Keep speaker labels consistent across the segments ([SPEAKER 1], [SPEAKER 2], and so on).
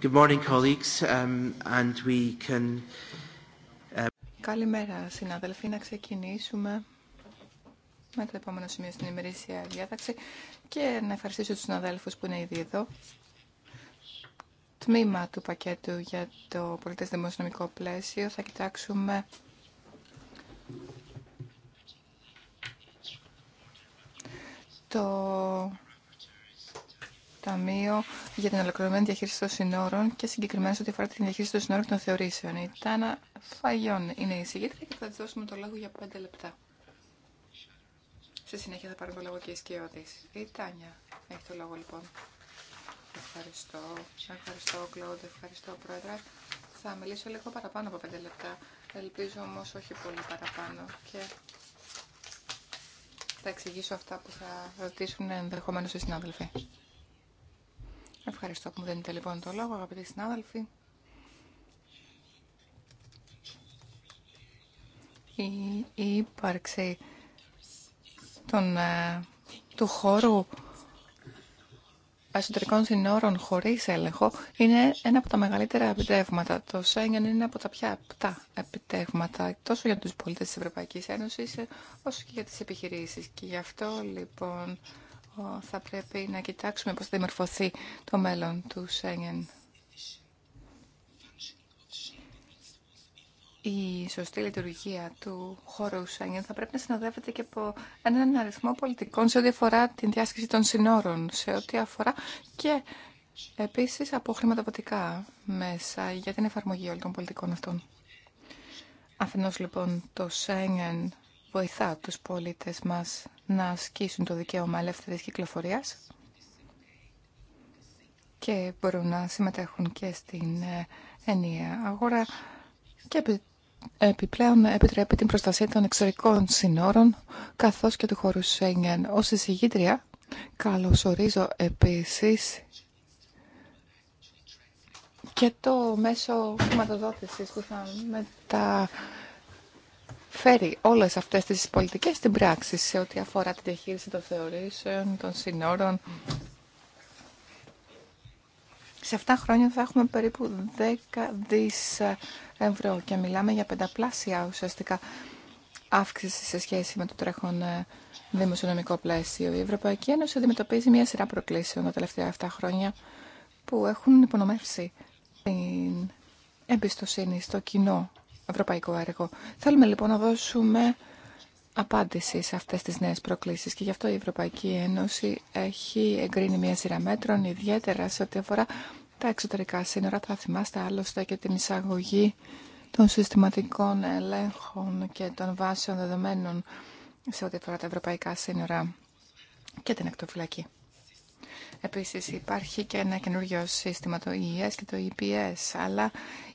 [SPEAKER 1] Good morning, colleagues, um, and we can... Uh,
[SPEAKER 2] Καλημέρα, συνάδελφοι. Να ξεκινήσουμε με το επόμενο σημείο στην ημερήσια διάταξη και να ευχαριστήσω τους συναδέλφους που είναι ήδη εδώ. Τμήμα του πακέτου για το πολιτές δημοσιονομικό πλαίσιο θα κοιτάξουμε το Ταμείο για την Ολοκληρωμένη Διαχείριση των Συνόρων και συγκεκριμένα σε ό,τι αφορά την διαχείριση των συνόρων και των θεωρήσεων. Η Τάνα Φαγιών είναι η συγκέντρια και θα τη δώσουμε το λόγο για 5 λεπτά. Στη συνέχεια θα πάρουμε το λόγο και οι σκιώδει. Η Τάνια έχει το λόγο λοιπόν. Ευχαριστώ. Ευχαριστώ, Κλόντ. Ευχαριστώ, Πρόεδρε. Θα μιλήσω λίγο παραπάνω από 5 λεπτά. Ελπίζω όμω όχι πολύ παραπάνω. Και θα εξηγήσω αυτά που θα ρωτήσουν ενδεχομένω οι συνάδελφοι. Ευχαριστώ που μου δίνετε λοιπόν το λόγο, αγαπητοί συνάδελφοι. Η ύπαρξη των, ε, του χώρου εσωτερικών συνόρων χωρίς έλεγχο είναι ένα από τα μεγαλύτερα επιτεύγματα. Το Σέγγεν είναι από τα πια επτά επιτεύγματα τόσο για τους πολίτες της Ευρωπαϊκής Ένωσης ε, όσο και για τις επιχειρήσεις. Και γι' αυτό λοιπόν θα πρέπει να κοιτάξουμε πώς θα δημορφωθεί το μέλλον του Σέγγεν. Η σωστή λειτουργία του χώρου Σέγγεν θα πρέπει να συνοδεύεται και από έναν αριθμό πολιτικών σε ό,τι αφορά την διάσκηση των συνόρων, σε ό,τι αφορά και επίσης από χρηματοδοτικά μέσα για την εφαρμογή όλων των πολιτικών αυτών. Αφενός λοιπόν το Σέγγεν βοηθά τους πολίτες μας να ασκήσουν το δικαίωμα ελεύθερης κυκλοφορίας και μπορούν να συμμετέχουν και στην ε, ενιαία αγορά και επιπλέον επιτρέπει την προστασία των εξωτερικών συνόρων καθώς και του χώρου Σέγγεν. Ως εισηγήτρια καλωσορίζω επίσης και το μέσο χρηματοδότησης που θα μετα φέρει όλες αυτές τις πολιτικές στην πράξη σε ό,τι αφορά τη διαχείριση των θεωρήσεων, των συνόρων. Σε 7 χρόνια θα έχουμε περίπου 10 δις ευρώ και μιλάμε για πενταπλάσια ουσιαστικά αύξηση σε σχέση με το τρέχον ε, δημοσιονομικό πλαίσιο. Η Ευρωπαϊκή Ένωση αντιμετωπίζει μια σειρά προκλήσεων τα τελευταία 7 χρόνια που έχουν υπονομεύσει την εμπιστοσύνη στο κοινό ευρωπαϊκό έργο. Θέλουμε λοιπόν να δώσουμε απάντηση σε αυτές τις νέες προκλήσεις και γι' αυτό η Ευρωπαϊκή Ένωση έχει εγκρίνει μια σειρά μέτρων ιδιαίτερα σε ό,τι αφορά τα εξωτερικά σύνορα. Θα θυμάστε άλλωστε και την εισαγωγή των συστηματικών ελέγχων και των βάσεων δεδομένων σε ό,τι αφορά τα ευρωπαϊκά σύνορα και την εκτοφυλακή. Επίσης υπάρχει και ένα καινούργιο σύστημα, το EES και το EPS, αλλά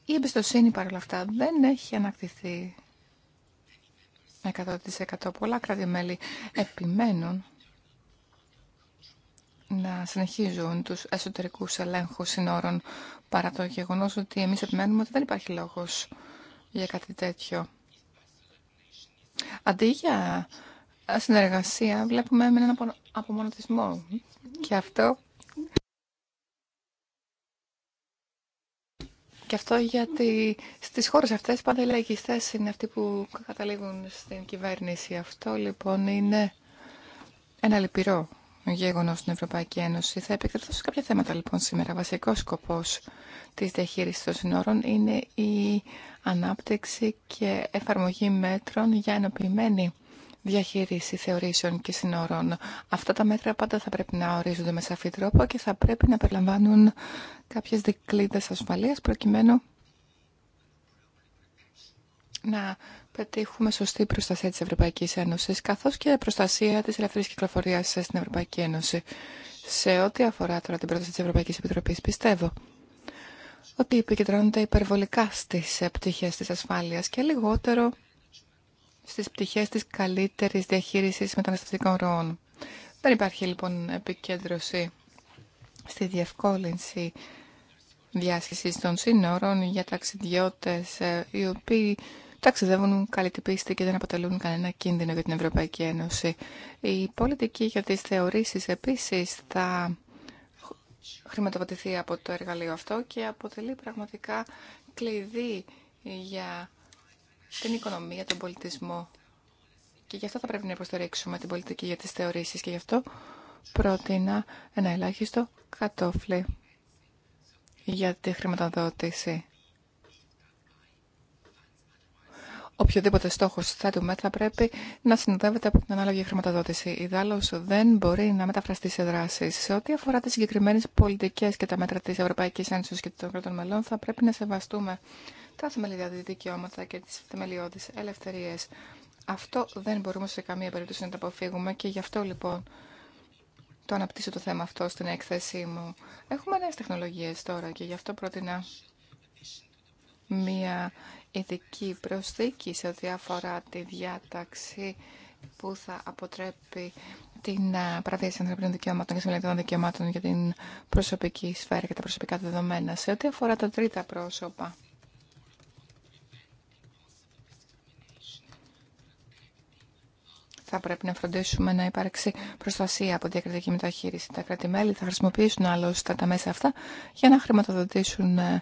[SPEAKER 2] η εμπιστοσύνη παρόλα αυτά δεν έχει ανακτηθεί 100%. Πολλά κράτη-μέλη επιμένουν να συνεχίζουν τους εσωτερικούς ελέγχους συνόρων παρά το γεγονός ότι εμείς επιμένουμε ότι δεν υπάρχει λόγος για κάτι τέτοιο. Αντί για συνεργασία βλέπουμε με έναν απομονωτισμό. Και αυτό... Και αυτό γιατί στις χώρες αυτές πάντα οι λαϊκιστές είναι αυτοί που καταλήγουν στην κυβέρνηση. Αυτό λοιπόν είναι ένα λυπηρό γεγονός στην Ευρωπαϊκή Ένωση. Θα επικεντρωθώ σε κάποια θέματα λοιπόν σήμερα. Βασικός σκοπός της διαχείρισης των συνόρων είναι η ανάπτυξη και εφαρμογή μέτρων για ενοποιημένη διαχείριση θεωρήσεων και συνόρων. Αυτά τα μέτρα πάντα θα πρέπει να ορίζονται με σαφή τρόπο και θα πρέπει να περιλαμβάνουν κάποιες δικλείδες ασφαλείας προκειμένου να πετύχουμε σωστή προστασία της Ευρωπαϊκής Ένωσης καθώς και προστασία της ελευθερής κυκλοφορίας στην Ευρωπαϊκή Ένωση. Σε ό,τι αφορά τώρα την πρόταση της Ευρωπαϊκής Επιτροπής πιστεύω ότι επικεντρώνονται υπερβολικά στις ε, πτυχές της ασφάλειας και λιγότερο στις πτυχές της καλύτερης διαχείρισης μεταναστευτικών ροών. Δεν υπάρχει λοιπόν επικέντρωση στη διευκόλυνση διάσχεσης των σύνορων για ταξιδιώτες ε, οι οποίοι ταξιδεύουν καλή πίστη και δεν αποτελούν κανένα κίνδυνο για την Ευρωπαϊκή Ένωση. Η πολιτική για τις θεωρήσεις επίσης θα χρηματοδοτηθεί από το εργαλείο αυτό και αποτελεί πραγματικά κλειδί για την οικονομία, τον πολιτισμό. Και γι' αυτό θα πρέπει να υποστηρίξουμε την πολιτική για τις θεωρήσεις και γι' αυτό πρότεινα ένα ελάχιστο κατόφλι για τη χρηματοδότηση. Οποιοδήποτε στόχο θέτουμε θα πρέπει να συνοδεύεται από την ανάλογη χρηματοδότηση. Ιδάλω δεν μπορεί να μεταφραστεί σε δράσει. Σε ό,τι αφορά τι συγκεκριμένε πολιτικέ και τα μέτρα τη Ευρωπαϊκή Ένωση και των κρατών μελών, θα πρέπει να σεβαστούμε τα θεμελιώδη δικαιώματα και τις θεμελιώδεις ελευθερίες. Αυτό δεν μπορούμε σε καμία περίπτωση να το αποφύγουμε και γι' αυτό λοιπόν το αναπτύσσω το θέμα αυτό στην έκθεσή μου. Έχουμε νέες τεχνολογίες τώρα και γι' αυτό πρότεινα μία ειδική προσθήκη σε ό,τι αφορά τη διάταξη που θα αποτρέπει την παραβίαση ανθρωπίνων δικαιωμάτων και συμμελητών δικαιωμάτων για την προσωπική σφαίρα και τα προσωπικά δεδομένα. Σε ό,τι αφορά τα τρίτα πρόσωπα, θα πρέπει να φροντίσουμε να υπάρξει προστασία από διακριτική μεταχείριση. Τα κράτη-μέλη θα χρησιμοποιήσουν άλλωστε τα μέσα αυτά για να χρηματοδοτήσουν ε,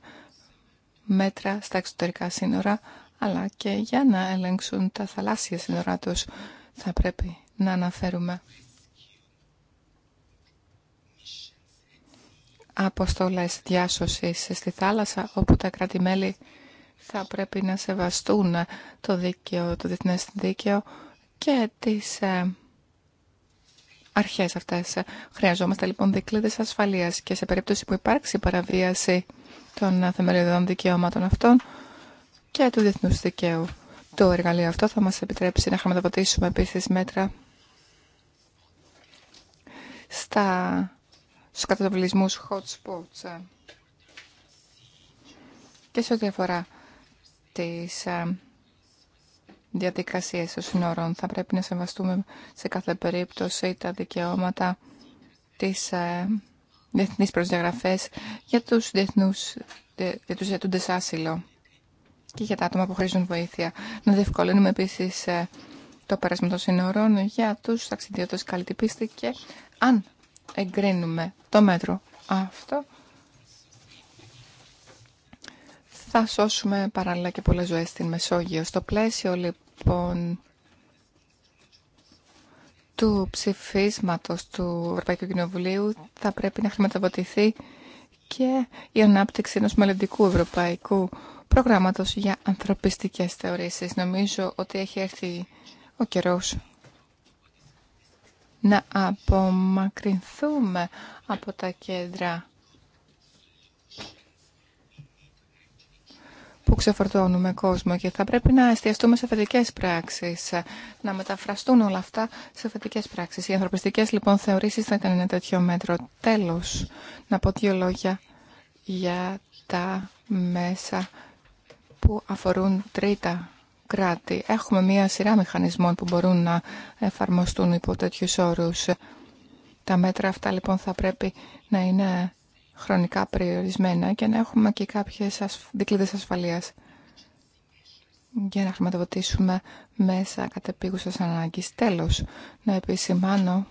[SPEAKER 2] μέτρα στα εξωτερικά σύνορα, αλλά και για να ελέγξουν τα θαλάσσια σύνορά τους. Θα πρέπει να αναφέρουμε αποστολές διάσωσης στη θάλασσα, όπου τα κράτη-μέλη θα πρέπει να σεβαστούν το δίκαιο, το διεθνές δίκαιο, και τις ε, αρχές αυτές. Χρειαζόμαστε λοιπόν δικλείδες ασφαλείας και σε περίπτωση που υπάρξει παραβίαση των ε, θεμελιωδών δικαιώματων αυτών και του διεθνούς δικαίου. Το εργαλείο αυτό θα μας επιτρέψει να χρηματοδοτήσουμε επίσης μέτρα στα, στους hot spots ε, και σε ό,τι αφορά τις Διαδικασίε των σύνορων. Θα πρέπει να σεβαστούμε σε κάθε περίπτωση τα δικαιώματα της ε, διεθνή προσδιαγραφή για τους διεθνούς, ε, για τους ζητούντες άσυλο και για τα άτομα που χρήζουν βοήθεια. Να διευκολύνουμε επίσης ε, το πέρασμα των σύνορων για τους ταξιδιώτες καλή και αν εγκρίνουμε το μέτρο αυτό θα σώσουμε παράλληλα και πολλές ζωές στην Μεσόγειο. Στο πλαίσιο λοιπόν του ψηφίσματος του Ευρωπαϊκού Κοινοβουλίου θα πρέπει να χρηματοδοτηθεί και η ανάπτυξη ενός μελλοντικού ευρωπαϊκού προγράμματος για ανθρωπιστικές θεωρήσεις. Νομίζω ότι έχει έρθει ο καιρός να απομακρυνθούμε από τα κέντρα που ξεφορτώνουμε κόσμο και θα πρέπει να εστιαστούμε σε θετικέ πράξεις, να μεταφραστούν όλα αυτά σε θετικέ πράξεις. Οι ανθρωπιστικές λοιπόν θεωρήσεις θα ήταν ένα τέτοιο μέτρο. Τέλος, να πω δύο λόγια για τα μέσα που αφορούν τρίτα κράτη. Έχουμε μία σειρά μηχανισμών που μπορούν να εφαρμοστούν υπό τέτοιου όρου. Τα μέτρα αυτά λοιπόν θα πρέπει να είναι χρονικά περιορισμένα και να έχουμε και κάποιες ασφ... δικλείδες ασφαλείας για να χρηματοδοτήσουμε μέσα κατεπίγουσας ανάγκης. Τέλος, να επισημάνω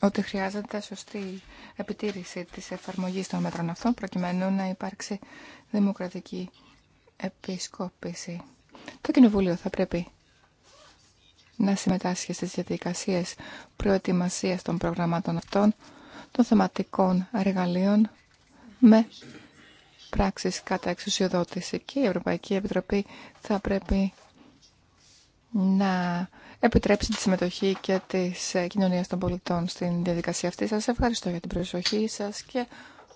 [SPEAKER 2] ότι χρειάζεται σωστή επιτήρηση της εφαρμογής των μέτρων αυτών προκειμένου να υπάρξει δημοκρατική επισκόπηση. Το Κοινοβούλιο θα πρέπει να συμμετάσχει στις διαδικασίες προετοιμασίας των προγραμμάτων αυτών, των θεματικών εργαλείων με πράξεις κατά εξουσιοδότηση και η Ευρωπαϊκή Επιτροπή θα πρέπει να επιτρέψει τη συμμετοχή και της κοινωνίας των πολιτών στην διαδικασία αυτή. Σας ευχαριστώ για την προσοχή σας και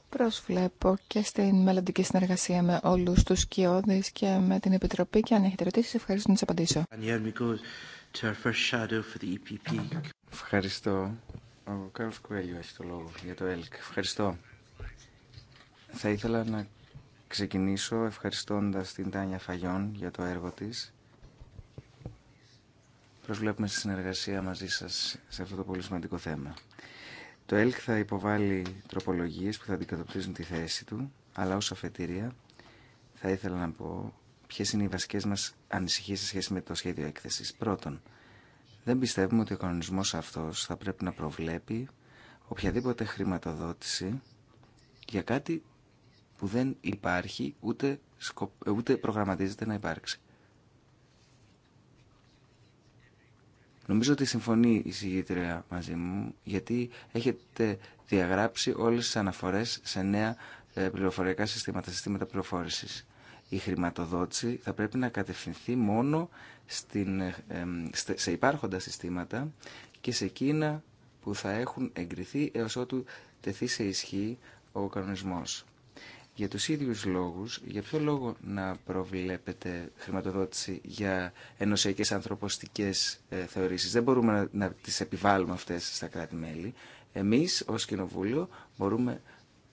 [SPEAKER 2] προσβλέπω και στην μελλοντική συνεργασία με όλους τους κοιόδης και με την Επιτροπή και αν έχετε ερωτήσει. ευχαριστώ να σας απαντήσω.
[SPEAKER 1] E Ευχαριστώ. Ο Κάρλο Κουέλιο έχει το λόγο για το ΕΛΚ. Ευχαριστώ.
[SPEAKER 3] Θα ήθελα να ξεκινήσω ευχαριστώντας την Τάνια Φαγιόν για το έργο της. Προσβλέπουμε στη συνεργασία μαζί σας σε αυτό το πολύ σημαντικό θέμα. Το ΕΛΚ θα υποβάλει τροπολογίες που θα αντικατοπτρίζουν τη θέση του, αλλά ως αφετηρία θα ήθελα να πω ποιε είναι οι βασικέ μα ανησυχίε σε σχέση με το σχέδιο έκθεση. Πρώτον, δεν πιστεύουμε ότι ο κανονισμό αυτό θα πρέπει να προβλέπει οποιαδήποτε χρηματοδότηση για κάτι που δεν υπάρχει ούτε, ε, ούτε προγραμματίζεται να υπάρξει. Νομίζω ότι συμφωνεί η συγγήτρια μαζί μου, γιατί έχετε διαγράψει όλες τις αναφορές σε νέα ε, πληροφοριακά συστήματα, συστήματα πληροφόρησης η χρηματοδότηση θα πρέπει να κατευθυνθεί μόνο στην, ε, σε υπάρχοντα συστήματα και σε εκείνα που θα έχουν εγκριθεί έως ότου τεθεί σε ισχύ ο κανονισμός. Για τους ίδιους λόγους, για ποιο λόγο να προβλέπετε χρηματοδότηση για ενωσιακές ανθρωποστικές ε, θεωρήσεις. Δεν μπορούμε να, να τις επιβάλλουμε αυτές στα κράτη-μέλη. Εμείς ως Κοινοβούλιο μπορούμε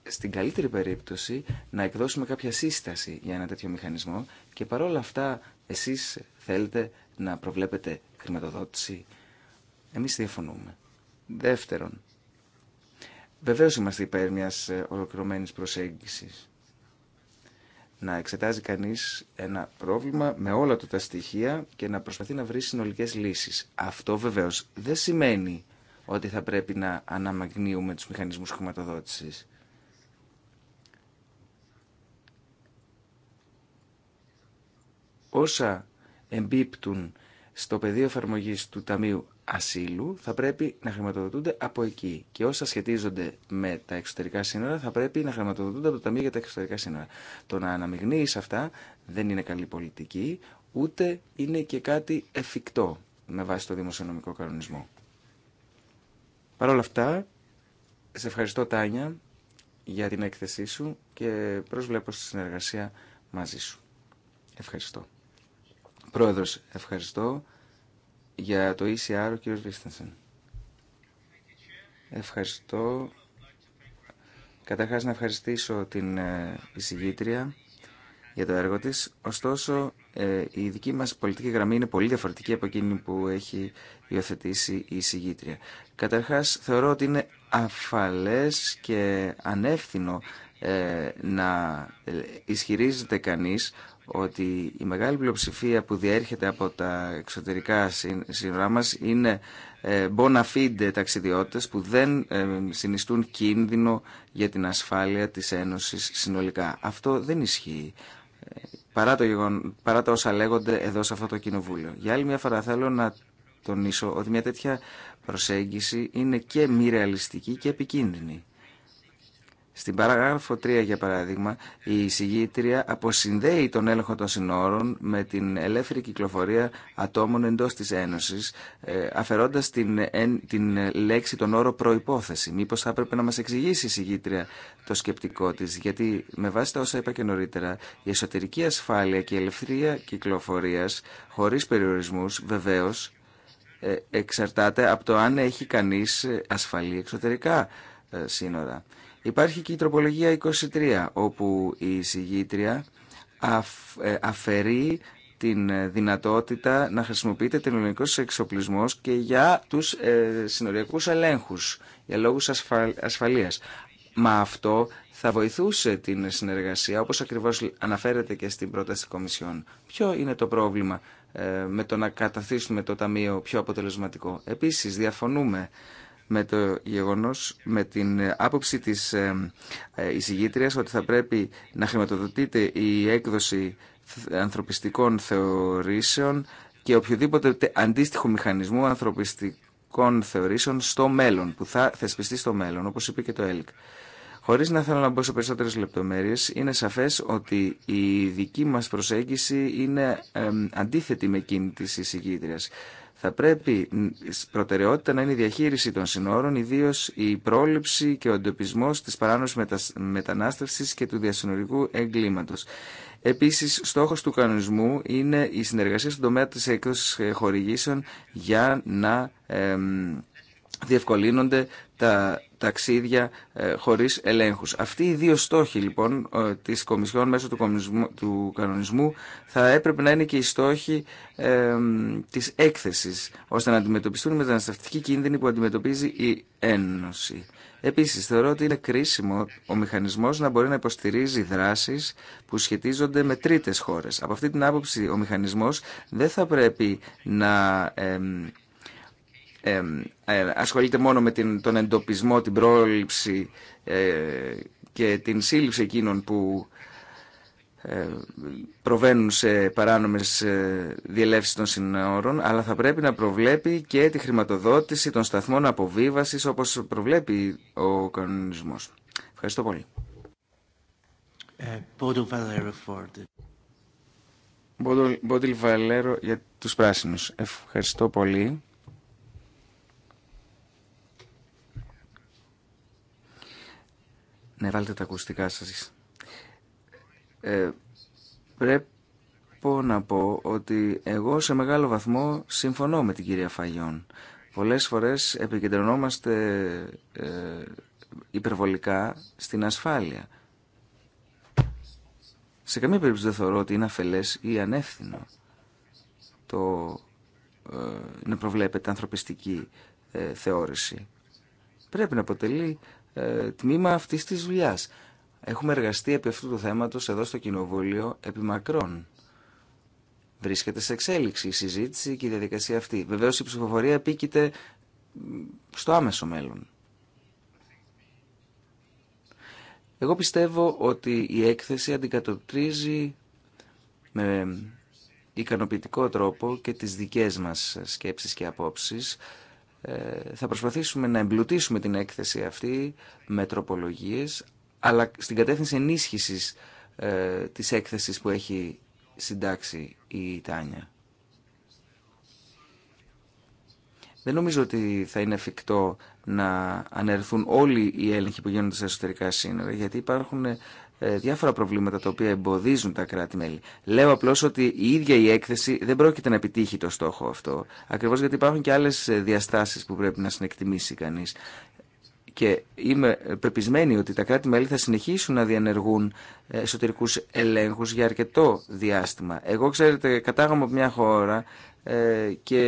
[SPEAKER 3] στην καλύτερη περίπτωση να εκδώσουμε κάποια σύσταση για ένα τέτοιο μηχανισμό και παρόλα αυτά εσείς θέλετε να προβλέπετε χρηματοδότηση. Εμείς διαφωνούμε. Δεύτερον, βεβαίως είμαστε υπέρ μιας ε, ολοκληρωμένης προσέγγισης. Να εξετάζει κανείς ένα πρόβλημα με όλα του τα στοιχεία και να προσπαθεί να βρει συνολικές λύσεις. Αυτό βεβαίως δεν σημαίνει ότι θα πρέπει να αναμαγνύουμε τους μηχανισμούς χρηματοδότησης. όσα εμπίπτουν στο πεδίο εφαρμογή του Ταμείου Ασύλου θα πρέπει να χρηματοδοτούνται από εκεί. Και όσα σχετίζονται με τα εξωτερικά σύνορα θα πρέπει να χρηματοδοτούνται από το Ταμείο για τα Εξωτερικά Σύνορα. Το να αναμειγνύει αυτά δεν είναι καλή πολιτική, ούτε είναι και κάτι εφικτό με βάση το δημοσιονομικό κανονισμό. Παρ' όλα αυτά, σε ευχαριστώ Τάνια για την έκθεσή σου και προσβλέπω στη συνεργασία μαζί σου. Ευχαριστώ. Πρόεδρος, ευχαριστώ. Για το ECR, ο κύριος Βίστανσεν. Ευχαριστώ. Καταρχάς να ευχαριστήσω την ε, εισηγήτρια για το έργο της. Ωστόσο, ε, η δική μας πολιτική γραμμή είναι πολύ διαφορετική από εκείνη που έχει υιοθετήσει η εισηγήτρια. Καταρχάς, θεωρώ ότι είναι αφαλές και ανεύθυνο ε, να ισχυρίζεται κανείς ότι η μεγάλη πλειοψηφία που διέρχεται από τα εξωτερικά σύνορά μας είναι ε, bona fide ταξιδιώτες που δεν ε, συνιστούν κίνδυνο για την ασφάλεια της Ένωσης συνολικά. Αυτό δεν ισχύει. Ε, παρά, το γεγον, παρά τα όσα λέγονται εδώ σε αυτό το κοινοβούλιο. Για άλλη μια φορά θέλω να τονίσω ότι μια τέτοια προσέγγιση είναι και μη ρεαλιστική και επικίνδυνη. Στην παράγραφο 3, για παράδειγμα, η εισηγήτρια αποσυνδέει τον έλεγχο των συνόρων με την ελεύθερη κυκλοφορία ατόμων εντό της Ένωσης, ε, αφαιρώντα την, την λέξη, τον όρο προπόθεση. Μήπω θα έπρεπε να μα εξηγήσει η εισηγήτρια το σκεπτικό τη, γιατί με βάση τα όσα είπα και νωρίτερα, η εσωτερική ασφάλεια και η ελευθερία κυκλοφορία χωρίς περιορισμούς, βεβαίω ε, εξαρτάται από το αν έχει κανείς ε, ασφαλή εξωτερικά σύνορα. Υπάρχει και η τροπολογία 23, όπου η συγγήτρια ε, αφαιρεί την δυνατότητα να χρησιμοποιείται τελωνικός εξοπλισμός και για τους ε, συνοριακούς ελέγχους, για λόγους ασφαλείας. Μα αυτό θα βοηθούσε την συνεργασία, όπως ακριβώς αναφέρεται και στην πρόταση Κομισιόν. Ποιο είναι το πρόβλημα ε, με το να καταθήσουμε το Ταμείο πιο αποτελεσματικό. Επίσης, διαφωνούμε με το γεγονός, με την άποψη της ε, εισηγήτριας ότι θα πρέπει να χρηματοδοτείται η έκδοση ανθρωπιστικών θεωρήσεων και οποιοδήποτε αντίστοιχο μηχανισμού ανθρωπιστικών θεωρήσεων στο μέλλον, που θα θεσπιστεί στο μέλλον, όπως είπε και το ΕΛΚ. Χωρί να θέλω να μπω σε περισσότερε λεπτομέρειε, είναι σαφέ ότι η δική μα προσέγγιση είναι αντίθετη με εκείνη τη εισηγήτρια θα πρέπει προτεραιότητα να είναι η διαχείριση των συνόρων, ιδίω η πρόληψη και ο εντοπισμό τη παράνομη μετανάστευση και του διασυνορικού εγκλήματο. Επίση, στόχο του κανονισμού είναι η συνεργασία στον τομέα τη έκδοση ε, χορηγήσεων για να διευκολύνονται τα ταξίδια ε, χωρίς ελέγχους. Αυτοί οι δύο στόχοι λοιπόν ε, της Κομισιόν μέσω του κανονισμού θα έπρεπε να είναι και οι στόχοι ε, της έκθεσης ώστε να αντιμετωπιστούν οι μεταναστευτικοί κίνδυνοι που αντιμετωπίζει η Ένωση. Επίσης θεωρώ ότι είναι κρίσιμο ο μηχανισμός να μπορεί να υποστηρίζει δράσεις που σχετίζονται με τρίτες χώρες. Από αυτή την άποψη ο μηχανισμός δεν θα πρέπει να... Ε, ε, ασχολείται μόνο με την, τον εντοπισμό, την πρόληψη ε, και την σύλληψη εκείνων που ε, προβαίνουν σε παράνομες διελεύσεις των συνόρων, αλλά θα πρέπει να προβλέπει και τη χρηματοδότηση των σταθμών αποβίβασης, όπως προβλέπει ο κανονισμός. Ευχαριστώ πολύ.
[SPEAKER 1] Μπόντιλ Βαλέρο
[SPEAKER 3] για τους πράσινους. Ευχαριστώ πολύ. Ναι, βάλτε τα ακουστικά σας. Ε, πρέπει να πω ότι εγώ σε μεγάλο βαθμό συμφωνώ με την κυρία Φαγιόν. Πολλές φορές επικεντρωνόμαστε ε, υπερβολικά στην ασφάλεια. Σε καμία περίπτωση δεν θεωρώ ότι είναι αφελές ή ανεύθυνο το ε, να προβλέπεται ανθρωπιστική ε, θεώρηση. Πρέπει να αποτελεί ε, τμήμα αυτής της δουλειάς. Έχουμε εργαστεί επί αυτού του θέματος εδώ στο Κοινοβούλιο επί μακρόν. Βρίσκεται σε εξέλιξη η συζήτηση και η διαδικασία αυτή. Βεβαίως η ψηφοφορία επίκειται στο άμεσο μέλλον. Εγώ πιστεύω ότι η έκθεση αντικατοπτρίζει με ικανοποιητικό τρόπο και τις δικές μας σκέψεις και απόψεις ε, θα προσπαθήσουμε να εμπλουτίσουμε την έκθεση αυτή με τροπολογίες, αλλά στην κατεύθυνση ενίσχυσης ε, της έκθεσης που έχει συντάξει η Τάνια. Δεν νομίζω ότι θα είναι εφικτό να ανερθούν όλοι οι έλεγχοι που γίνονται στα εσωτερικά σύνορα, γιατί υπάρχουν ε, διάφορα προβλήματα τα οποία εμποδίζουν τα κράτη-μέλη. Λέω απλώ ότι η ίδια η έκθεση δεν πρόκειται να επιτύχει το στόχο αυτό. Ακριβώ γιατί υπάρχουν και άλλε διαστάσει που πρέπει να συνεκτιμήσει κανεί. Και είμαι πεπισμένη ότι τα κράτη-μέλη θα συνεχίσουν να διενεργούν ε, εσωτερικού ελέγχου για αρκετό διάστημα. Εγώ, ξέρετε, κατάγομαι από μια χώρα ε, και,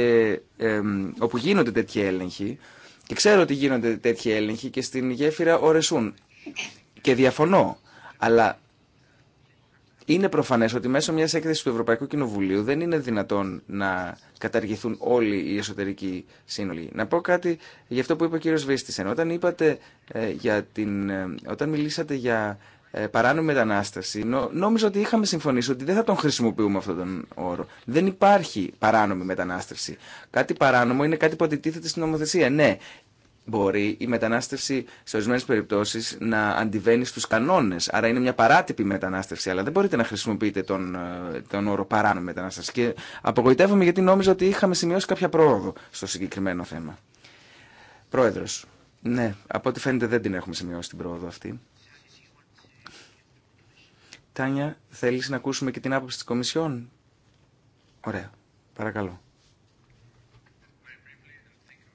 [SPEAKER 3] ε, όπου γίνονται τέτοιοι έλεγχοι και ξέρω ότι γίνονται τέτοιοι έλεγχοι και στην γέφυρα ορεσούν. Και διαφωνώ. Αλλά είναι προφανέ ότι μέσω μια έκθεση του Ευρωπαϊκού Κοινοβουλίου δεν είναι δυνατόν να καταργηθούν όλοι οι εσωτερικοί σύνολοι. Να πω κάτι για αυτό που είπε ο κύριο Βίστησεν. Όταν, είπατε, ε, για την, ε, όταν μιλήσατε για ε, παράνομη μετανάσταση, νο, νόμιζα ότι είχαμε συμφωνήσει ότι δεν θα τον χρησιμοποιούμε αυτόν τον όρο. Δεν υπάρχει παράνομη μετανάστευση. Κάτι παράνομο είναι κάτι που αντιτίθεται στην νομοθεσία. Ναι, μπορεί η μετανάστευση σε ορισμένε περιπτώσει να αντιβαίνει στου κανόνε. Άρα είναι μια παράτυπη μετανάστευση, αλλά δεν μπορείτε να χρησιμοποιείτε τον, ε, τον όρο παράνομη μετανάστευση. Και απογοητεύομαι γιατί νόμιζα ότι είχαμε σημειώσει κάποια πρόοδο στο συγκεκριμένο θέμα. Πρόεδρο. Ναι, από ό,τι φαίνεται δεν την έχουμε σημειώσει την πρόοδο αυτή. Τάνια, θέλεις να ακούσουμε και την άποψη της Κομισιόν. Ωραία, παρακαλώ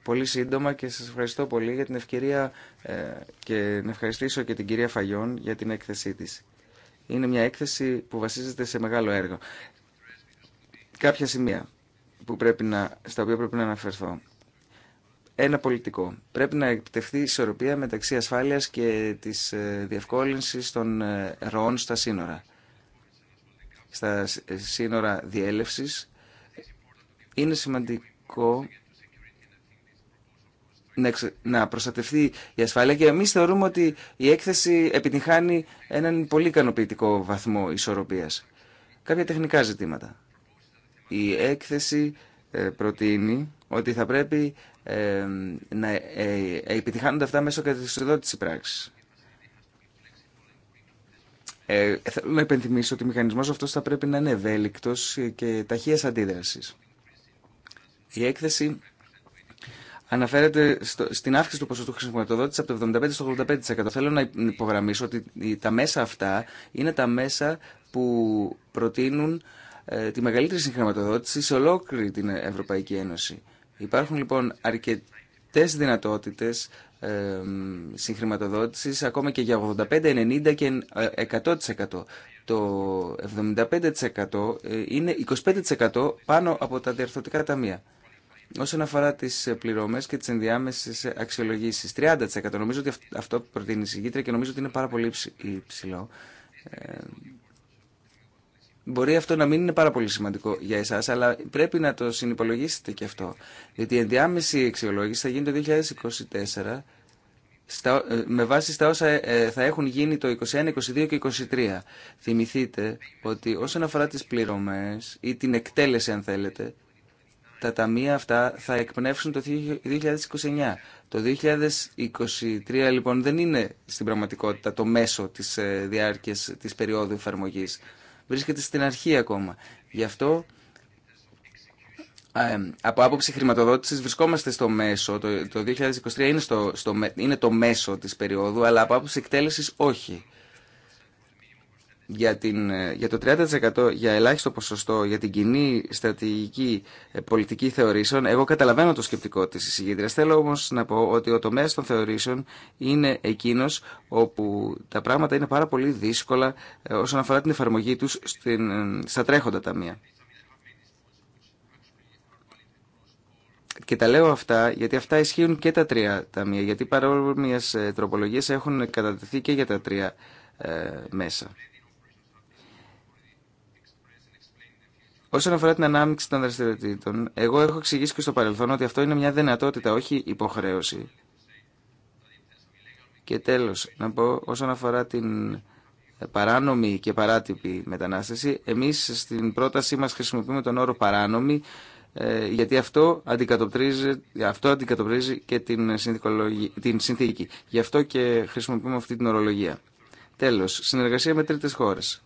[SPEAKER 3] πολύ σύντομα και σας ευχαριστώ πολύ για την ευκαιρία ε, και να ευχαριστήσω και την κυρία Φαγιόν για την έκθεσή της. Είναι μια έκθεση που βασίζεται σε μεγάλο έργο. Κάποια σημεία που πρέπει να, στα οποία πρέπει να αναφερθώ. Ένα πολιτικό. Πρέπει να επιτευχθεί ισορροπία μεταξύ ασφάλειας και της ε, διευκόλυνσης των ε, ροών στα σύνορα. Στα σύνορα διέλευσης. Είναι σημαντικό να προστατευτεί η ασφάλεια και εμείς θεωρούμε ότι η έκθεση επιτυχάνει έναν πολύ ικανοποιητικό βαθμό ισορροπίας. Κάποια τεχνικά ζητήματα. Η έκθεση ε, προτείνει ότι θα πρέπει ε, να ε, επιτυχάνονται αυτά μέσω κατευθυνσιοδότηση πράξης. Ε, θέλω να υπενθυμίσω ότι ο μηχανισμός αυτός θα πρέπει να είναι ευέλικτος και ταχείας αντίδρασης. Η έκθεση αναφέρεται στην αύξηση του ποσοστού χρηματοδότησης από το 75% στο 85%. Θέλω να υπογραμμίσω ότι τα μέσα αυτά είναι τα μέσα που προτείνουν ε, τη μεγαλύτερη συγχρηματοδότηση σε ολόκληρη την Ευρωπαϊκή Ένωση. Υπάρχουν λοιπόν αρκετέ δυνατότητες ε, συγχρηματοδότηση, ακόμα και για 85, 90 και 100%. Ε, το 75% είναι 25% πάνω από τα διαρθρωτικά ταμεία. Όσον αφορά τι πληρωμέ και τι ενδιάμεσε αξιολογήσει, 30%. Νομίζω ότι αυτό προτείνει η συγκήτρια και νομίζω ότι είναι πάρα πολύ υψηλό. Ε, μπορεί αυτό να μην είναι πάρα πολύ σημαντικό για εσά, αλλά πρέπει να το συνυπολογίσετε και αυτό. Γιατί η ενδιάμεση αξιολόγηση θα γίνει το 2024 ε, με βάση στα όσα ε, θα έχουν γίνει το 21, 22 και 23. Θυμηθείτε ότι όσον αφορά τις πληρωμές ή την εκτέλεση αν θέλετε, τα ταμεία αυτά θα εκπνεύσουν το 2029. Το 2023 λοιπόν δεν είναι στην πραγματικότητα το μέσο της ε, διάρκειας της περίοδου εφαρμογής. Βρίσκεται στην αρχή ακόμα. Γι' αυτό ε, από άποψη χρηματοδότησης βρισκόμαστε στο μέσο, το, 2023 είναι, στο, είναι το μέσο της περίοδου, αλλά από άποψη εκτέλεσης όχι για, την, για το 30% για ελάχιστο ποσοστό για την κοινή στρατηγική ε, πολιτική θεωρήσεων, εγώ καταλαβαίνω το σκεπτικό της συγκέντριας. Θέλω όμως να πω ότι ο τομέας των θεωρήσεων είναι εκείνος όπου τα πράγματα είναι πάρα πολύ δύσκολα ε, όσον αφορά την εφαρμογή τους στην, στα τρέχοντα ταμεία. Και τα λέω αυτά γιατί αυτά ισχύουν και τα τρία ταμεία, γιατί παρόμοιες ε, τροπολογίες έχουν κατατεθεί και για τα τρία μέσα. Όσον αφορά την ανάμειξη των δραστηριοτήτων, εγώ έχω εξηγήσει και στο παρελθόν ότι αυτό είναι μια δυνατότητα, όχι υποχρέωση. Και τέλος, να πω όσον αφορά την παράνομη και παράτυπη μετανάστευση, εμείς στην πρότασή μας χρησιμοποιούμε τον όρο παράνομη, ε, γιατί αυτό αντικατοπτρίζει, αυτό αντικατοπτρίζει και την, την συνθήκη. Γι' αυτό και χρησιμοποιούμε αυτή την ορολογία. Τέλος, συνεργασία με τρίτες χώρες.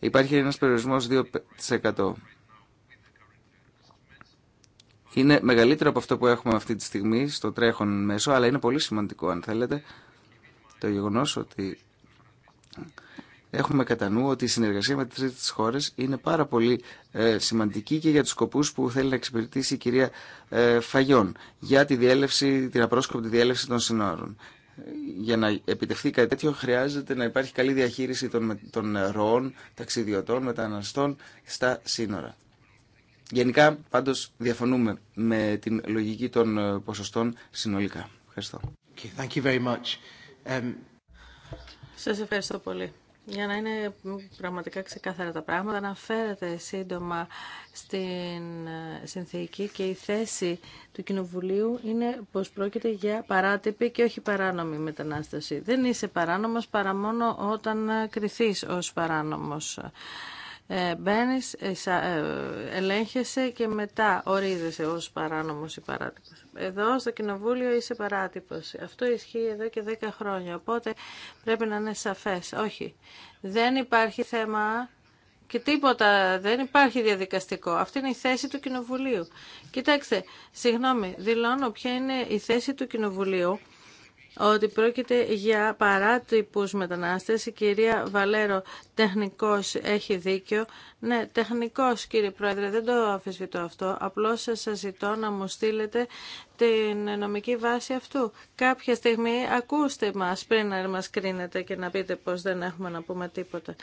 [SPEAKER 3] Υπάρχει ένας περιορισμός 2%. Είναι μεγαλύτερο από αυτό που έχουμε αυτή τη στιγμή στο τρέχον μέσο, αλλά είναι πολύ σημαντικό αν θέλετε το γεγονός ότι έχουμε κατά νου ότι η συνεργασία με τις τρίτες χώρες είναι πάρα πολύ ε, σημαντική και για τους σκοπούς που θέλει να εξυπηρετήσει η κυρία ε, Φαγιόν για τη διέλευση, την απρόσκοπτη διέλευση των συνόρων για να επιτευχθεί κάτι τέτοιο χρειάζεται να υπάρχει καλή διαχείριση των, των ροών ταξιδιωτών, μεταναστών στα σύνορα. Γενικά, πάντως, διαφωνούμε με την λογική των ε, ποσοστών συνολικά. Ευχαριστώ.
[SPEAKER 1] Okay, thank you very much. Um...
[SPEAKER 4] Σας ευχαριστώ πολύ για να είναι πραγματικά ξεκάθαρα τα πράγματα, να φέρετε σύντομα στην ε, συνθήκη και η θέση του Κοινοβουλίου είναι πως πρόκειται για παράτυπη και όχι παράνομη μετανάσταση. Δεν είσαι παράνομος παρά μόνο όταν ε, κριθείς ως παράνομος. Ε, μπαίνεις, ε, ε, ελέγχεσαι και μετά ορίζεσαι ως παράνομος ή παράτυπο. Εδώ στο Κοινοβούλιο είσαι παράτυπο. Αυτό ισχύει εδώ και 10 χρόνια, οπότε πρέπει να είναι σαφές. Όχι, δεν υπάρχει θέμα και τίποτα, δεν υπάρχει διαδικαστικό. Αυτή είναι η θέση του Κοινοβουλίου. Κοιτάξτε, συγγνώμη, δηλώνω ποια είναι η θέση του Κοινοβουλίου ότι πρόκειται για παράτυπους μετανάστες. Η κυρία Βαλέρο τεχνικός έχει δίκιο. Ναι, τεχνικός κύριε Πρόεδρε, δεν το αφισβητώ αυτό. Απλώς σας ζητώ να μου στείλετε την νομική βάση αυτού. Κάποια στιγμή ακούστε μας πριν να μας κρίνετε και να πείτε πως δεν έχουμε να πούμε τίποτα.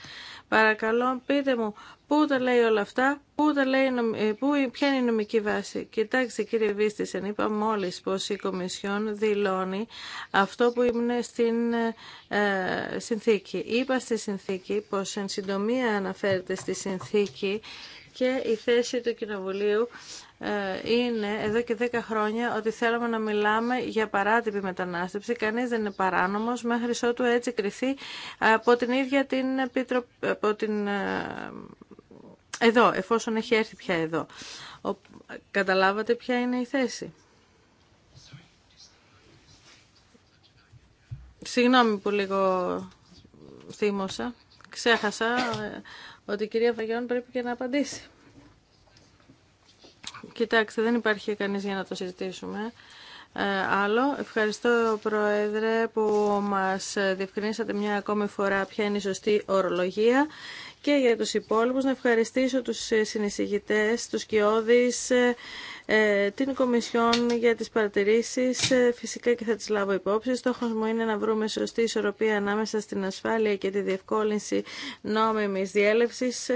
[SPEAKER 4] Παρακαλώ πείτε μου πού τα λέει όλα αυτά, πού τα λέει, ε, πού, ποια είναι η νομική βάση. Κοιτάξτε κύριε Βίστησεν, είπα μόλις πως η Κομισιόν δηλώνει αυτό που είναι στην ε, συνθήκη. Είπα στη συνθήκη πως εν συντομία αναφέρεται στη συνθήκη και η θέση του Κοινοβουλίου ε, είναι εδώ και 10 χρόνια ότι θέλουμε να μιλάμε για παράτυπη μετανάστευση. Κανείς δεν είναι παράνομος μέχρι ότου έτσι κρυθεί από την ίδια την, από την ε, εδώ, εφόσον έχει έρθει πια εδώ. Καταλάβατε ποια είναι η θέση. Συγγνώμη που λίγο θύμωσα. Ξέχασα ε, ότι η κυρία Βαγιών πρέπει και να απαντήσει. Κοιτάξτε, δεν υπάρχει κανείς για να το συζητήσουμε. Ε, άλλο. Ευχαριστώ, Πρόεδρε, που μας διευκρινίσατε μια ακόμη φορά ποια είναι η σωστή ορολογία και για τους υπόλοιπους να ευχαριστήσω τους συνεισηγητές, τους κοιόδης ε, την Κομισιόν για τις παρατηρήσεις. Ε, φυσικά και θα τις λάβω υπόψη. Στόχος μου είναι να βρούμε σωστή ισορροπία ανάμεσα στην ασφάλεια και τη διευκόλυνση νόμιμης διέλευσης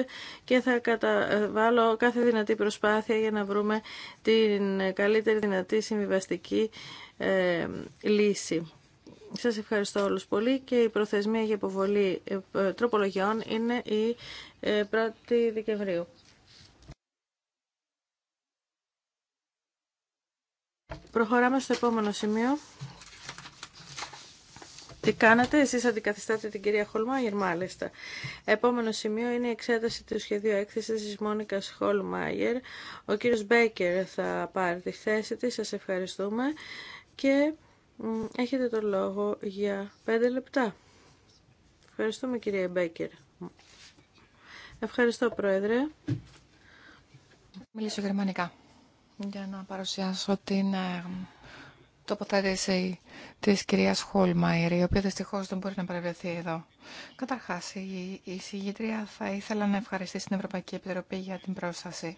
[SPEAKER 4] και θα καταβάλω κάθε δυνατή προσπάθεια για να βρούμε την καλύτερη δυνατή συμβιβαστική ε, λύση. Σας ευχαριστώ όλους πολύ και η προθεσμία για υποβολή τροπολογιών είναι η 1η Δεκεμβρίου. Προχωράμε στο επόμενο σημείο. Τι κάνατε, εσείς αντικαθιστάτε την κυρία Χολμάγερ, μάλιστα. Επόμενο σημείο είναι η εξέταση του σχεδίου έκθεσης της Μόνικας Χολμάγερ. Ο κύριος Μπέκερ θα πάρει τη θέση της, σας ευχαριστούμε. Και έχετε το λόγο για πέντε λεπτά. Ευχαριστούμε κυρία Μπέκερ.
[SPEAKER 2] Ευχαριστώ Πρόεδρε. Μιλήσω γερμανικά για να παρουσιάσω την ε, τοποθέτηση της κυρίας Χόλμαϊρ, η οποία δυστυχώ δεν μπορεί να παρευρεθεί εδώ. Καταρχάς, η, η συγγήτρια θα ήθελα να ευχαριστήσει την Ευρωπαϊκή Επιτροπή για την πρόσταση.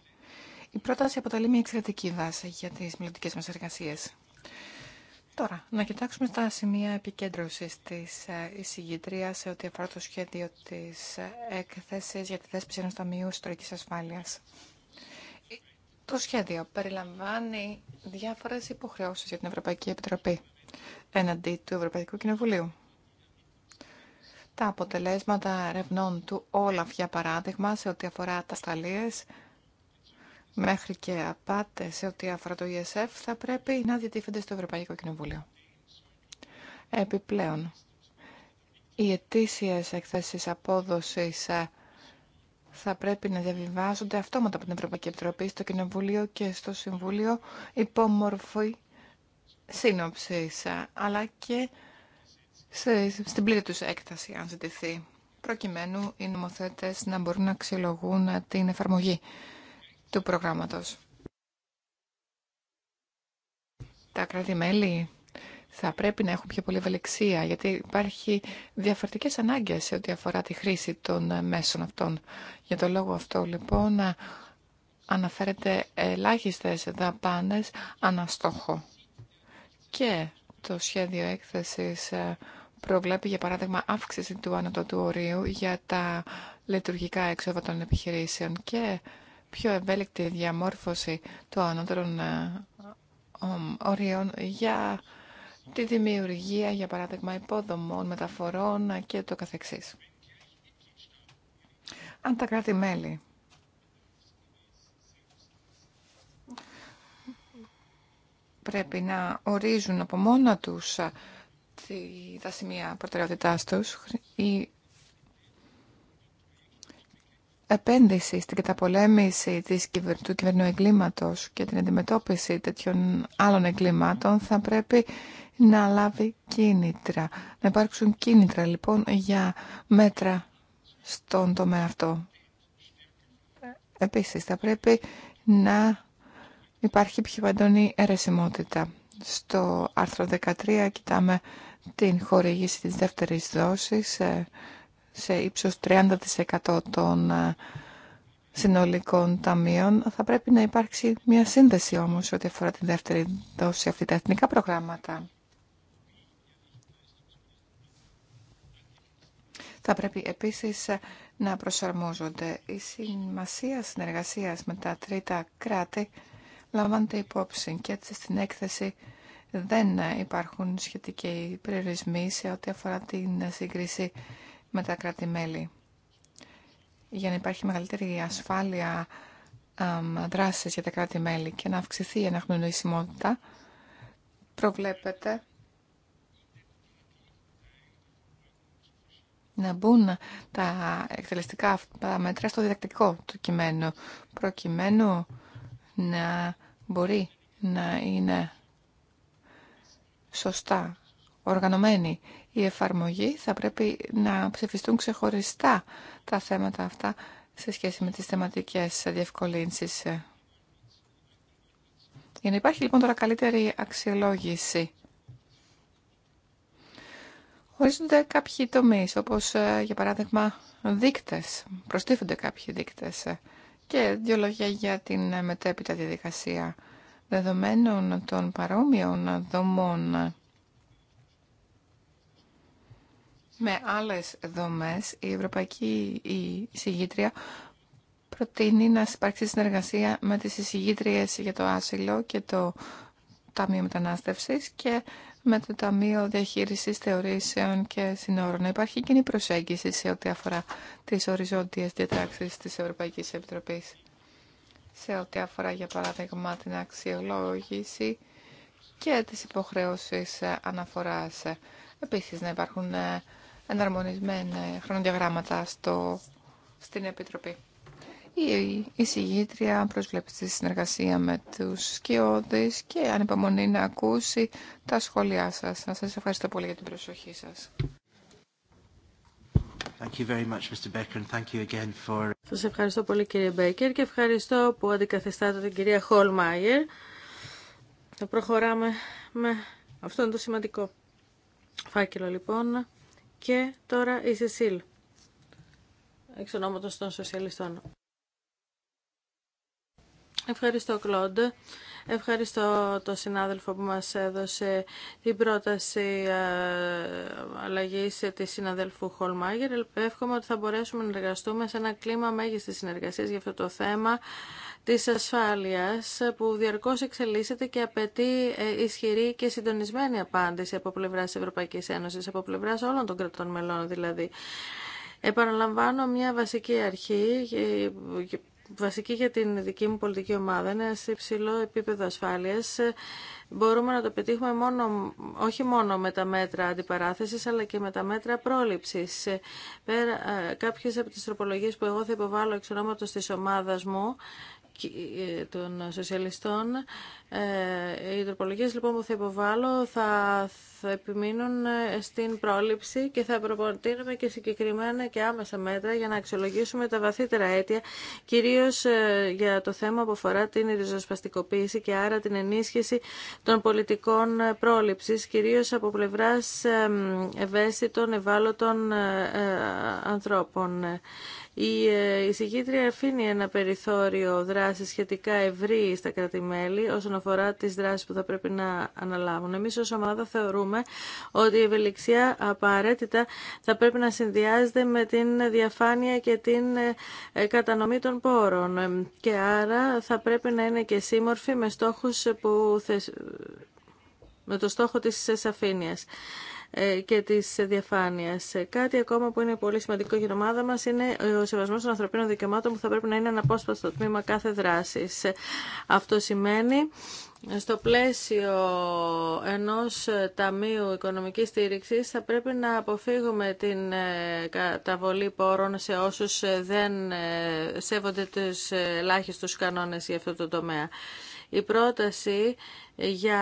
[SPEAKER 2] Η πρόταση αποτελεί μια εξαιρετική βάση για τις μελλοντικές μας εργασίες. Τώρα, να κοιτάξουμε στα σημεία επικέντρωσης της εισηγητρίας σε ό,τι αφορά το σχέδιο της ε, έκθεσης για τη θέσπιση ενός Ταμείου Ιστορικής Ασφάλειας. Το σχέδιο περιλαμβάνει διάφορες υποχρεώσεις για την Ευρωπαϊκή Επιτροπή έναντι του Ευρωπαϊκού Κοινοβουλίου. Τα αποτελέσματα ερευνών του όλα για παράδειγμα, σε ό,τι αφορά τα σταλίες, μέχρι και απάτε σε ό,τι αφορά το ESF, θα πρέπει να διατίθενται στο Ευρωπαϊκό Κοινοβούλιο. Επιπλέον, οι ετήσιες εκθέσεις απόδοσης ε, θα πρέπει να διαβιβάζονται αυτόματα από την Ευρωπαϊκή Επιτροπή στο Κοινοβούλιο και στο Συμβούλιο υπό σύνοψή, ε, αλλά και σε, στην πλήρη του έκταση, αν ζητηθεί, προκειμένου οι νομοθέτε να μπορούν να αξιολογούν την εφαρμογή του προγράμματος. Τα κράτη-μέλη θα πρέπει να έχουν πιο πολύ ευελιξία, γιατί υπάρχει διαφορετικές ανάγκες σε ό,τι αφορά τη χρήση των μέσων αυτών. Για τον λόγο αυτό, λοιπόν, αναφέρεται ελάχιστες δαπάνες αναστόχο. Και το σχέδιο έκθεσης προβλέπει, για παράδειγμα, αύξηση του ανώτατου ορίου για τα λειτουργικά έξοδα των επιχειρήσεων και πιο ευέλικτη διαμόρφωση των ανώτερων ε, ορίων για τη δημιουργία, για παράδειγμα, υπόδομων, μεταφορών και το καθεξής. Αν τα κράτη-μέλη πρέπει να ορίζουν από μόνα τους τα σημεία προτεραιότητάς τους, η επένδυση στην καταπολέμηση της, του κυβερνού εγκλήματος και την αντιμετώπιση τέτοιων άλλων εγκλήματων θα πρέπει να λάβει κίνητρα. Να υπάρξουν κίνητρα λοιπόν για μέτρα στον τομέα αυτό. Επίσης θα πρέπει να υπάρχει πιο παντώνη αιρεσιμότητα. Στο άρθρο 13 κοιτάμε την χορηγήση της δεύτερης δόσης ε, σε ύψος 30% των ε, συνολικών ταμείων. Θα πρέπει να υπάρξει μια σύνδεση όμως ό,τι αφορά τη δεύτερη δόση αυτή τα εθνικά προγράμματα. Θα πρέπει επίσης να προσαρμόζονται. Η σημασία συνεργασίας με τα τρίτα κράτη λαμβάνεται υπόψη και έτσι στην έκθεση δεν υπάρχουν σχετικοί περιορισμοί σε ό,τι αφορά την σύγκριση με τα κράτη-μέλη. Για να υπάρχει μεγαλύτερη ασφάλεια δράση για τα κράτη-μέλη και να αυξηθεί η αναγνωρισιμότητα, προβλέπεται να μπουν τα εκτελεστικά αυτά μέτρα στο διδακτικό του κειμένου, προκειμένου να μπορεί να είναι σωστά οργανωμένη η εφαρμογή, θα πρέπει να ψηφιστούν ξεχωριστά τα θέματα αυτά σε σχέση με τις θεματικές διευκολύνσεις. Για να υπάρχει λοιπόν τώρα καλύτερη αξιολόγηση Ορίζονται κάποιοι τομεί, όπω, ε, για παράδειγμα δείκτε. προστίθενται κάποιοι δείκτε. και δύο λόγια για την μετέπειτα διαδικασία δεδομένων των παρόμοιων δομών με άλλες δομές, η Ευρωπαϊκή η Συγγήτρια προτείνει να υπάρξει συνεργασία με τις εισηγήτριες για το άσυλο και το Ταμείο Μετανάστευσης και με το Ταμείο Διαχείρισης Θεωρήσεων και Συνόρων. Υπάρχει κοινή προσέγγιση σε ό,τι αφορά τις οριζόντιες διατάξεις της Ευρωπαϊκής Επιτροπής. Σε ό,τι αφορά, για παράδειγμα, την αξιολόγηση και τις υποχρεώσεις αναφοράς. Επίσης, να υπάρχουν εναρμονισμένα χρονοδιαγράμματα στο, στην Επιτροπή. Η εισηγήτρια προσβλέπει στη συνεργασία με τους σκιώδεις και ανυπομονεί να ακούσει τα σχόλιά σας. Να σας ευχαριστώ πολύ για την προσοχή σας.
[SPEAKER 1] Thank you very much, Mr. and thank you again for...
[SPEAKER 4] Σας ευχαριστώ πολύ κύριε Μπέικερ και ευχαριστώ που αντικαθιστάτε την κυρία Χολμάιερ. Θα προχωράμε με αυτόν τον το σημαντικό φάκελο λοιπόν. Και τώρα η Σεσίλ, εξ ονόματος των σοσιαλιστών. Ευχαριστώ, Κλοντ. Ευχαριστώ τον συνάδελφο που μας έδωσε την πρόταση ε, αλλαγής της συναδέλφου Χολμάγερ. Εύχομαι ότι θα μπορέσουμε να εργαστούμε σε ένα κλίμα μέγιστης συνεργασίας για αυτό το θέμα της ασφάλειας που διαρκώς εξελίσσεται και απαιτεί ε, ισχυρή και συντονισμένη απάντηση από πλευράς Ευρωπαϊκής Ένωσης, από πλευράς όλων των κρατών μελών δηλαδή. Επαναλαμβάνω μια βασική αρχή ε, βασική για την δική μου πολιτική ομάδα, είναι ένα υψηλό επίπεδο ασφάλειας, μπορούμε να το πετύχουμε μόνο, όχι μόνο με τα μέτρα αντιπαράθεσης, αλλά και με τα μέτρα πρόληψης. Πέρα, ε, κάποιες από τις τροπολογίες που εγώ θα υποβάλω εξ ονόματος της ομάδας μου ε, των σοσιαλιστών. Ε, οι τροπολογίες λοιπόν που θα υποβάλω θα θα επιμείνουν ε, στην πρόληψη και θα προπονητήρουμε και συγκεκριμένα και άμεσα μέτρα για να αξιολογήσουμε τα βαθύτερα αίτια, κυρίως ε, για το θέμα που αφορά την ριζοσπαστικοποίηση και άρα την ενίσχυση των πολιτικών ε, πρόληψης, κυρίως από πλευράς ευαίσθητων, ευάλωτων ανθρώπων. Η εισηγήτρια αφήνει ένα περιθώριο δράση σχετικά ευρύ στα κρατημέλη όσον αφορά τι δράσει που θα πρέπει να αναλάβουν. Εμεί ομάδα θεωρούμε ότι η ευελιξία απαραίτητα θα πρέπει να συνδυάζεται με την διαφάνεια και την ε, ε, κατανομή των πόρων ε, και άρα θα πρέπει να είναι και σύμμορφη με στόχους που με το στόχο της σαφήνειας και της διαφάνειας. Κάτι ακόμα που είναι πολύ σημαντικό για την ομάδα μας είναι ο σεβασμός των ανθρωπίνων δικαιωμάτων που θα πρέπει να είναι αναπόσπαστο τμήμα κάθε δράσης. Αυτό σημαίνει στο πλαίσιο ενός Ταμείου Οικονομικής Στήριξης θα πρέπει να αποφύγουμε την ε, καταβολή πόρων σε όσους δεν ε, σέβονται τους ε, ελάχιστους κανόνες για αυτό το τομέα. Η πρόταση για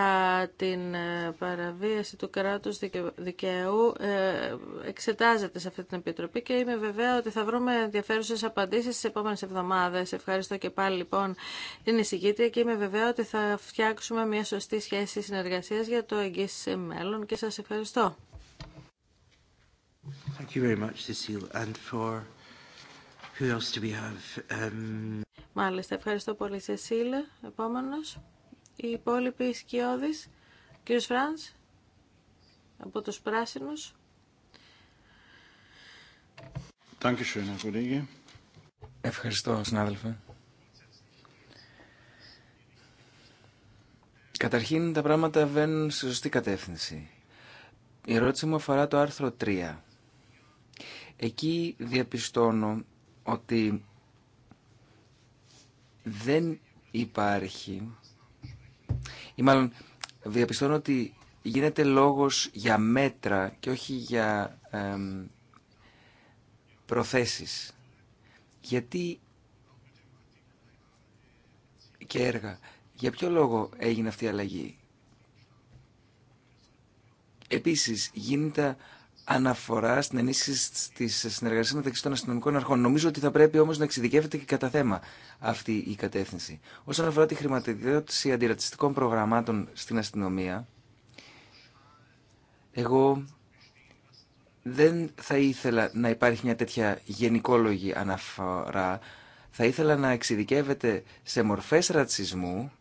[SPEAKER 4] την ε, παραβίαση του κράτους δικαίου ε, εξετάζεται σε αυτή την Επιτροπή και είμαι βεβαία ότι θα βρούμε ενδιαφέρουσε απαντήσεις στις επόμενες εβδομάδες. Ευχαριστώ και πάλι λοιπόν την εισηγήτρια και είμαι βεβαία ότι θα φτιάξουμε μια σωστή σχέση συνεργασίας για το εγγύς μέλλον και σας ευχαριστώ.
[SPEAKER 1] Thank you very much, And for who else have? Um...
[SPEAKER 4] Μάλιστα, ευχαριστώ πολύ Σεσίλα. Επόμενος, Η υπόλοιποι σκιώδεις. Κύριος Φρανς, από τους Πράσινους.
[SPEAKER 5] Ευχαριστώ, συνάδελφε.
[SPEAKER 3] Καταρχήν, τα πράγματα βαίνουν σε σωστή κατεύθυνση. Η ερώτηση μου αφορά το άρθρο 3. Εκεί διαπιστώνω ότι δεν υπάρχει ή μάλλον διαπιστώνω ότι γίνεται λόγος για μέτρα και όχι για ε, προθέσεις γιατί και έργα για ποιο λόγο έγινε αυτή η αλλαγή επίσης γίνεται αναφορά στην ενίσχυση τη συνεργασία μεταξύ των αστυνομικών αρχών. Νομίζω ότι θα πρέπει όμω να εξειδικεύεται και κατά θέμα αυτή η κατεύθυνση. Όσον αφορά τη χρηματοδότηση αντιρατσιστικών προγραμμάτων στην αστυνομία, εγώ δεν θα ήθελα να υπάρχει μια τέτοια γενικόλογη αναφορά. Θα ήθελα να εξειδικεύεται σε μορφές ρατσισμού,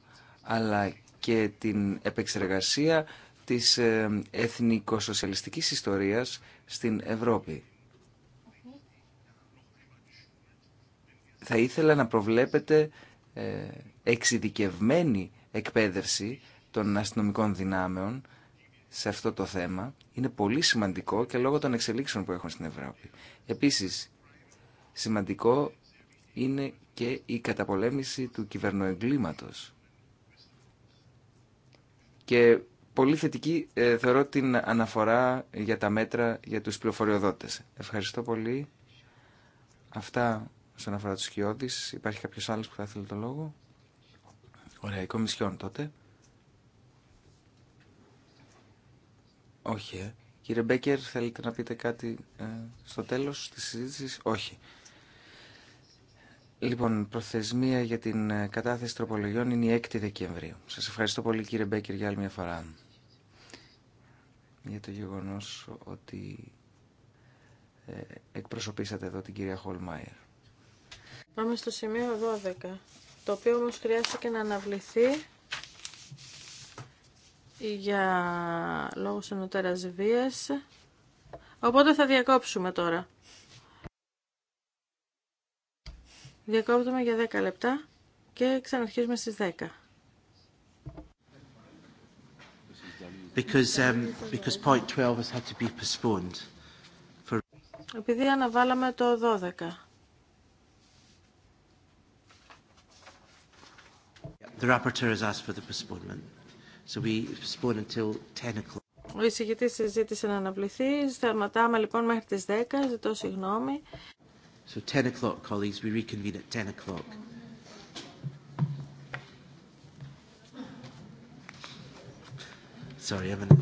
[SPEAKER 3] αλλά και την επεξεργασία της ε, εθνικοσοσιαλιστικής ιστορίας στην Ευρώπη. Θα ήθελα να προβλέπετε ε, εξειδικευμένη εκπαίδευση των αστυνομικών δυνάμεων σε αυτό το θέμα. Είναι πολύ σημαντικό και λόγω των εξελίξεων που έχουν στην Ευρώπη. Επίσης, σημαντικό είναι και η καταπολέμηση του κυβερνοεγκλήματος. Και πολύ θετική ε, θεωρώ την αναφορά για τα μέτρα για τους πληροφοριοδότες. Ευχαριστώ πολύ. Αυτά στον αφορά του σκιώδεις. Υπάρχει κάποιος άλλος που θα ήθελε το λόγο. Ωραία, η Κομισιόν τότε. Όχι, ε. Κύριε Μπέκερ, θέλετε να πείτε κάτι ε, στο τέλος της συζήτησης. Όχι. Λοιπόν, προθεσμία για την ε, κατάθεση τροπολογιών είναι η 6η Δεκεμβρίου. Σας ευχαριστώ πολύ κύριε Μπέκερ για άλλη μια φορά για το γεγονός ότι ε, εκπροσωπήσατε εδώ την κυρία Χολμάιερ.
[SPEAKER 4] Πάμε στο σημείο 12, το οποίο όμως χρειάστηκε να αναβληθεί για λόγους ενωτέρας βίας. Οπότε θα διακόψουμε τώρα. Διακόπτουμε για 10 λεπτά και ξαναρχίζουμε στις 10.
[SPEAKER 1] Because, um, because point 12 has had to be postponed. For...
[SPEAKER 4] Επειδή αναβάλαμε το
[SPEAKER 1] 12. The rapporteur has asked for the postponement. So we postpone until 10 o'clock.
[SPEAKER 4] Ο εισηγητής συζήτησε να αναβληθεί. Σταματάμε λοιπόν μέχρι τις 10. Ζητώ συγγνώμη.
[SPEAKER 1] So 10 o'clock, colleagues, we reconvene at 10 o'clock. Sorry, I haven't...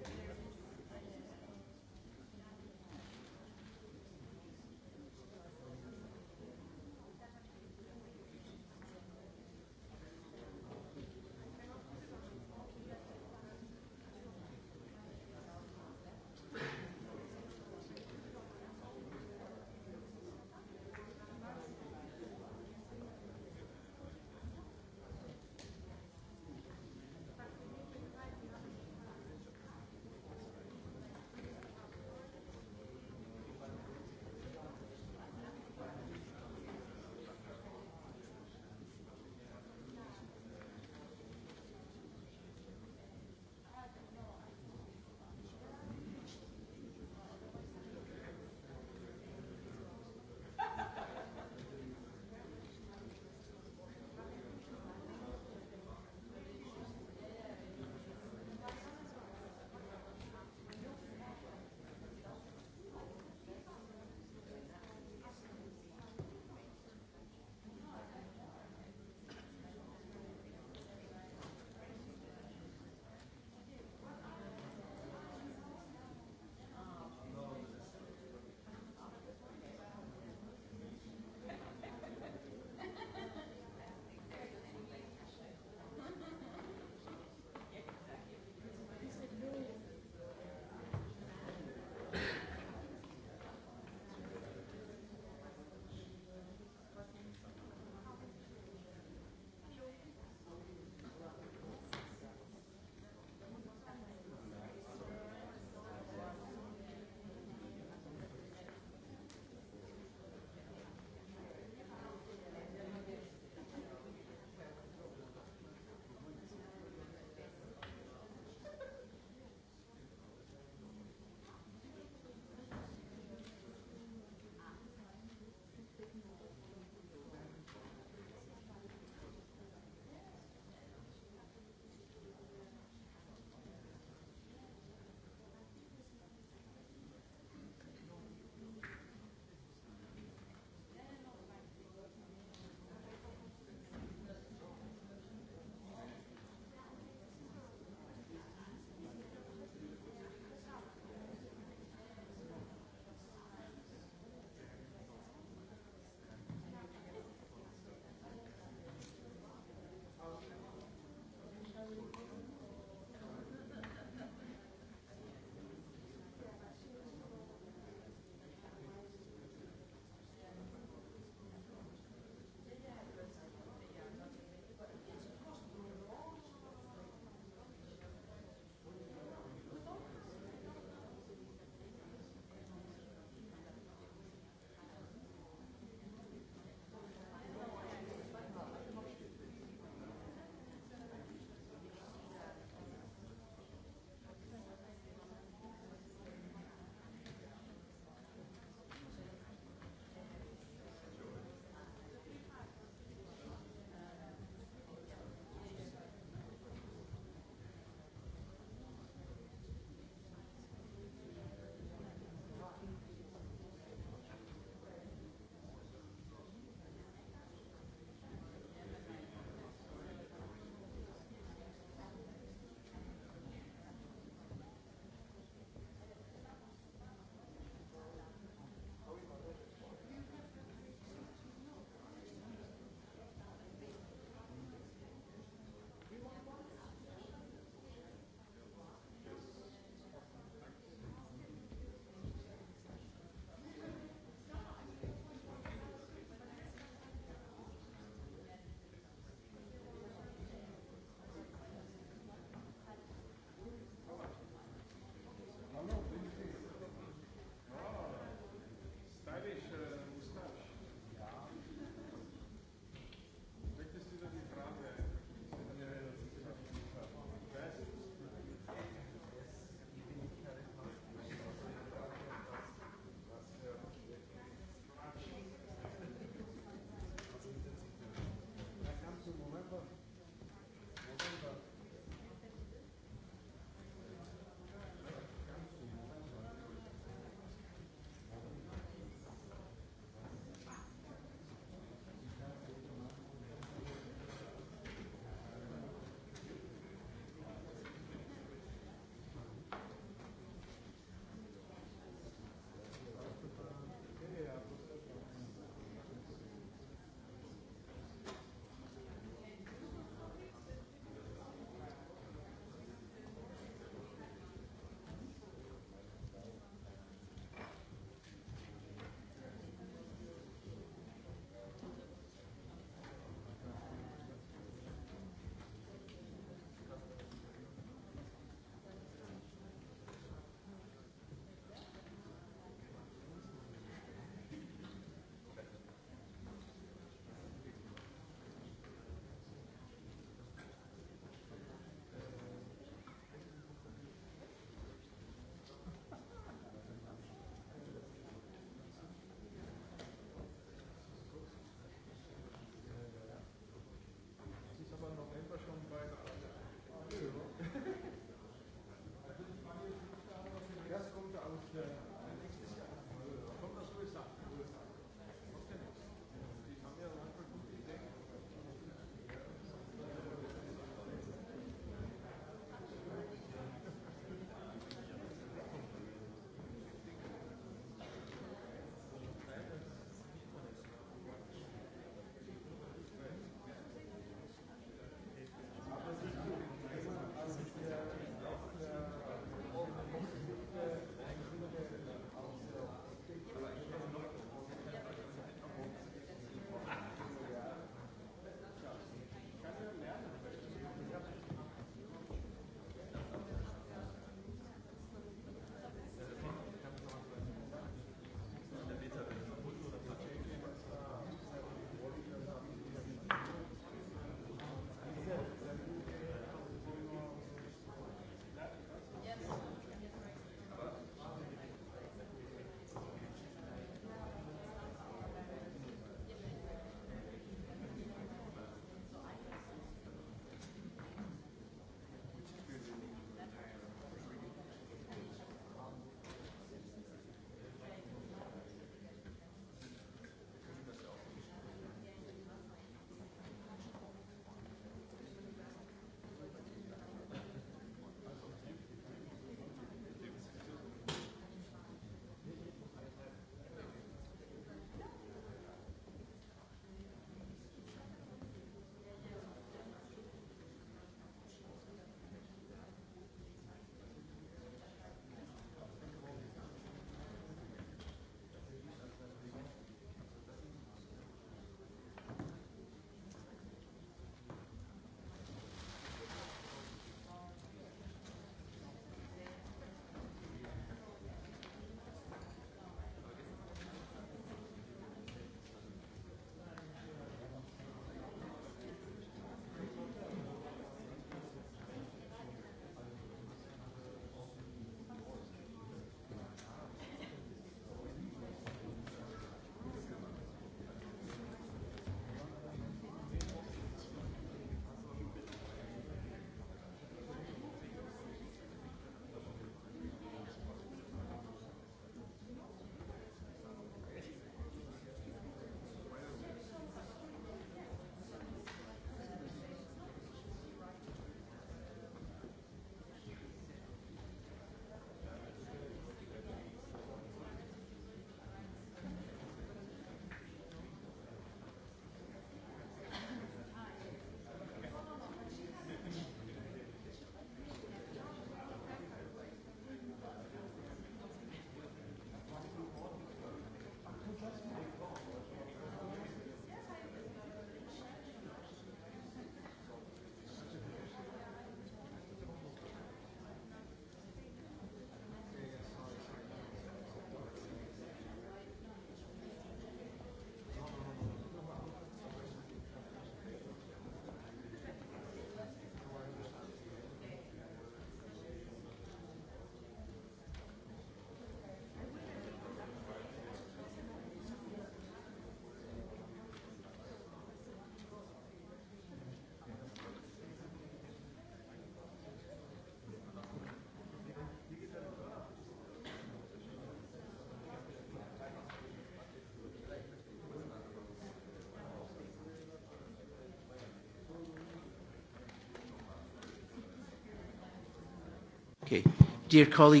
[SPEAKER 1] Uh,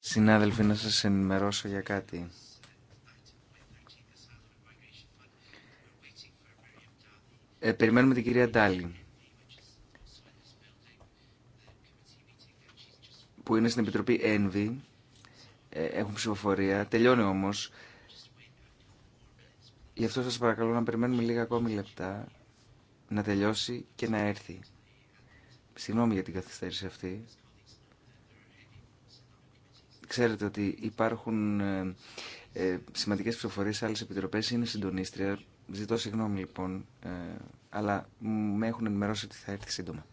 [SPEAKER 3] Συνάδελφοι, να σας ενημερώσω για κάτι. Ε, περιμένουμε την κυρία Ντάλη, που είναι στην Επιτροπή ΕΝΒΗ. Ε, έχουν ψηφοφορία. Τελειώνει όμως. Γι' αυτό σας παρακαλώ να περιμένουμε λίγα ακόμη λεπτά, να τελειώσει και να έρθει. Συγγνώμη για την καθυστέρηση αυτή. Ξέρετε ότι υπάρχουν ε, ε, σημαντικές ψηφοφορίες σε άλλες επιτροπές, είναι συντονίστρια. Ζητώ συγγνώμη λοιπόν, ε, αλλά με έχουν ενημερώσει ότι θα έρθει σύντομα.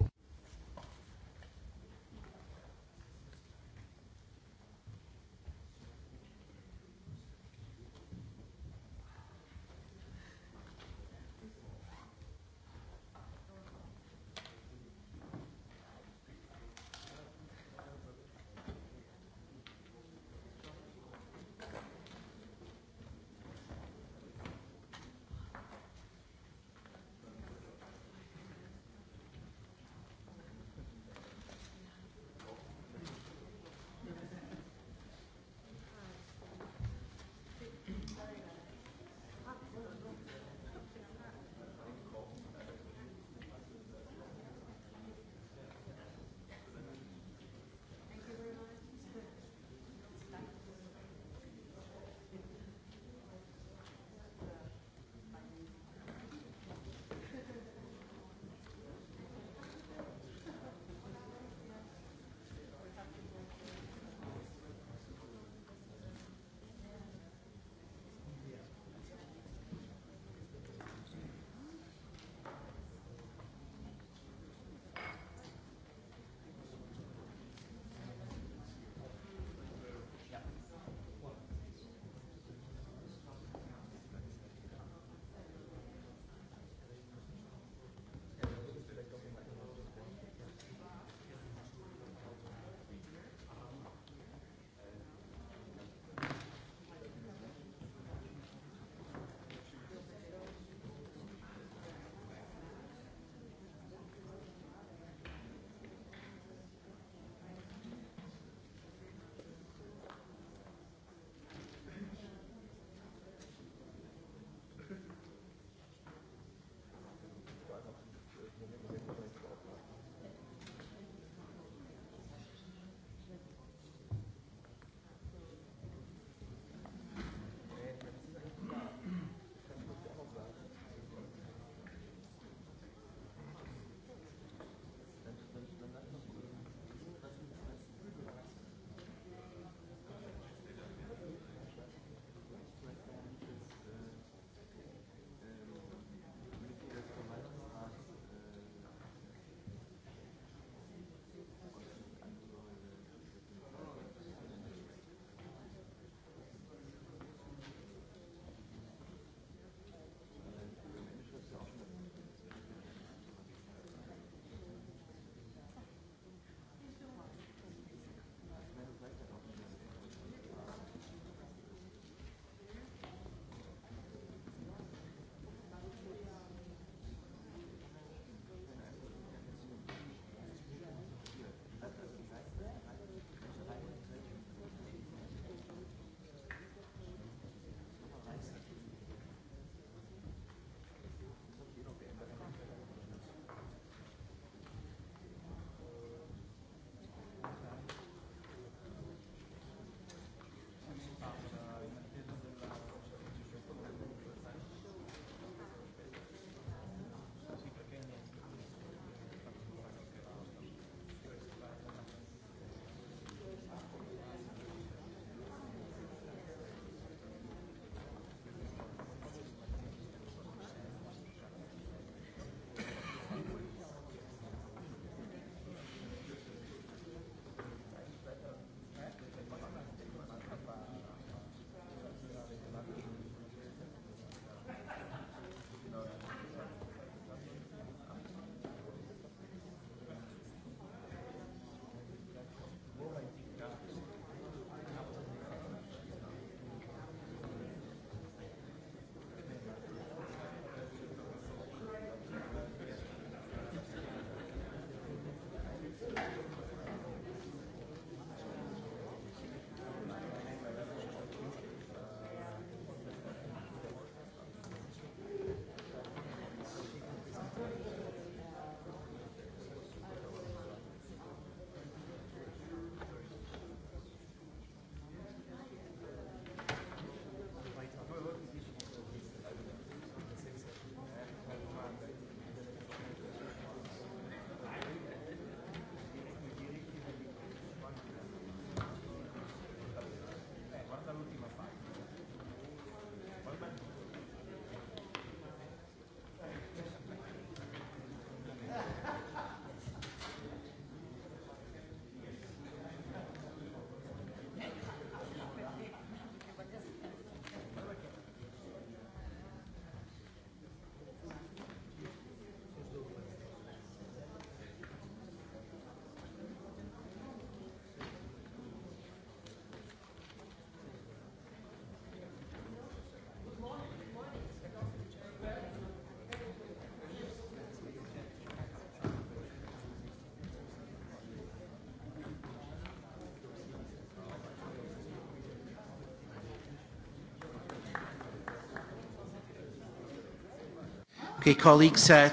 [SPEAKER 1] Okay, colleagues, uh,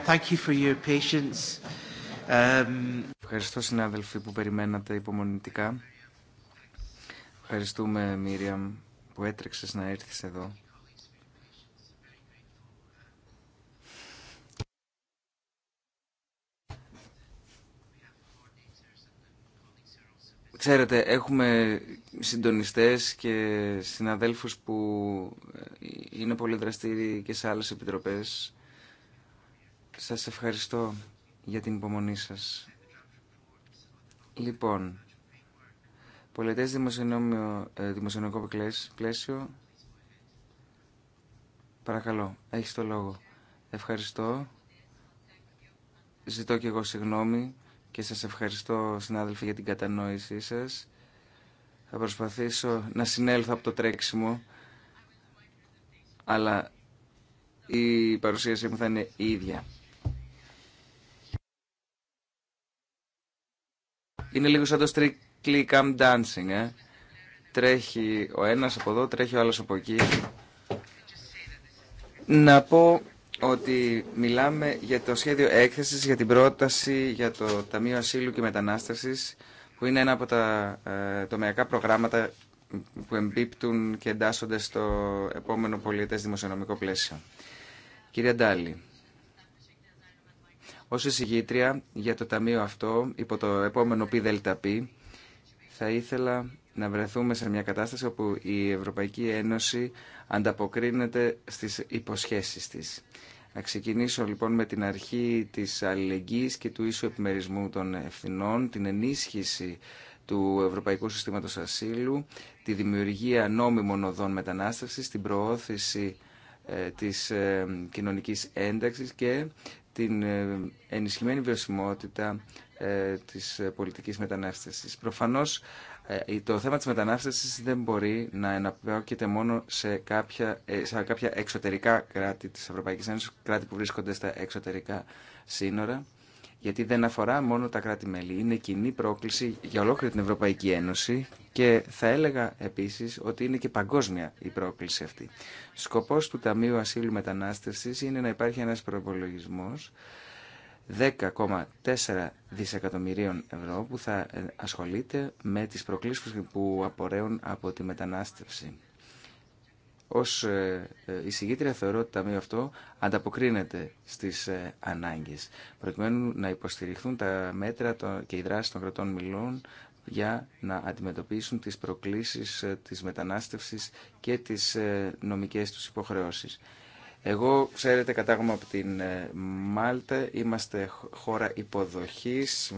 [SPEAKER 1] for
[SPEAKER 3] your patience. Um, Ευχαριστώ συνάδελφοι που περιμένατε υπομονητικά. Ευχαριστούμε Μίριαμ που έτρεξες να έρθεις εδώ. Ξέρετε, έχουμε συντονιστές και συναδέλφους που είναι πολύ δραστήριοι και σε άλλες επιτροπές σας ευχαριστώ για την υπομονή σας. Λοιπόν, πολιτές ε, δημοσιονομικό πλαίσιο. Παρακαλώ, έχεις το λόγο. Ευχαριστώ. Ζητώ και εγώ συγγνώμη και σας ευχαριστώ συνάδελφοι για την κατανόησή σας. Θα προσπαθήσω να συνέλθω από το τρέξιμο, αλλά η παρουσίασή μου θα είναι η ίδια. Είναι λίγο σαν το strictly come dancing, ε. Τρέχει ο ένας από εδώ, τρέχει ο άλλος από εκεί. Να πω ότι μιλάμε για το σχέδιο έκθεσης, για την πρόταση για το Ταμείο Ασύλου και Μετανάστευσης, που είναι ένα από τα ε, τομεακά προγράμματα που εμπίπτουν και εντάσσονται στο επόμενο πολιτες δημοσιονομικό πλαίσιο. Κύριε Ντάλη, ως εισηγήτρια για το ταμείο αυτό, υπό το επόμενο ΠΔΠ, θα ήθελα να βρεθούμε σε μια κατάσταση όπου η Ευρωπαϊκή Ένωση ανταποκρίνεται στις υποσχέσεις της. Να ξεκινήσω λοιπόν με την αρχή της αλληλεγγύης και του ίσου επιμερισμού των ευθυνών, την ενίσχυση του Ευρωπαϊκού Συστήματος Ασύλου, τη δημιουργία νόμιμων οδών μετανάστευσης, την προώθηση ε, της ε, κοινωνικής ένταξης και την ε, ενισχυμένη βιωσιμότητα ε, της ε, πολιτικής μετανάστευσης. Προφανώς το θέμα της μετανάστευσης δεν μπορεί να εναπόκειται μόνο σε κάποια, σε κάποια εξωτερικά κράτη της Ευρωπαϊκής Ένωσης, κράτη που βρίσκονται στα εξωτερικά σύνορα γιατί δεν αφορά μόνο τα κράτη-μέλη. Είναι κοινή πρόκληση για ολόκληρη την Ευρωπαϊκή Ένωση και θα έλεγα επίσης ότι είναι και παγκόσμια η πρόκληση αυτή. Σκοπός του Ταμείου Ασύλου μετανάστευση είναι να υπάρχει ένας προπολογισμό 10,4 δισεκατομμυρίων ευρώ που θα ε, ασχολείται με τις προκλήσεις που απορρέουν από τη μετανάστευση. Ως ε, ε, εισηγήτρια θεωρώ ότι το Ταμείο αυτό ανταποκρίνεται στις ε, ανάγκες προκειμένου να υποστηριχθούν τα μέτρα και οι δράσεις των κρατών μιλών για να αντιμετωπίσουν τις προκλήσεις της μετανάστευσης και τις νομικές τους υποχρεώσεις. Εγώ, ξέρετε, κατάγομαι από την ε, Μάλτα. Είμαστε χώρα υποδοχής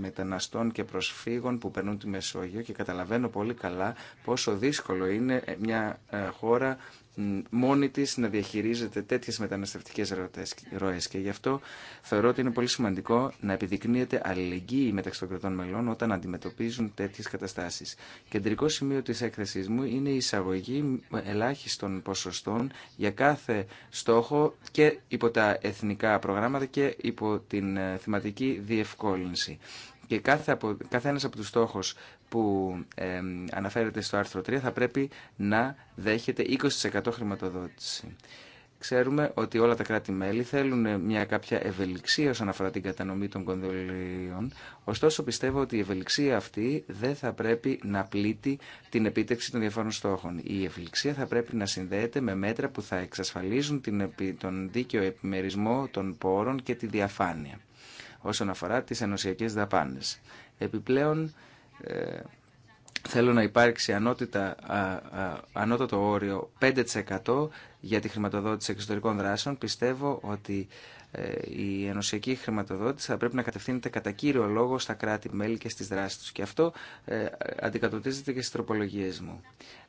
[SPEAKER 3] μεταναστών και προσφύγων που περνούν τη Μεσόγειο και καταλαβαίνω πολύ καλά πόσο δύσκολο είναι ε, μια ε, χώρα μόνη τη να διαχειρίζεται τέτοιε μεταναστευτικές ροέ. και γι' αυτό θεωρώ ότι είναι πολύ σημαντικό να επιδεικνύεται αλληλεγγύη μεταξύ των κρατών μελών όταν αντιμετωπίζουν τέτοιε καταστάσεις. Κεντρικό σημείο της έκθεσής μου είναι η εισαγωγή ελάχιστων ποσοστών για κάθε στόχο και υπό τα εθνικά προγράμματα και υπό την ε, θεματική διευκόλυνση. Και κάθε, ένας από του στόχους που αναφέρεται στο άρθρο 3 θα πρέπει να δέχεται 20% χρηματοδότηση. Ξέρουμε ότι όλα τα κράτη-μέλη θέλουν μια κάποια ευελιξία όσον αφορά την κατανομή των κονδυλίων, ωστόσο πιστεύω ότι η ευελιξία αυτή δεν θα πρέπει να πλήττει την επίτευξη των διαφόρων στόχων. Η ευελιξία θα πρέπει να συνδέεται με μέτρα που θα εξασφαλίζουν την, τον δίκαιο επιμερισμό των πόρων και τη διαφάνεια όσον αφορά τις ενωσιακές δαπάνες. Επιπλέον, ε, θέλω να υπάρξει ανώτητα, ανώτατο όριο 5% για τη χρηματοδότηση εξωτερικών δράσεων. Πιστεύω ότι ε, η ενωσιακή χρηματοδότηση θα πρέπει να κατευθύνεται κατά κύριο λόγο στα κράτη-μέλη και στις δράσεις τους. Και αυτό ε, αντικατοπτρίζεται και στις τροπολογίες μου.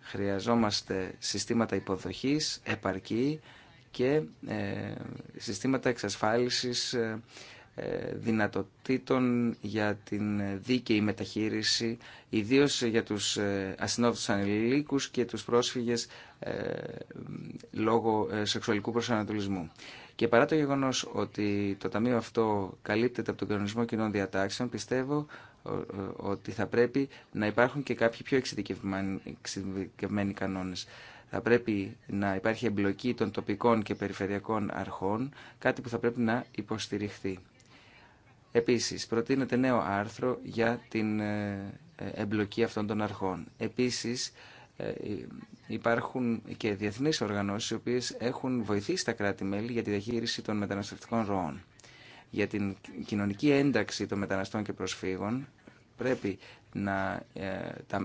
[SPEAKER 3] Χρειαζόμαστε συστήματα υποδοχής, επαρκή και συστήματα εξασφάλισης ε, δυνατοτήτων για την δίκαιη μεταχείριση, ιδίως για τους ε, ασυνόδους ανηλίκους και τους πρόσφυγες ε, λόγω σεξουαλικού προσανατολισμού. Και παρά το γεγονός ότι το Ταμείο αυτό καλύπτεται από τον κανονισμό κοινών διατάξεων, πιστεύω ότι θα πρέπει να υπάρχουν και κάποιοι πιο εξειδικευμένοι κανόνες. Θα πρέπει να υπάρχει εμπλοκή των τοπικών και περιφερειακών αρχών, κάτι που θα πρέπει να υποστηριχθεί. Επίσης, προτείνεται νέο άρθρο για την ε, ε, εμπλοκή αυτών των αρχών. Επίσης, ε, υπάρχουν και διεθνείς οργανώσεις οι οποίες έχουν βοηθήσει τα κράτη-μέλη για τη διαχείριση των μεταναστευτικών ροών. Για την κοινωνική ένταξη των μεταναστών και προσφύγων πρέπει να,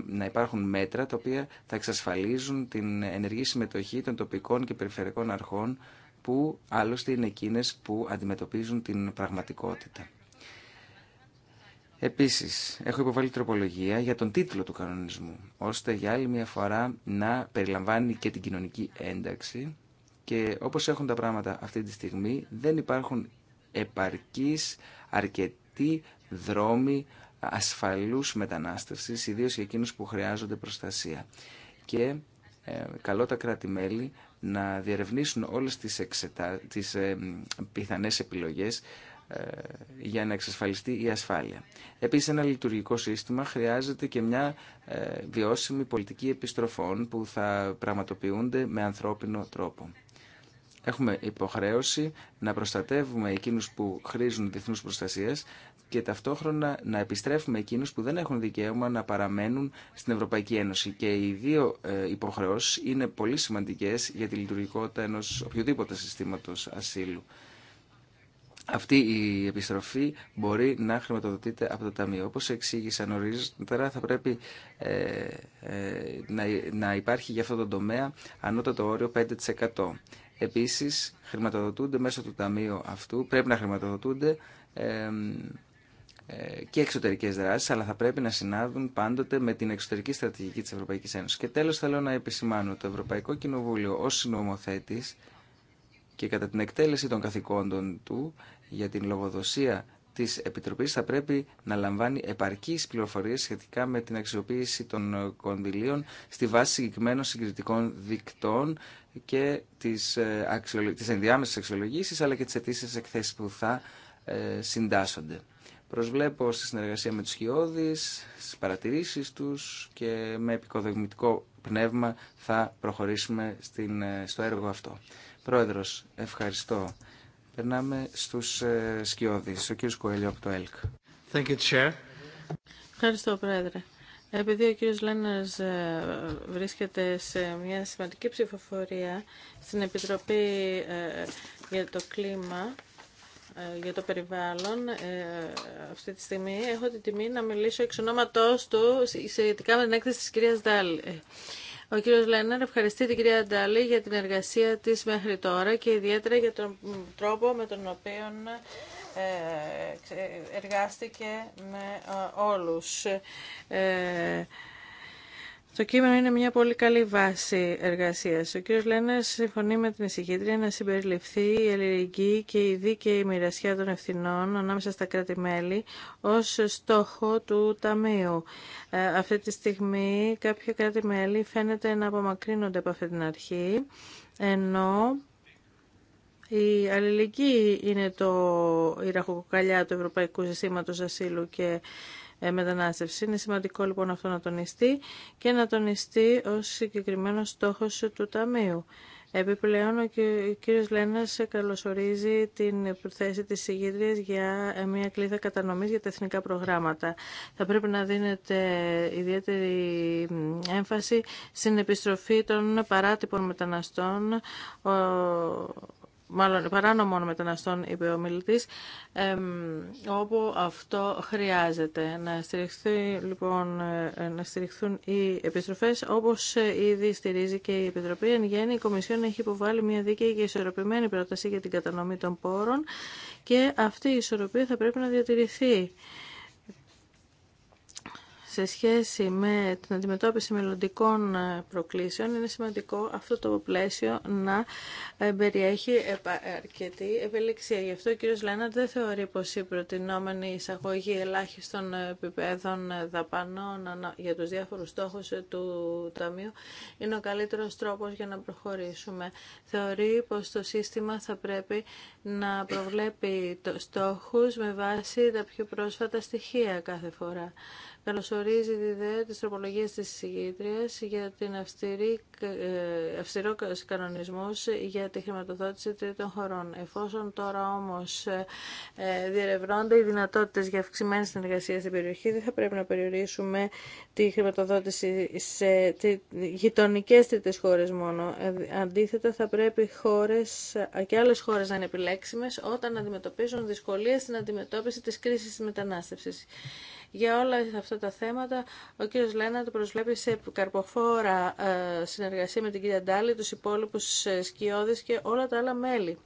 [SPEAKER 3] να υπάρχουν μέτρα τα οποία θα εξασφαλίζουν την ενεργή συμμετοχή των τοπικών και περιφερειακών αρχών που άλλωστε είναι εκείνες που αντιμετωπίζουν την πραγματικότητα. Επίσης, έχω υποβάλει τροπολογία για τον τίτλο του κανονισμού, ώστε για άλλη μια φορά να περιλαμβάνει και την κοινωνική ένταξη και όπως έχουν τα πράγματα αυτή τη στιγμή δεν υπάρχουν επαρκείς αρκετοί δρόμοι ασφαλού μετανάστευσης, ιδίως για εκείνου που χρειάζονται προστασία. Και ε, καλό τα κράτη-μέλη να διερευνήσουν όλες τις, εξετα... τις ε, πιθανές επιλογές ε, για να εξασφαλιστεί η ασφάλεια. Επίση, ένα λειτουργικό σύστημα χρειάζεται και μια ε, βιώσιμη πολιτική επιστροφών που θα πραγματοποιούνται με ανθρώπινο τρόπο. Έχουμε υποχρέωση να προστατεύουμε εκείνους που χρήζουν διεθνούς προστασίας και ταυτόχρονα να επιστρέφουμε εκείνους που δεν έχουν δικαίωμα να παραμένουν στην Ευρωπαϊκή Ένωση. Και οι δύο ε, υποχρεώσεις είναι πολύ σημαντικές για τη λειτουργικότητα ενός οποιοδήποτε συστήματος ασύλου αυτή η επιστροφή μπορεί να χρηματοδοτείται από το Ταμείο. Όπως εξήγησα νωρίτερα, θα πρέπει ε, ε, να, να υπάρχει για αυτό το τομέα ανώτατο όριο 5%. Επίσης, χρηματοδοτούνται μέσω του Ταμείου αυτού, πρέπει να χρηματοδοτούνται ε, και εξωτερικές δράσεις, αλλά θα πρέπει να συνάδουν πάντοτε με την εξωτερική στρατηγική της Ευρωπαϊκής Ένωσης. Και τέλος θέλω να επισημάνω το Ευρωπαϊκό Κοινοβούλιο ως συνομοθέτης και κατά την εκτέλεση των καθηκόντων του για την λογοδοσία της Επιτροπής θα πρέπει να λαμβάνει επαρκείς πληροφορίες σχετικά με την αξιοποίηση των κονδυλίων στη βάση συγκεκριμένων συγκριτικών δικτών και της αξιολο... της αλλά και τις αιτήσει εκθέσεις που θα ε, συντάσσονται. Προσβλέπω στη συνεργασία με τους χιώδεις, στις παρατηρήσεις τους και με επικοδομητικό πνεύμα θα προχωρήσουμε στην, ε, στο έργο αυτό. Πρόεδρος, ευχαριστώ. Περνάμε στους ε, σκιώδεις. Ο κύριος Κοέλιο από το ΕΛΚ. Thank you,
[SPEAKER 4] Ευχαριστώ, Πρόεδρε. Επειδή ο κύριος Λένας ε, βρίσκεται σε μια σημαντική ψηφοφορία στην Επιτροπή ε, για το κλίμα, για το περιβάλλον αυτή τη στιγμή, έχω την τιμή να μιλήσω εξ ονόματός του σχετικά με την έκθεση της κυρίας Ντάλη. Ο κύριος Λένερ ευχαριστεί την κυρία Ντάλη για την εργασία της μέχρι τώρα και ιδιαίτερα για τον τρόπο με τον οποίο ε, εργάστηκε με ε, όλους. Ε, το κείμενο είναι μια πολύ καλή βάση εργασίας. Ο κ. Λένερ συμφωνεί με την εισηγήτρια να συμπεριληφθεί η αλληλεγγύη και η δίκαιη μοιρασιά των ευθυνών ανάμεσα στα κράτη-μέλη ως στόχο του Ταμείου. Ε, αυτή τη στιγμή κάποια κράτη-μέλη φαίνεται να απομακρύνονται από αυτή την αρχή, ενώ η αλληλεγγύη είναι το, η ραχοκοκαλιά του Ευρωπαϊκού Συστήματος Ασύλου και ε, μετανάστευση. Είναι σημαντικό λοιπόν αυτό να τονιστεί και να τονιστεί ως συγκεκριμένο στόχος του Ταμείου. Επιπλέον, ο κύριος Λένας καλωσορίζει την θέση της συγγήτριας για ε, μια κλίδα κατανομής για τα εθνικά προγράμματα. Θα πρέπει να δίνεται ιδιαίτερη έμφαση στην επιστροφή των παράτυπων μεταναστών μάλλον παράνομων μεταναστών, είπε ο μιλητή, όπου αυτό χρειάζεται. Να, στηριχθεί, λοιπόν, ε, να στηριχθούν οι επιστροφέ, όπως ε, ήδη στηρίζει και η Επιτροπή. Εν γέννη, η Κομισιόν έχει υποβάλει μια δίκαιη και ισορροπημένη πρόταση για την κατανομή των πόρων και αυτή η ισορροπία θα πρέπει να διατηρηθεί σε σχέση με την αντιμετώπιση μελλοντικών ε, προκλήσεων είναι σημαντικό αυτό το πλαίσιο να ε, περιέχει αρκετή ευελιξία. Γι' αυτό ο κ. Λένατ δεν θεωρεί πως η προτινόμενη εισαγωγή ελάχιστων επιπέδων ε, δαπανών για τους διάφορους στόχους του Ταμείου είναι ο καλύτερος τρόπος για να προχωρήσουμε. Θεωρεί πως το σύστημα θα πρέπει να προβλέπει στόχους με βάση τα πιο πρόσφατα στοιχεία κάθε φορά καλωσορίζει τη ιδέα της τροπολογίας της συγκήτριας για την αυστηρή, ε, αυστηρό κανονισμό για τη χρηματοδότηση τρίτων χωρών. Εφόσον τώρα όμως ε, ε, διερευνώνται οι δυνατότητες για αυξημένη συνεργασία στην περιοχή, δεν θα πρέπει να περιορίσουμε τη χρηματοδότηση σε γειτονικέ τρίτες χώρες μόνο. Αντίθετα, θα πρέπει χώρες και άλλες χώρες να είναι επιλέξιμες όταν αντιμετωπίζουν δυσκολίες στην αντιμετώπιση της κρίσης της μετανάστευσης. Για όλα αυτά τα θέματα, ο κ. Λένα το προσβλέπει σε καρποφόρα ε, συνεργασία με την κυρία Ντάλη, τους υπόλοιπους ε, σκιώδες και όλα τα άλλα μέλη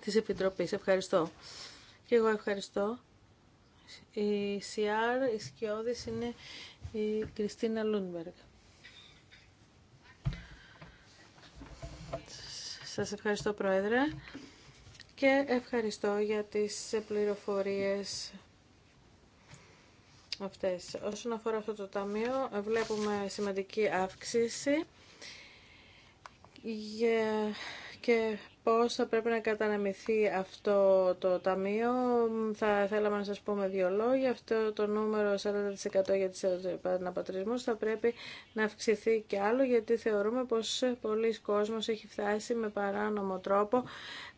[SPEAKER 4] της Επιτροπής. Ευχαριστώ. Και εγώ ευχαριστώ. Η σιαρ η είναι η Κριστίνα Λούνμπεργκ. Σας ευχαριστώ Πρόεδρε και ευχαριστώ για τις πληροφορίες αυτές. Όσον αφορά αυτό το ταμείο, βλέπουμε σημαντική αύξηση και πώς θα πρέπει να καταναμηθεί αυτό το ταμείο. Θα θέλαμε να σας πούμε δύο λόγια. Αυτό το νούμερο 40% για τις επαναπατρισμούς θα πρέπει να αυξηθεί και άλλο γιατί θεωρούμε πως πολλοί κόσμος έχει φτάσει με παράνομο τρόπο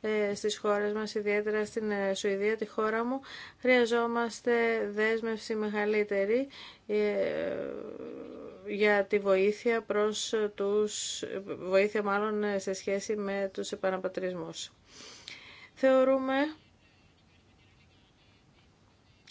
[SPEAKER 4] ε, στις χώρες μας, ιδιαίτερα στην ε, Σουηδία, τη χώρα μου, χρειαζόμαστε δέσμευση μεγαλύτερη ε, για τη βοήθεια προς τους, βοήθεια μάλλον σε σχέση με τους επαναπατρισμούς. Θεωρούμε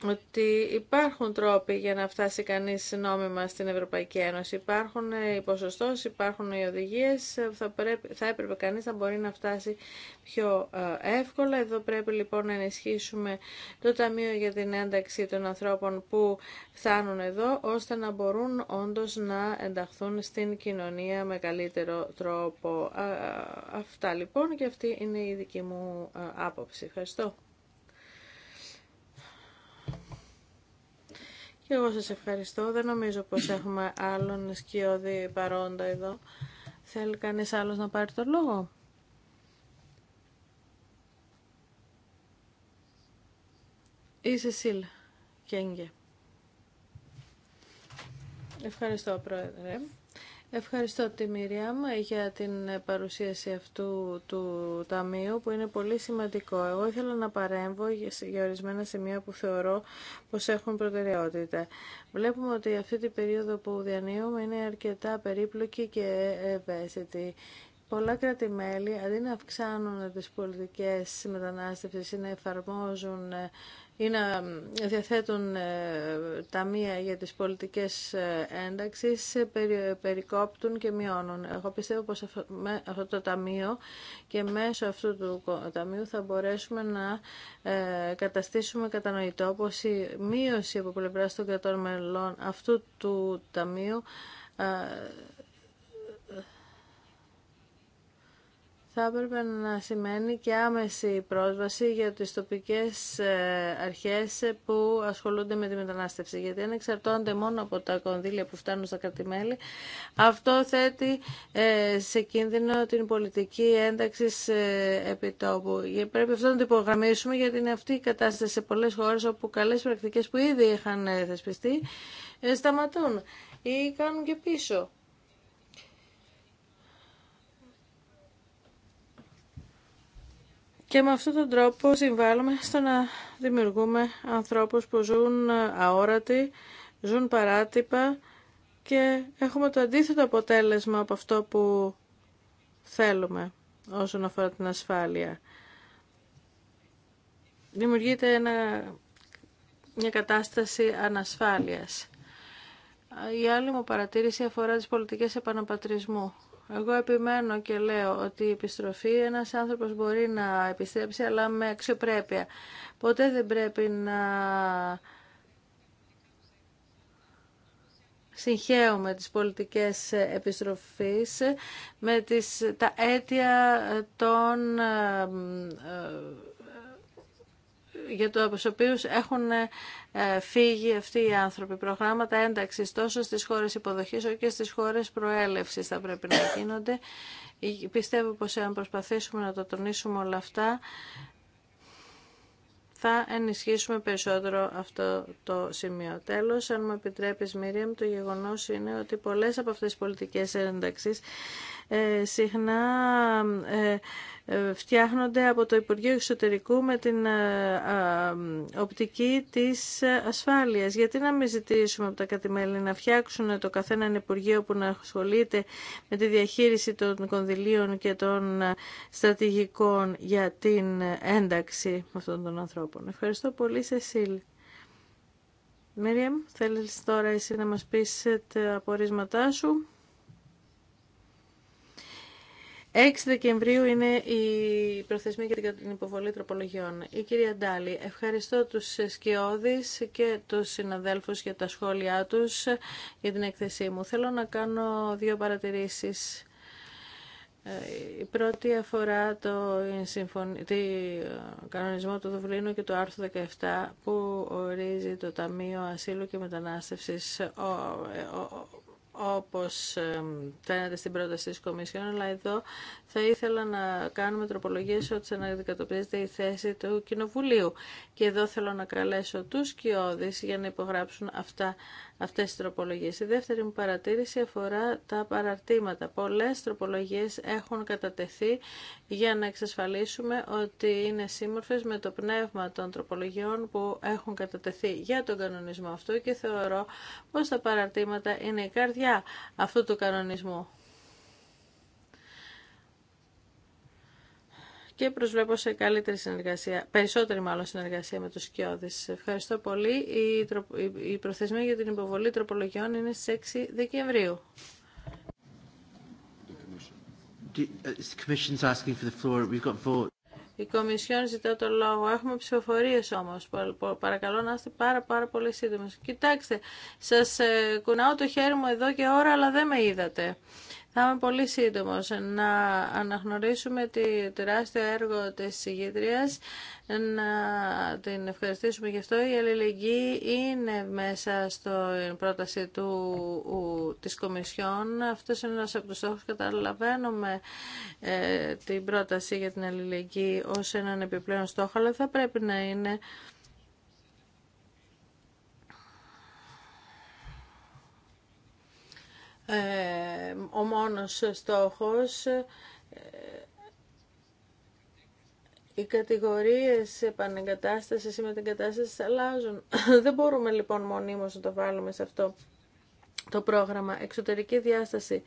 [SPEAKER 4] ότι υπάρχουν τρόποι για να φτάσει κανείς νόμιμα στην Ευρωπαϊκή Ένωση. Υπάρχουν οι ποσοστός, υπάρχουν οι οδηγίες, θα, πρέπει, θα έπρεπε κανείς να μπορεί να φτάσει πιο ε, εύκολα. Εδώ πρέπει λοιπόν να ενισχύσουμε το Ταμείο για την ένταξη των ανθρώπων που φτάνουν εδώ, ώστε να μπορούν όντως να ενταχθούν στην κοινωνία με καλύτερο τρόπο. Ε, ε, αυτά λοιπόν και αυτή είναι η δική μου άποψη. Ευχαριστώ. Και εγώ σας ευχαριστώ. Δεν νομίζω πως έχουμε άλλον σκιώδη παρόντα εδώ. Θέλει κανείς άλλος να πάρει το λόγο. Η Σεσίλ Κέγγε. Ευχαριστώ, Πρόεδρε. Ευχαριστώ τη Μυριάμ για την παρουσίαση αυτού του ταμείου που είναι πολύ σημαντικό. Εγώ ήθελα να παρέμβω για ορισμένα σημεία που θεωρώ πως έχουν προτεραιότητα. Βλέπουμε ότι αυτή την περίοδο που διανύουμε είναι αρκετά περίπλοκη και ευαίσθητη. Πολλά κράτη-μέλη αντί να αυξάνουν τις πολιτικές μετανάστευσης ή να εφαρμόζουν ή να διαθέτουν ε, ταμεία για τις πολιτικές ε, ένταξεις ε, περικόπτουν και μειώνουν. Εγώ πιστεύω πως αυτό το ταμείο και μέσω αυτού του ταμείου θα μπορέσουμε να καταστήσουμε κατανοητό πως η μείωση από πλευρά των κρατών μελών αυτού του ταμείου θα έπρεπε να σημαίνει και άμεση πρόσβαση για τις τοπικές ε, αρχές που ασχολούνται με τη μετανάστευση. Γιατί αν εξαρτώνται μόνο από τα κονδύλια που φτάνουν στα κρατημέλη, αυτό θέτει ε, σε κίνδυνο την πολιτική ένταξη ε, επιτόπου. Πρέπει αυτό να το υπογραμμίσουμε γιατί είναι αυτή η κατάσταση σε πολλές χώρες όπου καλές πρακτικές που ήδη είχαν θεσπιστεί σταματούν ή κάνουν και πίσω. Και με αυτόν τον τρόπο συμβάλλουμε στο να δημιουργούμε ανθρώπους που ζουν αόρατοι, ζουν παράτυπα και έχουμε το αντίθετο αποτέλεσμα από αυτό που θέλουμε όσον αφορά την ασφάλεια. Δημιουργείται μια κατάσταση ανασφάλειας. Η άλλη μου παρατήρηση αφορά τις πολιτικές επαναπατρισμού. Εγώ επιμένω και λέω ότι η επιστροφή ένας άνθρωπος μπορεί να επιστρέψει αλλά με αξιοπρέπεια. Ποτέ δεν πρέπει να συγχαίουμε τις πολιτικές επιστροφής με τις, τα αίτια των ε, για το από έχουν ε, φύγει αυτοί οι άνθρωποι. Προγράμματα ένταξη τόσο στις χώρες υποδοχής όσο και στις χώρες προέλευσης θα πρέπει να γίνονται. Ε, πιστεύω πως αν προσπαθήσουμε να το τονίσουμε όλα αυτά θα ενισχύσουμε περισσότερο αυτό το σημείο. τέλο. αν μου επιτρέπει, Μίριαμ, το γεγονός είναι ότι πολλές από αυτέ τι πολιτικέ ένταξει. Ε, συχνά ε, ε, φτιάχνονται από το Υπουργείο Εξωτερικού με την οπτική της ασφάλειας. Γιατί να μην ζητήσουμε από τα κατημέλη να φτιάξουν το καθένα Υπουργείο που να ασχολείται με τη διαχείριση των κονδυλίων και των στρατηγικών για την ένταξη αυτών των ανθρώπων. Ευχαριστώ πολύ, Σεσίλ. Μίριαμ, θέλεις τώρα εσύ να μας πεις τα απορίσματά σου. 6 Δεκεμβρίου είναι η προθεσμία για την υποβολή τροπολογιών. Η κυρία Ντάλη, ευχαριστώ τους σκιώδεις και τους συναδέλφους για τα σχόλιά τους για την έκθεσή μου. Θέλω να κάνω δύο παρατηρήσεις. Ε, η πρώτη αφορά το, ε, κανονισμό του Δουβλίνου και το άρθρο 17 που ορίζει το Ταμείο Ασύλου και Μετανάστευσης ε, όπως φαίνεται στην πρόταση της Κομισιόν, αλλά εδώ θα ήθελα να κάνουμε τροπολογίες ότι αναδικατοπίζεται η θέση του Κοινοβουλίου. Και εδώ θέλω να καλέσω τους κοιόδης για να υπογράψουν αυτά Αυτέ οι τροπολογίε. Η δεύτερη μου παρατήρηση αφορά τα παραρτήματα. Πολλέ τροπολογίες έχουν κατατεθεί για να εξασφαλίσουμε ότι είναι σύμμορφε με το πνεύμα των τροπολογιών που έχουν κατατεθεί για τον κανονισμό αυτό και θεωρώ πως τα παραρτήματα είναι η καρδιά αυτού του κανονισμού. και προσβλέπω σε καλύτερη συνεργασία, περισσότερη μάλλον συνεργασία με τους σκιώδεις. Ευχαριστώ πολύ. Η προθεσμία για την υποβολή τροπολογιών είναι στις 6 Δεκεμβρίου. Η Κομισιόν ζητά το λόγο. Έχουμε ψηφοφορίε όμω. Παρακαλώ να είστε πάρα, πάρα πολύ σύντομοι. Κοιτάξτε, σα ε, κουνάω το χέρι μου εδώ και ώρα, αλλά δεν με είδατε. Θα είμαι πολύ σύντομο να αναγνωρίσουμε τη τεράστιο έργο της ηγήτριας, να την ευχαριστήσουμε γι' αυτό. Η αλληλεγγύη είναι μέσα στην πρόταση του, της Κομισιόν. Αυτός είναι ένας από τους στόχους. Καταλαβαίνουμε ε, την πρόταση για την αλληλεγγύη ως έναν επιπλέον στόχο, αλλά θα πρέπει να είναι Ε, ο μόνος στόχος ε, οι κατηγορίες επανεγκατάστασης ή μετεγκατάστασης αλλάζουν. Δεν μπορούμε λοιπόν μονίμως να το βάλουμε σε αυτό το πρόγραμμα. Εξωτερική διάσταση.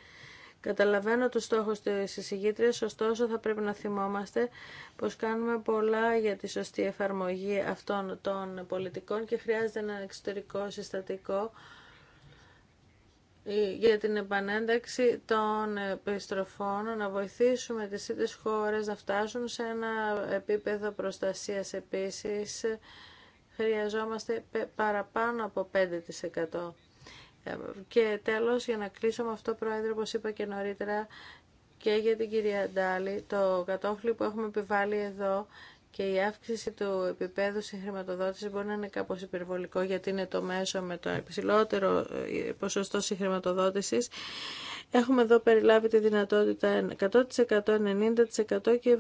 [SPEAKER 4] Καταλαβαίνω τους στόχους της εισηγήτριας, ωστόσο θα πρέπει να θυμόμαστε πως κάνουμε πολλά για τη σωστή εφαρμογή αυτών των πολιτικών και χρειάζεται ένα εξωτερικό συστατικό ε, για την επανένταξη των επιστροφών, να βοηθήσουμε τις ίδιες χώρες να φτάσουν σε ένα επίπεδο προστασίας επίσης. Χρειαζόμαστε παραπάνω από 5%. Ε, και τέλος, για να κλείσω με αυτό, Πρόεδρε, όπως είπα και νωρίτερα, και για την κυρία Ντάλη, το κατόφλι που έχουμε επιβάλει εδώ και η αύξηση του επίπεδου συγχρηματοδότησης μπορεί να είναι κάπως υπερβολικό γιατί είναι το μέσο με το υψηλότερο ε, ποσοστό συγχρηματοδότησης. Έχουμε εδώ περιλάβει τη δυνατότητα 100%, 90% και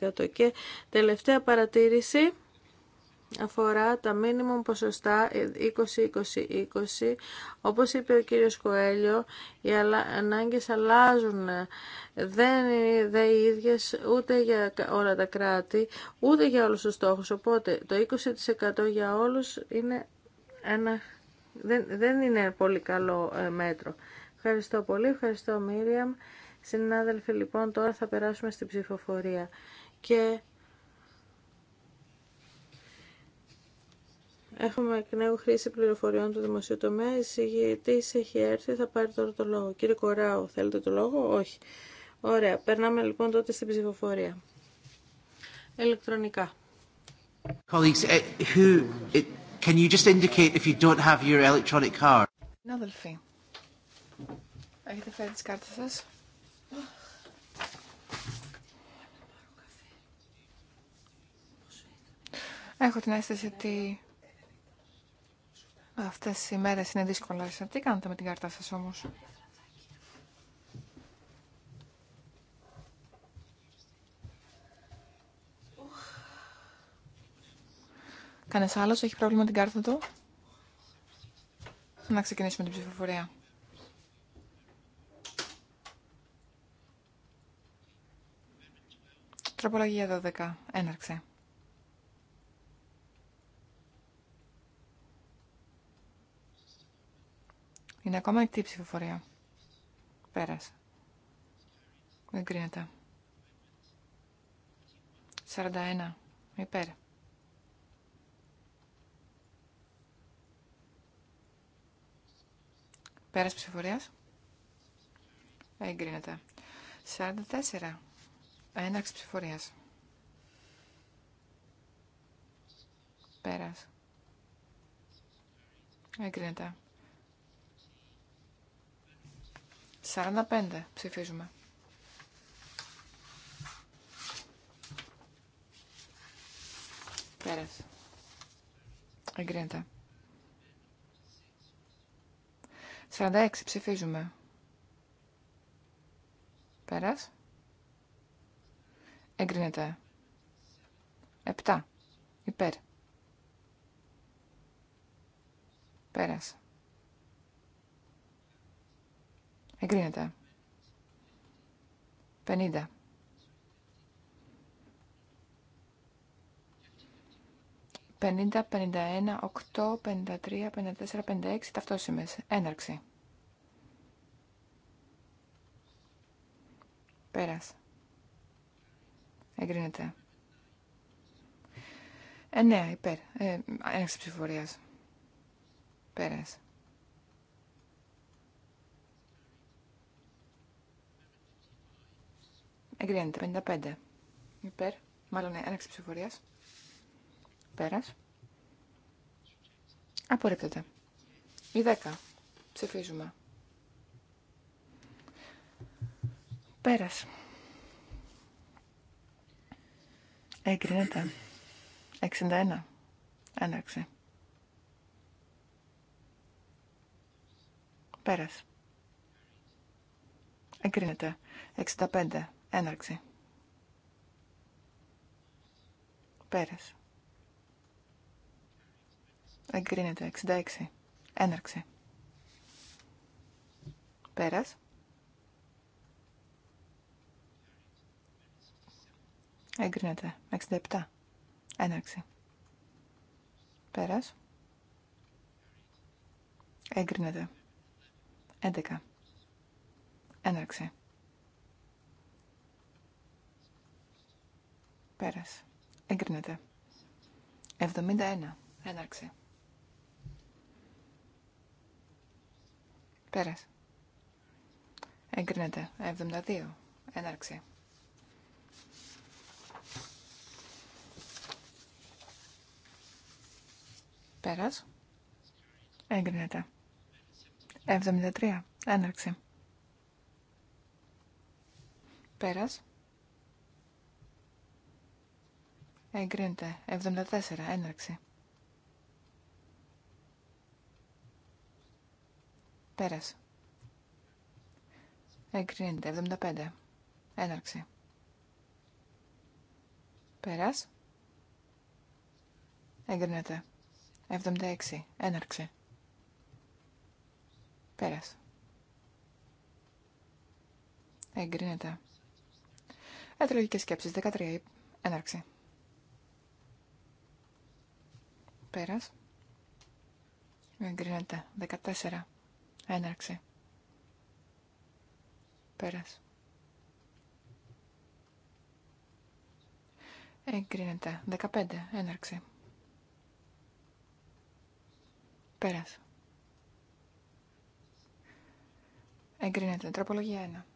[SPEAKER 4] 75% και τελευταία παρατήρηση αφορά τα μίνιμουμ ποσοστά 20-20-20. Όπως είπε ο κύριος Κοέλιο, οι ανάγκες αλλάζουν. Δεν είναι οι ίδιες ούτε για όλα τα κράτη, ούτε για όλους τους στόχους. Οπότε το 20% για όλους είναι ένα, δεν, δεν είναι πολύ καλό ε, μέτρο. Ευχαριστώ πολύ, ευχαριστώ Μίριαμ. Συνάδελφοι, λοιπόν, τώρα θα περάσουμε στην ψηφοφορία. Και Έχουμε εκ νέου χρήση πληροφοριών του δημοσίου τομέα. Εισηγητή έχει έρθει, θα πάρει τώρα το λόγο. Κύριε Κοράου, θέλετε το λόγο, όχι. Ωραία, περνάμε λοιπόν τότε στην ψηφοφορία. Ελεκτρονικά.
[SPEAKER 1] Colleagues, eh, who, can you just indicate if you don't have your electronic card?
[SPEAKER 2] Συνάδελφοι, ναι, έχετε φέρει τις κάρτες σας. Έχω την αίσθηση ότι Αυτές οι μέρες είναι δύσκολες. Τι κάνετε με την κάρτα σας όμως. Κανες άλλος έχει πρόβλημα με την κάρτα του. Να ξεκινήσουμε την ψηφοφορία. Τροπολογία 12. Έναρξε. Είναι ακόμα ανοιχτή η ψηφοφορία. Πέρασε. Εγκρίνεται. 41. Υπέρ. Πέρας ψηφοφορίας. Εγκρίνεται. 44. Έναρξη ψηφοφορίας. Πέρας. Εγκρίνεται. 45 ψηφίζουμε. Πέρασε. Εγκρίνεται. 46 ψηφίζουμε. Πέρας. Εγκρίνεται. 7. Υπέρ. Πέρασε. Εγκρίνεται. 50. 50, 51, 8, 53, 54, 56. Ταυτόσημε. Έναρξη. Πέρα. Εγκρίνεται. Εννέα υπέρ. Ε, έναρξη ψηφοφορία. Πέρα. Εγκρίνεται. 55. Υπέρ. Μάλλον ναι, έναξη ψηφορία. Πέρα. Απορρίπτεται. Η 10. Ψηφίζουμε. Πέρα. Εγκρίνεται. 61. εξε. Πέρας. Εγκρίνεται. 65. Έναρξη. Πέρας. Εγκρίνεται. 66. Έναρξη. Πέρας. Εγκρίνεται. 67. Έναρξη. Πέρας. Εγκρίνεται. 11. Έναρξη. πέρασε. Εγκρίνεται. 71. Έναρξη. Πέρασε. Εγκρίνεται. 72. Έναρξη. Πέρας. Εγκρίνεται. 73. Έναρξη. Πέρας. Εγκρίνεται. 74. Έναρξη. Πέρας. Εγκρίνεται. 75. Έναρξη. Πέρας. Εγκρίνεται. 76. Έναρξη. Πέρας. Εγκρίνεται. Έτρωγικές σκέψεις. 13. Έναρξη. Πέρας. Εγκρίνεται. 14. Έναρξη. Πέρας. Εγκρίνεται. Δεκαπέντε. Έναρξη. Πέρας. Εγκρίνεται. Τροπολογία ένα.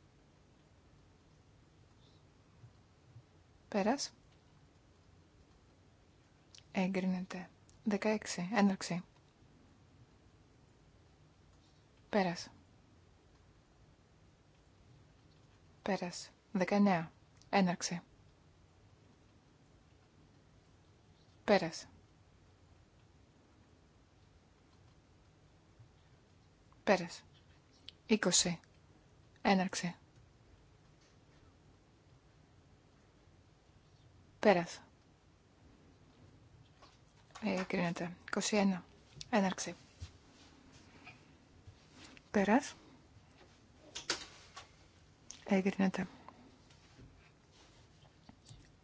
[SPEAKER 2] Πέρας. Εγκρίνεται. 16. Έναρξη. Πέρας. Πέρας. 19. Έναρξη. Πέρας. Πέρας. 20. Έναρξη. Πέρας. Εγκρίνεται. 21. Έναρξη. Πέρας. Εγκρίνεται.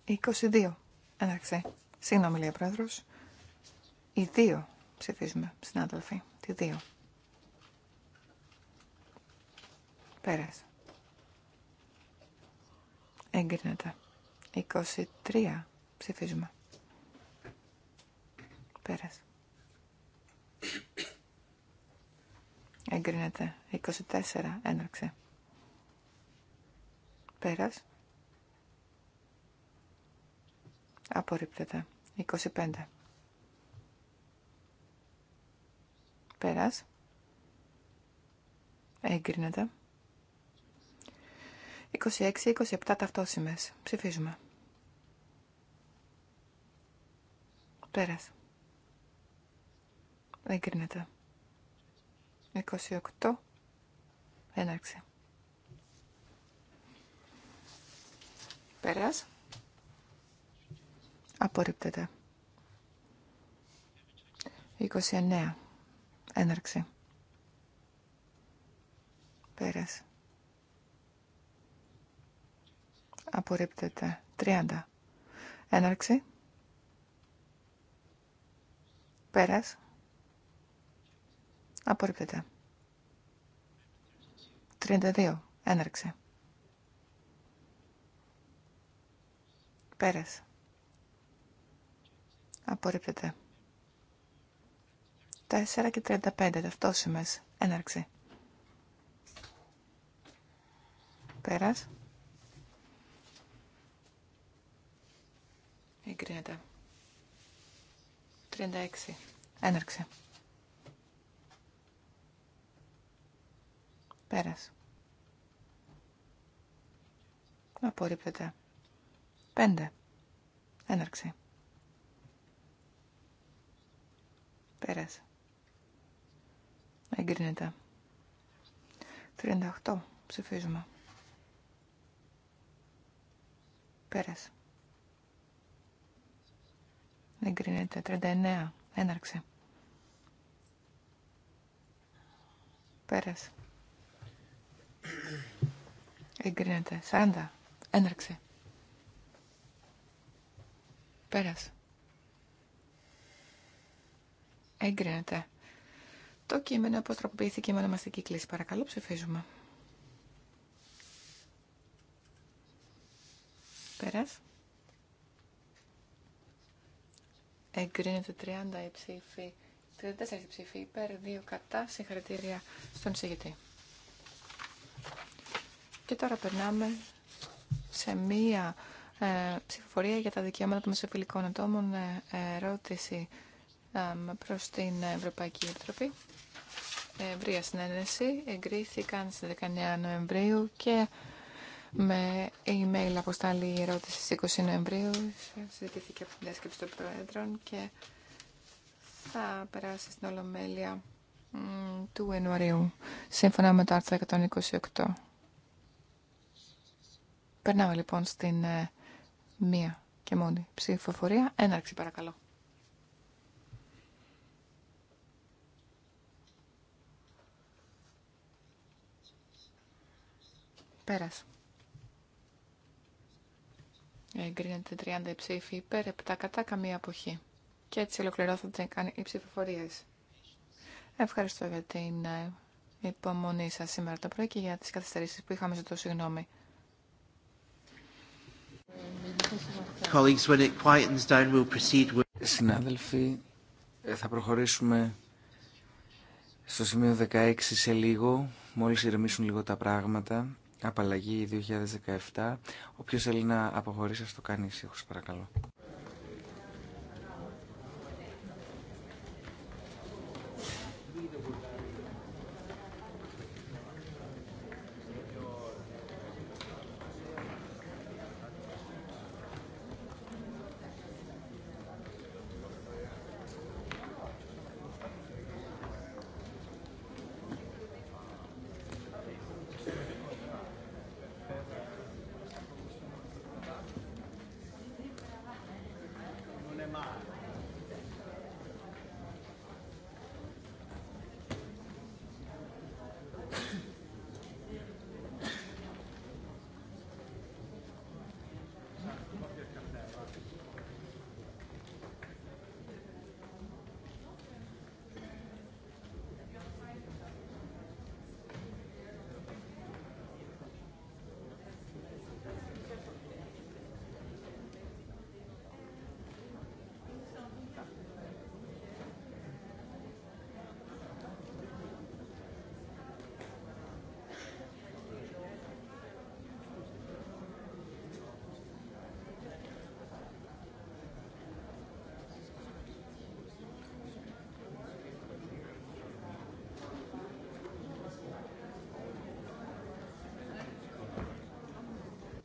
[SPEAKER 2] 22. Έναρξη. Συγγνώμη, λέει ο πρόεδρος. Οι δύο ψηφίζουμε, συνάδελφοι. Τι δύο. Πέρας. Εγκρίνεται. 23. Ψηφίζουμε. Πέρας. Εγκρίνεται. 24. Έναρξε. Πέρας. Απορρίπτεται. 25. Πέρας. Εγκρίνεται. 26-27 ταυτόσημες. Ψηφίζουμε. Πέρας κρίνεται. 28. Έναρξη. Πέρας. Απορρίπτεται. 29. Έναρξη. Πέρας. Απορρίπτεται. 30. Έναρξη. Πέρας. Απορρίπτεται. 32. Έναρξε. Πέρας. Απορρίπτεται. 4 και 35 ταυτόσημες. Έναρξη. Πέρας. Εγκρίνεται. 36. Έναρξη. Πέρας. Απορρίπτεται. 5. Έναρξη. Πέρας. Εγκρίνεται. 38. Ψηφίζουμε. Πέρας. Εγκρίνεται. 39. Έναρξη. Πέρας. Εγκρίνεται. 40. Έναρξη. Πέρας. Εγκρίνεται. Το κείμενο αποστροποποιήθηκε με ονομαστική κλίση. Παρακαλώ ψηφίζουμε. Πέρας. Εγκρίνεται 30 ψήφοι. 34 ψήφοι υπέρ, 2 κατά. Συγχαρητήρια στον συγητή. Και τώρα περνάμε σε μία ε, ψηφοφορία για τα δικαιώματα των μεσοφιλικών ατόμων. Ε, ερώτηση ε, προς την Ευρωπαϊκή Επιτροπή. Ευρεία συνένεση. Εγκρίθηκαν στις 19 Νοεμβρίου και με email αποστάλει η ερώτηση στις 20 Νοεμβρίου. Συζητήθηκε από την διάσκεψη των Προέδρων και θα περάσει στην Ολομέλεια του Ιανουαρίου, σύμφωνα με το άρθρο 128. Περνάμε λοιπόν στην ε, μία και μόνη ψηφοφορία. Έναρξη παρακαλώ. Πέρας. Εγκρίνεται 30 ψήφοι υπέρ, 7 κατά καμία αποχή. Και έτσι ολοκληρώθηκαν οι ψηφοφορίες. Ευχαριστώ για την ε, υπομονή σας σήμερα το πρωί και για τις καθυστερήσεις που είχαμε ζητώ συγγνώμη.
[SPEAKER 1] Συνάδελφοι,
[SPEAKER 3] ε, θα προχωρήσουμε στο σημείο 16 σε λίγο, μόλις ηρεμήσουν λίγο τα πράγματα. Απαλλαγή 2017. Όποιος θέλει να αποχωρήσει, ας το κάνει ησύχως, παρακαλώ.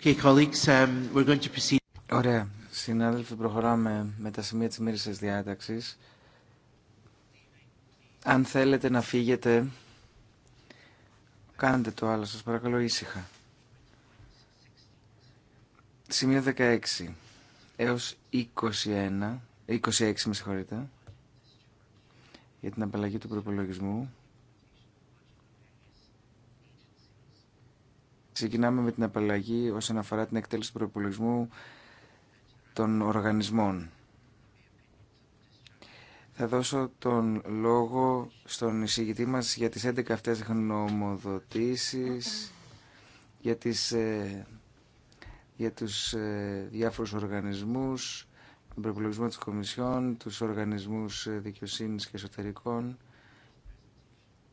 [SPEAKER 1] Um,
[SPEAKER 3] Ωραία. Συνάδελφοι, προχωράμε με τα σημεία της μύρισης διάταξης. Αν θέλετε να φύγετε, κάντε το άλλο σας, παρακαλώ ήσυχα. Σημείο 16 έως 21, 26 με συγχωρείτε, για την απαλλαγή του προπολογισμού Ξεκινάμε με την απαλλαγή όσον αφορά την εκτέλεση του προπολογισμού των οργανισμών. Θα δώσω τον λόγο στον εισηγητή μας για τις 11 αυτές γνωμοδοτήσεις, για, τις, ε, για τους ε, διάφορους οργανισμούς, τον προπολογισμό της Κομισιόν, τους οργανισμούς ε, δικαιοσύνης και εσωτερικών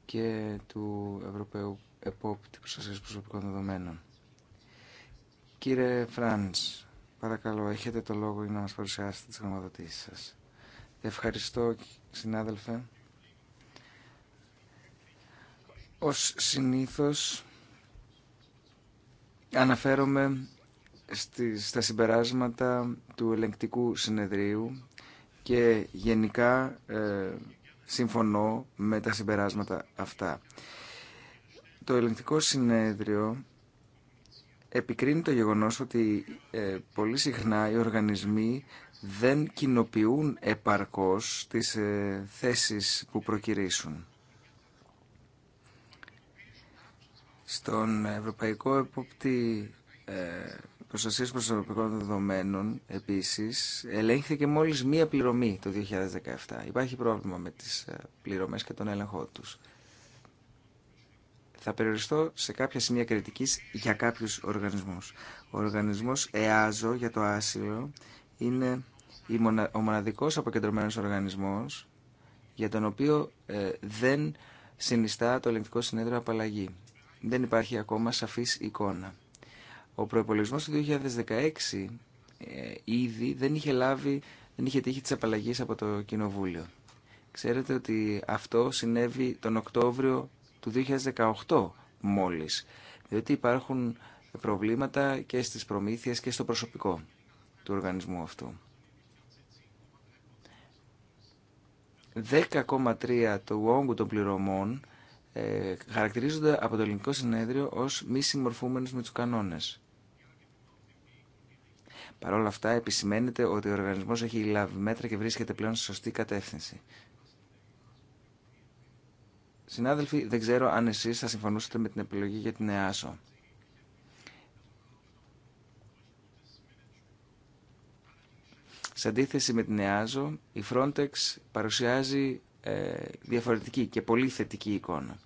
[SPEAKER 3] και του Ευρωπαίου επόπτη προστασίας προσωπικών δεδομένων. Κύριε Φράνς, παρακαλώ, έχετε το λόγο για να μας παρουσιάσετε τις γνωματοτήσεις σας. Ευχαριστώ, συνάδελφε. Ως συνήθως αναφέρομαι στα συμπεράσματα του ελεγκτικού συνεδρίου και γενικά ε, συμφωνώ με τα συμπεράσματα αυτά το ελεγκτικό συνέδριο επικρίνει το γεγονός ότι ε, πολύ συχνά οι οργανισμοί δεν κοινοποιούν επαρκώς τις ε, θέσεις που προκυρήσουν. Στον Ευρωπαϊκό Επόπτη ε, Προστασία Προσωπικών Δεδομένων, επίσης, ελέγχθηκε μόλις μία πληρωμή το 2017. Υπάρχει πρόβλημα με τις ε, πληρωμές και τον έλεγχό τους. Θα περιοριστώ σε κάποια σημεία κριτική για κάποιους οργανισμούς. Ο οργανισμός ΕΑΖΟ για το άσυλο είναι ο μοναδικός αποκεντρωμένο οργανισμό για τον οποίο ε, δεν συνιστά το ελεγκτικό συνέδριο απαλλαγή. Δεν υπάρχει ακόμα σαφή εικόνα. Ο προϋπολογισμός του 2016 ε, ήδη δεν είχε λάβει, δεν είχε τύχει τη απαλλαγή από το Κοινοβούλιο. Ξέρετε ότι αυτό συνέβη τον Οκτώβριο του 2018 μόλις, διότι υπάρχουν προβλήματα και στις προμήθειες και στο προσωπικό του οργανισμού αυτού. 10,3 του όγκου των πληρωμών ε, χαρακτηρίζονται από το ελληνικό συνέδριο ως μη συμμορφούμενους με τους κανόνες. Παρ' όλα αυτά επισημαίνεται ότι ο οργανισμός έχει λάβει μέτρα και βρίσκεται πλέον σε σωστή κατεύθυνση. Συνάδελφοι, δεν ξέρω αν εσείς θα συμφωνούσατε με την επιλογή για την ΕΑΣΟ. Σε αντίθεση με την ΕΑΖΟ, η Frontex παρουσιάζει ε, διαφορετική και πολύ θετική εικόνα.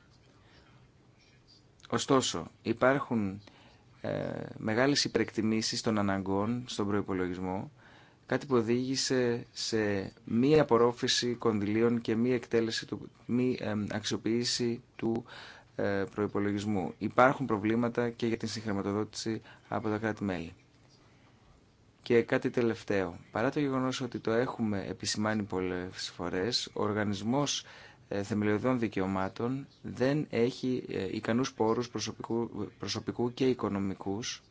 [SPEAKER 3] Ωστόσο, υπάρχουν ε, μεγάλες υπερεκτιμήσεις των αναγκών στον προϋπολογισμό κάτι που οδήγησε σε μη απορρόφηση κονδυλίων και μη, εκτέλεση του, μη αξιοποίηση του ε, προϋπολογισμού. Υπάρχουν προβλήματα και για την συγχρηματοδότηση από τα κράτη-μέλη. Και κάτι τελευταίο. Παρά το γεγονός ότι το έχουμε επισημάνει πολλές φορές, ο οργανισμός ε, θεμελιωδών δικαιωμάτων δεν έχει ε, ικανούς πόρους προσωπικού, και οικονομικούς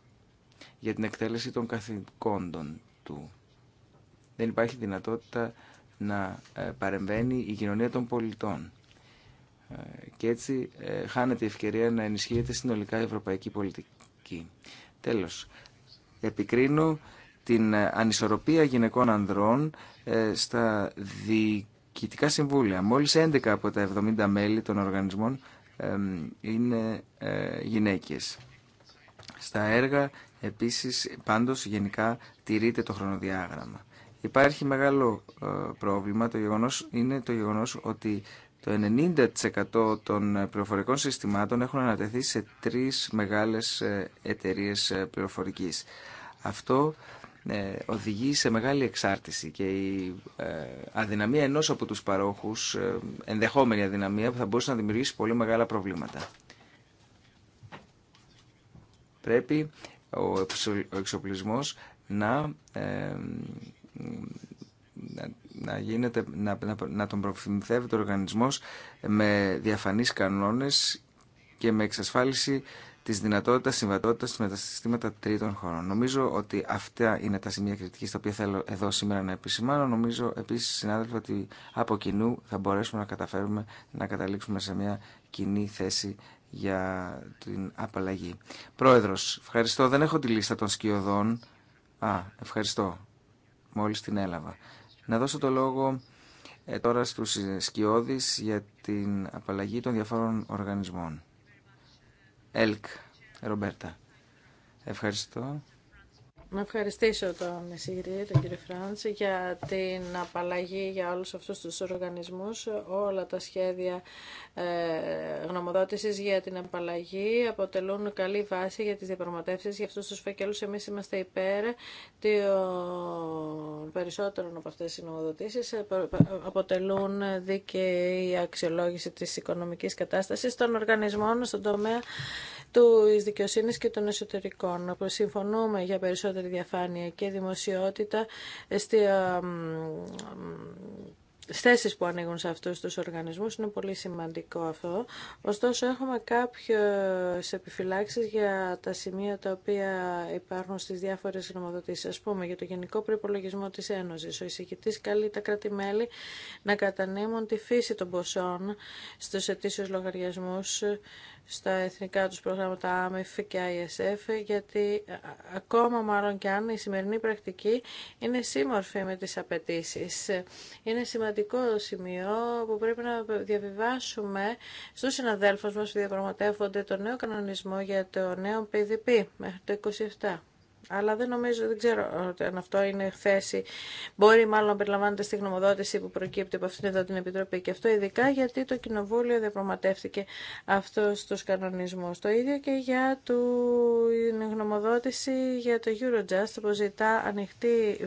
[SPEAKER 3] για την εκτέλεση των καθηκόντων του δεν υπάρχει δυνατότητα να ε, παρεμβαίνει η κοινωνία των πολιτών. Ε, και έτσι ε, χάνεται η ευκαιρία να ενισχύεται συνολικά η ευρωπαϊκή πολιτική. Τέλος, επικρίνω την ανισορροπία γυναικών ανδρών στα διοικητικά συμβούλια. Μόλις 11 από τα 70 μέλη των οργανισμών είναι γυναίκες. Στα έργα, επίσης, πάντως, γενικά τηρείται το χρονοδιάγραμμα. Υπάρχει μεγάλο ε, πρόβλημα, το γεγονός είναι το γεγονός ότι το 90% των ε, πληροφορικών συστημάτων έχουν ανατεθεί σε τρεις μεγάλες ε, εταιρείες πληροφορικής. Αυτό οδηγεί σε μεγάλη εξάρτηση και η αδυναμία ενός από τους παρόχους, ενδεχόμενη αδυναμία που θα μπορούσε να δημιουργήσει πολύ μεγάλα προβλήματα. Πρέπει ο εξοπλισμός να να, γίνεται, να, να, τον προφημιθεύεται ο οργανισμός με διαφανείς κανόνες και με εξασφάλιση της δυνατότητας συμβατότητας με τα συστήματα τρίτων χωρών. Νομίζω ότι αυτά είναι τα σημεία κριτικής τα οποία θέλω εδώ σήμερα να επισημάνω. Νομίζω επίσης συνάδελφοι ότι από κοινού θα μπορέσουμε να καταφέρουμε να καταλήξουμε σε μια κοινή θέση για την απαλλαγή. Πρόεδρος, ευχαριστώ. Δεν έχω τη λίστα των σκιωδών. Α, ευχαριστώ μόλις την έλαβα. Να δώσω το λόγο ε, τώρα στους σκιώδεις για την απαλλαγή των διαφόρων οργανισμών. ΕΛΚ, Ρομπέρτα. Ευχαριστώ.
[SPEAKER 4] Να ευχαριστήσω τον εισηγητή, τον κύριο Φράντς, για την απαλλαγή για όλους αυτούς τους οργανισμούς, όλα τα σχέδια ε, γνωμοδότησης για την απαλλαγή αποτελούν καλή βάση για τις διαπραγματεύσει, για αυτούς τους φακελούς. Εμείς είμαστε υπέρ των περισσότερων από αυτές τι γνωμοδοτήσεις ε, αποτελούν δίκαιη αξιολόγηση της οικονομικής κατάστασης των οργανισμών στον τομέα του δικαιοσύνη και των εσωτερικών. Συμφωνούμε για περισσότερη διαφάνεια και δημοσιότητα στι θέσει που ανοίγουν σε αυτούς τους οργανισμούς. Είναι πολύ σημαντικό αυτό. Ωστόσο, έχουμε κάποιες επιφυλάξεις για τα σημεία τα οποία υπάρχουν στις διάφορες γνωμοδοτήσεις. Ας πούμε, για το Γενικό Προϋπολογισμό της Ένωσης. Ο εισηγητής καλεί τα κράτη-μέλη να κατανείμουν τη φύση των ποσών στους ετήσιους λογαριασμού στα εθνικά τους προγράμματα ΑΜΕΦ και ISF, γιατί ε, ακόμα μάλλον και αν η σημερινή πρακτική είναι σύμμορφη με τις απαιτήσει. Είναι σημαντικό σημείο που πρέπει να διαβιβάσουμε στους συναδέλφους μας που διαπραγματεύονται το νέο κανονισμό για το νέο PDP μέχρι το 27. Αλλά δεν νομίζω, δεν ξέρω αν αυτό είναι θέση. Μπορεί μάλλον να περιλαμβάνεται στη γνωμοδότηση που προκύπτει από αυτήν εδώ την Επιτροπή. Και αυτό ειδικά γιατί το Κοινοβούλιο διαπραγματεύτηκε αυτό του κανονισμού. Το ίδιο και για την γνωμοδότηση για το Eurojust που ζητά ανοιχτή,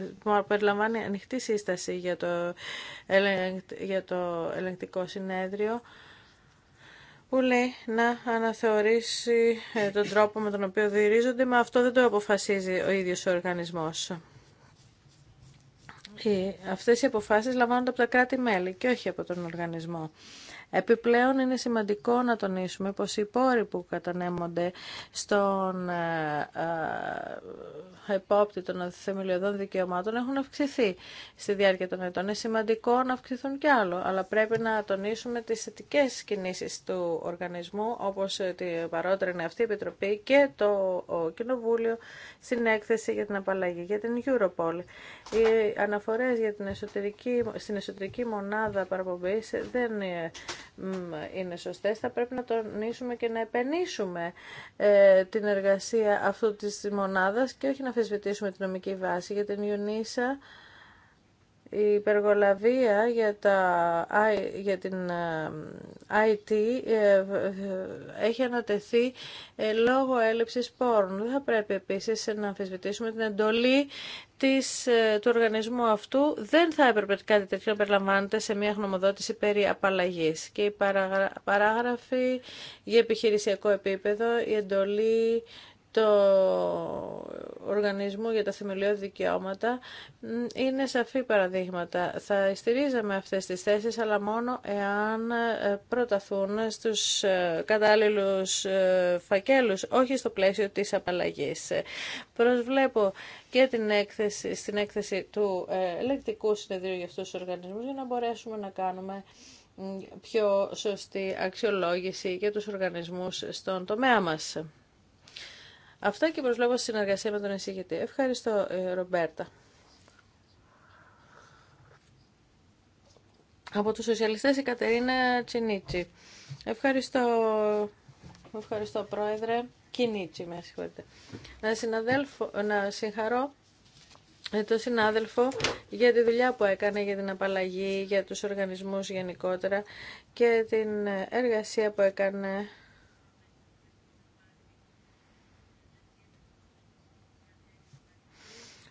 [SPEAKER 4] περιλαμβάνει ανοιχτή σύσταση για το, για το ελεγκτικό συνέδριο που λέει να αναθεωρήσει ε, τον τρόπο με τον οποίο διηρίζονται, μα αυτό δεν το αποφασίζει ο ίδιος ο οργανισμός. Και αυτές οι αποφάσεις λαμβάνονται από τα κράτη-μέλη και όχι από τον οργανισμό. Επιπλέον είναι σημαντικό να τονίσουμε πως οι πόροι που κατανέμονται στον ε, ε, επόπτη των θεμελιωδών δικαιωμάτων έχουν αυξηθεί στη διάρκεια των ετών. Είναι σημαντικό να αυξηθούν κι άλλο, αλλά πρέπει να τονίσουμε τις θετικέ κινήσεις του οργανισμού, όπως παρότερη αυτή η Επιτροπή και το Κοινοβούλιο στην έκθεση για την απαλλαγή, για την Europol. Οι αναφορές για την εσωτερική, στην εσωτερική μονάδα παραπομπής δεν ε, είναι σωστές, θα πρέπει να τονίσουμε και να επενήσουμε ε, την εργασία αυτού της μονάδας και όχι να αφισβητήσουμε την νομική βάση για την Ιουνίσα. Η υπεργολαβία για, τα, για την ε, IT ε, έχει ανατεθεί ε, λόγω έλλειψης πόρων. Δεν θα πρέπει επίσης να αμφισβητήσουμε την εντολή της, του οργανισμού αυτού. Δεν θα έπρεπε κάτι τέτοιο να περιλαμβάνεται σε μια γνωμοδότηση περί απαλλαγής. Και η παράγραφοι για επιχειρησιακό επίπεδο, η εντολή το Οργανισμό για τα Θεμελιώδη Δικαιώματα είναι σαφή παραδείγματα. Θα στηρίζαμε αυτές τις θέσεις, αλλά μόνο εάν ε, προταθούν στους ε, κατάλληλους ε, φακέλους, όχι στο πλαίσιο της απαλλαγής. Προσβλέπω και την έκθεση, στην έκθεση του ελεκτικού συνεδρίου για αυτούς τους οργανισμούς για να μπορέσουμε να κάνουμε πιο σωστή αξιολόγηση για τους οργανισμούς στον τομέα μας. Αυτά και προσλόγω στη συνεργασία με τον εισηγητή. Ευχαριστώ, ε, Ρομπέρτα. Από τους σοσιαλιστές η Κατερίνα Τσινίτσι. Ευχαριστώ, ευχαριστώ πρόεδρε. Κινίτσι, με συγχωρείτε. Να, συναδέλφω, να συγχαρώ ε, τον συνάδελφο για τη δουλειά που έκανε για την απαλλαγή, για τους οργανισμούς γενικότερα και την εργασία που έκανε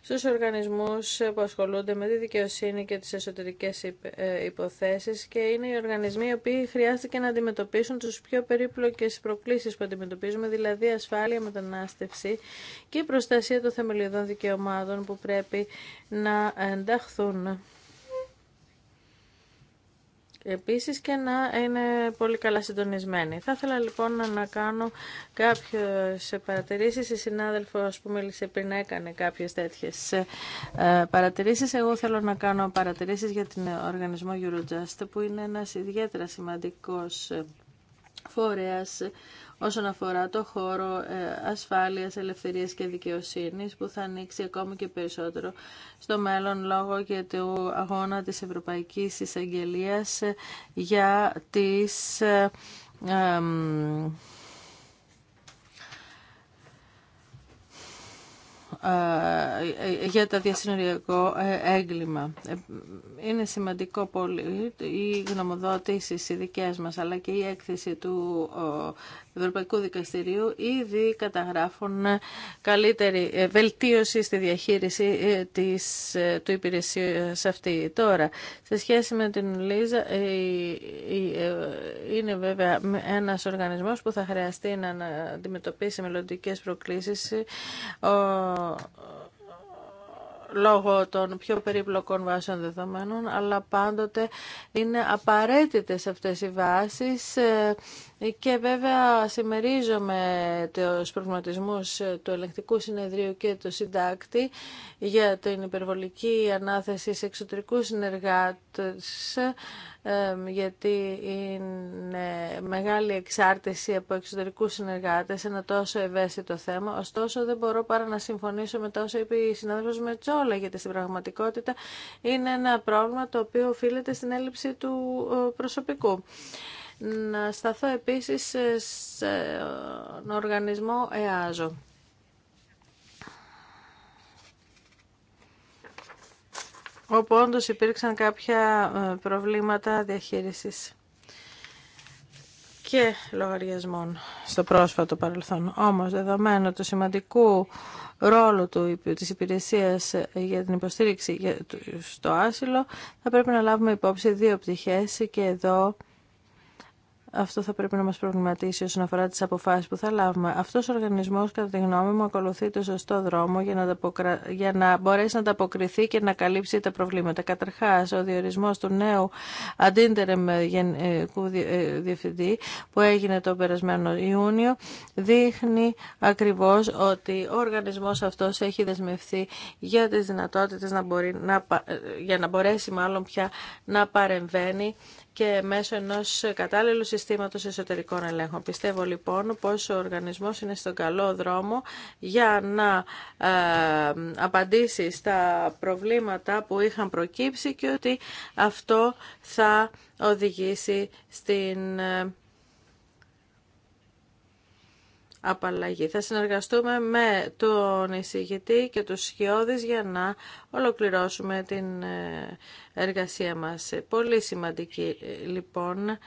[SPEAKER 4] στους οργανισμούς που ασχολούνται με τη δικαιοσύνη και τις εσωτερικές ε, υποθέσεις και είναι οι οργανισμοί οι οποίοι χρειάστηκε να αντιμετωπίσουν τους πιο περίπλοκες προκλήσεις που αντιμετωπίζουμε, δηλαδή ασφάλεια, μετανάστευση και προστασία των θεμελιωδών δικαιωμάτων που πρέπει να ενταχθούν επίσης και να είναι πολύ καλά συντονισμένοι. Θα ήθελα λοιπόν να κάνω κάποιες παρατηρήσεις. Η συνάδελφος που μίλησε πριν έκανε κάποιες τέτοιες ε, παρατηρήσεις. Εγώ θέλω να κάνω παρατηρήσεις για την οργανισμό Eurojust που είναι ένας ιδιαίτερα σημαντικός ε, φορέας όσον αφορά το χώρο ε, ασφάλειας, ελευθερίας και δικαιοσύνης που θα ανοίξει ακόμη και περισσότερο στο μέλλον λόγω και του αγώνα της Ευρωπαϊκής Εισαγγελίας για τις ε, ε, για τα διασυνοριακό έγκλημα. Είναι σημαντικό πολύ οι γνωμοδότησεις οι δικές μας αλλά και η έκθεση του Ευρωπαϊκού Δικαστηρίου ήδη καταγράφουν καλύτερη ε, βελτίωση στη διαχείριση ε, της, ε, του σε αυτή. Τώρα, σε σχέση με την Λίζα, είναι βέβαια ένας οργανισμός που θα χρειαστεί να αντιμετωπίσει μελλοντικέ προκλήσεις λόγω των πιο περίπλοκων βάσεων δεδομένων, αλλά πάντοτε είναι απαραίτητες αυτές οι βάσεις και βέβαια συμμερίζομαι τους προβληματισμούς του ελεγκτικού συνεδρίου και του συντάκτη για την υπερβολική ανάθεση σε εξωτερικούς συνεργάτες γιατί είναι μεγάλη εξάρτηση από εξωτερικούς συνεργάτες ένα τόσο ευαίσθητο θέμα. Ωστόσο δεν μπορώ παρά να συμφωνήσω με τόσο είπε η συνάδελφος Μετσόλα γιατί στην πραγματικότητα είναι ένα πρόβλημα το οποίο οφείλεται στην έλλειψη του ε, προσωπικού. Να σταθώ επίσης τον οργανισμό ΕΑΖΟ. όπου όντω υπήρξαν κάποια ε, προβλήματα διαχείρισης και λογαριασμών στο πρόσφατο παρελθόν. Όμως, δεδομένου του σημαντικού ρόλου του, της υπηρεσίας για την υποστήριξη στο άσυλο, θα πρέπει να λάβουμε υπόψη δύο πτυχές και εδώ αυτό θα πρέπει να μα προβληματίσει όσον αφορά τι αποφάσει που θα λάβουμε. Αυτό ο οργανισμό, κατά τη γνώμη μου, ακολουθεί το σωστό δρόμο για να, για να μπορέσει να ανταποκριθεί και να καλύψει τα προβλήματα. Καταρχά, ο διορισμό του νέου αντίντερεμ ε, γενικού ε, ε, διευθυντή που έγινε τον περασμένο Ιούνιο δείχνει ακριβώ ότι ο οργανισμός αυτός έχει δεσμευθεί για τι δυνατότητε να να, για να μπορέσει μάλλον πια να παρεμβαίνει και μέσω ενός κατάλληλου συστήματος εσωτερικών ελέγχων. Πιστεύω λοιπόν πως ο οργανισμός είναι στον καλό δρόμο για να ε, απαντήσει στα προβλήματα που είχαν προκύψει και ότι αυτό θα οδηγήσει στην ε, απαλλαγή. Θα συνεργαστούμε με τον εισηγητή και τους σχιώδεις για να ολοκληρώσουμε την ε, εργασία μας. Πολύ σημαντική ε, λοιπόν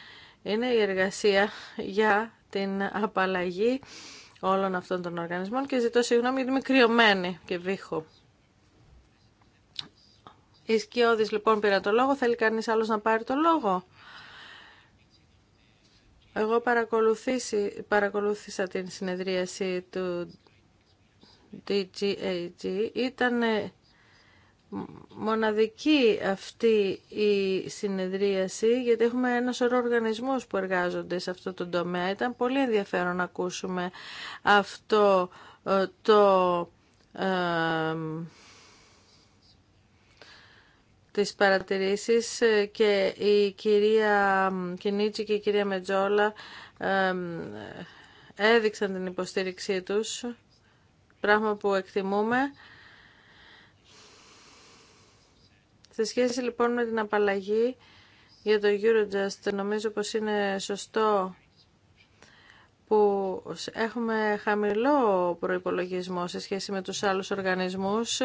[SPEAKER 4] είναι η εργασία για την απαλλαγή όλων αυτών των οργανισμών και ζητώ συγγνώμη γιατί είμαι κρυωμένη και βήχω. Οι σκιώδεις λοιπόν πήραν το λόγο. Θέλει κανείς άλλος να πάρει το λόγο. Εγώ παρακολούθησα την συνεδρίαση του DGAG. Ήταν μοναδική αυτή η συνεδρίαση, γιατί έχουμε ένα σωρό οργανισμούς που εργάζονται σε αυτό το τομέα. Ήταν πολύ ενδιαφέρον να ακούσουμε αυτό ε, το ε, τις παρατηρήσεις ε, και η κυρία Κινίτσι και η κυρία Μετζόλα ε, έδειξαν την υποστήριξή τους, πράγμα που εκτιμούμε. Σε σχέση λοιπόν με την απαλλαγή για το Eurojust, νομίζω πως είναι σωστό που έχουμε χαμηλό προϋπολογισμό σε σχέση με τους άλλους οργανισμούς,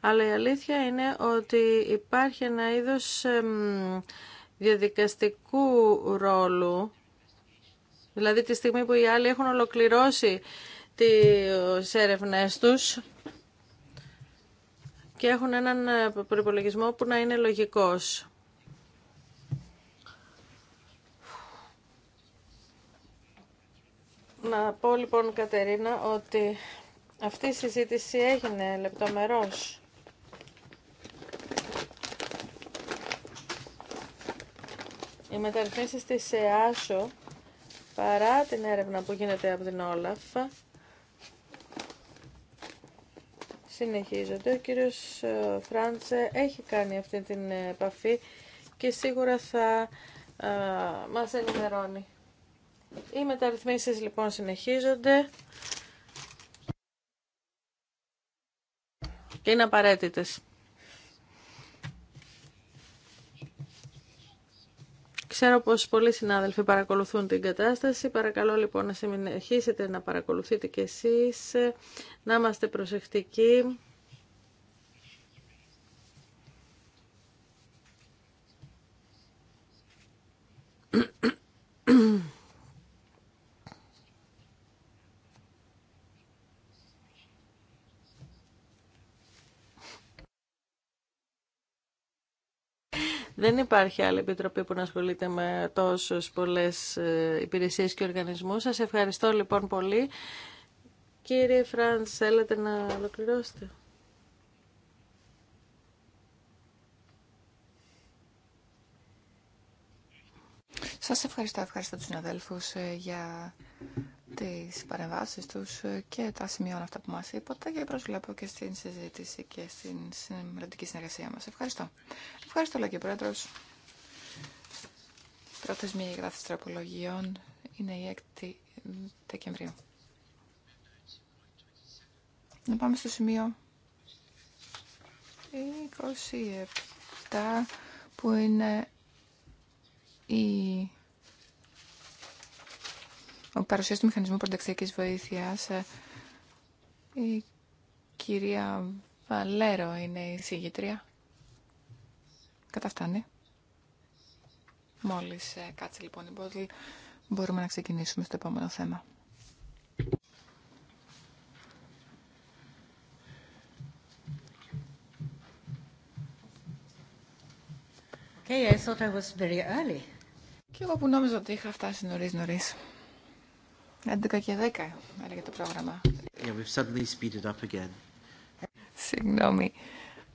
[SPEAKER 4] αλλά η αλήθεια είναι ότι υπάρχει ένα είδος διαδικαστικού ρόλου, δηλαδή τη στιγμή που οι άλλοι έχουν ολοκληρώσει τις έρευνές τους και έχουν έναν ε, προϋπολογισμό που να είναι λογικός. Να πω λοιπόν Κατερίνα ότι αυτή η συζήτηση έγινε λεπτομερώς. Οι μεταρρυθμίσεις της ΕΑΣΟ, παρά την έρευνα που γίνεται από την Όλαφ, συνεχίζονται. Ο κύριος ε, Φράντσε έχει κάνει αυτή την επαφή και σίγουρα θα α, ε, μας ενημερώνει. Οι μεταρρυθμίσεις λοιπόν συνεχίζονται και είναι απαραίτητες. Ξέρω πως πολλοί συνάδελφοι παρακολουθούν την κατάσταση. Παρακαλώ λοιπόν να συνεχίσετε να παρακολουθείτε κι εσείς, να είμαστε προσεκτικοί. Δεν υπάρχει άλλη επιτροπή που να ασχολείται με τόσε πολλέ ε, υπηρεσίε και οργανισμού. Σα ευχαριστώ λοιπόν πολύ. Κύριε Φραντ, θέλετε να ολοκληρώσετε.
[SPEAKER 2] Σας ευχαριστώ, ευχαριστώ τους συναδέλφους ε, για τις παρεμβάσεις τους ε, και τα σημεία αυτά που μας είπατε και προσβλέπω και στην συζήτηση και στην μελλοντική συνεργασία μας. Ευχαριστώ. Ευχαριστώ, Λόγκη Πρόεδρος. μία γράφεις τραπολογιών είναι η 6η Δεκεμβρίου. Να πάμε στο σημείο 27 που είναι η παρουσίαση του Μηχανισμού Προτεκτικής Βοήθειας. Ε, η κυρία Βαλέρο είναι η συγγήτρια. Καταφτάνει. Μόλις ε, κάτσε λοιπόν η Μπότλη, μπορούμε να ξεκινήσουμε στο επόμενο θέμα. Okay, I thought I was very early. Και εγώ που νόμιζα ότι είχα φτάσει νωρίς νωρίς. 11 και 10 έλεγε το πρόγραμμα.
[SPEAKER 1] Yeah, we've up again. Συγγνώμη.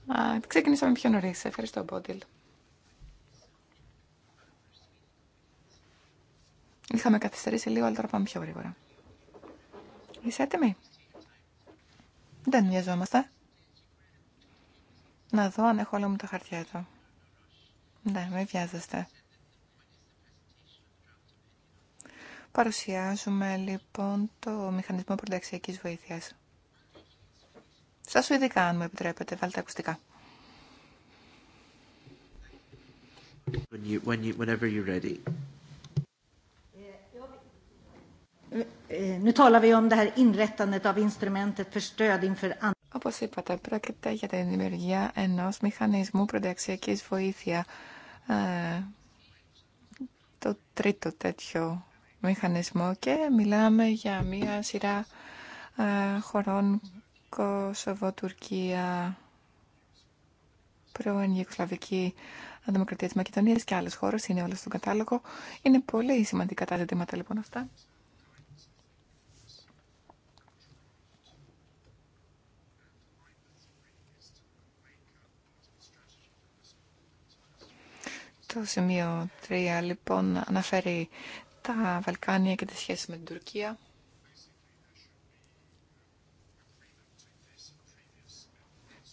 [SPEAKER 2] Α, ξεκινήσαμε πιο νωρίς. Ευχαριστώ, Μπότιλ. Είχαμε καθυστερήσει λίγο, αλλά τώρα πάμε πιο γρήγορα. Είσαι έτοιμη? Δεν μοιάζομαστε. Να δω αν έχω όλα μου τα χαρτιά εδώ. Ναι, μην βιάζεστε. Παρουσιάζουμε λοιπόν το μηχανισμό πρωταξιακής βοήθειας. Σας σου ειδικά, αν μου επιτρέπετε, βάλτε ακουστικά. Όπω είπατε, πρόκειται για την δημιουργία ενό μηχανισμού πρωταξιακή βοήθεια. Ε, το τρίτο τέτοιο μηχανισμό και μιλάμε για μία σειρά χωρών Κόσοβο, Τουρκία, πρώην Ιεκοσλαβική Δημοκρατία της Μακεδονίας και άλλες χώρες, είναι όλες στον κατάλογο. Είναι πολύ σημαντικά τα ζητήματα λοιπόν αυτά. Το σημείο 3 λοιπόν αναφέρει τα Βαλκάνια και τη σχέση με την Τουρκία.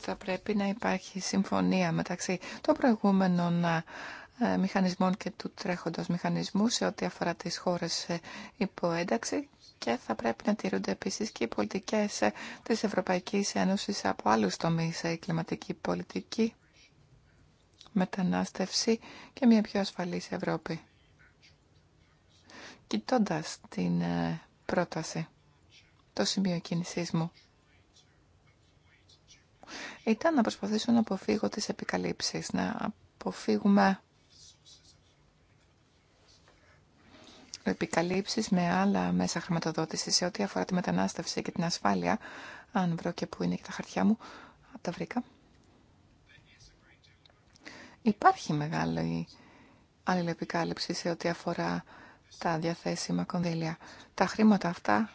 [SPEAKER 2] Θα πρέπει να υπάρχει συμφωνία μεταξύ των προηγούμενων ε, μηχανισμών και του τρέχοντος μηχανισμού σε ό,τι αφορά τις χώρες ε, υποένταξη και θα πρέπει να τηρούνται επίσης και οι πολιτικές ε, της Ευρωπαϊκής Ένωσης από άλλους τομείς, η κλιματική πολιτική, μετανάστευση και μια πιο ασφαλής Ευρώπη κοιτώντας την ε, πρόταση, το σημείο κίνησής μου. Ήταν να προσπαθήσω να αποφύγω τις επικαλύψεις, να αποφύγουμε επικαλύψεις με άλλα μέσα χρηματοδότησης σε ό,τι αφορά τη μετανάστευση και την ασφάλεια, αν βρω και που είναι και τα χαρτιά μου, τα βρήκα. Υπάρχει μεγάλη αλληλεπικάλυψη σε ό,τι αφορά τα διαθέσιμα κονδύλια. Τα χρήματα αυτά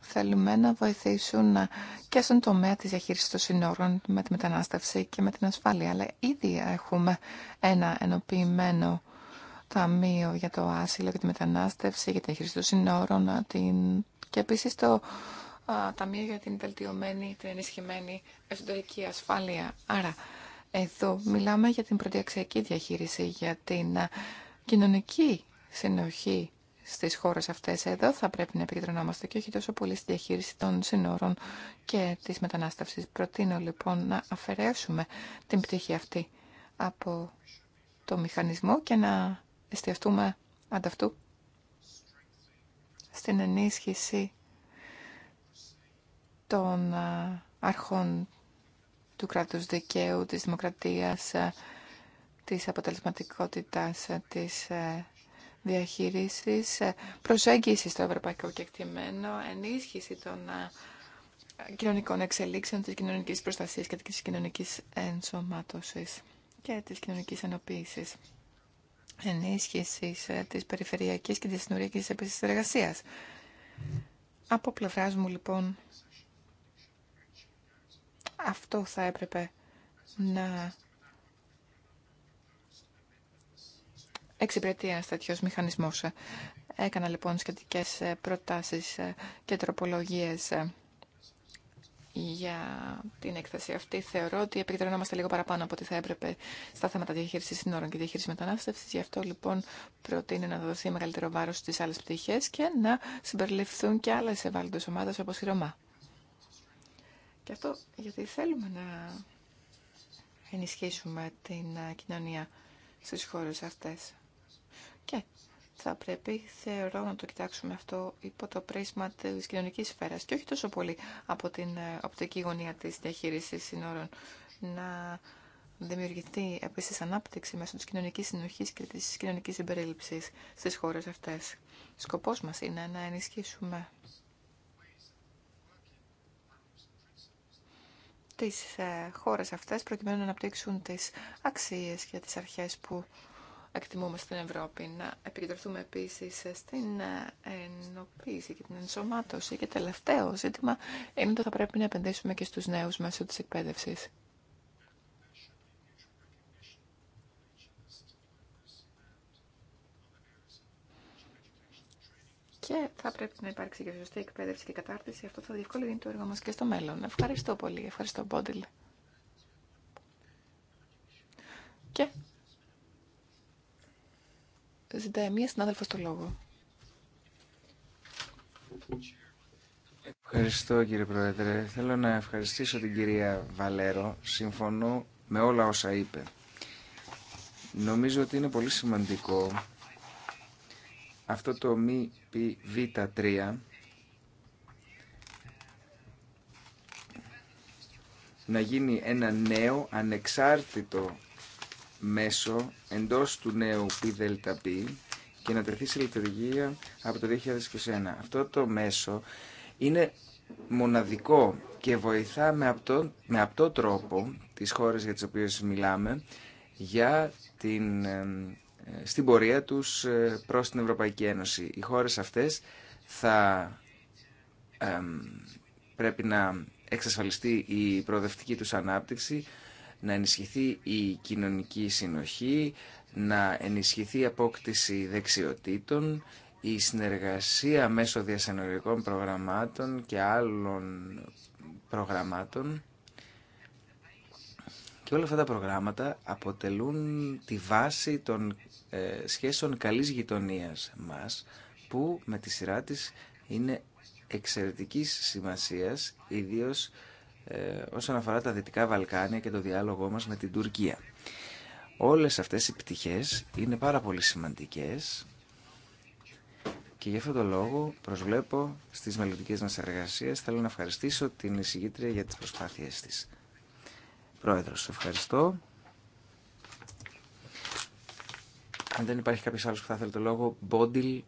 [SPEAKER 2] θέλουμε να βοηθήσουν και στον τομέα της διαχείρισης των συνόρων με τη μετανάστευση και με την ασφάλεια. Αλλά ήδη έχουμε ένα ενοποιημένο ταμείο για το άσυλο και τη μετανάστευση, για τη διαχείριση των συνόρων την... και επίσης το ταμείο για την βελτιωμένη, την ενισχυμένη εσωτερική ασφάλεια. Άρα εδώ μιλάμε για την πρωτοιαξιακή διαχείριση, για την κοινωνική συνοχή στις χώρες αυτές εδώ θα πρέπει να επικεντρωνόμαστε και όχι τόσο πολύ στη διαχείριση των συνόρων και της μετανάστευσης. Προτείνω λοιπόν να αφαιρέσουμε την πτυχή αυτή από το μηχανισμό και να εστιαστούμε ανταυτού στην ενίσχυση των αρχών του κράτους δικαίου, της δημοκρατίας, της αποτελεσματικότητας, της ε, διαχείρισης, ε, προσέγγιση στο ευρωπαϊκό κεκτημένο, ενίσχυση των ε, κοινωνικών εξελίξεων, της κοινωνικής προστασίας και της κοινωνικής ενσωμάτωσης και της κοινωνικής ενοποίησης ενίσχυση ε, της περιφερειακής και της συνοριακής επίσης εργασίας. Από πλευρά μου λοιπόν αυτό θα έπρεπε να ένα τέτοιο μηχανισμό. Έκανα λοιπόν σχετικέ ε, προτάσει ε, και τροπολογίε ε, για την έκθεση αυτή. Θεωρώ ότι επικεντρωνόμαστε λίγο παραπάνω από ό,τι θα έπρεπε στα θέματα διαχείριση συνόρων και διαχείριση μετανάστευση. Γι' αυτό λοιπόν προτείνω να δοθεί μεγαλύτερο βάρο στι άλλε πτυχέ και να συμπεριληφθούν και άλλε ευάλωτε ομάδε όπω η Ρωμά. Και αυτό γιατί θέλουμε να ενισχύσουμε την κοινωνία στις χώρες αυτές. Και θα πρέπει, θεωρώ, να το κοιτάξουμε αυτό υπό το πρίσμα της κοινωνικής σφαίρας και όχι τόσο πολύ από την ε, οπτική γωνία της διαχείρισης σύνορων να δημιουργηθεί επίσης ανάπτυξη μέσω της κοινωνικής συνοχής και της κοινωνικής συμπερίληψης στις χώρες αυτές. Σκοπός μας είναι να ενισχύσουμε τις ε, χώρες αυτές προκειμένου να αναπτύξουν τις αξίες και τις αρχές που εκτιμούμε στην Ευρώπη. Να επικεντρωθούμε επίση στην ε, ενοποίηση και την ενσωμάτωση. Και τελευταίο ζήτημα είναι ότι θα πρέπει να επενδύσουμε και στους νέου μέσω τη εκπαίδευση. Και θα πρέπει να υπάρξει και σωστή εκπαίδευση και κατάρτιση. Αυτό θα διευκολύνει το έργο μα και στο μέλλον. Ευχαριστώ πολύ. Ευχαριστώ, Μπόντιλ. Και Ζητάει μία συνάδελφο στο λόγο.
[SPEAKER 3] Ευχαριστώ κύριε Πρόεδρε. Θέλω να ευχαριστήσω την κυρία Βαλέρο. Συμφωνώ με όλα όσα είπε. Νομίζω ότι είναι πολύ σημαντικό αυτό το μη πι 3 να γίνει ένα νέο ανεξάρτητο μέσο εντός του νέου ΠΔΠ και να τεθεί σε λειτουργία από το 2021. Αυτό το μέσο είναι μοναδικό και βοηθά με αυτό, με αυτό τρόπο τις χώρες για τις οποίες μιλάμε για την, στην πορεία τους ε, προς την Ευρωπαϊκή Ένωση. Οι χώρες αυτές θα πρέπει να εξασφαλιστεί η προοδευτική τους ανάπτυξη να ενισχυθεί η κοινωνική συνοχή, να ενισχυθεί η απόκτηση δεξιοτήτων, η συνεργασία μέσω διασυνοριακών προγραμμάτων και άλλων προγραμμάτων. Και όλα αυτά τα προγράμματα αποτελούν τη βάση των ε, σχέσεων καλής γειτονίας μας, που με τη σειρά της είναι εξαιρετικής σημασίας, ιδίως ε, όσον αφορά τα Δυτικά Βαλκάνια και το διάλογό μας με την Τουρκία. Όλες αυτές οι πτυχές είναι πάρα πολύ σημαντικές και γι' αυτόν τον λόγο προσβλέπω στις μελλοντικέ μας εργασίες. Θέλω να ευχαριστήσω την εισηγήτρια για τις προσπάθειές της. Πρόεδρος, ευχαριστώ. Αν δεν υπάρχει κάποιος άλλος που θα θέλει το λόγο, Μπόντιλ,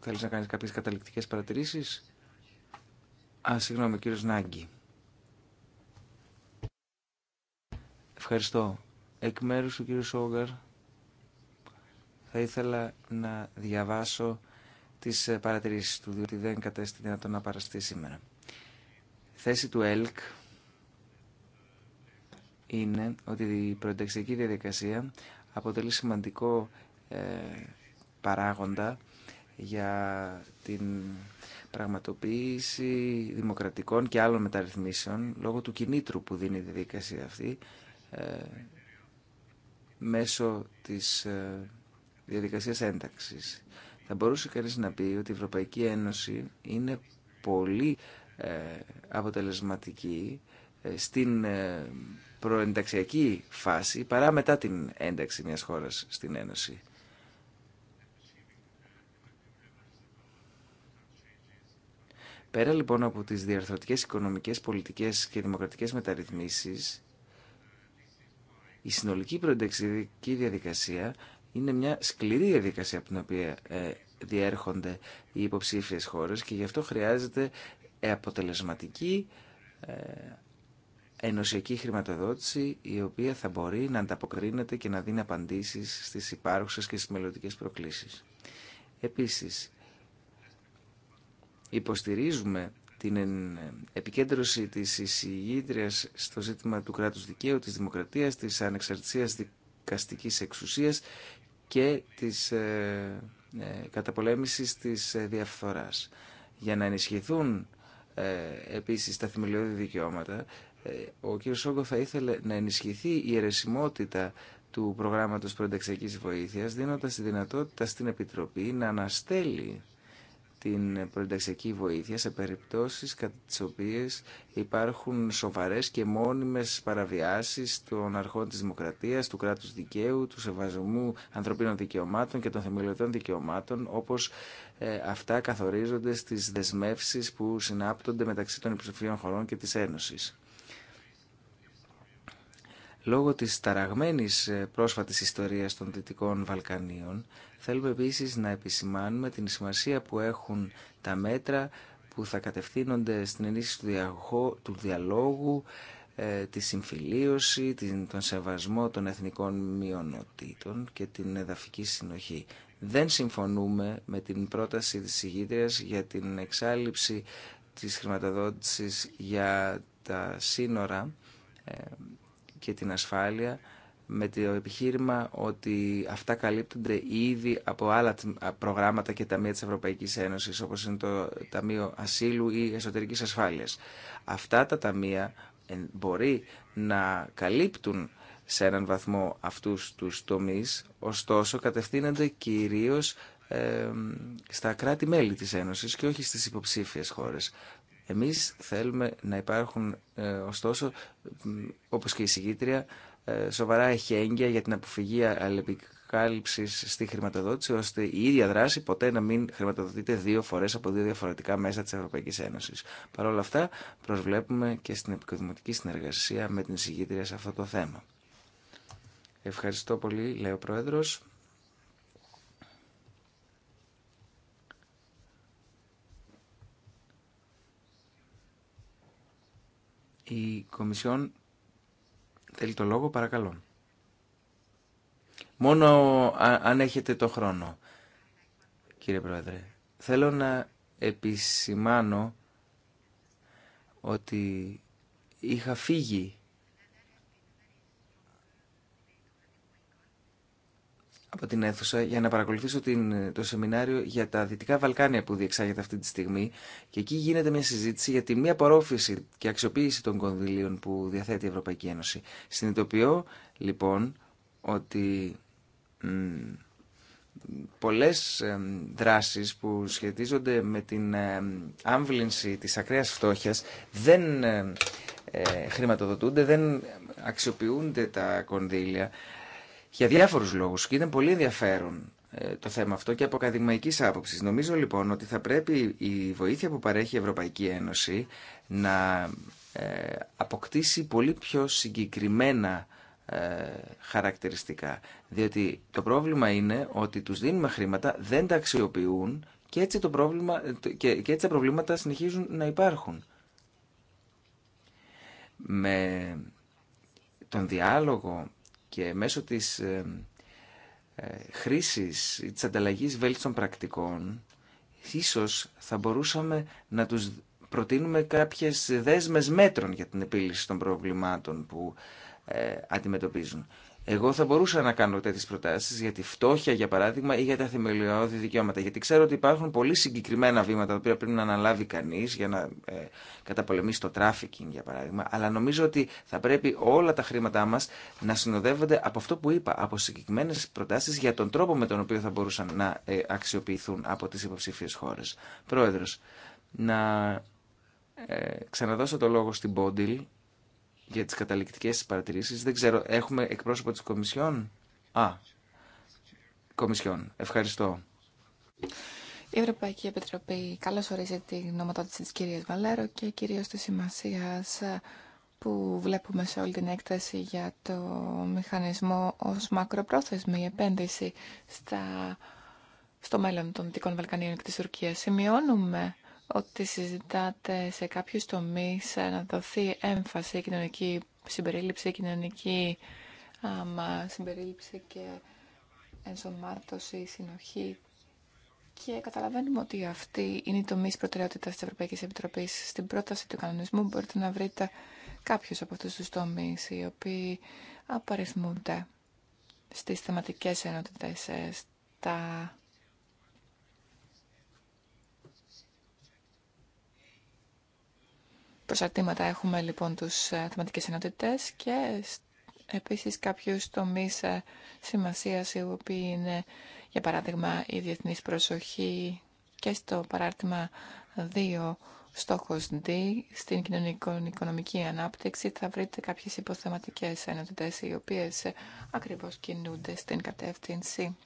[SPEAKER 3] θέλεις να κάνεις κάποιες καταληκτικές παρατηρήσεις. Α, συγγνώμη, κύριος Νάγκη. Ευχαριστώ. Εκ μέρους του κύριου Σόγκαρ θα ήθελα να διαβάσω τις ε, παρατηρήσεις του, διότι δεν κατέστη δυνατόν να παραστεί σήμερα. Θέση του ΕΛΚ είναι ότι η προενταξιακή διαδικασία αποτελεί σημαντικό ε, παράγοντα για την πραγματοποίηση δημοκρατικών και άλλων μεταρρυθμίσεων λόγω του κινήτρου που δίνει η διαδικασία αυτή ε, μέσω της ε, διαδικασίας ένταξης. Θα μπορούσε κανείς να πει ότι η Ευρωπαϊκή Ένωση είναι πολύ ε, αποτελεσματική στην προενταξιακή φάση παρά μετά την ένταξη μιας χώρας στην Ένωση. Πέρα λοιπόν από τις διαρθρωτικές οικονομικές, πολιτικές και δημοκρατικές μεταρρυθμίσεις, η συνολική προενταξιδική διαδικασία είναι μια σκληρή διαδικασία από την οποία ε, διέρχονται οι υποψήφιες χώρες και γι' αυτό χρειάζεται ε, αποτελεσματική ε, ενωσιακή χρηματοδότηση η οποία θα μπορεί να ανταποκρίνεται και να δίνει απαντήσεις στις υπάρχουσες και στις μελλοντικές προκλήσεις. Επίσης, υποστηρίζουμε την επικέντρωση της εισηγήτριας στο ζήτημα του κράτους δικαίου, της δημοκρατίας, της ανεξαρτησίας δικαστικής εξουσίας και της ε, ε, καταπολέμησης της ε, διαφθοράς. Για να ενισχυθούν ε, επίσης τα θεμελιώδη δικαιώματα, ο κ. Σόγκο θα ήθελε να ενισχυθεί η αιρεσιμότητα του προγράμματος προενταξιακής βοήθειας, δίνοντας τη δυνατότητα στην Επιτροπή να αναστέλει την προενταξιακή βοήθεια σε περιπτώσεις κατά τις οποίες υπάρχουν σοβαρές και μόνιμες παραβιάσεις των αρχών της δημοκρατίας, του κράτους δικαίου, του σεβασμού ανθρωπίνων δικαιωμάτων και των θεμελιωτών δικαιωμάτων, όπως ε, αυτά καθορίζονται στις δεσμεύσεις που συνάπτονται μεταξύ των υποψηφίων χωρών και της Ένωσης. Λόγω της ταραγμένης ε, πρόσφατης ιστορίας των Δυτικών Βαλκανίων, θέλουμε επίσης να επισημάνουμε την σημασία που έχουν τα μέτρα που θα κατευθύνονται στην ενίσχυση του διαλόγου, ε, τη συμφιλίωση, τον σεβασμό των εθνικών μειονοτήτων και την εδαφική συνοχή. Δεν συμφωνούμε με την πρόταση της ηγήτριας για την εξάλληψη της χρηματοδότησης για τα σύνορα ε, και την ασφάλεια με το επιχείρημα ότι αυτά καλύπτονται ήδη από άλλα προγράμματα και ταμεία της Ευρωπαϊκής Ένωσης, όπως είναι το Ταμείο Ασύλου ή Εσωτερικής Ασφάλειας. Αυτά τα ταμεία μπορεί να καλύπτουν σε έναν βαθμό αυτούς τους τομείς, ωστόσο κατευθύνονται κυρίως στα κράτη-μέλη της Ένωσης και όχι στις υποψήφιες χώρες. Εμείς θέλουμε να υπάρχουν, ε, ωστόσο, όπως και η συγγήτρια, ε, σοβαρά εχέγγυα για την αποφυγή αλληλεπικάλυψης στη χρηματοδότηση, ώστε η ίδια δράση ποτέ να μην χρηματοδοτείται δύο φορές από δύο διαφορετικά μέσα της Ευρωπαϊκής Ένωσης. Παρ' όλα αυτά, προσβλέπουμε και στην επικοδηματική συνεργασία με την συγγήτρια σε αυτό το θέμα. Ευχαριστώ πολύ, λέει ο Πρόεδρος. Η Κομισιόν θέλει το λόγο, παρακαλώ. Μόνο αν έχετε το χρόνο, κύριε Πρόεδρε. Θέλω να επισημάνω ότι είχα φύγει από την αίθουσα για να παρακολουθήσω την, το σεμινάριο για τα Δυτικά Βαλκάνια που διεξάγεται αυτή τη στιγμή και εκεί γίνεται μια συζήτηση για τη μία απορρόφηση και αξιοποίηση των κονδυλίων που διαθέτει η Ευρωπαϊκή Ένωση. Συνειδητοποιώ λοιπόν ότι πολλές δράσεις που σχετίζονται με την ε, άμβλυνση της ακραίας φτώχειας δεν ε, χρηματοδοτούνται, δεν αξιοποιούνται τα κονδύλια για διάφορους λόγους και ήταν πολύ ενδιαφέρον ε, το θέμα αυτό και από ακαδημαϊκής άποψης. Νομίζω λοιπόν ότι θα πρέπει η βοήθεια που παρέχει η Ευρωπαϊκή Ένωση να ε, αποκτήσει πολύ πιο συγκεκριμένα ε, χαρακτηριστικά. Διότι το πρόβλημα είναι ότι τους δίνουμε χρήματα, δεν τα αξιοποιούν και έτσι, το πρόβλημα, και, και έτσι τα προβλήματα συνεχίζουν να υπάρχουν. Με τον διάλογο και μέσω της ε, χρήσης, της ανταλλαγής βέλτιστων πρακτικών, ίσως θα μπορούσαμε να τους προτείνουμε κάποιες δέσμες μέτρων για την επίλυση των προβλημάτων που ε, αντιμετωπίζουν. Εγώ θα μπορούσα να κάνω τέτοιε προτάσει για τη φτώχεια, για παράδειγμα, ή για τα θεμελιώδη δικαιώματα. Γιατί ξέρω ότι υπάρχουν πολύ συγκεκριμένα βήματα τα οποία πρέπει να αναλάβει κανεί για να ε, καταπολεμήσει το τράφικινγκ, για παράδειγμα. Αλλά νομίζω ότι θα πρέπει όλα τα χρήματά μα να συνοδεύονται από αυτό που είπα, από συγκεκριμένε προτάσει για τον τρόπο με τον οποίο θα μπορούσαν να ε, αξιοποιηθούν από τι υποψήφιε χώρε. Πρόεδρο, να ε, ξαναδώσω το λόγο στην Πόντιλ για τις καταληκτικές παρατηρήσεις. Δεν ξέρω, έχουμε εκπρόσωπο της Κομισιόν. Α, Κομισιόν. Ευχαριστώ.
[SPEAKER 2] Η Ευρωπαϊκή Επιτροπή καλώς ορίζει τη γνωματότηση της κυρίας Βαλέρο και κυρίως τη σημασία που βλέπουμε σε όλη την έκθεση για το μηχανισμό ως μακροπρόθεσμη επένδυση στο μέλλον των Δυτικών Βαλκανίων και της Τουρκίας. Σημειώνουμε ότι συζητάτε σε κάποιους τομείς ε, να δοθεί έμφαση κοινωνική συμπερίληψη, κοινωνική άμα, συμπερίληψη και ενσωμάτωση, συνοχή. Και καταλαβαίνουμε ότι αυτή είναι η τομή προτεραιότητα τη Ευρωπαϊκή Επιτροπή. Στην πρόταση του κανονισμού μπορείτε να βρείτε κάποιου από αυτού του τομεί, οι οποίοι απαριθμούνται στι θεματικέ ενότητε, ε, στα Προσαρτήματα έχουμε λοιπόν τους ε, θεματικές ενότητες και επίσης κάποιους τομείς ε, σημασίας οι οποίοι είναι για παράδειγμα η διεθνής προσοχή και στο παράρτημα 2 στόχος D στην κοινωνικο-οικονομική ανάπτυξη θα βρείτε κάποιες υποθεματικές ενότητες οι οποίες ε, ακριβώς κινούνται στην κατεύθυνση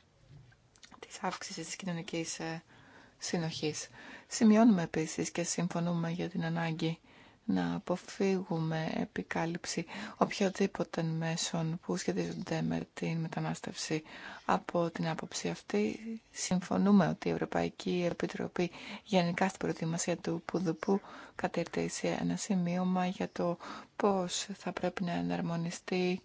[SPEAKER 2] της αύξησης της κοινωνικής συνοχής. Σημειώνουμε επίσης και συμφωνούμε για την ανάγκη να αποφύγουμε επικάλυψη οποιοδήποτε μέσων που σχετίζονται με την μετανάστευση. Από την άποψη αυτή, συμφωνούμε ότι η Ευρωπαϊκή Επιτροπή γενικά στην προετοιμασία του Πουδουπού σε ένα σημείωμα για το πώς θα πρέπει να εναρμονιστεί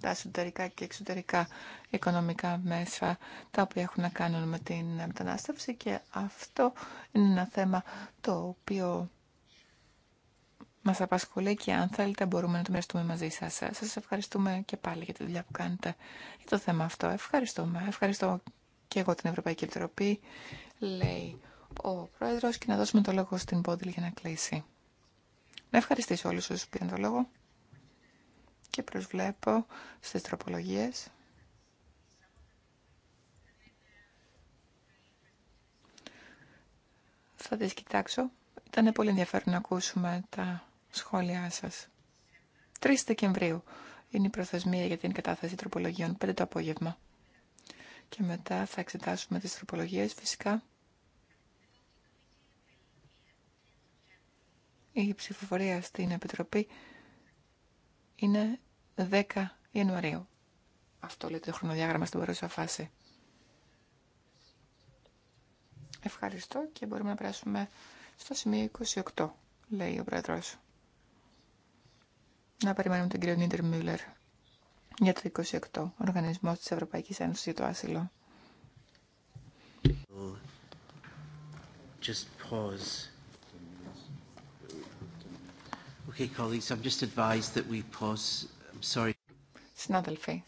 [SPEAKER 2] τα εσωτερικά και εξωτερικά οικονομικά μέσα τα οποία έχουν να κάνουν με την μετανάστευση και αυτό είναι ένα θέμα το οποίο μας απασχολεί και αν θέλετε μπορούμε να το μοιραστούμε μαζί σας. Σας ευχαριστούμε και πάλι για τη δουλειά που κάνετε για το θέμα αυτό. Ευχαριστούμε. Ευχαριστώ και εγώ την Ευρωπαϊκή Επιτροπή, λέει ο Πρόεδρος, και να δώσουμε το λόγο στην Πόντιλ για να κλείσει. Να ευχαριστήσω όλους όσους πήραν το λόγο και προσβλέπω στις τροπολογίες. Θα τις κοιτάξω. Ήταν πολύ ενδιαφέρον να ακούσουμε τα σχόλιά σας. 3 Δεκεμβρίου είναι η προθεσμία για την κατάθεση τροπολογιών 5 το απόγευμα. Και μετά θα εξετάσουμε τις τροπολογίες φυσικά. Η ψηφοφορία στην Επιτροπή είναι 10 Ιανουαρίου. Αυτό λέει το χρονοδιάγραμμα στην παρούσα φάση. Ευχαριστώ και μπορούμε να περάσουμε στο σημείο 28, λέει ο Πρόεδρος. Να περιμένουμε τον κύριο Νίτερ Μιούλερ για το 28, Οργανισμός της Ευρωπαϊκής Ένωσης για το Άσυλο.
[SPEAKER 1] Okay, colleagues, I'm just advised that we pause. I'm sorry.
[SPEAKER 2] Συνάδελφοι,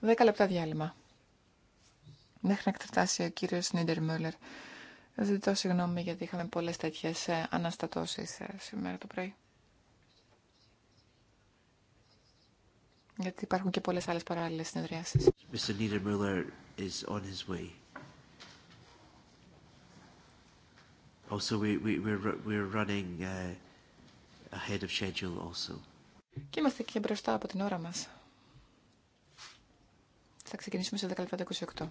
[SPEAKER 2] δέκα λεπτά διάλειμμα. Μέχρι να εκτεφτάσει ο κύριος Νίντερ Μούλερ. Ζητώ συγγνώμη γιατί είχαμε πολλές τέτοιες ε, αναστατώσεις ε, σήμερα το πρωί. Γιατί υπάρχουν και πολλές άλλες παράλληλες συνεδριάσεις.
[SPEAKER 1] Mr. Niedermüller is on his way. Also, we, we, we're, we're running uh, ahead of schedule also.
[SPEAKER 2] Και είμαστε και μπροστά από την ώρα μας. Θα ξεκινήσουμε σε 10 λεπτά 28.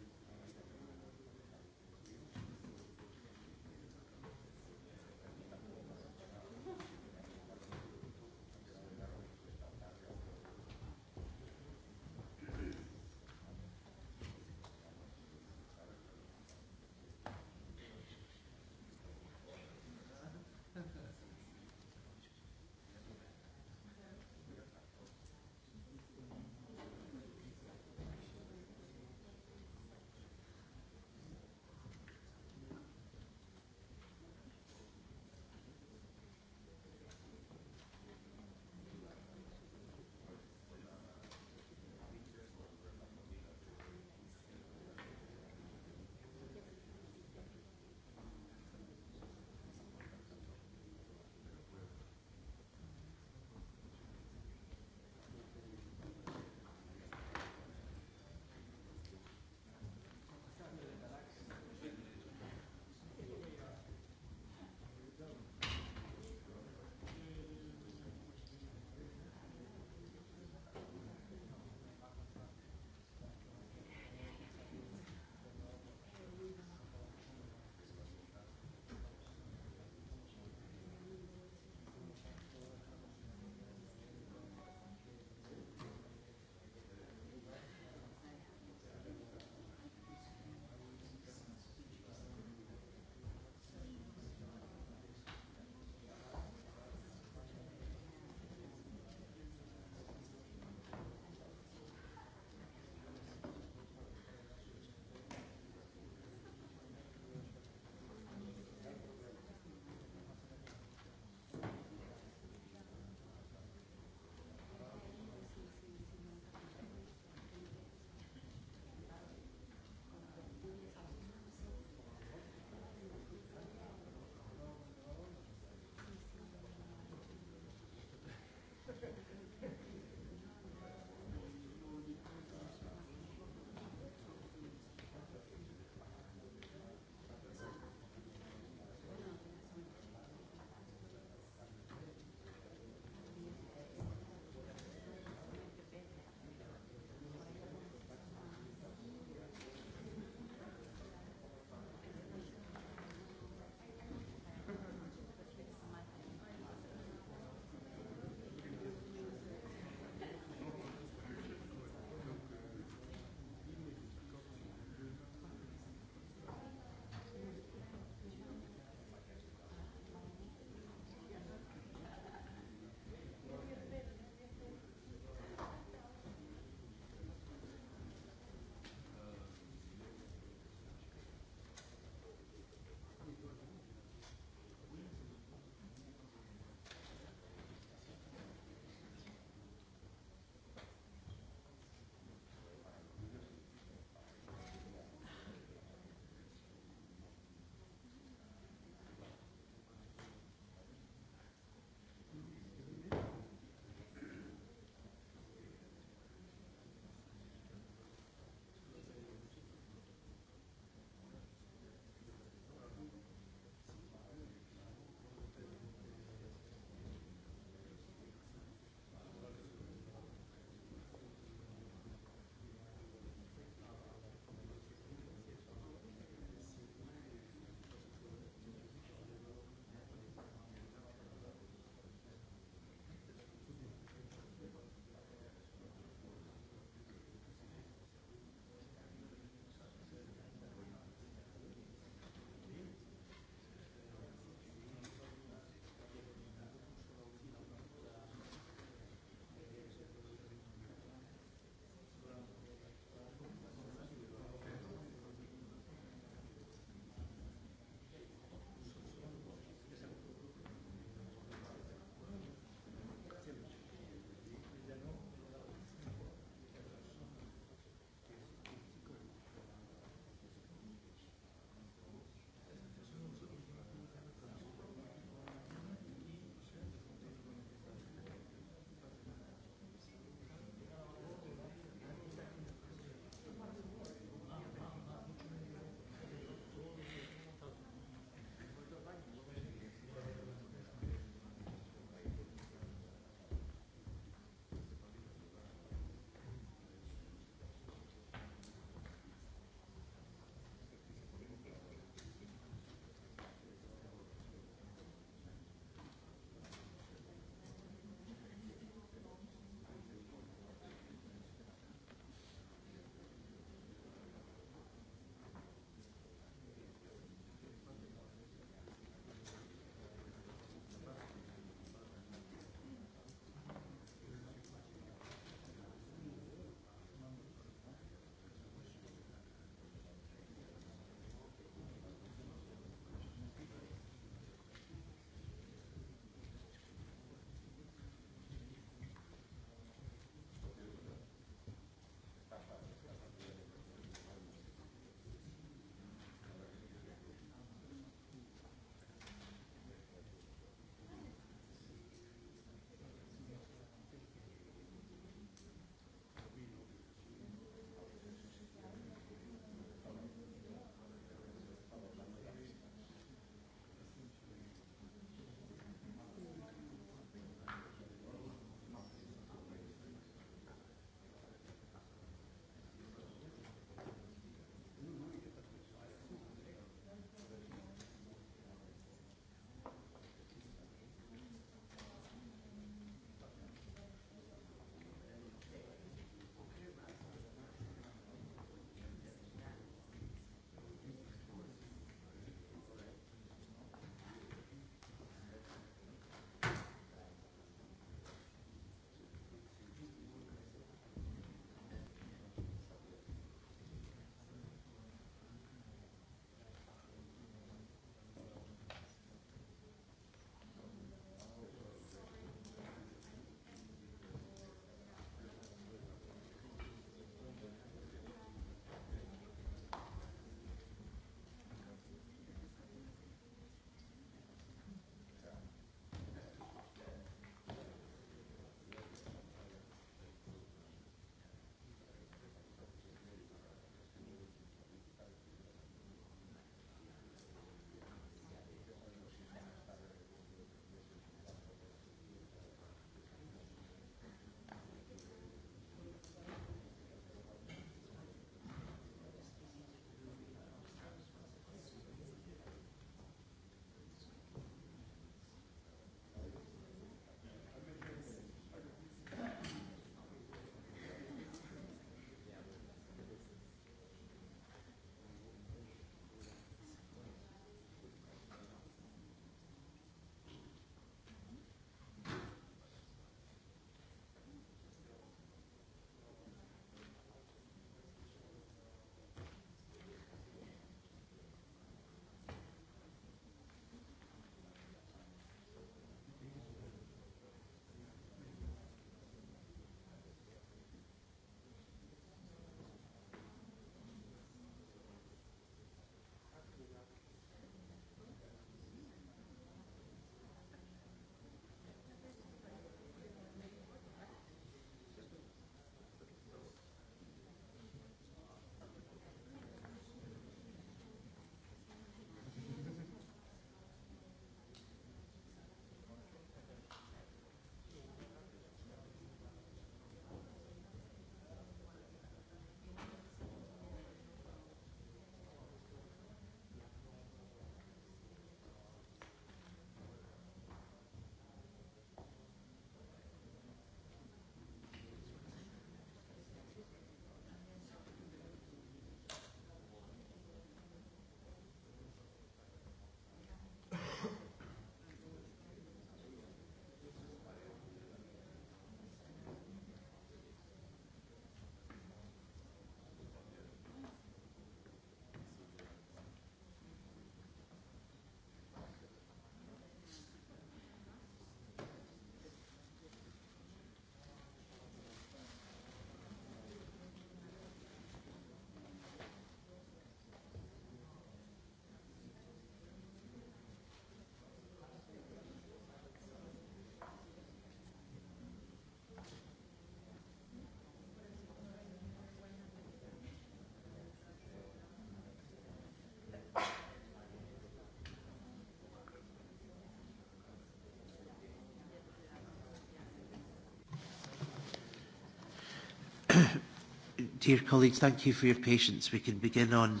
[SPEAKER 1] Dear colleagues, thank you for your patience. We can begin on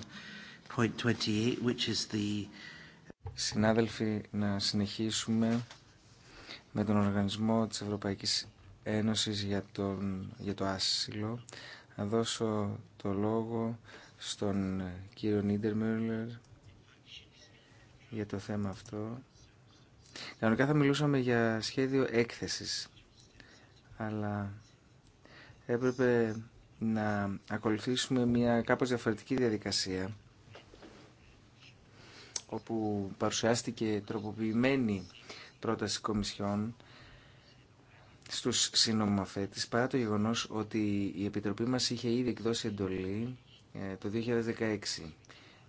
[SPEAKER 1] point 28, which is the... Συνάδελφοι, να συνεχίσουμε
[SPEAKER 3] με τον Οργανισμό της Ευρωπαϊκής Ένωσης για, τον, για το άσυλο. Να δώσω το λόγο στον κύριο Νίντερμιουλερ για το θέμα αυτό. Κανονικά θα μιλούσαμε για σχέδιο έκθεσης, αλλά έπρεπε να ακολουθήσουμε μια κάπως διαφορετική διαδικασία όπου παρουσιάστηκε τροποποιημένη πρόταση κομισιών στους συνομαφέτες παρά το γεγονός ότι η Επιτροπή μας είχε ήδη εκδώσει εντολή ε, το 2016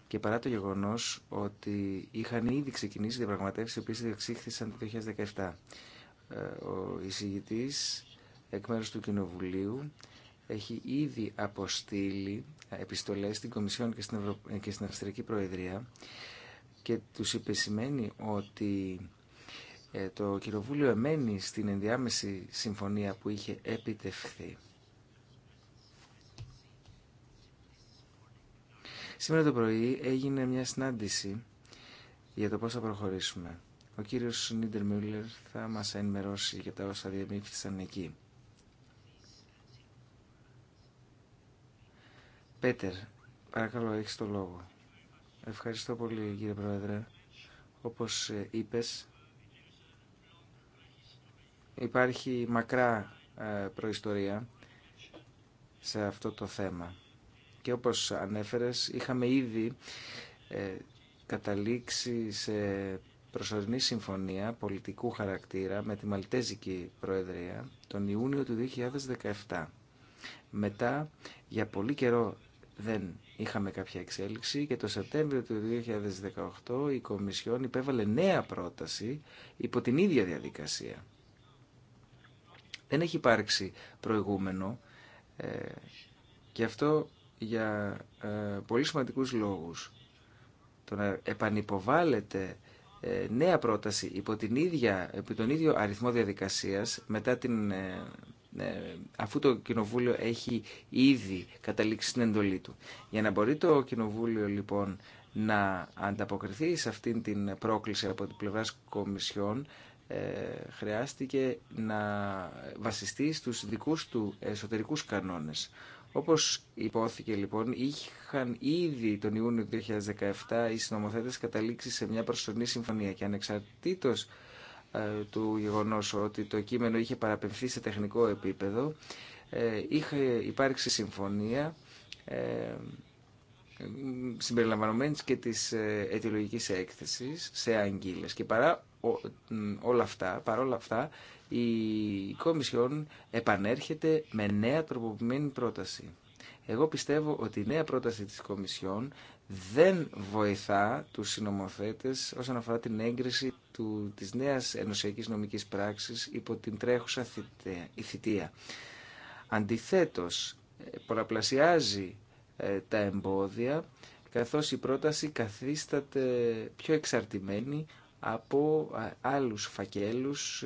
[SPEAKER 3] και παρά το γεγονός ότι είχαν ήδη ξεκινήσει διαπραγματεύσεις οι οποίες διεξήχθησαν το 2017. Ε, ο εισηγητής εκ μέρους του Κοινοβουλίου έχει ήδη αποστείλει επιστολές στην Κομισιόν και στην, Ευρω... και Αυστρική Προεδρία και τους επισημαίνει ότι ε, το Κοινοβούλιο εμένει στην ενδιάμεση συμφωνία που είχε επιτευχθεί. Σήμερα το πρωί έγινε μια συνάντηση για το πώς θα προχωρήσουμε. Ο κύριος Νίντερ Μιούλερ θα μας ενημερώσει για τα όσα διαμήφθησαν εκεί. Πέτερ, παρακαλώ, έχεις το λόγο. Ευχαριστώ πολύ, κύριε Πρόεδρε. Όπως ε, είπες, υπάρχει μακρά ε, προϊστορία σε αυτό το θέμα. Και όπως ανέφερες, είχαμε ήδη ε, καταλήξει σε προσωρινή συμφωνία πολιτικού χαρακτήρα με τη Μαλτέζικη Προεδρία τον Ιούνιο του 2017. Μετά, για πολύ καιρό δεν είχαμε κάποια εξέλιξη και το Σεπτέμβριο του 2018 η Κομισιόν υπέβαλε νέα πρόταση υπό την ίδια διαδικασία. Δεν έχει υπάρξει προηγούμενο ε, και αυτό για ε, πολύ σημαντικούς λόγους. Το να επανυποβάλλεται ε, νέα πρόταση υπό, την ίδια, υπό τον ίδιο αριθμό διαδικασίας μετά την ε, ε, αφού το Κοινοβούλιο έχει ήδη καταλήξει στην εντολή του. Για να μπορεί το Κοινοβούλιο λοιπόν να ανταποκριθεί σε αυτήν την πρόκληση από την πλευρά Κομισιόν ε, χρειάστηκε να βασιστεί στους δικούς του εσωτερικούς κανόνες. Όπως υπόθηκε λοιπόν, είχαν ήδη τον Ιούνιο του 2017 οι συνομοθέτες καταλήξει σε μια προσωρινή συμφωνία και ανεξαρτήτως ε, του γεγονός ότι το κείμενο είχε παραπεμφθεί σε τεχνικό επίπεδο. Ε, είχε υπάρξει συμφωνία ε, συμπεριλαμβανομένης και της αιτιολογικής έκθεσης σε αγγίλες. Και παρά όλα αυτά, παρόλα αυτά, η Κομισιόν επανέρχεται με νέα τροποποιημένη πρόταση. Εγώ πιστεύω ότι η νέα πρόταση της Κομισιόν δεν βοηθά του συνομοθέτε όσον αφορά την έγκριση του, της νέας ενωσιακής νομικής πράξης υπό την τρέχουσα θητεία. Αντιθέτως, ε, πολλαπλασιάζει ε, τα εμπόδια, καθώς η πρόταση καθίσταται πιο εξαρτημένη από ε, άλλους φακέλους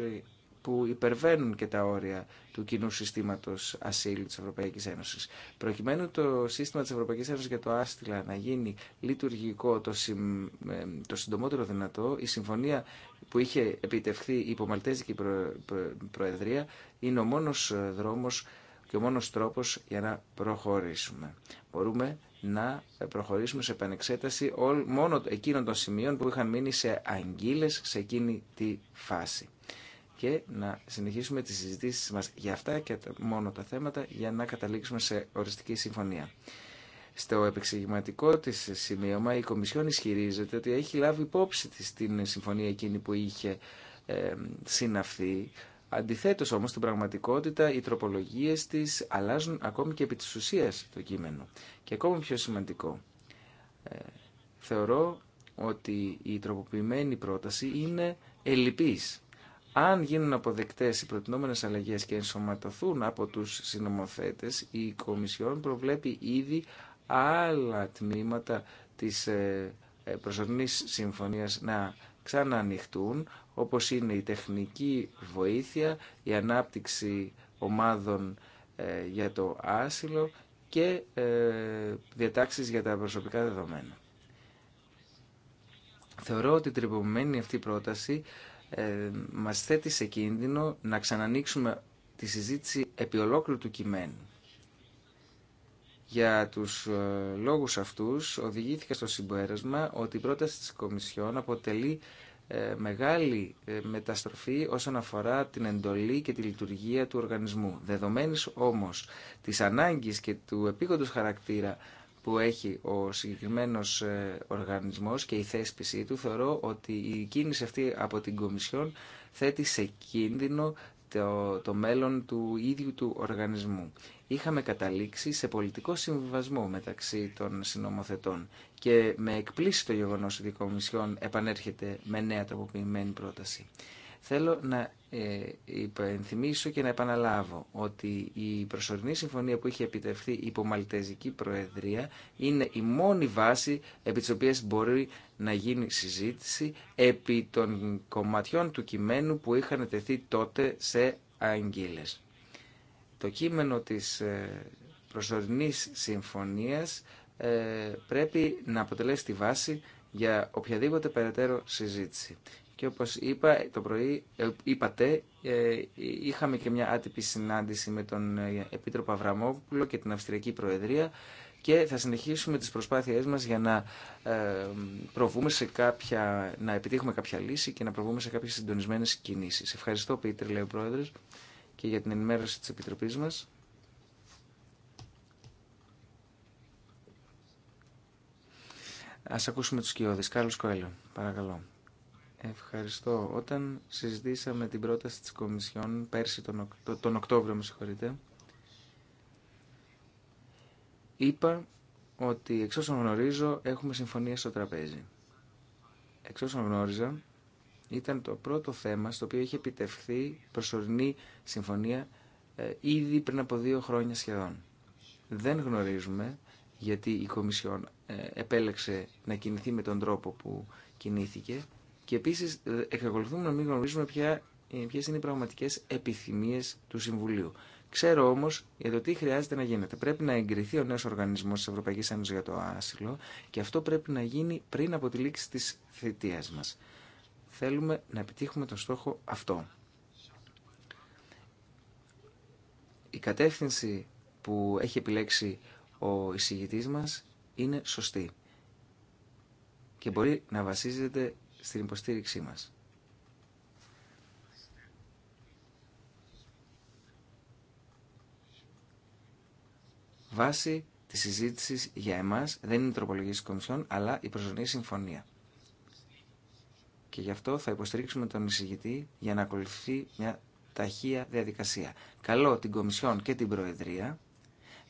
[SPEAKER 3] που υπερβαίνουν και τα όρια του κοινού συστήματος ασύλου της Ευρωπαϊκή Ένωση. Προκειμένου το σύστημα της Ευρωπαϊκή Ένωση για το άστιλα να γίνει λειτουργικό το, ε, το συντομότερο δυνατό, η συμφωνία που είχε επιτευχθεί υπό Μαλτέζικη Προεδρία είναι ο μόνος δρόμος και ο μόνος τρόπος για να προχωρήσουμε. Μπορούμε να προχωρήσουμε σε επανεξέταση μόνο εκείνων των σημείων που είχαν μείνει σε αγγίλες σε εκείνη τη φάση και να συνεχίσουμε τις συζητήσεις μας για αυτά και μόνο τα θέματα για να καταλήξουμε σε οριστική συμφωνία. Στο επεξηγηματικό τη σημείωμα, η Κομισιόν ισχυρίζεται ότι έχει λάβει υπόψη τη την συμφωνία εκείνη που είχε ε, συναυθεί. Αντιθέτως όμως στην πραγματικότητα οι τροπολογίες της αλλάζουν ακόμη και επί της ουσίας το κείμενο. Και ακόμη πιο σημαντικό, ε, θεωρώ ότι η τροποποιημένη πρόταση είναι ελλειπής. Αν γίνουν αποδεκτές οι προτινόμενες αλλαγές και ενσωματωθούν από τους συνομοθέτες, η Κομισιόν προβλέπει ήδη άλλα τμήματα της ε, ε, προσωρινής συμφωνίας να ξανανοιχτούν όπως είναι η τεχνική βοήθεια, η ανάπτυξη ομάδων ε, για το άσυλο και διατάξεις για τα προσωπικά δεδομένα. Θεωρώ ότι η τρυπωμένη αυτή πρόταση ε, μας θέτει σε κίνδυνο να ξανανοίξουμε τη συζήτηση επί ολόκληρου του κειμένου. Για τους ε, λόγους αυτούς οδηγήθηκα στο συμπέρασμα ότι η πρόταση της Κομισιόν αποτελεί ε, μεγάλη ε, μεταστροφή όσον αφορά την εντολή και τη λειτουργία του οργανισμού. Δεδομένης όμως της ανάγκης και του επίγοντος χαρακτήρα που έχει ο συγκεκριμένος ε, οργανισμός και η θέσπιση του, θεωρώ ότι η κίνηση αυτή από την Κομισιόν θέτει σε κίνδυνο το, μέλλον του ίδιου του οργανισμού. Είχαμε καταλήξει σε πολιτικό συμβιβασμό μεταξύ των συνομοθετών και με εκπλήσει το γεγονός ότι η Κομισιόν επανέρχεται με νέα τροποποιημένη πρόταση. Θέλω να ε, υπενθυμίσω και να επαναλάβω ότι η προσωρινή συμφωνία που είχε επιτευχθεί υπό Μαλτεζική Προεδρία είναι η μόνη βάση επί της οποίας μπορεί να γίνει συζήτηση επί των κομματιών του κειμένου που είχαν τεθεί τότε σε αγγίλες. Το κείμενο της ε, προσωρινής συμφωνίας ε, πρέπει να αποτελέσει τη βάση για οποιαδήποτε περαιτέρω συζήτηση και όπως είπα το πρωί, ε, είπατε, ε, είχαμε και μια άτυπη συνάντηση με τον ε, Επίτροπο Αβραμόπουλο και την Αυστριακή Προεδρία και θα συνεχίσουμε τις προσπάθειές μας για να προβούμε σε κάποια, να επιτύχουμε κάποια λύση και να προβούμε σε κάποιες συντονισμένες κινήσεις. Ευχαριστώ Πίτερ, λέει ο Πρόεδρος, και για την ενημέρωση της Επιτροπής μας. Ας ακούσουμε τους κοιόδες. Κάλλος Κοέλιο, παρακαλώ. Ευχαριστώ. Όταν συζητήσαμε την πρόταση της Κομισιόν πέρσι τον, τον Οκτώβριο, με είπα ότι εξ όσων γνωρίζω έχουμε συμφωνία στο τραπέζι. Εξ όσων γνώριζα ήταν το πρώτο θέμα στο οποίο είχε επιτευχθεί προσωρινή συμφωνία ε, ήδη πριν από δύο χρόνια σχεδόν. Δεν γνωρίζουμε γιατί η Κομισιόν ε, επέλεξε να κινηθεί με τον τρόπο που κινήθηκε και επίσης ε, εξακολουθούμε να μην γνωρίζουμε ε, ποιε είναι οι πραγματικές επιθυμίες του Συμβουλίου. Ξέρω όμω για το τι χρειάζεται να γίνεται. Πρέπει να εγκριθεί ο νέο οργανισμό τη Ευρωπαϊκή Ένωση για το άσυλο και αυτό πρέπει να γίνει πριν από τη λήξη τη θητεία μα. Θέλουμε να επιτύχουμε τον στόχο αυτό. Η κατεύθυνση που έχει επιλέξει ο εισηγητής μας είναι σωστή και μπορεί να βασίζεται στην υποστήριξή μας. Βάση τη συζήτηση για εμά δεν είναι η τροπολογία τη Κομισιόν, αλλά η προσωρινή συμφωνία. Και γι' αυτό θα υποστηρίξουμε τον εισηγητή για να ακολουθεί μια ταχεία διαδικασία. Καλό την Κομισιόν και την Προεδρία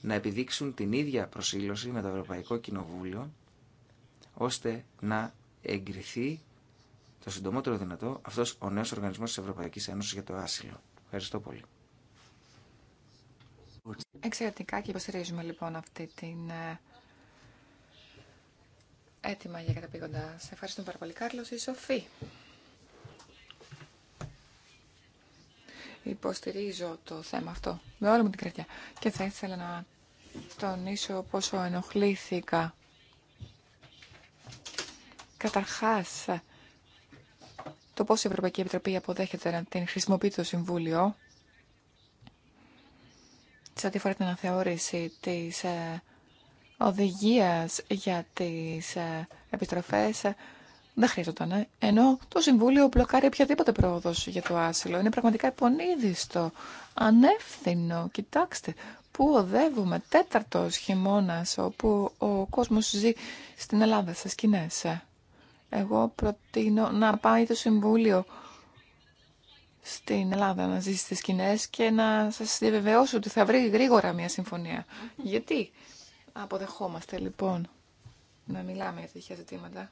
[SPEAKER 3] να επιδείξουν την ίδια προσήλωση με το Ευρωπαϊκό Κοινοβούλιο, ώστε να εγκριθεί το συντομότερο δυνατό αυτός ο νέος οργανισμός τη Ευρωπαϊκής Ένωσης για το άσυλο. Ευχαριστώ πολύ.
[SPEAKER 2] Εξαιρετικά και υποστηρίζουμε λοιπόν αυτή την έτοιμα ε, για καταπήγοντα. Σε ευχαριστούμε πάρα πολύ Κάρλος ή Σοφή. Υποστηρίζω το θέμα αυτό με όλη μου την καρδιά και θα ήθελα να τονίσω πόσο ενοχλήθηκα. Καταρχάς, το πώς η Ευρωπαϊκή Επιτροπή αποδέχεται να την χρησιμοποιεί το Συμβούλιο σε ό,τι αφορά την αναθεώρηση της ε, οδηγίας για τις ε, επιστροφές ε, δεν χρειαζόταν. Ενώ το Συμβούλιο μπλοκάρει οποιαδήποτε πρόοδο για το άσυλο. Είναι πραγματικά επονίδιστο, ανεύθυνο. Κοιτάξτε, πού οδεύουμε. τέταρτος χειμώνα, όπου ο κόσμος ζει στην Ελλάδα, στι σκηνέ. Εγώ προτείνω να πάει το Συμβούλιο στην Ελλάδα να ζήσει στις σκηνές και να σας διαβεβαιώσω ότι θα βρει γρήγορα μια συμφωνία. Γιατί αποδεχόμαστε λοιπόν να μιλάμε για τέτοια ζητήματα.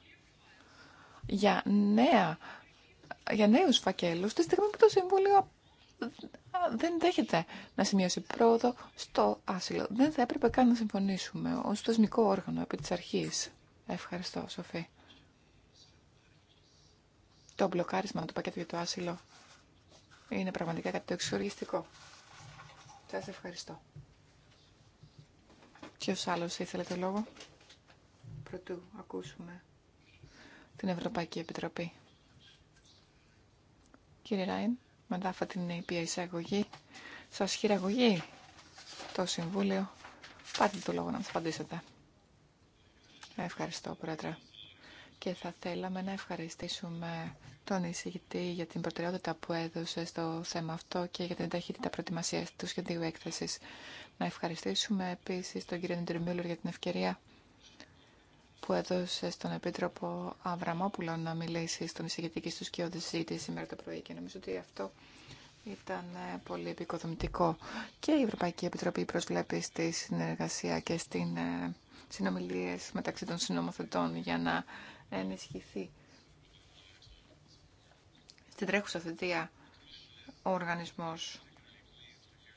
[SPEAKER 2] Για, νέα, για νέους φακέλους, τη στιγμή που το Συμβούλιο δεν δέχεται να σημειώσει πρόοδο στο άσυλο. Δεν θα έπρεπε καν να συμφωνήσουμε ως θεσμικό όργανο επί της αρχής. Ευχαριστώ, Σοφή το μπλοκάρισμα του πακέτου για το άσυλο είναι πραγματικά κάτι το εξοργιστικό. Σα ευχαριστώ. Ποιο άλλο ήθελε το λόγο. Πρωτού ακούσουμε την Ευρωπαϊκή Επιτροπή. Κύριε Ράιν, μετά την ήπια εισαγωγή, Σα χειραγωγεί το Συμβούλιο. Πάτε το λόγο να μας απαντήσετε. Ευχαριστώ, Πρόεδρε και θα θέλαμε να ευχαριστήσουμε τον εισηγητή για την προτεραιότητα που έδωσε στο θέμα αυτό και για την ταχύτητα προετοιμασία του σχεδίου έκθεση. Να ευχαριστήσουμε επίση τον κύριο Ντερμιούλερ για την ευκαιρία που έδωσε στον Επίτροπο Αβραμόπουλο να μιλήσει στον εισηγητή και στους κοιόδες σήμερα το πρωί και νομίζω ότι αυτό ήταν ε, πολύ επικοδομητικό και η Ευρωπαϊκή Επιτροπή προσβλέπει στη συνεργασία και στην ε, συνομιλίες μεταξύ των συνομοθετών για να ενισχυθεί στην τρέχουσα θετία ο οργανισμός.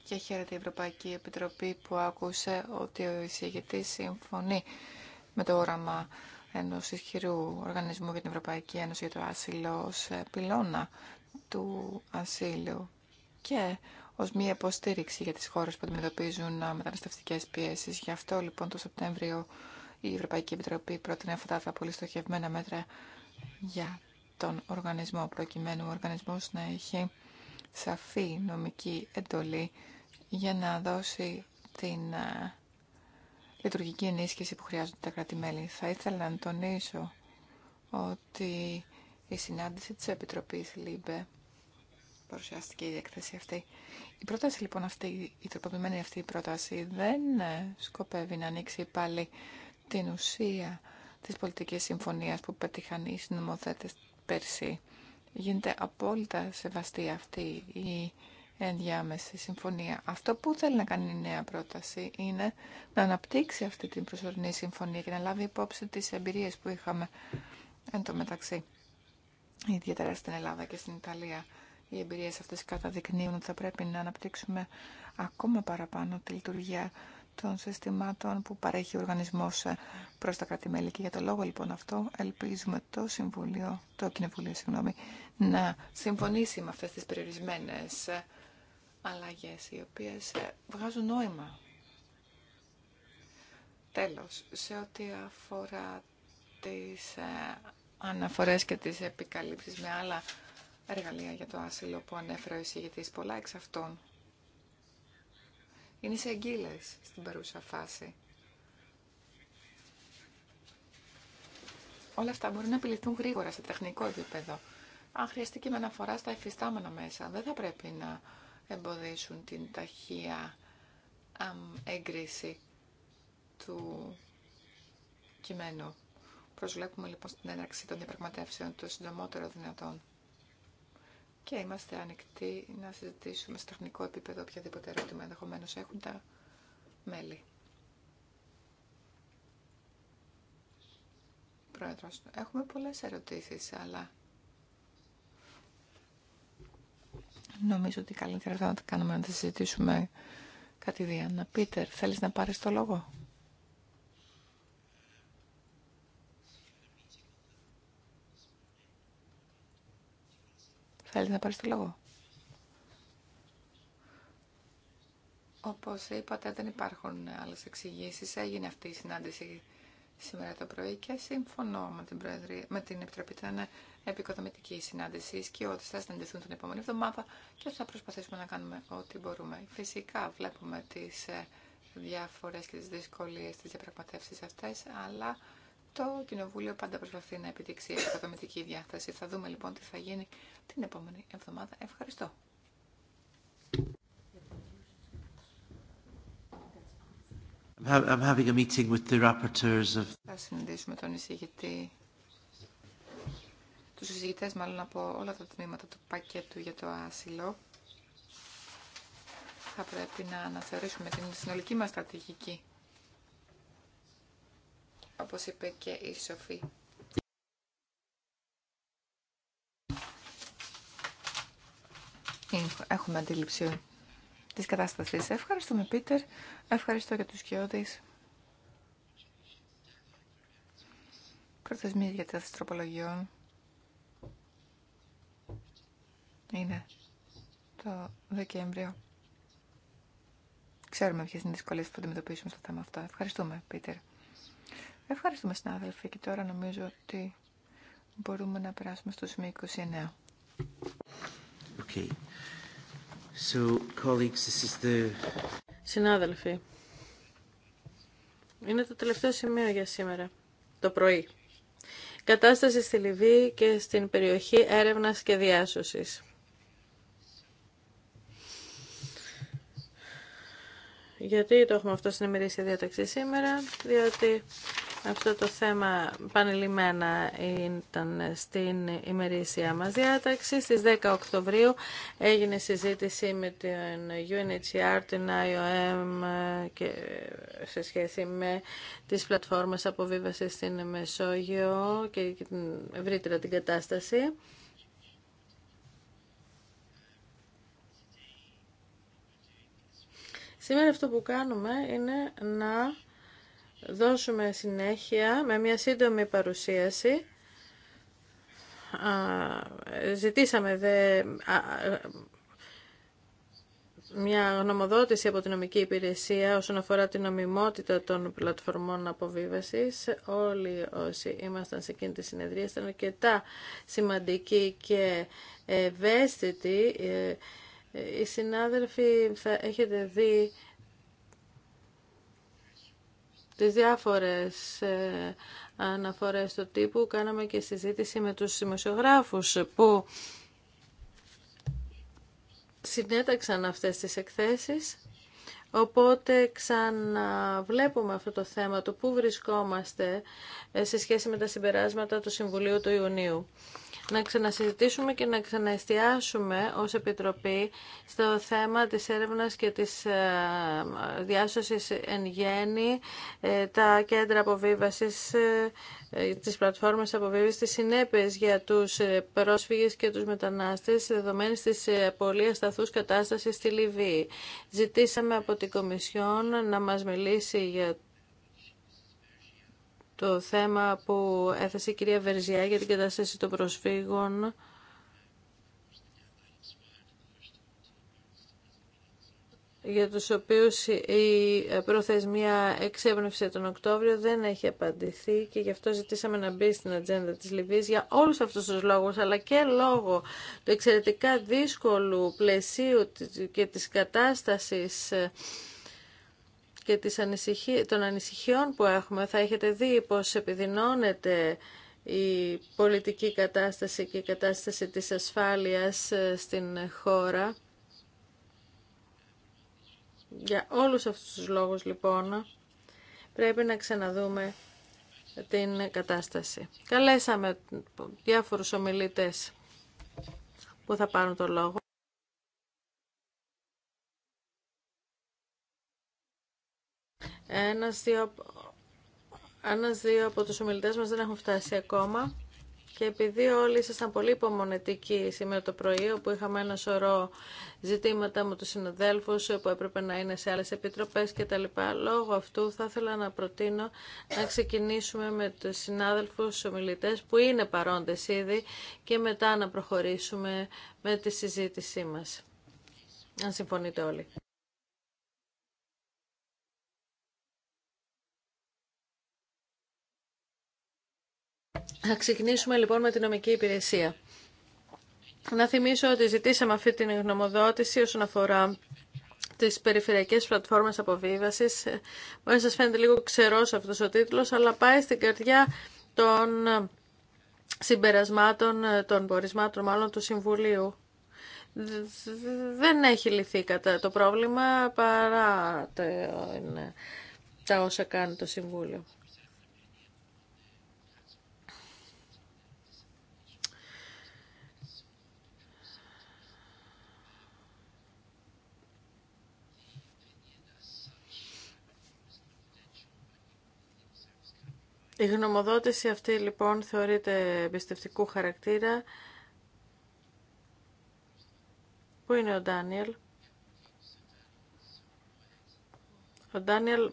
[SPEAKER 2] Και χαίρεται η Ευρωπαϊκή Επιτροπή που άκουσε ότι ο εισηγητής συμφωνεί με το όραμα ενός ισχυρού οργανισμού για την Ευρωπαϊκή Ένωση για το άσυλο σε πυλώνα του ασύλου και ως μία υποστήριξη για τις χώρες που αντιμετωπίζουν μεταναστευτικές πιέσεις. Γι' αυτό λοιπόν το Σεπτέμβριο η Ευρωπαϊκή Επιτροπή προτείνει αυτά τα πολύ στοχευμένα μέτρα για τον οργανισμό, προκειμένου ο οργανισμός να έχει σαφή νομική εντολή για να δώσει την ε, λειτουργική ενίσχυση που χρειάζονται τα κράτη-μέλη. Θα ήθελα να τονίσω ότι η συνάντηση της Επιτροπής ΛΥΜΠΕ παρουσιάστηκε η έκθεση αυτή. Η πρόταση λοιπόν αυτή, η τροποποιημένη αυτή πρόταση δεν ε, σκοπεύει να ανοίξει πάλι την ουσία της πολιτικής συμφωνίας που πετύχαν οι συνομοθέτες πέρσι. Γίνεται απόλυτα σεβαστή αυτή η ενδιάμεση συμφωνία. Αυτό που θέλει να κάνει η νέα πρόταση είναι να αναπτύξει αυτή την προσωρινή συμφωνία και να λάβει υπόψη τις εμπειρίες που είχαμε εν τω μεταξύ. Ιδιαίτερα στην Ελλάδα και στην Ιταλία οι εμπειρίες αυτές καταδεικνύουν ότι θα πρέπει να αναπτύξουμε ακόμα παραπάνω τη λειτουργία των συστημάτων που παρέχει ο οργανισμός προς τα κράτη-μέλη. Και για το λόγο λοιπόν αυτό ελπίζουμε το, συμβουλίο, το Κοινοβουλίο συγγνώμη, να συμφωνήσει με αυτές τις περιορισμένες αλλαγές οι οποίες βγάζουν νόημα. Τέλος, σε ό,τι αφορά τις ε, αναφορές και τις επικαλύψεις με άλλα εργαλεία για το άσυλο που ανέφερε ο εισηγητής πολλά εξ αυτών είναι σε αγγίλες στην παρούσα φάση. Όλα αυτά μπορούν να επιληθούν γρήγορα σε τεχνικό επίπεδο. Αν χρειαστεί και με αναφορά στα εφιστάμενα μέσα, δεν θα πρέπει να εμποδίσουν την ταχεία έγκριση του κειμένου. Προσβλέπουμε λοιπόν στην έναρξη των διαπραγματεύσεων το συντομότερο δυνατόν και είμαστε ανοιχτοί να συζητήσουμε στο τεχνικό επίπεδο οποιαδήποτε ερώτημα ενδεχομένω έχουν τα μέλη. Πρόεδρος, έχουμε πολλές ερωτήσεις, αλλά νομίζω ότι καλύτερα θα κάνουμε να τα συζητήσουμε κάτι Να Πίτερ, θέλεις να πάρεις το λόγο. Θέλει να πάρεις το λόγο. Όπως είπατε δεν υπάρχουν άλλες εξηγήσεις. Έγινε αυτή η συνάντηση σήμερα το πρωί και συμφωνώ με την, Προεδρία, με την Επιτροπή. Ήταν επικοδομητική συνάντηση και ότι θα συναντηθούν την επόμενη εβδομάδα και θα προσπαθήσουμε να κάνουμε ό,τι μπορούμε. Φυσικά βλέπουμε τις ε, διάφορες και τις δυσκολίες της διαπραγματεύσεις αυτές, αλλά το Κοινοβούλιο πάντα προσπαθεί να επιτύξει η διάθεση. Θα δούμε λοιπόν τι θα γίνει την επόμενη εβδομάδα. Ευχαριστώ.
[SPEAKER 1] I'm having a meeting with the rapporteurs of...
[SPEAKER 2] Θα συναντήσουμε τον εισηγητή, τους εισηγητές μάλλον από όλα τα τμήματα του πακέτου για το άσυλο. Θα πρέπει να αναθεωρήσουμε την συνολική μας στρατηγική όπως είπε και η Σοφή. Έχουμε αντίληψη της κατάστασης. Ευχαριστούμε, Πίτερ. Ευχαριστώ και τους κοιότης. Προθεσμία για τα τροπολογιών. Είναι το Δεκέμβριο. Ξέρουμε ποιες είναι οι δυσκολίες που αντιμετωπίσουμε στο θέμα αυτό. Ευχαριστούμε, Πίτερ. Ευχαριστούμε συνάδελφοι και τώρα νομίζω ότι μπορούμε να περάσουμε στο σημείο 29.
[SPEAKER 1] Okay. So, colleagues, this is the...
[SPEAKER 2] Συνάδελφοι,
[SPEAKER 4] είναι το τελευταίο σημείο για σήμερα, το πρωί. Κατάσταση στη Λιβύη και στην περιοχή έρευνας και διάσωσης. Γιατί το έχουμε αυτό στην ημερήσια διάταξη σήμερα, διότι αυτό το θέμα πανελειμμένα ήταν στην ημερήσια μας διάταξη. Στις 10 Οκτωβρίου έγινε συζήτηση με την UNHCR, την IOM και σε σχέση με τις πλατφόρμες αποβίβασης στην Μεσόγειο και ευρύτερα την κατάσταση. Σήμερα αυτό που κάνουμε είναι να δώσουμε συνέχεια με μια σύντομη παρουσίαση. Ζητήσαμε δε μια γνωμοδότηση από την νομική υπηρεσία όσον αφορά την νομιμότητα των πλατφορμών αποβίβασης. Όλοι όσοι ήμασταν σε εκείνη τη συνεδρία ήταν αρκετά σημαντικοί και ευαίσθητοι. Ε, ε, οι συνάδελφοι θα έχετε δει τις διάφορες ε, αναφορές του τύπου. Κάναμε και συζήτηση με τους δημοσιογράφους που συνέταξαν αυτές τις εκθέσεις. Οπότε ξαναβλέπουμε αυτό το θέμα, του πού βρισκόμαστε ε, σε σχέση με τα συμπεράσματα του Συμβουλίου του Ιουνίου να ξανασυζητήσουμε και να ξαναεστιάσουμε ως Επιτροπή στο θέμα της έρευνας και της ε, διάσωσης εν γέννη, ε, τα κέντρα αποβίβασης, ε, τις πλατφόρμες αποβίβασης, τις συνέπειες για τους πρόσφυγες και τους μετανάστες, δεδομένης της πολύ ασταθούς κατάστασης στη Λιβύη. Ζητήσαμε από την Κομισιόν να μας μιλήσει για το θέμα που έθεσε η κυρία Βερζιά για την κατάσταση των προσφύγων για τους οποίους η προθεσμία εξέβνευσε τον Οκτώβριο δεν έχει απαντηθεί και γι' αυτό ζητήσαμε να μπει στην ατζέντα της Λιβύης για όλους αυτούς τους λόγους αλλά και λόγω του εξαιρετικά δύσκολου πλαισίου και της κατάστασης και των ανησυχιών που έχουμε θα έχετε δει πως επιδεινώνεται η πολιτική κατάσταση και η κατάσταση της ασφάλειας ε, στην χώρα. Για όλους αυτούς τους λόγους λοιπόν πρέπει να ξαναδούμε την κατάσταση. Καλέσαμε διάφορους ομιλητές που θα πάρουν το λόγο. Ένας, δύο, ένας, δύο από τους ομιλητές μας δεν έχουν φτάσει ακόμα. Και επειδή όλοι ήσασταν πολύ υπομονετικοί σήμερα το πρωί, όπου είχαμε ένα σωρό ζητήματα με τους συναδέλφους που έπρεπε να είναι σε άλλες επιτροπές και τα λοιπά, λόγω αυτού θα ήθελα να προτείνω να ξεκινήσουμε με τους συνάδελφους ομιλητές που είναι παρόντες ήδη και μετά να προχωρήσουμε με τη συζήτησή μας. Αν συμφωνείτε όλοι. Θα ξεκινήσουμε λοιπόν με την νομική υπηρεσία. Να θυμίσω ότι ζητήσαμε αυτή την γνωμοδότηση όσον αφορά τις περιφερειακές πλατφόρμες αποβίβαση. Μπορεί να σας φαίνεται λίγο ξερός αυτό ο τίτλο, αλλά πάει στην καρδιά των συμπερασμάτων, των πορισμάτων μάλλον του Συμβουλίου. Δεν έχει λυθεί κατά το πρόβλημα παρά τα όσα κάνει το Συμβούλιο. Η γνωμοδότηση αυτή λοιπόν θεωρείται εμπιστευτικού χαρακτήρα. Πού είναι ο Ντάνιελ? Ο Ντάνιελ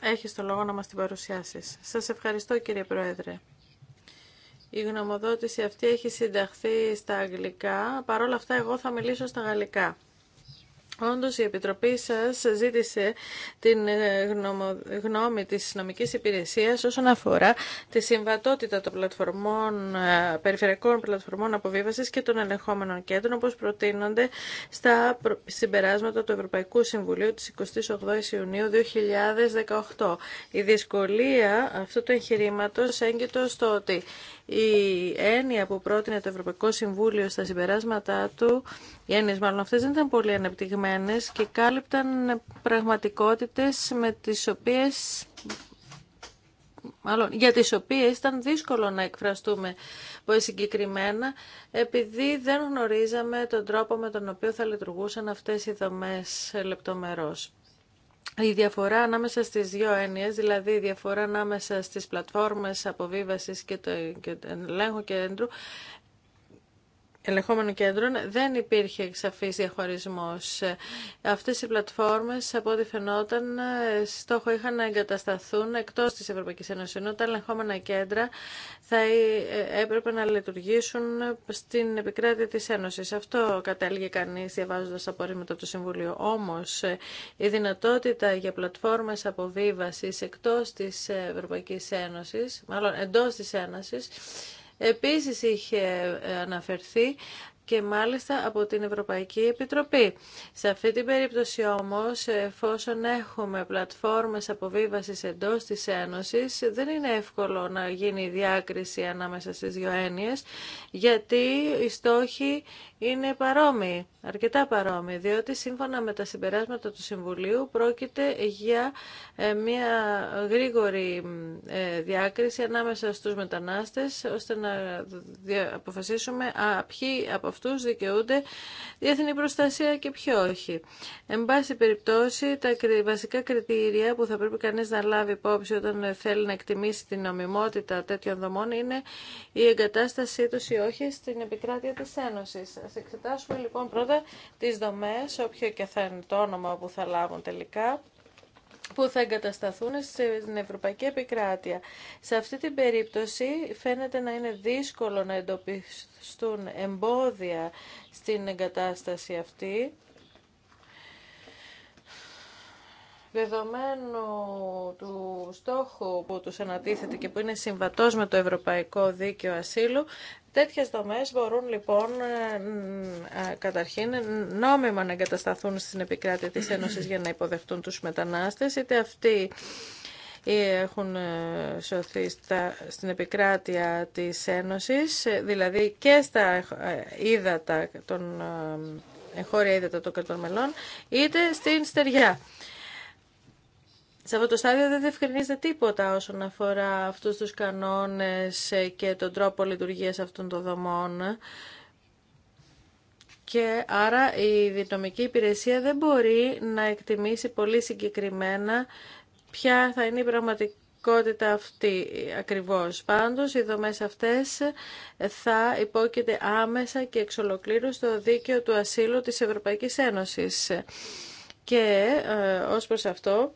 [SPEAKER 4] έχει το λόγο να μας την παρουσιάσεις. Σας ευχαριστώ κύριε Πρόεδρε. Η γνωμοδότηση αυτή έχει συνταχθεί στα αγγλικά, παρόλα αυτά εγώ θα μιλήσω στα γαλλικά. Όντω η Επιτροπή σα ζήτησε την ε, γνώμη της νομικής υπηρεσίας όσον αφορά τη συμβατότητα των πλατφορμών, ε, περιφερειακών πλατφορμών αποβίβασης και των ελεγχόμενων κέντρων όπως προτείνονται στα συμπεράσματα του Ευρωπαϊκού Συμβουλίου της 28 Ιουνίου 2018. Η δυσκολία αυτού του εγχειρήματο έγκυται στο ότι η έννοια που πρότεινε το Ευρωπαϊκό Συμβούλιο στα συμπεράσματά του, οι έννοιες μάλλον αυτές δεν ήταν πολύ αναπτυγμένες και κάλυπταν πραγματικότητες με τις οποίες μάλλον για τις οποίες ήταν δύσκολο να εκφραστούμε πολύ συγκεκριμένα, επειδή δεν γνωρίζαμε τον τρόπο με τον οποίο θα λειτουργούσαν αυτές οι δομές λεπτομερώς η διαφορά ανάμεσα στις δύο έννοιες, δηλαδή η διαφορά ανάμεσα στις πλατφόρμες αποβίβασης και το και κέντρου, ελεγχόμενων κέντρων δεν υπήρχε εξαφή διαχωρισμό. Αυτές οι πλατφόρμες, από ό,τι φαινόταν, στόχο είχαν να εγκατασταθούν εκτός της Ευρωπαϊκής Ένωσης, ενώ τα ελεγχόμενα κέντρα θα ε, έπρεπε να λειτουργήσουν στην επικράτεια τη ένωση. Αυτό κατέληγε κανείς διαβάζοντα τα απορρίμματα του Συμβουλίου. Όμω, η δυνατότητα για πλατφόρμες αποβίβαση εκτός τη Ευρωπαϊκής Ένωσης, μάλλον εντό τη Ένωση, επίσης είχε ε, αναφερθεί και μάλιστα από την Ευρωπαϊκή Επιτροπή. Σε αυτή την περίπτωση όμως, εφόσον έχουμε πλατφόρμες αποβίβασης εντός της Ένωσης, δεν είναι εύκολο να γίνει διάκριση ανάμεσα στις δύο έννοιες, γιατί οι στόχοι είναι παρόμοιοι, αρκετά παρόμοιοι, διότι σύμφωνα με τα συμπεράσματα του Συμβουλίου πρόκειται για ε, μια γρήγορη ε, διάκριση ανάμεσα στους μετανάστες, ώστε να αποφασίσουμε ποιοι από αυτούς δικαιούνται διεθνή προστασία και ποιοι όχι. Εν πάση περιπτώσει, τα βασικά κριτήρια που θα πρέπει κανείς να λάβει υπόψη όταν θέλει να εκτιμήσει την νομιμότητα τέτοιων δομών είναι η εγκατάστασή τους ή όχι στην επικράτεια της Ένωσης. Θα εξετάσουμε λοιπόν πρώτα τις δομές, όποιο και θα είναι το όνομα που θα λάβουν τελικά, που θα εγκατασταθούν στην Ευρωπαϊκή Επικράτεια. Σε αυτή την περίπτωση φαίνεται να είναι δύσκολο να εντοπιστούν εμπόδια στην εγκατάσταση αυτή. δεδομένου του στόχου που τους ανατίθεται και που είναι συμβατός με το Ευρωπαϊκό Δίκαιο Ασύλου, Τέτοιες δομές μπορούν λοιπόν ε, ε, καταρχήν νόμιμα να εγκατασταθούν στην επικράτεια της Ένωσης για να υποδεχτούν τους μετανάστες, είτε αυτοί ε, έχουν σωθεί στην επικράτεια της Ένωσης, δηλαδή και στα ύδατα των εγχώρια ύδατα των κρατών μελών, είτε στην στεριά. Σε αυτό το στάδιο δεν διευκρινίζεται τίποτα όσον αφορά αυτούς τους κανόνες και τον τρόπο λειτουργίας αυτών των δομών. Και άρα η διτομική υπηρεσία δεν μπορεί να εκτιμήσει πολύ συγκεκριμένα ποια θα είναι η πραγματικότητα αυτή ακριβώς. Πάντως οι δομές αυτές θα υπόκειται άμεσα και εξ ολοκλήρου στο δίκαιο του ασύλου της Ευρωπαϊκής Ένωσης. Και ε, ως προς αυτό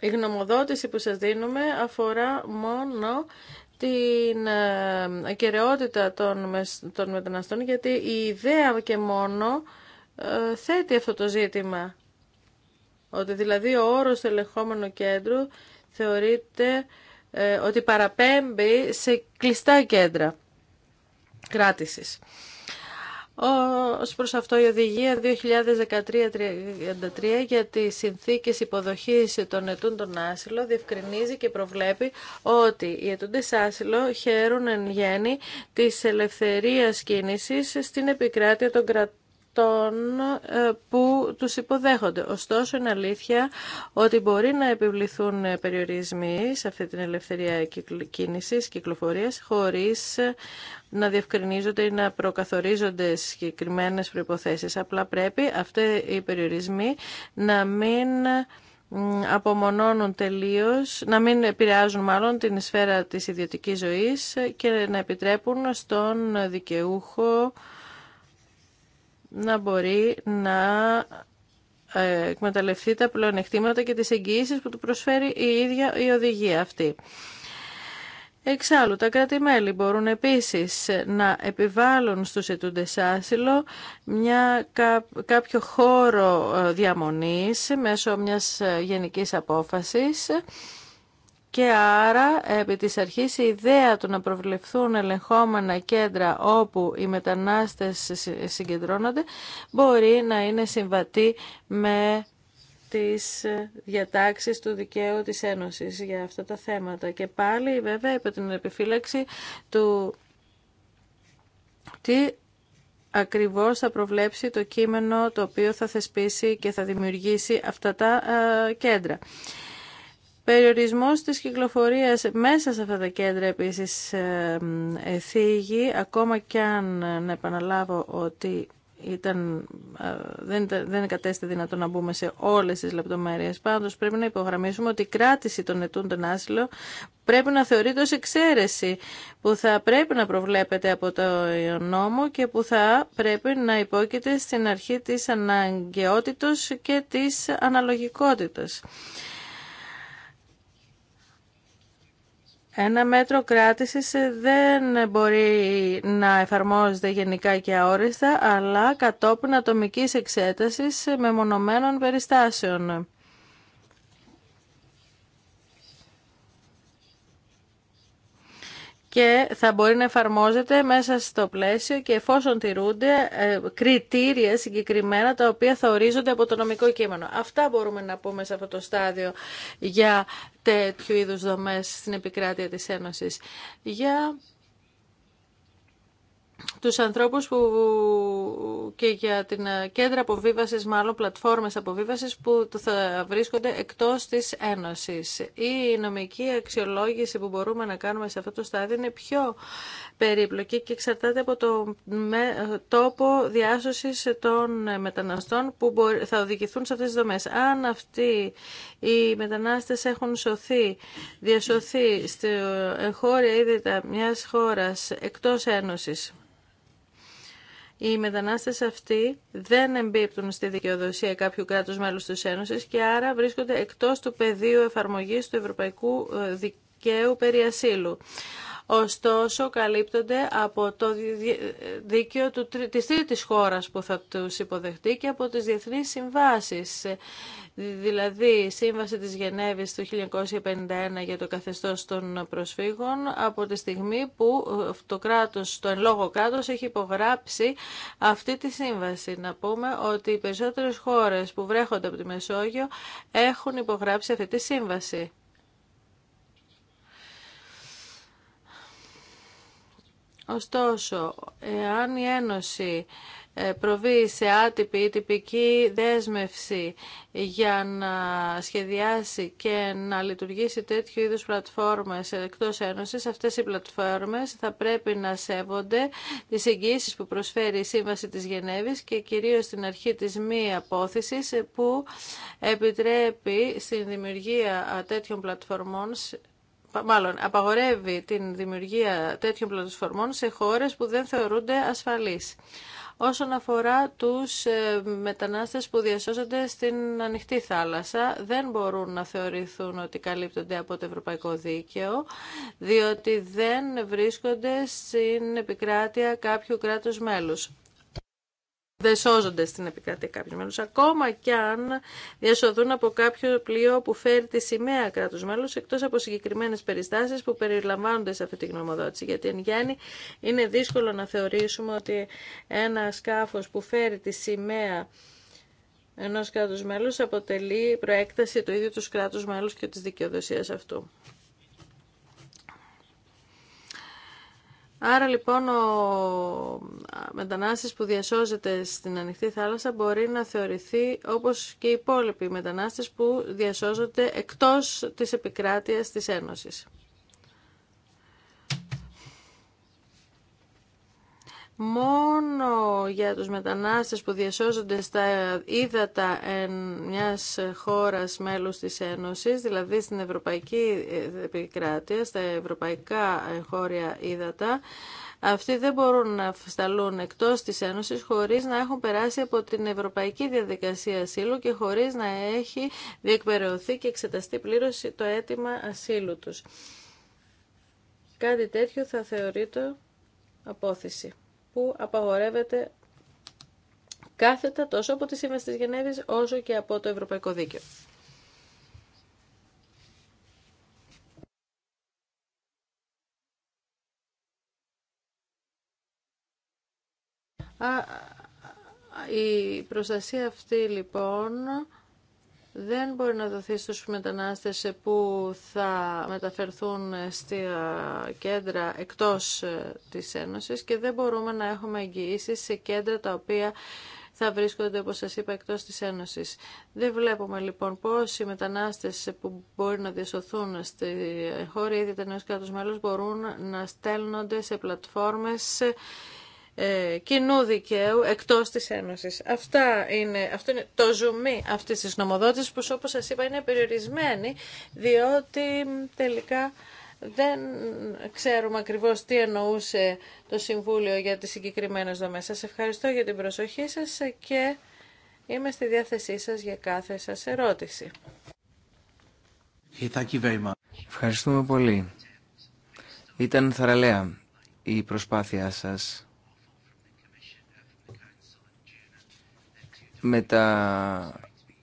[SPEAKER 4] Η γνωμοδότηση που σας δίνουμε αφορά μόνο την ε, ακαιρεότητα των μεταναστών γιατί η ιδέα και μόνο ε, θέτει αυτό το ζήτημα. Ότι δηλαδή ο όρος του ελεγχόμενου κέντρου θεωρείται ε, ότι παραπέμπει σε κλειστά κέντρα κράτησης. Ως προς αυτό η οδηγία 2013-33 για τις συνθήκες υποδοχής των ετούντων άσυλο διευκρινίζει και προβλέπει ότι οι ετούντες άσυλο χαίρουν εν γέννη της ελευθερίας κίνησης στην επικράτεια των κρατών ε, που τους υποδέχονται. Ωστόσο, είναι αλήθεια ότι μπορεί να επιβληθούν ε, περιορισμοί σε αυτή την ελευθερία κίνησης, κυκλοφορίας, χωρίς ε, να διευκρινίζονται ή να προκαθορίζονται συγκεκριμένε προϋποθέσεις. Απλά πρέπει αυτοί οι περιορισμοί να μην απομονώνουν τελείως, να μην επηρεάζουν μάλλον την σφαίρα της ιδιωτικής ζωής και να επιτρέπουν στον δικαιούχο να μπορεί να ε, εκμεταλλευτεί τα πλεονεκτήματα και τις εγγυήσεις που του προσφέρει η ίδια η οδηγία αυτή. Εξάλλου, τα κράτη-μέλη μπορούν επίσης να επιβάλλουν στους ετούντες άσυλο μια, κάποιο χώρο ε, διαμονής μέσω μιας ε, γενικής απόφασης και άρα, επί της αρχής, η ιδέα του να προβλεφθούν ελεγχόμενα κέντρα όπου οι μετανάστες συγκεντρώνονται μπορεί να είναι συμβατή με τις διατάξεις του δικαίου της Ένωσης για αυτά τα θέματα. Και πάλι, βέβαια, υπό την επιφύλαξη του τι ακριβώς θα προβλέψει το κείμενο το οποίο θα θεσπίσει και θα δημιουργήσει αυτά τα ε, κέντρα. Περιορισμός της κυκλοφορίας μέσα σε αυτά τα κέντρα επίσης θίγει, ε, ακόμα κι αν ε, να επαναλάβω ότι ήταν, ε, δεν, δεν κατέστη δυνατό να μπούμε σε όλες τις λεπτομέρειες. Πάντως πρέπει να υπογραμμίσουμε ότι η κράτηση των ετούντων άσυλο πρέπει να θεωρείται ως εξαίρεση που θα πρέπει να προβλέπεται από το νόμο και που θα πρέπει να υπόκειται στην αρχή της αναγκαιότητας και της αναλογικότητας. Ένα μέτρο κράτησης ε, δεν μπορεί να εφαρμόζεται γενικά και αόριστα, αλλά κατόπιν ατομικής εξέτασης ε, μεμονωμένων περιστάσεων. και θα μπορεί να εφαρμόζεται μέσα στο πλαίσιο και εφόσον τηρούνται ε, κριτήρια συγκεκριμένα τα οποία θα ορίζονται από το νομικό κείμενο. Αυτά μπορούμε να πούμε σε αυτό το στάδιο για τέτοιου είδους δομές στην επικράτεια της Ένωσης. Για τους ανθρώπους που και για την ε, κέντρα αποβίβασης, μάλλον πλατφόρμες αποβίβασης που θα βρίσκονται εκτός της Ένωσης. Η νομική αξιολόγηση που μπορούμε να κάνουμε σε αυτό το στάδιο είναι πιο περίπλοκη και εξαρτάται από το τόπο διάσωσης των μεταναστών που θα οδηγηθούν σε αυτές τις δομές. Αν αυτοί οι μετανάστες έχουν σωθεί, διασωθεί στη χώρια ήδη μιας χώρας εκτός Ένωσης, οι μετανάστες αυτοί δεν εμπίπτουν στη δικαιοδοσία κάποιου κράτους μέλους της Ένωσης και άρα βρίσκονται εκτός του πεδίου εφαρμογής του ευρωπαϊκού ε, δικαίου περί ασύλου ωστόσο καλύπτονται από το δίκαιο του, της τρίτης χώρας που θα τους υποδεχτεί και από τις διεθνείς συμβάσεις. Δηλαδή, η Σύμβαση της Γενέβης του 1951 για το καθεστώς των προσφύγων από τη στιγμή που ε, το, κράτος, το εν λόγω κράτος έχει υπογράψει αυτή τη σύμβαση. Να πούμε ότι οι περισσότερες χώρες που βρέχονται από τη Μεσόγειο έχουν υπογράψει αυτή τη σύμβαση. Ωστόσο, εάν η Ένωση ε, προβεί σε άτυπη ή τυπική δέσμευση για να σχεδιάσει και να λειτουργήσει τέτοιου είδους πλατφόρμες εκτός Ένωσης, αυτές οι πλατφόρμες θα πρέπει να σέβονται τις εγγύσεις που προσφέρει η Σύμβαση της Γενέβης και κυρίως την αρχή της μη απόθεσης που επιτρέπει στην δημιουργία τέτοιων πλατφορμών μάλλον απαγορεύει την δημιουργία τέτοιων πλατοσφορμών σε χώρες που δεν θεωρούνται ασφαλείς. Όσον αφορά τους ε, μετανάστες που διασώζονται στην ανοιχτή θάλασσα, δεν μπορούν να θεωρηθούν ότι καλύπτονται από το ευρωπαϊκό δίκαιο, διότι δεν βρίσκονται στην επικράτεια κάποιου κράτους μέλους δεν σώζονται στην επικράτεια κάποιου μέλου. Ακόμα κι αν διασωδούν από κάποιο πλοίο που φέρει τη σημαία κράτου μέλου, εκτός από συγκεκριμένε περιστάσεις που περιλαμβάνονται σε αυτή τη γνωμοδότηση. Γιατί εν γέννη είναι δύσκολο να θεωρήσουμε ότι ένα σκάφος που φέρει τη σημαία ενός κράτου μέλους αποτελεί προέκταση του ίδιου του κράτου μέλους και τη δικαιοδοσία αυτού. Άρα λοιπόν ο μετανάστης που διασώζεται στην ανοιχτή θάλασσα μπορεί να θεωρηθεί όπως και οι υπόλοιποι μετανάστες που διασώζονται εκτός της επικράτειας της Ένωσης. μόνο για τους μετανάστες που διασώζονται στα ύδατα μιας χώρας μέλους της Ένωσης, δηλαδή στην Ευρωπαϊκή Επικράτεια, στα ευρωπαϊκά χώρια ύδατα, αυτοί δεν μπορούν να σταλούν εκτός της Ένωσης χωρίς να έχουν περάσει από την Ευρωπαϊκή Διαδικασία Ασύλου και χωρίς να έχει διεκπαιρεωθεί και εξεταστεί πλήρωση το αίτημα ασύλου τους. Κάτι τέτοιο θα θεωρείται απόθεση που απαγορεύεται κάθετα τόσο από τη Σύμβαση της Γενέβης όσο και από το Ευρωπαϊκό Δίκαιο. Η προστασία αυτή λοιπόν δεν μπορεί να δοθεί στους μετανάστες που θα μεταφερθούν στη κέντρα εκτός ε, της Ένωσης και δεν μπορούμε να έχουμε εγγυήσεις σε κέντρα τα οποία θα βρίσκονται, όπως σας είπα, εκτός της Ένωσης. Δεν βλέπουμε λοιπόν πώς οι μετανάστες που μπορεί να διασωθούν στη χώρα ήδη ενός κράτους μέλους μπορούν να στέλνονται σε πλατφόρμες ε, κοινού δικαίου εκτός της Ένωσης. Αυτά είναι, αυτό είναι το ζουμί αυτής της νομοδότησης που όπως σας είπα είναι περιορισμένη διότι τελικά δεν ξέρουμε ακριβώς τι εννοούσε το Συμβούλιο για τις συγκεκριμένες δομές. Σας ευχαριστώ για την προσοχή σας και είμαι στη διάθεσή σας για κάθε σας ερώτηση.
[SPEAKER 3] Ευχαριστούμε πολύ. Ήταν θαραλέα η προσπάθειά σας με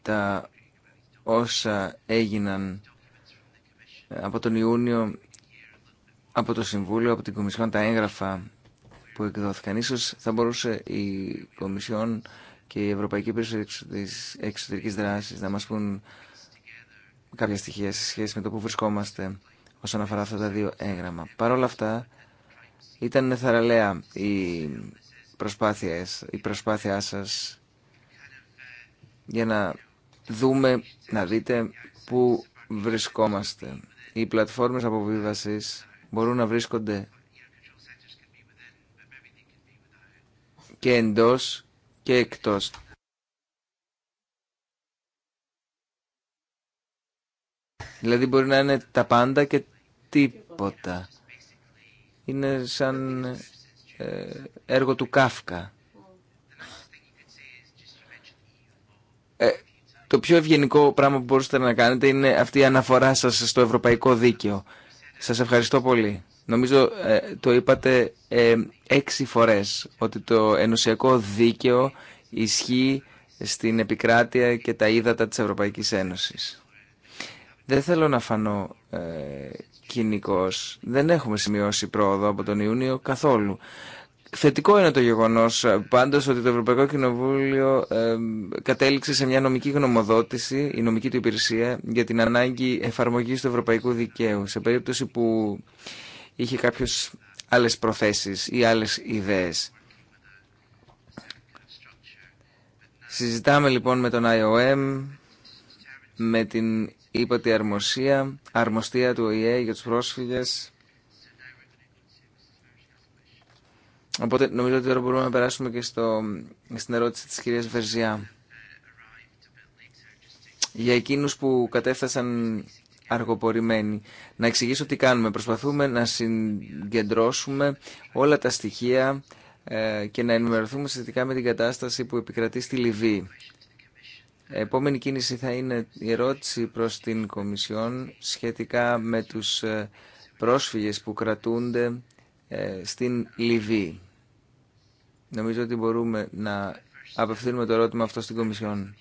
[SPEAKER 3] τα, όσα έγιναν από τον Ιούνιο από το Συμβούλιο, από την Κομισιόν, τα έγγραφα που εκδόθηκαν. Ίσως θα μπορούσε η Κομισιόν και η Ευρωπαϊκή Πίεση της Εξωτερικής Δράσης να μας πούν κάποια στοιχεία σε σχέση με το που βρισκόμαστε όσον αφορά αυτά τα δύο έγγραμμα. Παρ' όλα αυτά, ήταν θαραλέα η, προσπάθειες, η προσπάθειά σας για να δούμε, να δείτε πού βρισκόμαστε. Οι πλατφόρμες αποβίβασης μπορούν να βρίσκονται και εντός και εκτός. Δηλαδή μπορεί να είναι τα πάντα και τίποτα. Είναι σαν ε, έργο του Κάφκα. το πιο ευγενικό πράγμα που μπορούσατε να κάνετε είναι αυτή η αναφορά σας στο ευρωπαϊκό δίκαιο. Σας ευχαριστώ πολύ. Νομίζω ε, το είπατε ε, έξι φορές ότι το ενωσιακό δίκαιο ισχύει στην επικράτεια και τα ύδατα της Ευρωπαϊκής Ένωσης. Δεν θέλω να φανώ ε, Δεν έχουμε σημειώσει πρόοδο από τον Ιούνιο καθόλου. Θετικό είναι το γεγονός ε, πάντω ότι το Ευρωπαϊκό Κοινοβούλιο ε, κατέληξε σε μια νομική γνωμοδότηση, η νομική του υπηρεσία, για την ανάγκη εφαρμογής του ευρωπαϊκού δικαίου. Σε περίπτωση που είχε κάποιος άλλε προθέσεις ή άλλε ιδέες. Συζητάμε λοιπόν με τον IOM, με την ύπατη αρμοστία, αρμοστία του ΟΗΕ για τους πρόσφυγες, Οπότε νομίζω ότι τώρα μπορούμε να περάσουμε και στο, στην ερώτηση της κυρίας Βερζιά. Για εκείνους που κατέφτασαν αργοπορημένοι, να εξηγήσω τι κάνουμε. Προσπαθούμε να συγκεντρώσουμε όλα τα στοιχεία ε, και να ενημερωθούμε σχετικά με την κατάσταση που επικρατεί στη Λιβύη. Επόμενη κίνηση θα είναι η ερώτηση προς την Κομισιόν σχετικά με τους ε, πρόσφυγες που κρατούνται ε, στην Λιβύη. Νομίζω ότι μπορούμε να απευθύνουμε το ερώτημα αυτό στην Κομισιόν.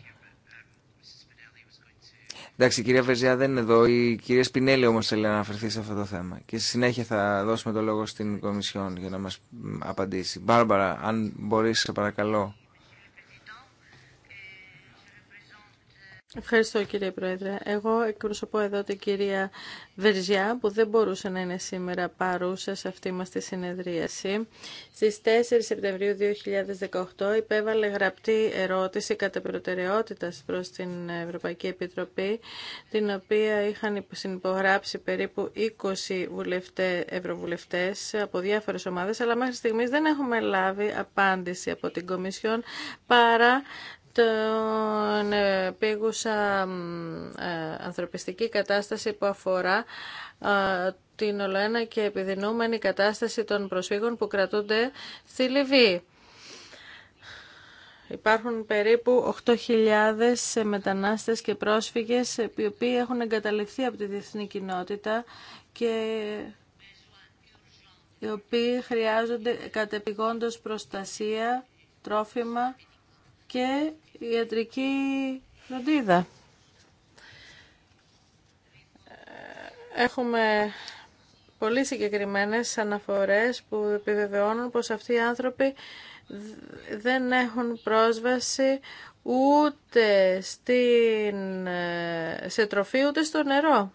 [SPEAKER 3] Εντάξει, η κυρία Βεζιά δεν είναι εδώ. Η κυρία Σπινέλη όμως θέλει να αναφερθεί σε αυτό το θέμα. Και στη συνέχεια θα δώσουμε το λόγο στην Κομισιόν για να μας απαντήσει. Μπάρμπαρα, αν μπορείς, σε παρακαλώ,
[SPEAKER 4] Ευχαριστώ κύριε Πρόεδρε. Εγώ εκπροσωπώ εδώ την κυρία Βερζιά που δεν μπορούσε να είναι σήμερα παρούσα σε αυτή μας τη συνεδρίαση. Στις 4 Σεπτεμβρίου 2018 υπέβαλε γραπτή ερώτηση κατά προτεραιότητα προς την Ευρωπαϊκή Επιτροπή την οποία είχαν συνυπογράψει περίπου 20 βουλευτέ, ευρωβουλευτές από διάφορες ομάδες αλλά μέχρι στιγμής δεν έχουμε λάβει απάντηση από την Κομισιόν παρά στον πήγουσα ε, ανθρωπιστική κατάσταση που αφορά ε, την ολοένα και επιδεινούμενη κατάσταση των προσφύγων που κρατούνται στη Λιβύη. Υπάρχουν περίπου 8.000 μετανάστες και πρόσφυγες οι οποίοι έχουν εγκαταλειφθεί από τη διεθνή κοινότητα και οι οποίοι χρειάζονται κατεπηγόντως προστασία, τρόφιμα και ιατρική φροντίδα. Έχουμε πολύ συγκεκριμένες αναφορές που επιβεβαιώνουν πως αυτοί οι άνθρωποι δεν έχουν πρόσβαση ούτε στην, σε τροφή ούτε στο νερό.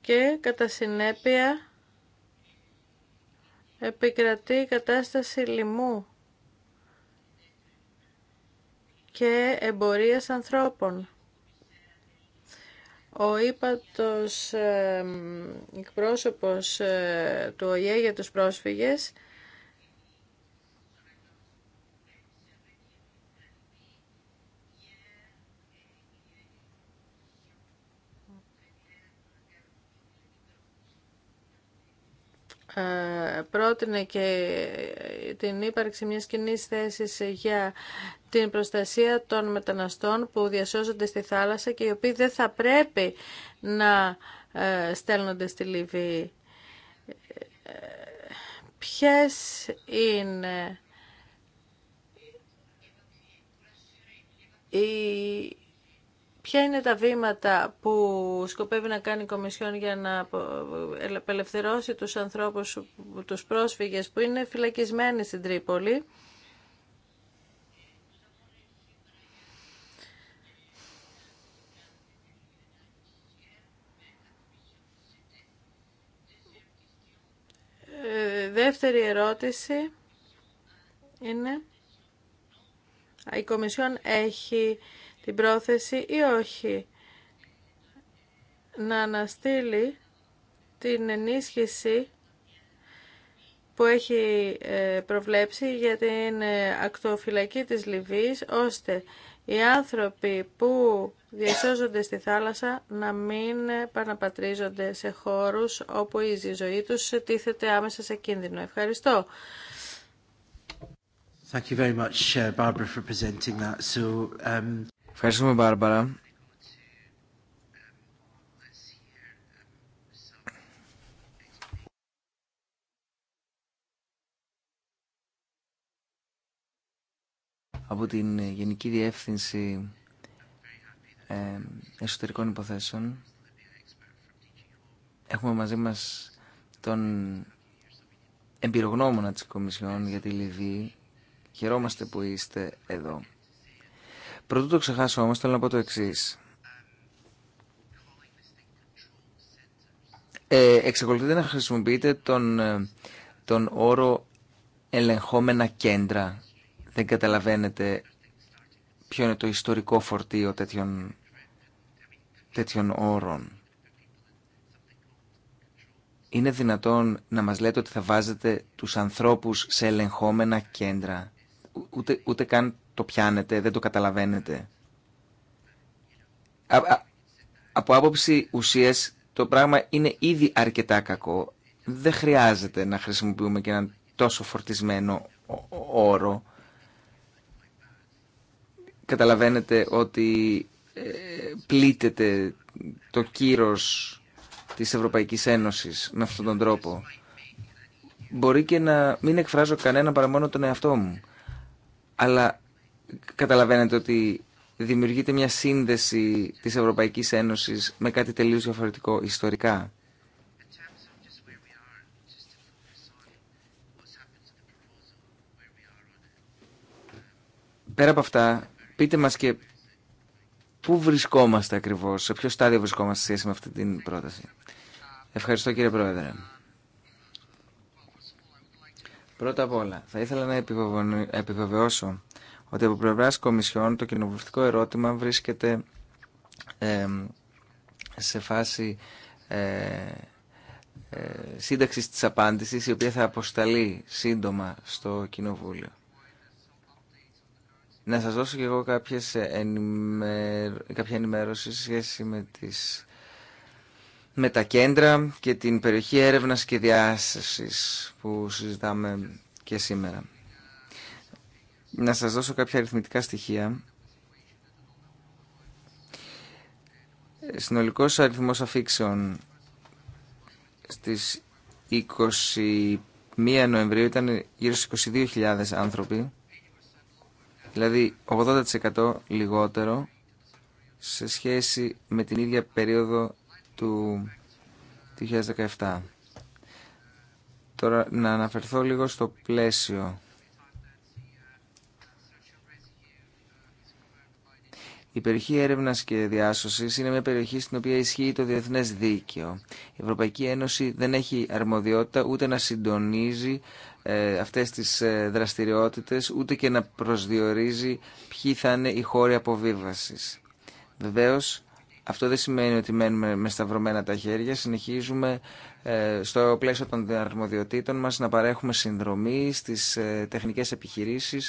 [SPEAKER 4] Και κατά συνέπεια επικρατεί η κατάσταση λοιμού και εμπορίας ανθρώπων. Ο ύπατος εκπρόσωπος ε, του ΟΗΕ για τους πρόσφυγες Ε, πρότεινε και την ύπαρξη μιας κοινή θέσης για την προστασία των μεταναστών που διασώζονται στη θάλασσα και οι οποίοι δεν θα πρέπει να ε, στέλνονται στη Λιβύη. Ποιες είναι οι Ποια είναι τα βήματα που σκοπεύει να κάνει η Κομισιόν για να απελευθερώσει τους ανθρώπους, τους πρόσφυγες που είναι φυλακισμένοι στην Τρίπολη. Ε, δεύτερη ερώτηση είναι η Κομισιόν έχει την πρόθεση ή όχι να αναστείλει την ενίσχυση που έχει ε, προβλέψει για την ε, ακτοφυλακή της Λιβύης, ώστε οι άνθρωποι που διασώζονται στη θάλασσα να μην παραπατρίζονται σε χώρους όπου η ζωή τους τίθεται άμεσα σε κίνδυνο. Ευχαριστώ.
[SPEAKER 1] Thank Ευχαριστούμε Μπάρμπαρα. Από
[SPEAKER 3] την Γενική Διεύθυνση ε, Εσωτερικών Υποθέσεων έχουμε μαζί μας τον εμπειρογνώμονα της Κομισιόν για τη Λιβύη. Χαιρόμαστε που είστε εδώ. Πρωτού το ξεχάσω όμως θέλω να πω το εξή. Ε, να χρησιμοποιείτε ε, τον, όρο ελεγχόμενα κέντρα. Δεν καταλαβαίνετε ποιο είναι το ιστορικό φορτίο τέτοιων, όρων. Είναι δυνατόν να μας λέτε ότι θα βάζετε τους ανθρώπους σε ελεγχόμενα κέντρα. Ούτε, ούτε καν το πιάνετε, δεν το καταλαβαίνετε. από άποψη ουσίας το πράγμα είναι ήδη αρκετά κακό. Δεν χρειάζεται να χρησιμοποιούμε και έναν τόσο φορτισμένο όρο. Καταλαβαίνετε ότι ε, πλήττεται το κύρος της Ευρωπαϊκής Ένωσης με αυτόν τον τρόπο. Μπορεί και να μην εκφράζω κανένα παρά μόνο τον εαυτό μου. Αλλά καταλαβαίνετε ότι δημιουργείται μια σύνδεση της Ευρωπαϊκής Ένωσης με κάτι τελείως διαφορετικό ιστορικά. Πέρα από αυτά, πείτε μας και πού βρισκόμαστε ακριβώς, σε ποιο στάδιο βρισκόμαστε σχέση με αυτή την πρόταση. Ευχαριστώ κύριε Πρόεδρε. Πρώτα απ' όλα, θα ήθελα να επιβεβαιώσω ότι από πλευρά Κομισιόν το κοινοβουλευτικό ερώτημα βρίσκεται σε φάση ε, ε, σύνταξης της απάντησης, η οποία θα αποσταλεί σύντομα στο Κοινοβούλιο. Να σας δώσω και εγώ κάποιες ε, κάποια ενημέρωση σε σχέση με, τις... με τα κέντρα και την περιοχή έρευνας και διάστασης που συζητάμε και σήμερα. Να σας δώσω κάποια αριθμητικά στοιχεία. Συνολικός αριθμός αφήξεων στις 21 Νοεμβρίου ήταν γύρω στις 22.000 άνθρωποι, δηλαδή 80% λιγότερο σε σχέση με την ίδια περίοδο του 2017. Τώρα να αναφερθώ λίγο στο πλαίσιο Η περιοχή έρευνα και διάσωση είναι μια περιοχή στην οποία ισχύει το διεθνέ δίκαιο. Η Ευρωπαϊκή Ένωση δεν έχει αρμοδιότητα ούτε να συντονίζει ε, αυτές τις ε, δραστηριότητες ούτε και να προσδιορίζει ποιοι θα είναι οι χώροι αποβίβαση. Βεβαίω, αυτό δεν σημαίνει ότι μένουμε με σταυρωμένα τα χέρια. Συνεχίζουμε ε, στο πλαίσιο των αρμοδιοτήτων μα να παρέχουμε συνδρομή στις τεχνικές επιχειρήσει.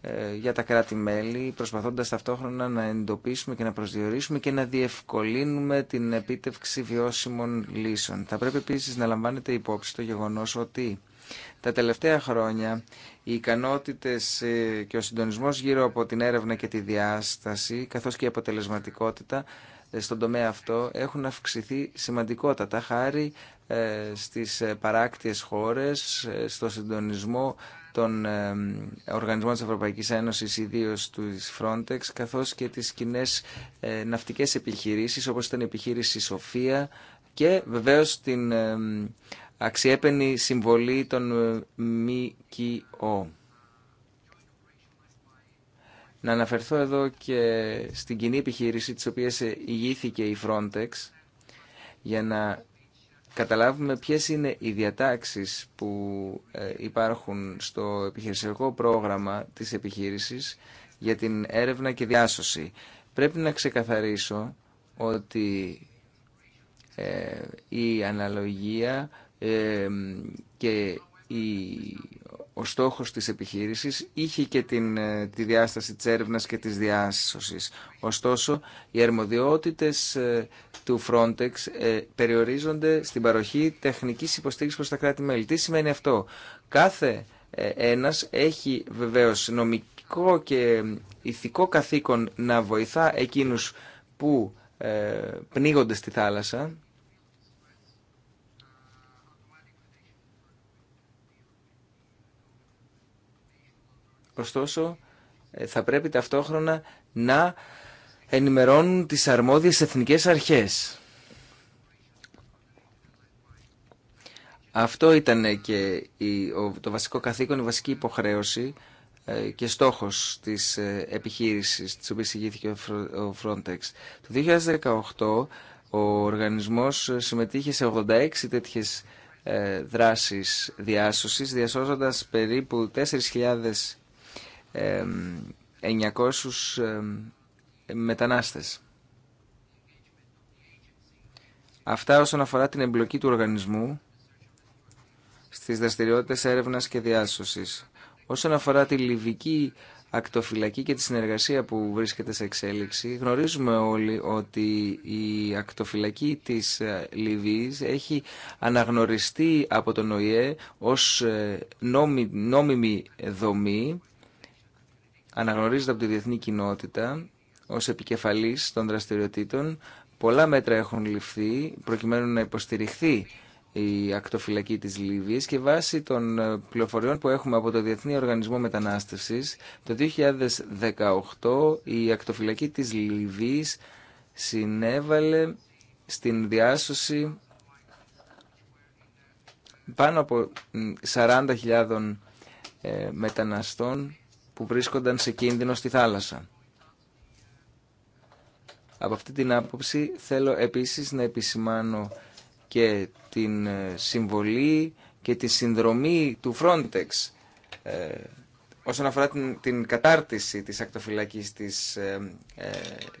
[SPEAKER 3] Ε, για τα κράτη-μέλη, προσπαθώντας ταυτόχρονα να εντοπίσουμε και να προσδιορίσουμε και να διευκολύνουμε την επίτευξη βιώσιμων λύσεων. Θα πρέπει επίσης να λαμβάνετε υπόψη το γεγονός ότι τα τελευταία χρόνια οι ικανότητες ε, και ο συντονισμός γύρω από την έρευνα και τη διάσταση, καθώς και η αποτελεσματικότητα ε, στον τομέα αυτό, έχουν αυξηθεί σημαντικότατα χάρη στις παράκτιες χώρες, στο συντονισμό των οργανισμών της Ευρωπαϊκής Ένωσης, ιδίω του Frontex, καθώς και τις κοινέ ε, ναυτικές επιχειρήσεις, όπως ήταν η επιχείρηση Σοφία και βεβαίως την αξιέπαινη συμβολή των ε, ΜΚΟ. Να αναφερθώ εδώ και στην κοινή επιχείρηση της οποίας ε, ηγήθηκε η Frontex για να καταλάβουμε ποιες είναι οι διατάξεις που ε, υπάρχουν στο επιχειρησιακό πρόγραμμα της επιχείρησης για την έρευνα και διάσωση. Πρέπει να ξεκαθαρίσω ότι ε, η αναλογία ε, και η ο στόχος της επιχείρησης είχε και την, ε, τη διάσταση της έρευνας και της διάσωσης. Ωστόσο, οι ερμοδιότητες ε, του Frontex ε, περιορίζονται στην παροχή τεχνικής υποστήριξης προς τα κράτη-μέλη. Τι σημαίνει αυτό. Κάθε ένας έχει βεβαίως νομικό και ηθικό καθήκον να βοηθά εκείνους που πνίγονται στη θάλασσα Ωστόσο, ε, θα πρέπει ταυτόχρονα να ενημερώνουν τις αρμόδιες εθνικές αρχές. Αυτό ήταν και το βασικό καθήκον, η βασική υποχρέωση ε, και στόχος της ε, επιχείρησης της οποίας ηγήθηκε ο Frontex. Το 2018 ο οργανισμός συμμετείχε σε 86 τέτοιες δράσεις διάσωσης, διασώζοντας περίπου 4.000 900 μετανάστες. Αυτά όσον αφορά την εμπλοκή του οργανισμού στις δραστηριότητες έρευνας και διάσωσης. Όσον αφορά τη λιβική ακτοφυλακή και τη συνεργασία που βρίσκεται σε εξέλιξη, γνωρίζουμε όλοι ότι η ακτοφυλακή της ε, Λιβύης έχει αναγνωριστεί από τον ΟΗΕ ως ε, νόμιμη δομή αναγνωρίζεται από τη διεθνή κοινότητα ως επικεφαλής των δραστηριοτήτων. Πολλά μέτρα έχουν ληφθεί προκειμένου να υποστηριχθεί η ακτοφυλακή της Λίβυης και βάσει των ε, πληροφοριών που έχουμε από το Διεθνή Οργανισμό Μετανάστευσης το 2018 η ακτοφυλακή της Λιβύης συνέβαλε στην διάσωση πάνω από 40.000 ε, μεταναστών που βρίσκονταν σε κίνδυνο στη θάλασσα. Από αυτή την άποψη θέλω επίσης να επισημάνω και την ε, συμβολή και τη συνδρομή του Frontex ε, όσον αφορά την, κατάρτιση της ακτοφυλακής της ε, ε,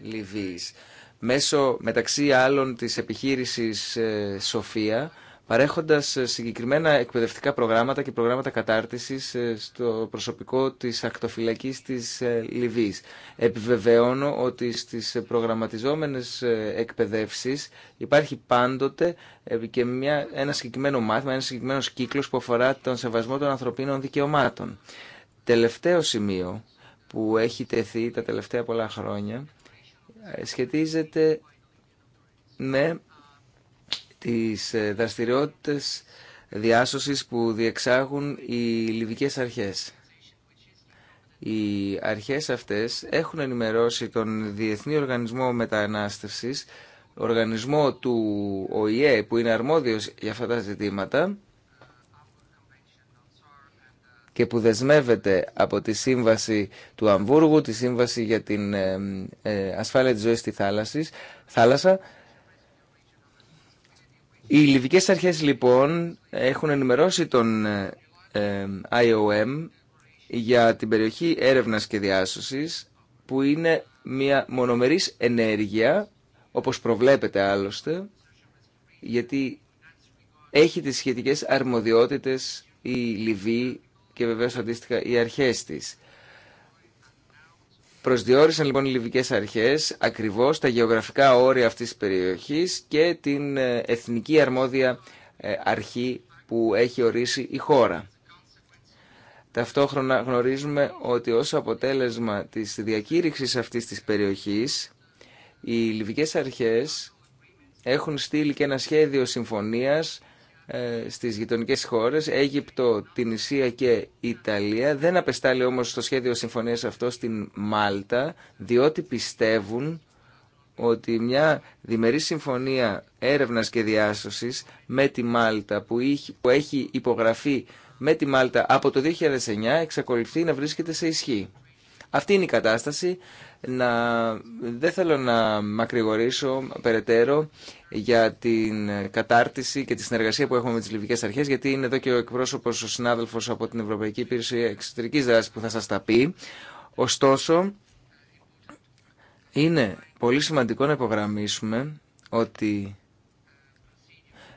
[SPEAKER 3] Λιβύης. Μέσω μεταξύ άλλων της επιχείρησης ε, Σοφία παρέχοντας ε, συγκεκριμένα εκπαιδευτικά προγράμματα και προγράμματα κατάρτισης ε, στο προσωπικό της ακτοφυλακή τη ε, Λιβύης. Επιβεβαιώνω ότι στι προγραμματιζόμενες εκπαιδεύσει υπάρχει πάντοτε και ένα συγκεκριμένο μάθημα, ένα συγκεκριμένο κύκλο που αφορά τον σεβασμό των ανθρωπίνων δικαιωμάτων. Τελευταίο σημείο που έχει τεθεί τα τελευταία πολλά χρόνια σχετίζεται με τις ε, δραστηριότητες διάσωσης που διεξάγουν οι λιβικές αρχές. Οι αρχές αυτές έχουν ενημερώσει τον Διεθνή Οργανισμό Μετανάστευσης, οργανισμό του ΟΗΕ που είναι αρμόδιος για αυτά τα ζητήματα και που δεσμεύεται από τη Σύμβαση του Αμβούργου, τη Σύμβαση για την ε, ε, Ασφάλεια της Ζωής στη θάλασσα, οι λιβικές αρχές λοιπόν έχουν ενημερώσει τον ε, ε, IOM για την περιοχή έρευνας και διάσωσης που είναι μια μονομερής ενέργεια όπως προβλέπεται άλλωστε γιατί έχει τις σχετικές αρμοδιότητες η Λιβύη και βεβαίως αντίστοιχα οι αρχές της. Προσδιορίσαν λοιπόν οι λιβικές αρχές ακριβώς τα γεωγραφικά όρια αυτής της περιοχής και την ε, εθνική αρμόδια ε, αρχή που έχει ορίσει η χώρα. Ταυτόχρονα γνωρίζουμε ότι ως αποτέλεσμα της διακήρυξης αυτής της περιοχής οι λιβικές αρχές έχουν στείλει και ένα σχέδιο συμφωνίας ε, στις γειτονικές χώρες, Αίγυπτο, την Ισία και Ιταλία. Δεν απεστάλλει όμως το σχέδιο συμφωνίας αυτό στην Μάλτα, διότι πιστεύουν ότι μια διμερή συμφωνία έρευνας και διάσωσης με τη Μάλτα που, που έχει υπογραφεί με τη Μάλτα από το 2009 εξακολουθεί να βρίσκεται σε ισχύ. Αυτή είναι η κατάσταση. Να... Δεν θέλω να μακρηγορήσω περαιτέρω για την κατάρτιση και τη συνεργασία που έχουμε με τι λιβικές αρχές, γιατί είναι εδώ και ο εκπρόσωπο ο συνάδελφο από την Ευρωπαϊκή Υπηρεσία Εξωτερική δράση που θα σας τα πει. Ωστόσο, είναι πολύ σημαντικό να υπογραμμίσουμε ότι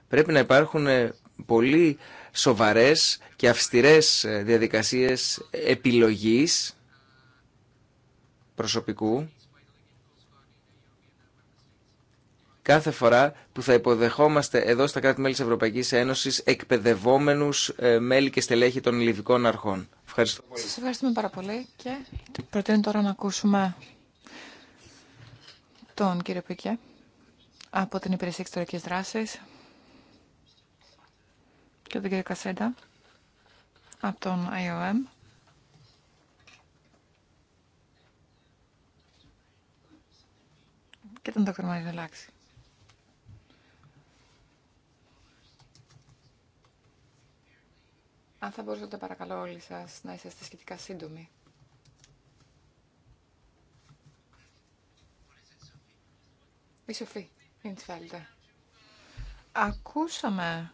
[SPEAKER 3] πρέπει να υπάρχουν πολύ σοβαρές και αυστηρές διαδικασίες επιλογής προσωπικού κάθε φορά που θα υποδεχόμαστε εδώ στα κράτη-μέλη της Ευρωπαϊκής Ένωσης εκπαιδευόμενους ε, μέλη και στελέχη των λιβικών αρχών. Ευχαριστώ
[SPEAKER 2] πολύ. Σας ευχαριστούμε πάρα πολύ και προτείνω τώρα να ακούσουμε τον κύριο Πικέ από την Υπηρεσία Εξωτερικής Δράσης και τον κύριο Κασέντα από τον IOM και τον Δόκτωρ να αλλάξει. Αν θα μπορούσατε παρακαλώ όλοι σας να είσαστε σχετικά σύντομοι. Η Σοφή, μην Ακούσαμε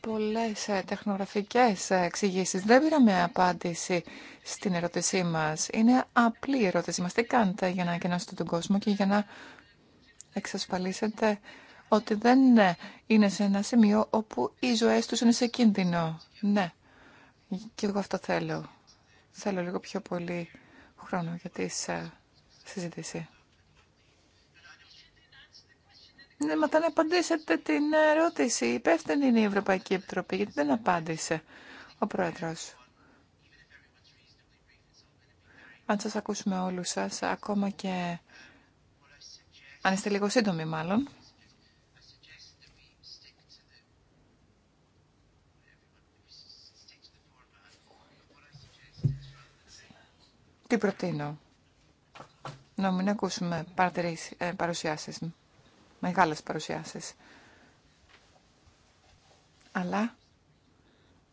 [SPEAKER 2] πολλές ε, τεχνογραφικές εξηγήσει. Δεν πήραμε απάντηση στην ερώτησή μας. Είναι απλή ερώτηση μας. Τι κάνετε για να εγκαινώσετε τον κόσμο και για να εξασφαλίσετε ότι δεν ε, είναι σε ένα σημείο όπου οι ζωές τους είναι σε κίνδυνο. Ναι, και εγώ αυτό θέλω. Θέλω λίγο πιο πολύ χρόνο για τη ε, συζήτηση. Ναι, μα θα απαντήσετε την ερώτηση. Υπεύθυνη είναι η Ευρωπαϊκή Επιτροπή, γιατί δεν απάντησε ο Πρόεδρος. Αν σας ακούσουμε όλους σας, ακόμα και αν είστε λίγο σύντομοι μάλλον, Τι προτείνω. Να μην ακούσουμε ε, παρουσιάσεις μεγάλες παρουσιάσεις. Αλλά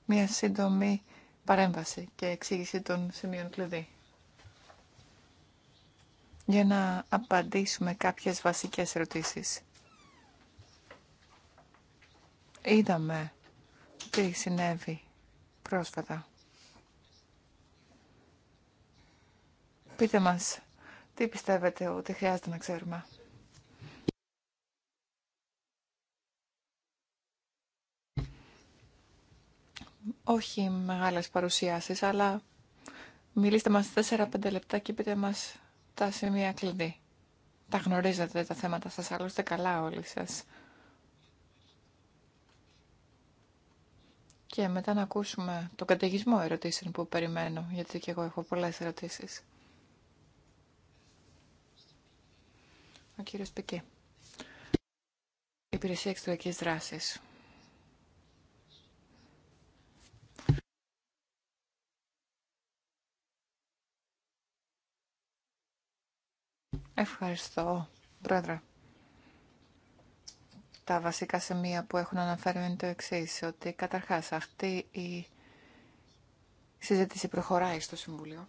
[SPEAKER 2] μια σύντομη παρέμβαση και εξήγηση των σημείων κλειδί. Για να απαντήσουμε κάποιες βασικές ερωτήσεις. Είδαμε τι συνέβη πρόσφατα. Πείτε μας τι πιστεύετε ότι χρειάζεται να ξέρουμε. όχι μεγάλες παρουσιάσεις, αλλά μιλήστε μας 4-5 λεπτά και πείτε μας τα σημεία κλειδί. Τα γνωρίζετε τα θέματα σας, άλλωστε καλά όλοι σας. Και μετά να ακούσουμε το καταιγισμό ερωτήσεων που περιμένω, γιατί και εγώ έχω πολλές ερωτήσεις. Ο κύριος Πικέ. Υπηρεσία Εξωτερικής Δράσης. Ευχαριστώ, Πρόεδρε. Τα βασικά σημεία που έχουν αναφέρει είναι το εξή, ότι καταρχάς αυτή η συζήτηση προχωράει στο Συμβούλιο.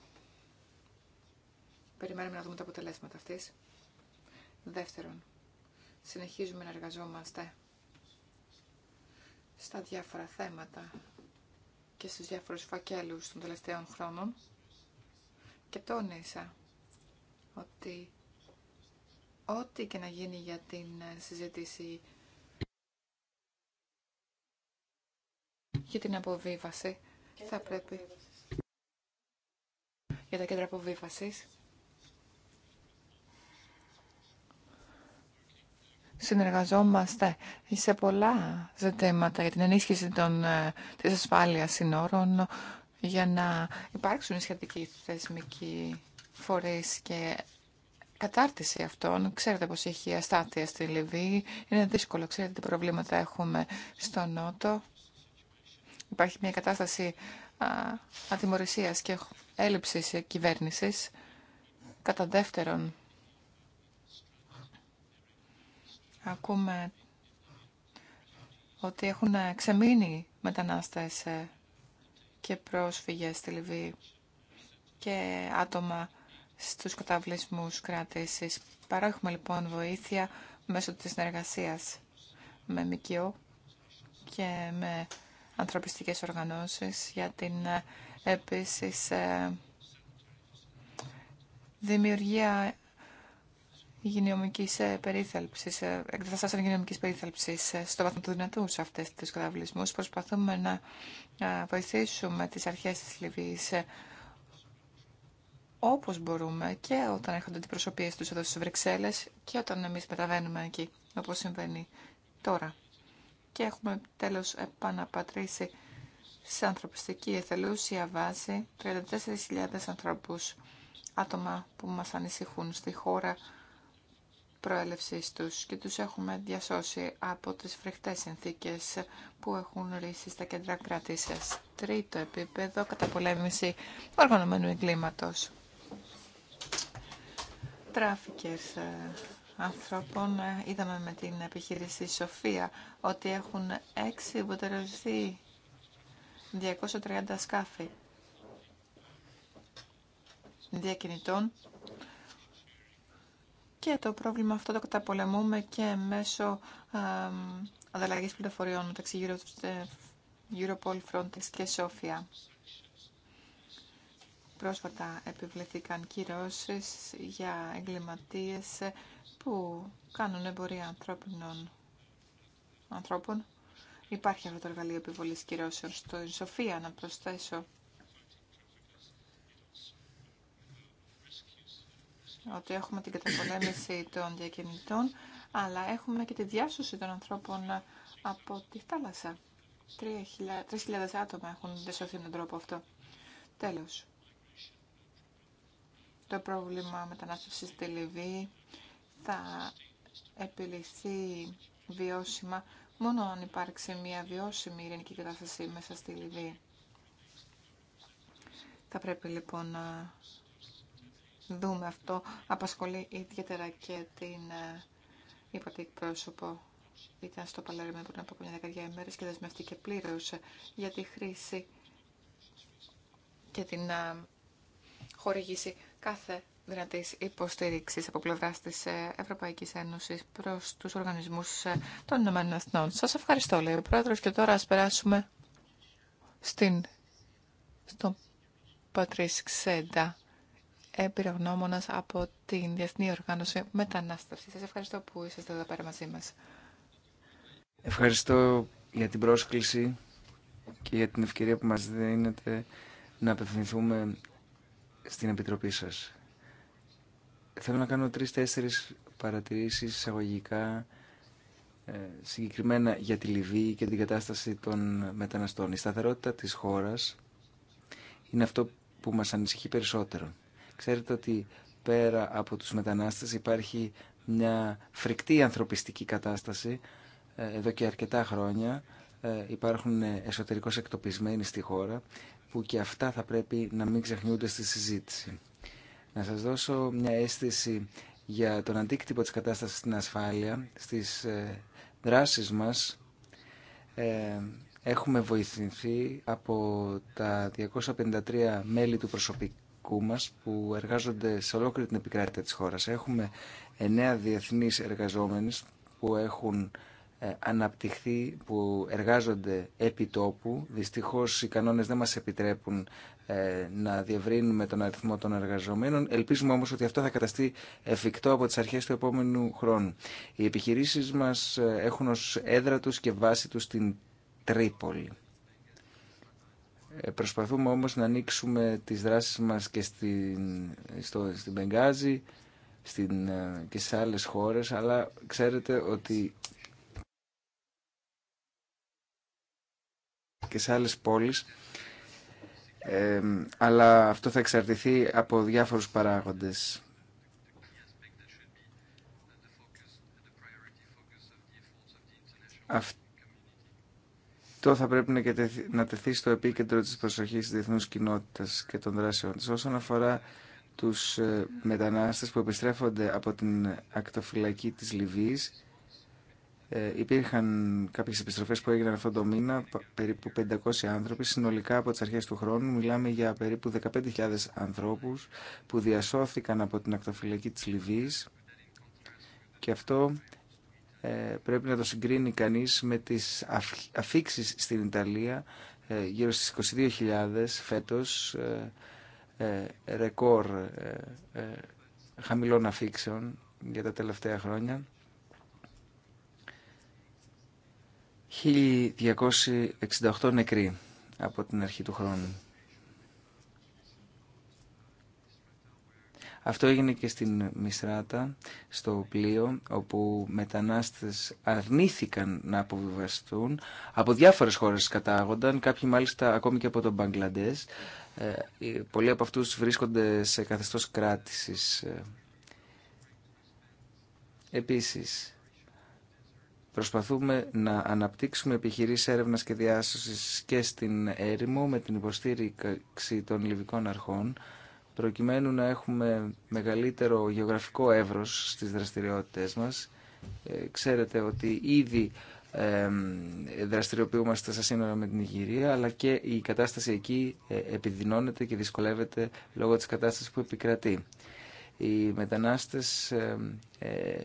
[SPEAKER 2] Περιμένουμε να δούμε τα αποτελέσματα αυτής. Δεύτερον, συνεχίζουμε να εργαζόμαστε στα διάφορα θέματα και στους διάφορους φακέλους των τελευταίων χρόνων και τόνισα ότι Ό,τι και να γίνει για την ε, συζήτηση για την αποβίβαση θα πρέπει για τα κέντρα αποβίβασης συνεργαζόμαστε σε πολλά ζητήματα για την ενίσχυση των, ε, της ασφάλειας συνόρων για να υπάρξουν σχετικοί θεσμικοί φορείς και κατάρτιση αυτών. Ξέρετε πως έχει αστάθεια στη Λιβύη. Είναι δύσκολο. Ξέρετε τι προβλήματα έχουμε στο Νότο. Υπάρχει μια κατάσταση ατιμορρησίας και έλλειψης κυβέρνησης. Κατά δεύτερον, ακούμε ότι έχουν ξεμείνει μετανάστες ε, και πρόσφυγες στη Λιβύη και άτομα στους καταβλισμούς κρατήσεις. Παράχουμε λοιπόν βοήθεια μέσω της συνεργασίας με ΜΚΟ και με ανθρωπιστικές οργανώσεις για την ε, επίσης ε, δημιουργία υγειονομικής ε, περίθαλψης, εγκαταστάσεων υγειονομικής περίθαλψης στο βαθμό του δυνατού σε αυτές τις καταβλισμούς. Προσπαθούμε να βοηθήσουμε τις αρχές της Λιβύης όπως μπορούμε και όταν έρχονται αντιπροσωπείες τους εδώ στις Βρυξέλλες και όταν εμείς μεταβαίνουμε εκεί, όπως συμβαίνει τώρα. Και έχουμε τέλος επαναπατρίσει σε ανθρωπιστική εθελούσια βάση 34.000 ανθρώπους, άτομα που μας ανησυχούν στη χώρα προέλευσής τους και τους έχουμε διασώσει από τις φρικτές συνθήκες που έχουν ρίσει στα κέντρα κρατήσει. Τρίτο επίπεδο, καταπολέμηση οργανωμένου εγκλήματος τράφικες ε, ανθρώπων ε, είδαμε με την επιχείρηση Σοφία ότι έχουν έξι υποτεροριστεί 230 σκάφη διακινητών και το πρόβλημα αυτό το καταπολεμούμε και μέσω ε, ανταλλαγής πληροφοριών μεταξύ Europol, Frontex και Σοφία. Πρόσφατα επιβληθήκαν κυρώσεις για εγκληματίες που κάνουν εμπορία ανθρώπινων ανθρώπων. Υπάρχει αυτό το εργαλείο επιβολής κυρώσεων στο Σοφία, να προσθέσω. Ότι έχουμε την καταπολέμηση των διακινητών, αλλά έχουμε και τη διάσωση των ανθρώπων από τη θάλασσα. 3.000 άτομα έχουν με τον τρόπο αυτό. Τέλος το πρόβλημα μετανάστευσης στη Λιβύη θα επιληθεί βιώσιμα μόνο αν υπάρξει μια βιώσιμη ειρηνική κατάσταση μέσα στη Λιβύη. Θα πρέπει λοιπόν να δούμε αυτό. Απασχολεί ιδιαίτερα και την ε, είπατε εκπρόσωπο. Ήταν στο Παλέρμο πριν από μια δεκαετία ημέρε και δεσμευτήκε πλήρω για τη χρήση και την ε, χορηγήση κάθε δυνατή υποστηρίξη από πλευρά τη ε, Ευρωπαϊκή Ένωση προ του Οργανισμού ε, των Ηνωμένων Εθνών. Σα ευχαριστώ, λέει ο Πρόεδρο. και τώρα α περάσουμε στην, στον Πατρί Ξέντα, εμπειρογνώμονα από την Διεθνή Οργάνωση Μετανάστευση. Σα ευχαριστώ που είσαστε εδώ πέρα μαζί μα.
[SPEAKER 3] Ευχαριστώ για την πρόσκληση και για την ευκαιρία που μας δίνεται να απευθυνθούμε στην Επιτροπή σας. Θέλω να κάνω τρεις-τέσσερις παρατηρήσεις εισαγωγικά ε, συγκεκριμένα για τη Λιβύη και την κατάσταση των μεταναστών. Η σταθερότητα της χώρας είναι αυτό που μας ανησυχεί περισσότερο. Ξέρετε ότι πέρα από τους μετανάστες υπάρχει μια φρικτή ανθρωπιστική κατάσταση ε, εδώ και αρκετά χρόνια. Ε, υπάρχουν εσωτερικώς εκτοπισμένοι στη χώρα που και αυτά θα πρέπει να μην ξεχνιούνται στη συζήτηση. Να σας δώσω μια αίσθηση για τον αντίκτυπο της κατάστασης στην ασφάλεια, στις ε, δράσεις μας. Ε, έχουμε βοηθηθεί από τα 253 μέλη του προσωπικού μας που εργάζονται σε ολόκληρη την επικράτεια της χώρας. Έχουμε 9 διεθνείς εργαζόμενους που έχουν ε, αναπτυχθεί, που εργάζονται επί τόπου. Δυστυχώς οι κανόνες δεν μας επιτρέπουν ε, να διευρύνουμε τον αριθμό των εργαζομένων. Ελπίζουμε όμως ότι αυτό θα καταστεί εφικτό από τις αρχές του επόμενου χρόνου. Οι επιχειρήσεις μας ε, έχουν ως έδρα τους και βάση τους στην Τρίπολη. Προσπαθούμε όμως να ανοίξουμε τις δράσεις μας και στην, στο, στην και σε άλλες χώρες, αλλά ξέρετε ότι και σε άλλες πόλεις αλλά αυτό θα εξαρτηθεί από διάφορους παράγοντες. Αυτό θα πρέπει να τεθεί στο επίκεντρο της προσοχής της διεθνούς κοινότητας και των δράσεων της. Όσον αφορά τους ε, μετανάστες που επιστρέφονται από την ακτοφυλακή της Λιβύης, ε, υπήρχαν κάποιες επιστροφές που έγιναν αυτό το μήνα, περίπου 500 άνθρωποι. Συνολικά από τις αρχές του χρόνου μιλάμε για περίπου 15.000 ανθρώπους που διασώθηκαν από την ακτοφυλακή της Λιβύης και αυτό ε, πρέπει να το συγκρίνει κανείς με τις αφήξεις στην Ιταλία ε, γύρω στις 22.000 φέτος ρεκόρ χαμηλών αφήξεων για τα τελευταία χρόνια 1268 νεκροί από την αρχή του χρόνου. Αυτό έγινε και στην Μισράτα, στο πλοίο, όπου μετανάστες αρνήθηκαν να αποβιβαστούν. Από διάφορες χώρες κατάγονταν, κάποιοι μάλιστα ακόμη και από τον Μπαγκλαντές. Ε, πολλοί από αυτούς βρίσκονται σε καθεστώς κράτησης. Ε, επίσης, Προσπαθούμε να αναπτύξουμε επιχειρήσεις έρευνας και διάσωσης και στην έρημο με την υποστήριξη των λιβικών αρχών προκειμένου να έχουμε μεγαλύτερο γεωγραφικό εύρος στις δραστηριότητες μας. Ε, ξέρετε ότι ήδη δραστηριοποιούμαστε στα σύνορα με την Ιγυρία αλλά και η κατάσταση εκεί ε, επιδεινώνεται και δυσκολεύεται λόγω της κατάστασης που επικρατεί. Οι μετανάστες ε, ε, ε,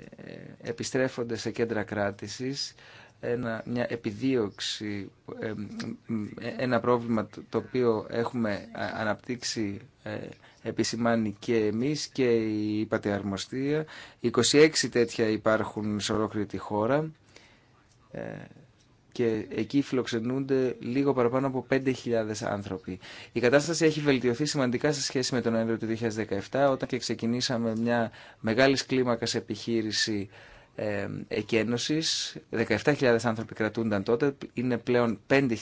[SPEAKER 3] επιστρέφονται σε κέντρα κράτησης ένα, μια επιδίωξη, ένα πρόβλημα το οποίο έχουμε αναπτύξει, επισημάνει και εμείς και η Πατεαρμοστία. 26 τέτοια υπάρχουν σε ολόκληρη τη χώρα και εκεί φιλοξενούνται λίγο παραπάνω από 5.000 άνθρωποι. Η κατάσταση έχει βελτιωθεί σημαντικά σε σχέση με τον Νοέμβριο του 2017 όταν και ξεκινήσαμε μια μεγάλη κλίμακα επιχείρηση ε, εκένωσης. 17.000 άνθρωποι κρατούνταν τότε, είναι πλέον 5.000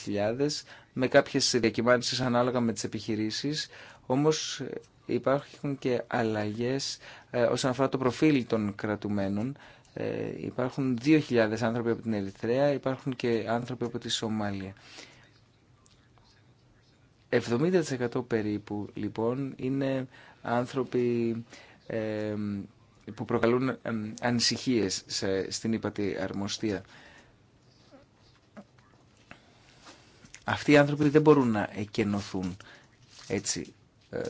[SPEAKER 3] με κάποιες διακυμάνσεις ανάλογα με τις επιχειρήσεις. Όμως ε, υπάρχουν και αλλαγές ε, όσον αφορά το προφίλ των κρατουμένων ε, υπάρχουν 2.000 άνθρωποι από την Ερυθρέα, υπάρχουν και άνθρωποι από τη Σομάλια. 70% περίπου λοιπόν είναι άνθρωποι ε, που προκαλούν ε, ανησυχίες σε, στην ύπατη αρμοστία. Αυτοί οι άνθρωποι δεν μπορούν να εκενωθούν έτσι ε,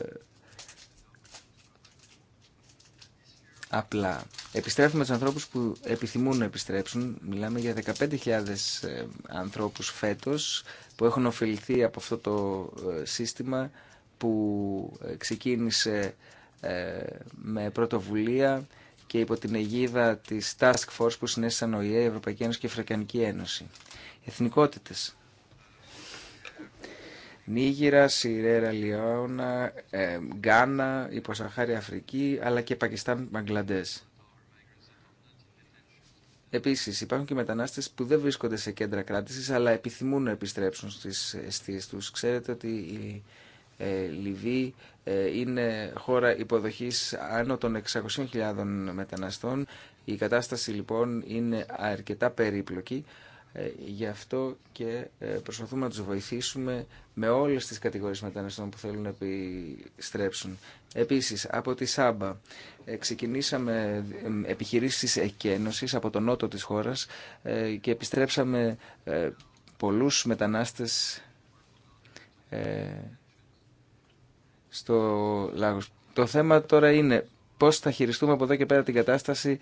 [SPEAKER 3] απλά. Επιστρέφουμε του ανθρώπους που επιθυμούν να επιστρέψουν. Μιλάμε για 15.000 ε, ανθρώπους φέτος που έχουν ωφεληθεί από αυτό το ε, σύστημα που ε, ξεκίνησε με πρωτοβουλία και υπό την αιγίδα της Task Force που συνέστησαν ΟΗΕ, η Ευρωπαϊκή Ένωση και η Αφρικανική Ένωση. Εθνικότητες. Νίγηρα, Σιρέρα Λιώνα, ε, Γκάνα, Υποσαχάρη Αφρική, αλλά και Πακιστάν, Μαγκλαντές. Επίσης, υπάρχουν και μετανάστες που δεν βρίσκονται σε κέντρα κράτησης, αλλά επιθυμούν να επιστρέψουν στις αιστείες τους. Ξέρετε ότι η ε, Λιβύη ε, είναι χώρα υποδοχής άνω των 600.000 μεταναστών. Η κατάσταση λοιπόν είναι αρκετά περίπλοκη. Ε, γι' αυτό και ε, προσπαθούμε να τους βοηθήσουμε με όλες τις κατηγορίες μεταναστών που θέλουν να επιστρέψουν. Επίσης, από τη Σάμπα ε, ξεκινήσαμε επιχειρήσεις εκένωσης από τον νότο της χώρας και επιστρέψαμε πολλούς μετανάστες στο Λάγος. Το θέμα τώρα είναι πώς θα χειριστούμε από εδώ και πέρα την κατάσταση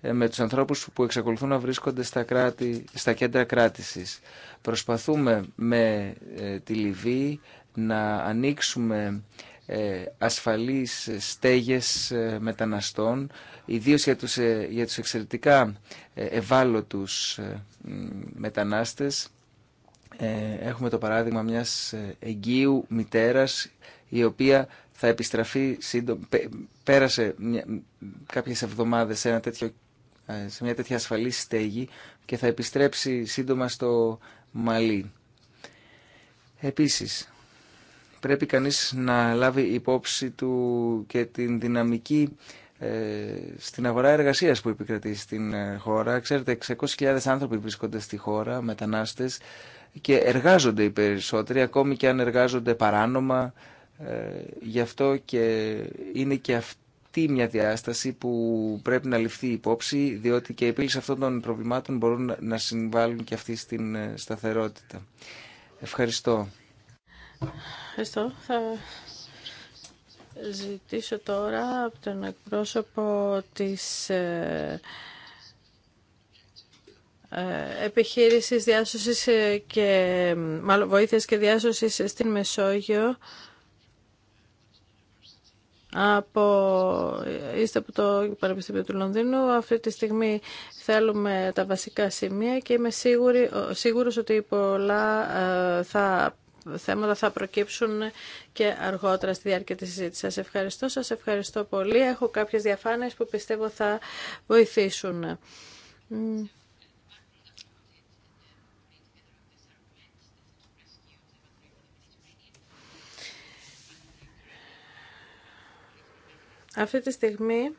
[SPEAKER 3] ε, με τους ανθρώπους που εξακολουθούν να βρίσκονται στα, κράτη, στα κέντρα κράτησης. Προσπαθούμε με ε, τη Λιβύη να ανοίξουμε ε, ασφαλείς στέγες μεταναστών, ιδίως για τους, για τους εξαιρετικά ευάλωτους μετανάστες. Έχουμε το παράδειγμα μιας εγγύου μητέρας η οποία θα επιστραφεί, σύντομα. πέρασε κάποιες εβδομάδες σε ένα τέτοιο ε, σε μια τέτοια ασφαλή στέγη και θα επιστρέψει σύντομα στο Μαλί. Επίσης, πρέπει κανείς να λάβει υπόψη του και την δυναμική ε, στην αγορά εργασίας που επικρατεί στην ε, χώρα. Ξέρετε, 600.000 άνθρωποι βρίσκονται στη χώρα, μετανάστες, και εργάζονται οι περισσότεροι, ακόμη και αν εργάζονται παράνομα. Γι' αυτό και είναι και αυτή μια διάσταση που πρέπει να ληφθεί υπόψη, διότι και η επίλυση αυτών των προβλημάτων μπορούν να συμβάλλουν και αυτή στην ε, σταθερότητα. Ευχαριστώ.
[SPEAKER 4] Ευχαριστώ. Θα ζητήσω τώρα από τον εκπρόσωπο της ε, ε, επιχείρησης διάσωσης και μάλλον βοήθειας και διάσωσης στην Μεσόγειο από είστε από το Πανεπιστήμιο του Λονδίνου. Αυτή τη στιγμή θέλουμε τα βασικά σημεία και είμαι σίγουρη, σίγουρος ότι πολλά ε, θα, θέματα θα προκύψουν και αργότερα στη διάρκεια της συζήτησης. Σας ευχαριστώ, σας ευχαριστώ πολύ. Έχω κάποιες διαφάνειες που πιστεύω θα βοηθήσουν. Αυτή τη στιγμή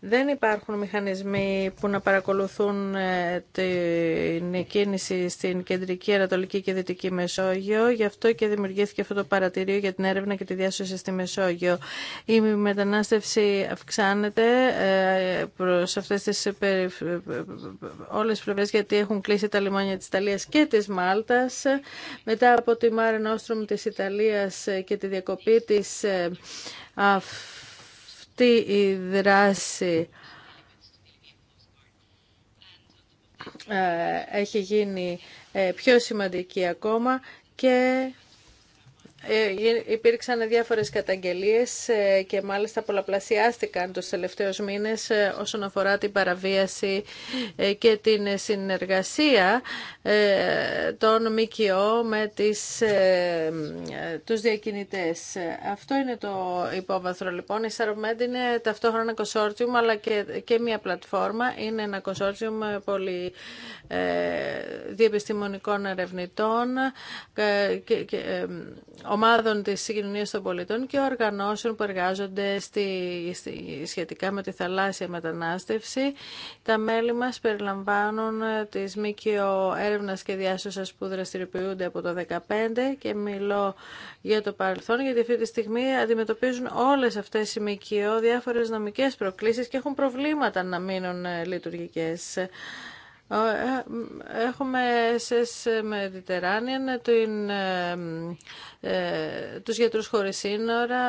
[SPEAKER 4] δεν υπάρχουν μηχανισμοί που να παρακολουθούν ε, την κίνηση στην κεντρική, ανατολική και δυτική Μεσόγειο. Γι' αυτό και δημιουργήθηκε αυτό το παρατηρείο για την έρευνα και τη διάσωση στη Μεσόγειο. Η μετανάστευση αυξάνεται ε, προς αυτές τις όλες τις πλευρές γιατί έχουν κλείσει τα λιμάνια της Ιταλίας και της Μάλτας. Μετά από τη Μάρεν Όστρομ της Ιταλίας ε, και τη διακοπή της αυτή η δράση ε, έχει γίνει ε, πιο σημαντική ακόμα και ε, υπήρξαν διάφορες καταγγελίες ε, και μάλιστα πολλαπλασιάστηκαν τους τελευταίους μήνες ε, όσον αφορά την παραβίαση και την συνεργασία των ΜΚΟ με τις, τους διακινητές. Αυτό είναι το υπόβαθρο λοιπόν. Η Σαρομέντ είναι ταυτόχρονα κονσόρτσιουμ αλλά και, μια πλατφόρμα. Είναι ένα κονσόρτσιουμ πολύ ε, διεπιστημονικών ερευνητών ομάδων της κοινωνίας των πολιτών και οργανώσεων που εργάζονται στη, σχετικά με τη θαλάσσια μετανάστευση. Τα μέλη μας περιλαμβάνουν τις ΜΚΟ έρευνας και διάσωσας που δραστηριοποιούνται από το 2015 και μιλώ για το παρελθόν γιατί αυτή τη στιγμή αντιμετωπίζουν όλες αυτές οι ΜΚΟ διάφορες νομικές προκλήσεις και έχουν προβλήματα να μείνουν ε, λειτουργικές. Ε, έχουμε σε Με την, του ε, ε, τους γιατρούς χωρίς σύνορα,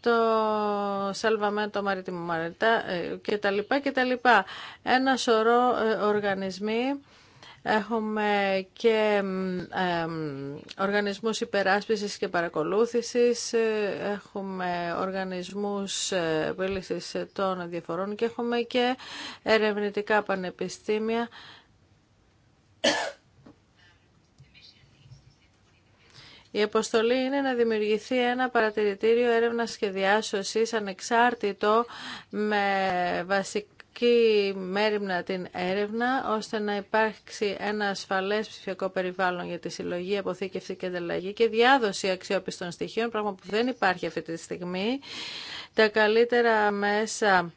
[SPEAKER 4] το Σαλβαμέντο Μαρίτιμο Μαριτά και τα λοιπά και τα λοιπά. Ένα σωρό οργανισμοί Έχουμε και οργανισμούς υπεράσπισης και παρακολούθησης, ε, έχουμε οργανισμούς ε, επίλυσης των διαφορών και έχουμε και ερευνητικά πανεπιστήμια. Η αποστολή είναι να δημιουργηθεί ένα παρατηρητήριο έρευνας και διάσωσης ανεξάρτητο με βασικό και μέρημνα την έρευνα ώστε να υπάρξει ένα ασφαλές ψηφιακό περιβάλλον για τη συλλογή, αποθήκευση και ανταλλαγή και διάδοση αξιόπιστων στοιχείων, πράγμα που δεν υπάρχει αυτή τη στιγμή. Τα καλύτερα μέσα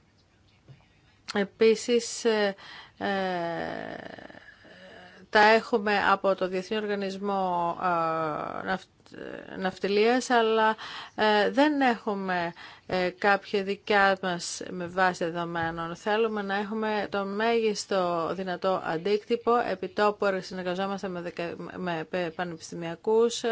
[SPEAKER 4] επίσης ε, ε, τα έχουμε από το Διεθνή Οργανισμό ε, ναυτιλίας, αλλά ε, δεν έχουμε ε, κάποια δικιά μας με βάση δεδομένων. Θέλουμε να έχουμε το μέγιστο δυνατό αντίκτυπο. Επιτόπου συνεργαζόμαστε με, με πανεπιστημιακούς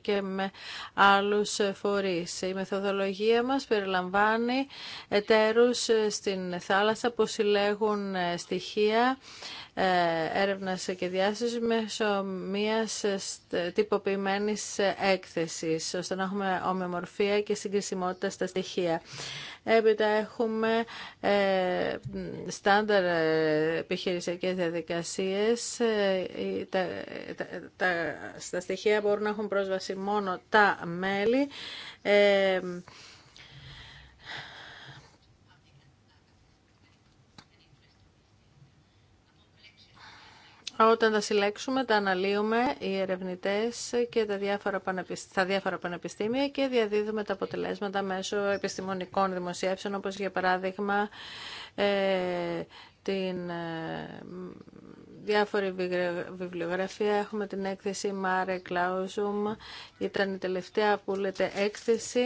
[SPEAKER 4] και με άλλους φορείς. Η μεθοδολογία μας περιλαμβάνει εταίρους ε, στην θάλασσα που συλλέγουν στοιχεία έρευνας και διάστησης μέσω μιας τυποποιημένης έκθεσης, ώστε να έχουμε ομοιομορφία και συγκρισιμότητα στα στοιχεία. Έπειτα έχουμε ε, στάνταρ επιχειρησιακές διαδικασίες. Ε, τα, τα, τα, στα στοιχεία μπορούν να έχουν πρόσβαση μόνο τα μέλη. Ε, Όταν τα συλλέξουμε, τα αναλύουμε οι ερευνητές και τα διάφορα διάφορα πανεπιστήμια και διαδίδουμε τα αποτελέσματα μέσω επιστημονικών δημοσιεύσεων, όπως για παράδειγμα ε, την ε, διάφορη βιβλιογραφία. Έχουμε την έκθεση Mare Clausum, ήταν η τελευταία που λέτε έκθεση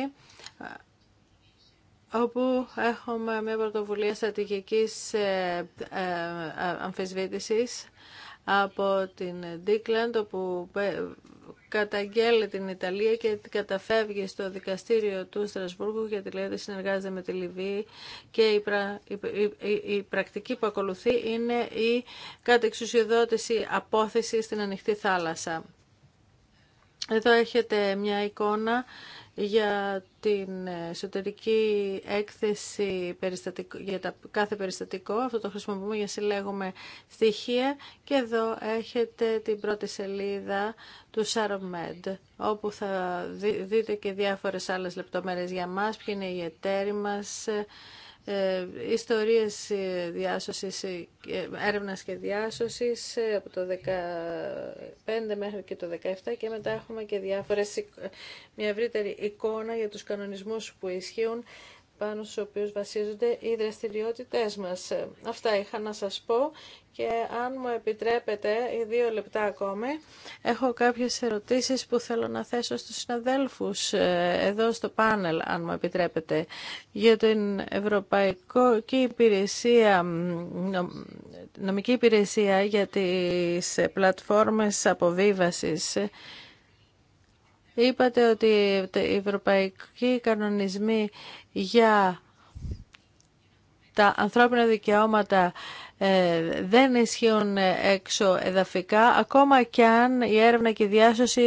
[SPEAKER 4] ε, όπου έχουμε μια πρωτοβουλία στρατηγικής ε, αμφισβήτησης από την Ντίκλαντ όπου καταγγέλλει την Ιταλία και καταφεύγει στο δικαστήριο του Στρασβούργου γιατί λέει ότι συνεργάζεται με τη Λιβύη και η, πρακτική που ακολουθεί είναι η κατεξουσιοδότηση απόθεση στην ανοιχτή θάλασσα. Εδώ έχετε μια εικόνα για την εσωτερική έκθεση για τα κάθε περιστατικό. Αυτό το χρησιμοποιούμε για συλλέγουμε στοιχεία και εδώ έχετε την πρώτη σελίδα του SAROMED όπου θα δείτε και διάφορες άλλες λεπτομέρειες για μας, ποιοι είναι οι εταίροι μας, ε, ιστορίες ε, διάσωσης, ε, έρευνας και διάσωσης από το 15 μέχρι και το 17 και μετά έχουμε και διάφορες, μια ευρύτερη εικόνα για τους κανονισμούς που ισχύουν πάνω στους οποίους βασίζονται οι δραστηριότητές μας. Αυτά είχα να σας πω και αν μου επιτρέπετε οι δύο λεπτά ακόμη, έχω κάποιες ερωτήσεις που θέλω να θέσω στους συναδέλφους ε, εδώ στο πάνελ, αν μου επιτρέπετε, για την Ευρωπαϊκή υπηρεσία, νομική υπηρεσία για τις ε, πλατφόρμες αποβίβασης. Είπατε ότι οι ευρωπαϊκοί κανονισμοί για τα ανθρώπινα δικαιώματα ε, δεν ισχύουν έξω εδαφικά, ακόμα και αν η έρευνα και η διάσωση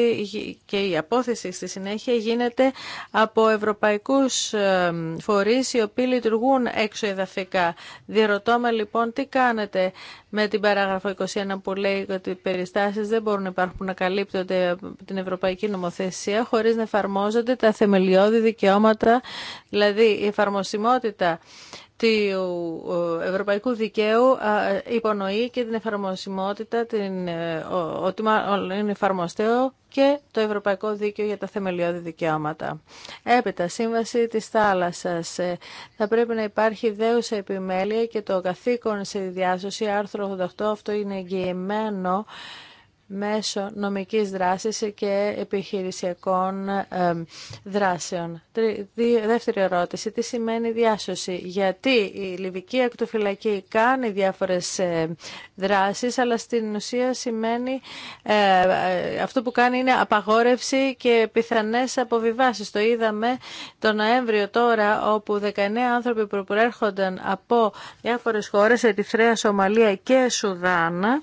[SPEAKER 4] και η απόθεση στη συνέχεια γίνεται από ευρωπαϊκούς ε, φορείς οι οποίοι λειτουργούν έξω εδαφικά. Διερωτώμε λοιπόν τι κάνετε με την παράγραφο 21 που λέει ότι οι περιστάσεις δεν μπορούν να υπάρχουν να καλύπτονται από την ευρωπαϊκή νομοθεσία χωρίς να εφαρμόζονται τα θεμελιώδη δικαιώματα, δηλαδή η εφαρμοσιμότητα του ε, ευρωπαϊκού δικαίου υπονοεί και την εφαρμοσιμότητα, την, ε, ότι είναι εφαρμοστέο και το Ευρωπαϊκό Δίκαιο για τα Θεμελιώδη Δικαιώματα. Έπειτα, Σύμβαση της Θάλασσας. Ε, θα πρέπει να υπάρχει δέουσα επιμέλεια και το καθήκον σε διάσωση, άρθρο 88, αυτό είναι εγγυημένο μέσω νομικής δράσης και επιχειρησιακών δράσεων. Δεύτερη ερώτηση, τι σημαίνει διάσωση. Γιατί η Λιβική Ακτοφυλακή κάνει διάφορες ε, δράσεις, αλλά στην ουσία σημαίνει ε, ε, αυτό που κάνει είναι απαγόρευση και πιθανές αποβιβάσεις. Το είδαμε το Νοέμβριο τώρα, όπου 19 άνθρωποι προέρχονταν από διάφορες χώρες, Ερυθρέα, Σομαλία και Σουδάνα,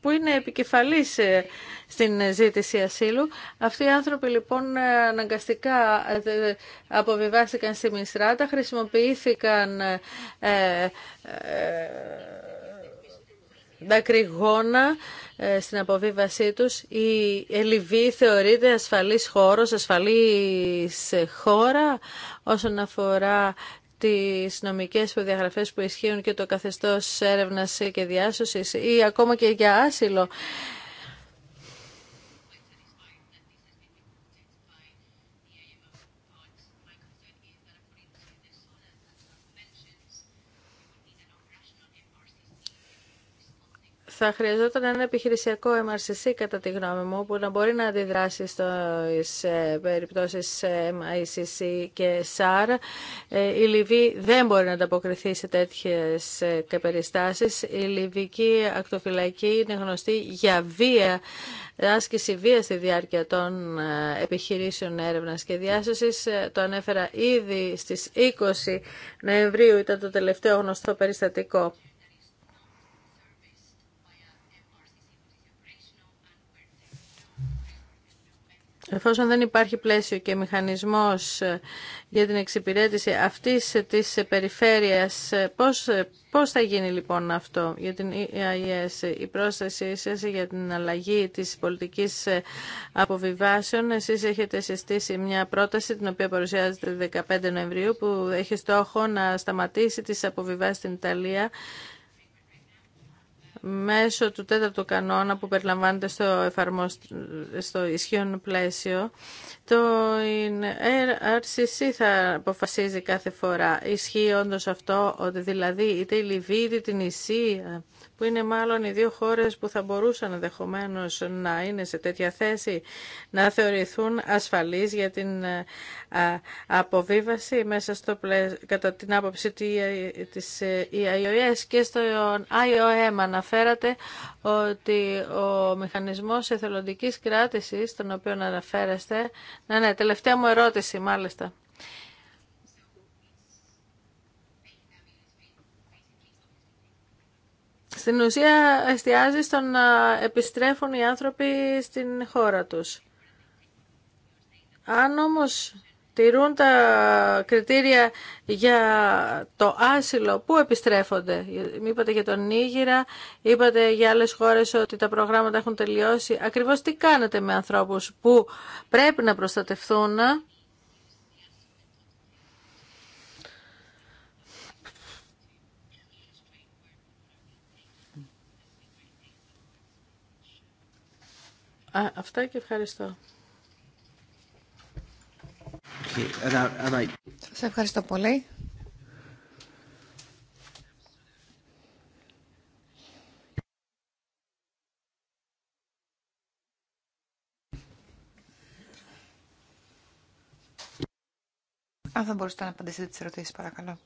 [SPEAKER 4] που είναι επικεφαλής ε, στην ζήτηση ασύλου. Αυτοί οι άνθρωποι λοιπόν ε, αναγκαστικά ε, αποβιβάστηκαν στη Μισράτα, χρησιμοποιήθηκαν δακρυγόνα στην αποβίβασή τους. Η Λιβύη θεωρείται ασφαλής χώρος, ασφαλής χώρα όσον αφορά τις νομικές προδιαγραφές που ισχύουν και το καθεστώς έρευνας και διάσωσης ή ακόμα και για άσυλο θα χρειαζόταν ένα επιχειρησιακό MRCC κατά τη γνώμη μου που να μπορεί να αντιδράσει στις ε, περιπτώσεις ε, MICC και SAR. Ε, η Λιβύη δεν μπορεί να ανταποκριθεί σε τέτοιες περιστάσεις. Η Λιβυκή ακτοφυλακή είναι γνωστή για βία άσκηση βία στη διάρκεια των επιχειρήσεων έρευνα και διάσωση. Το ανέφερα ήδη στι 20 Νοεμβρίου, ήταν το τελευταίο γνωστό περιστατικό. Εφόσον δεν υπάρχει πλαίσιο και μηχανισμός ε, για την εξυπηρέτηση αυτής ε, της ε, περιφέρειας, πώς, πώς θα γίνει λοιπόν αυτό για την EIS, η πρόσθεση σας για την αλλαγή της πολιτικής αποβιβάσεων. Εσείς έχετε συστήσει μια πρόταση την οποία παρουσιάζεται 15 Νοεμβρίου που έχει στόχο να σταματήσει τις αποβιβάσεις στην Ιταλία μέσω του τέταρτου κανόνα που περιλαμβάνεται στο, εφαρμοσ... στο ισχύον πλαίσιο, το RCC θα αποφασίζει κάθε φορά. Ισχύει όντω αυτό ότι δηλαδή είτε η Λιβύη είτε την Ισία, που είναι μάλλον οι δύο χώρες που θα μπορούσαν ενδεχομένω να είναι σε τέτοια θέση, να θεωρηθούν ασφαλείς για την ε, αποβίβαση μέσα στο κατά την άποψη e της ε, e IOS και στο IOM αναφέρατε ότι ο μηχανισμός εθελοντικής κράτησης, τον οποίο αναφέρεστε, ναι, ναι, τελευταία μου ερώτηση μάλιστα. Στην ουσία εστιάζει στο να επιστρέφουν οι άνθρωποι στην χώρα τους. Αν όμως τηρούν τα κριτήρια για το άσυλο. Πού επιστρέφονται. Είπατε για τον Νίγηρα, είπατε για άλλες χώρες ότι τα προγράμματα έχουν τελειώσει. Ακριβώς τι κάνετε με ανθρώπους που πρέπει να προστατευθούν. Α, αυτά και ευχαριστώ.
[SPEAKER 2] Σας ευχαριστώ πολύ. Αν θα μπορούσατε να απαντήσετε τις ερωτήσεις, παρακαλώ.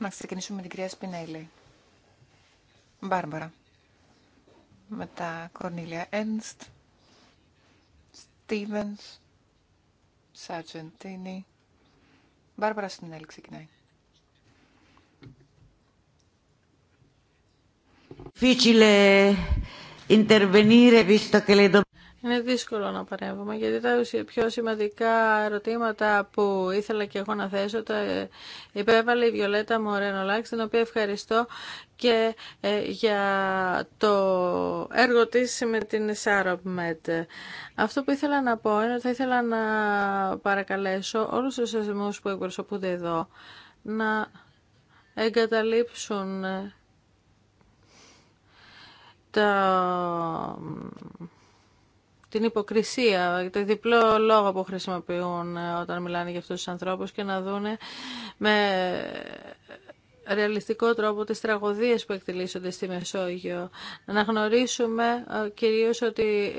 [SPEAKER 2] Να ξεκινήσουμε με την κυρία Σπινέλη. Μπάρμπαρα. Μετά Κορνίλια Ένστ. Stevens, Sargentini. Μπάρμπαρα Σπινέλη ξεκινάει.
[SPEAKER 4] Difficile intervenire visto che le είναι δύσκολο να παρέμβουμε γιατί τα πιο σημαντικά ερωτήματα που ήθελα και εγώ να θέσω τα ε, υπέβαλε η Βιολέτα Μορένο Λάξ, την οποία ευχαριστώ και ε, για το έργο της με την ΣΑΡΟΠΜΕΤ. Αυτό που ήθελα να πω είναι ότι θα ήθελα να παρακαλέσω όλους τους θεσμούς που εκπροσωπούνται εδώ να εγκαταλείψουν ε, τα την υποκρισία, το διπλό λόγο που χρησιμοποιούν ε, όταν μιλάνε για αυτούς τους ανθρώπους και να δούνε με ρεαλιστικό τρόπο τις τραγωδίες που εκτελήσονται στη Μεσόγειο. Να γνωρίσουμε ε, κυρίως ότι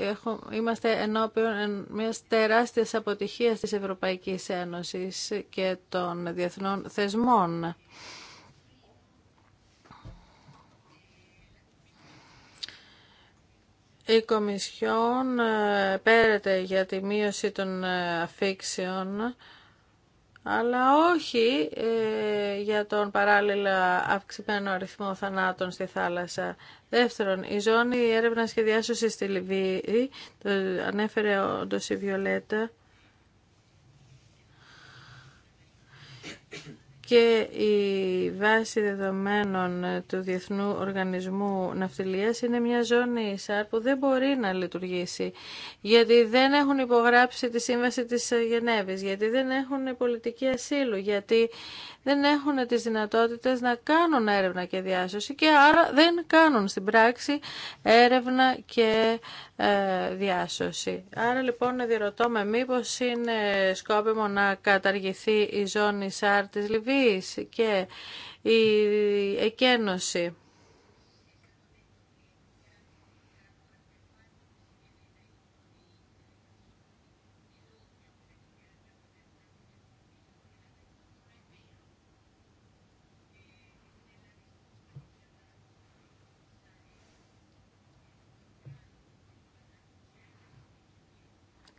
[SPEAKER 4] είμαστε ενώπιον μιας τεράστιας αποτυχίας της Ευρωπαϊκής Ένωσης και των διεθνών θεσμών. Η Κομισιόν ε, πέρεται για τη μείωση των ε, αφήξεων, αλλά όχι ε, για τον παράλληλα αυξημένο αριθμό θανάτων στη θάλασσα. Δεύτερον, η ζώνη έρευνα και στη Λιβύη, το ανέφερε όντως η Βιολέτα, και η βάση δεδομένων του Διεθνού Οργανισμού Ναυτιλίας είναι μια ζώνη ΙΣΑΡ που δεν μπορεί να λειτουργήσει γιατί δεν έχουν υπογράψει τη Σύμβαση της Γενέβης, γιατί δεν έχουν πολιτική ασύλου, γιατί δεν έχουν τις δυνατότητες να κάνουν έρευνα και διάσωση και άρα δεν κάνουν στην πράξη έρευνα και ε, διάσωση. Άρα λοιπόν διερωτώ με μήπως είναι σκόπιμο να καταργηθεί η ζώνη ΣΑΡ της Λιβύης και η εκένωση.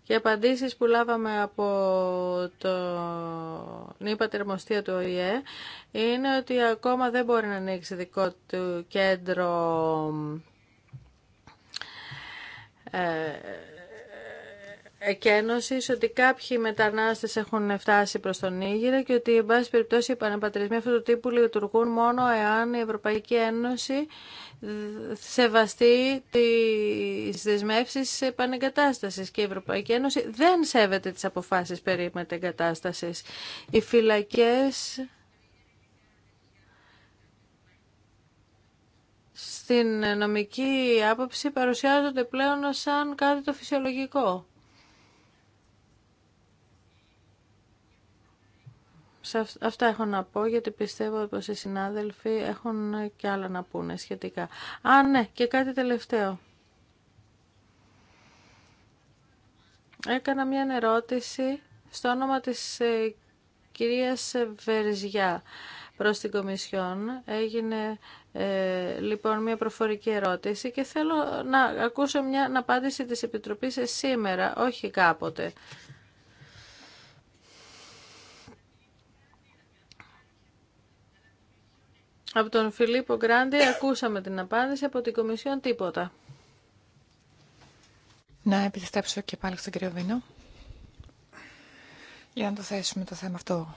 [SPEAKER 4] Οι απαντήσεις που λάβαμε από τον υπατερμοστία του ΟΗΕ είναι ότι ακόμα δεν μπορεί να ανοίξει δικό του κέντρο ε, εκένωση ότι κάποιοι μετανάστες έχουν φτάσει προς τον Ήγηρα και ότι εν πάση περιπτώσει οι πανεπατρισμοί αυτού του τύπου λειτουργούν μόνο εάν η Ευρωπαϊκή Ένωση σεβαστεί τις δεσμεύσεις επανεγκατάστασης και η Ευρωπαϊκή Ένωση δεν σέβεται τις αποφάσεις περί μετεγκατάστασης. Οι φυλακές στην νομική άποψη παρουσιάζονται πλέον σαν κάτι το φυσιολογικό. Αυτά έχω να πω γιατί πιστεύω πως οι συνάδελφοι έχουν και άλλα να πούνε σχετικά. Α, ναι, και κάτι τελευταίο. Έκανα μια ερώτηση στο όνομα της ε, κυρίας Βεριζιά προς την Κομισιόν. Έγινε ε, λοιπόν μια προφορική ερώτηση και θέλω να ακούσω μια απάντηση της Επιτροπής σήμερα, όχι κάποτε. Από τον Φιλίππο Γκράντι ακούσαμε την απάντηση, από την Κομισιόν τίποτα.
[SPEAKER 2] Να επιστρέψω και πάλι στον κύριο Βίνο. Για να το θέσουμε το θέμα αυτό.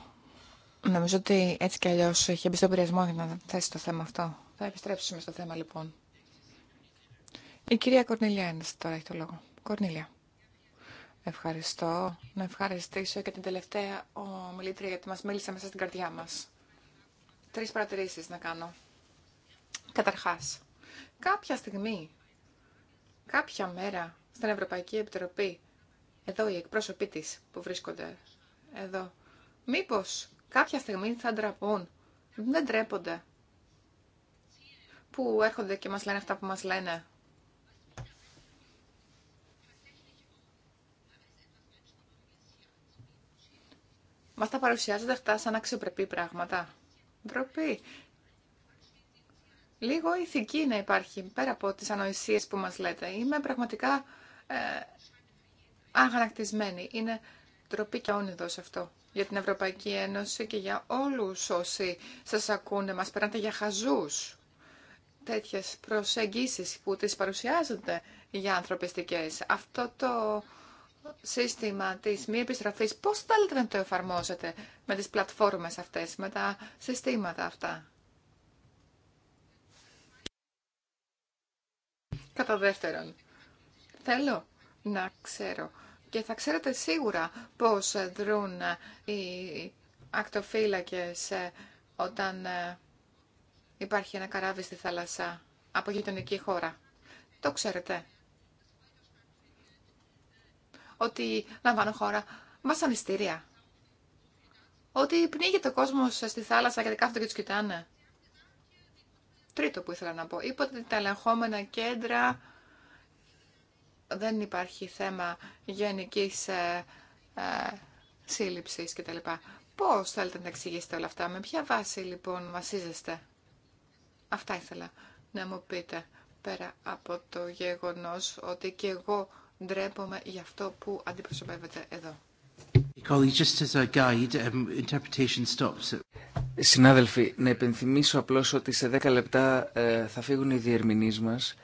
[SPEAKER 2] Νομίζω ότι έτσι κι αλλιώ έχει μπει στον να θέσει το θέμα αυτό. Θα επιστρέψουμε στο θέμα λοιπόν. Η κυρία Κορνίλια είναι τώρα έχει το λόγο. Κορνίλια. Ευχαριστώ. Να ευχαριστήσω και την τελευταία ομιλήτρια γιατί μα μίλησε μέσα στην καρδιά μα τρεις παρατηρήσεις να κάνω. Καταρχάς, κάποια στιγμή, κάποια μέρα στην Ευρωπαϊκή Επιτροπή, εδώ οι εκπρόσωποι της που βρίσκονται εδώ, μήπως κάποια στιγμή θα ντραπούν, δεν ντρέπονται, που έρχονται και μας λένε αυτά που μας λένε. Μας τα παρουσιάζονται αυτά σαν αξιοπρεπή πράγματα ντροπή. Λίγο ηθική να υπάρχει, πέρα από τις ανοησίες που μας λέτε. Είμαι πραγματικά ε, αγανακτισμένη. Είναι ντροπή και όνειδος αυτό για την Ευρωπαϊκή Ένωση και για όλους όσοι σας ακούνε, μας περνάτε για χαζούς. Τέτοιες προσεγγίσεις που τις παρουσιάζονται για ανθρωπιστικές. Αυτό το σύστημα της μη επιστροφής, πώς θέλετε να το εφαρμόσετε με τις πλατφόρμες αυτές, με τα συστήματα αυτά. Κατά δεύτερον, θέλω να ξέρω και θα ξέρετε σίγουρα πώς δρούν οι ακτοφύλακες ε, όταν ε, υπάρχει ένα καράβι στη θάλασσα από γειτονική χώρα. Το ξέρετε ότι λαμβάνω χώρα βασανιστήρια. Ότι πνίγεται ο κόσμο στη θάλασσα γιατί κάθονται και του κοιτάνε. Τρίτο που ήθελα να πω. Είπατε ότι τα ελεγχόμενα κέντρα δεν υπάρχει θέμα γενική ε, ε, σύλληψη κτλ. Πώ θέλετε να εξηγήσετε όλα αυτά, με ποια βάση λοιπόν βασίζεστε. Αυτά ήθελα να μου πείτε πέρα από το γεγονός ότι και εγώ Ντρέπομαι για αυτό που αντιπροσωπεύετε εδώ.
[SPEAKER 1] Um,
[SPEAKER 3] Συνάδελφοι, να επενθυμίσω απλώς ότι σε 10 λεπτά ε, θα φύγουν οι διερμηνείς μας.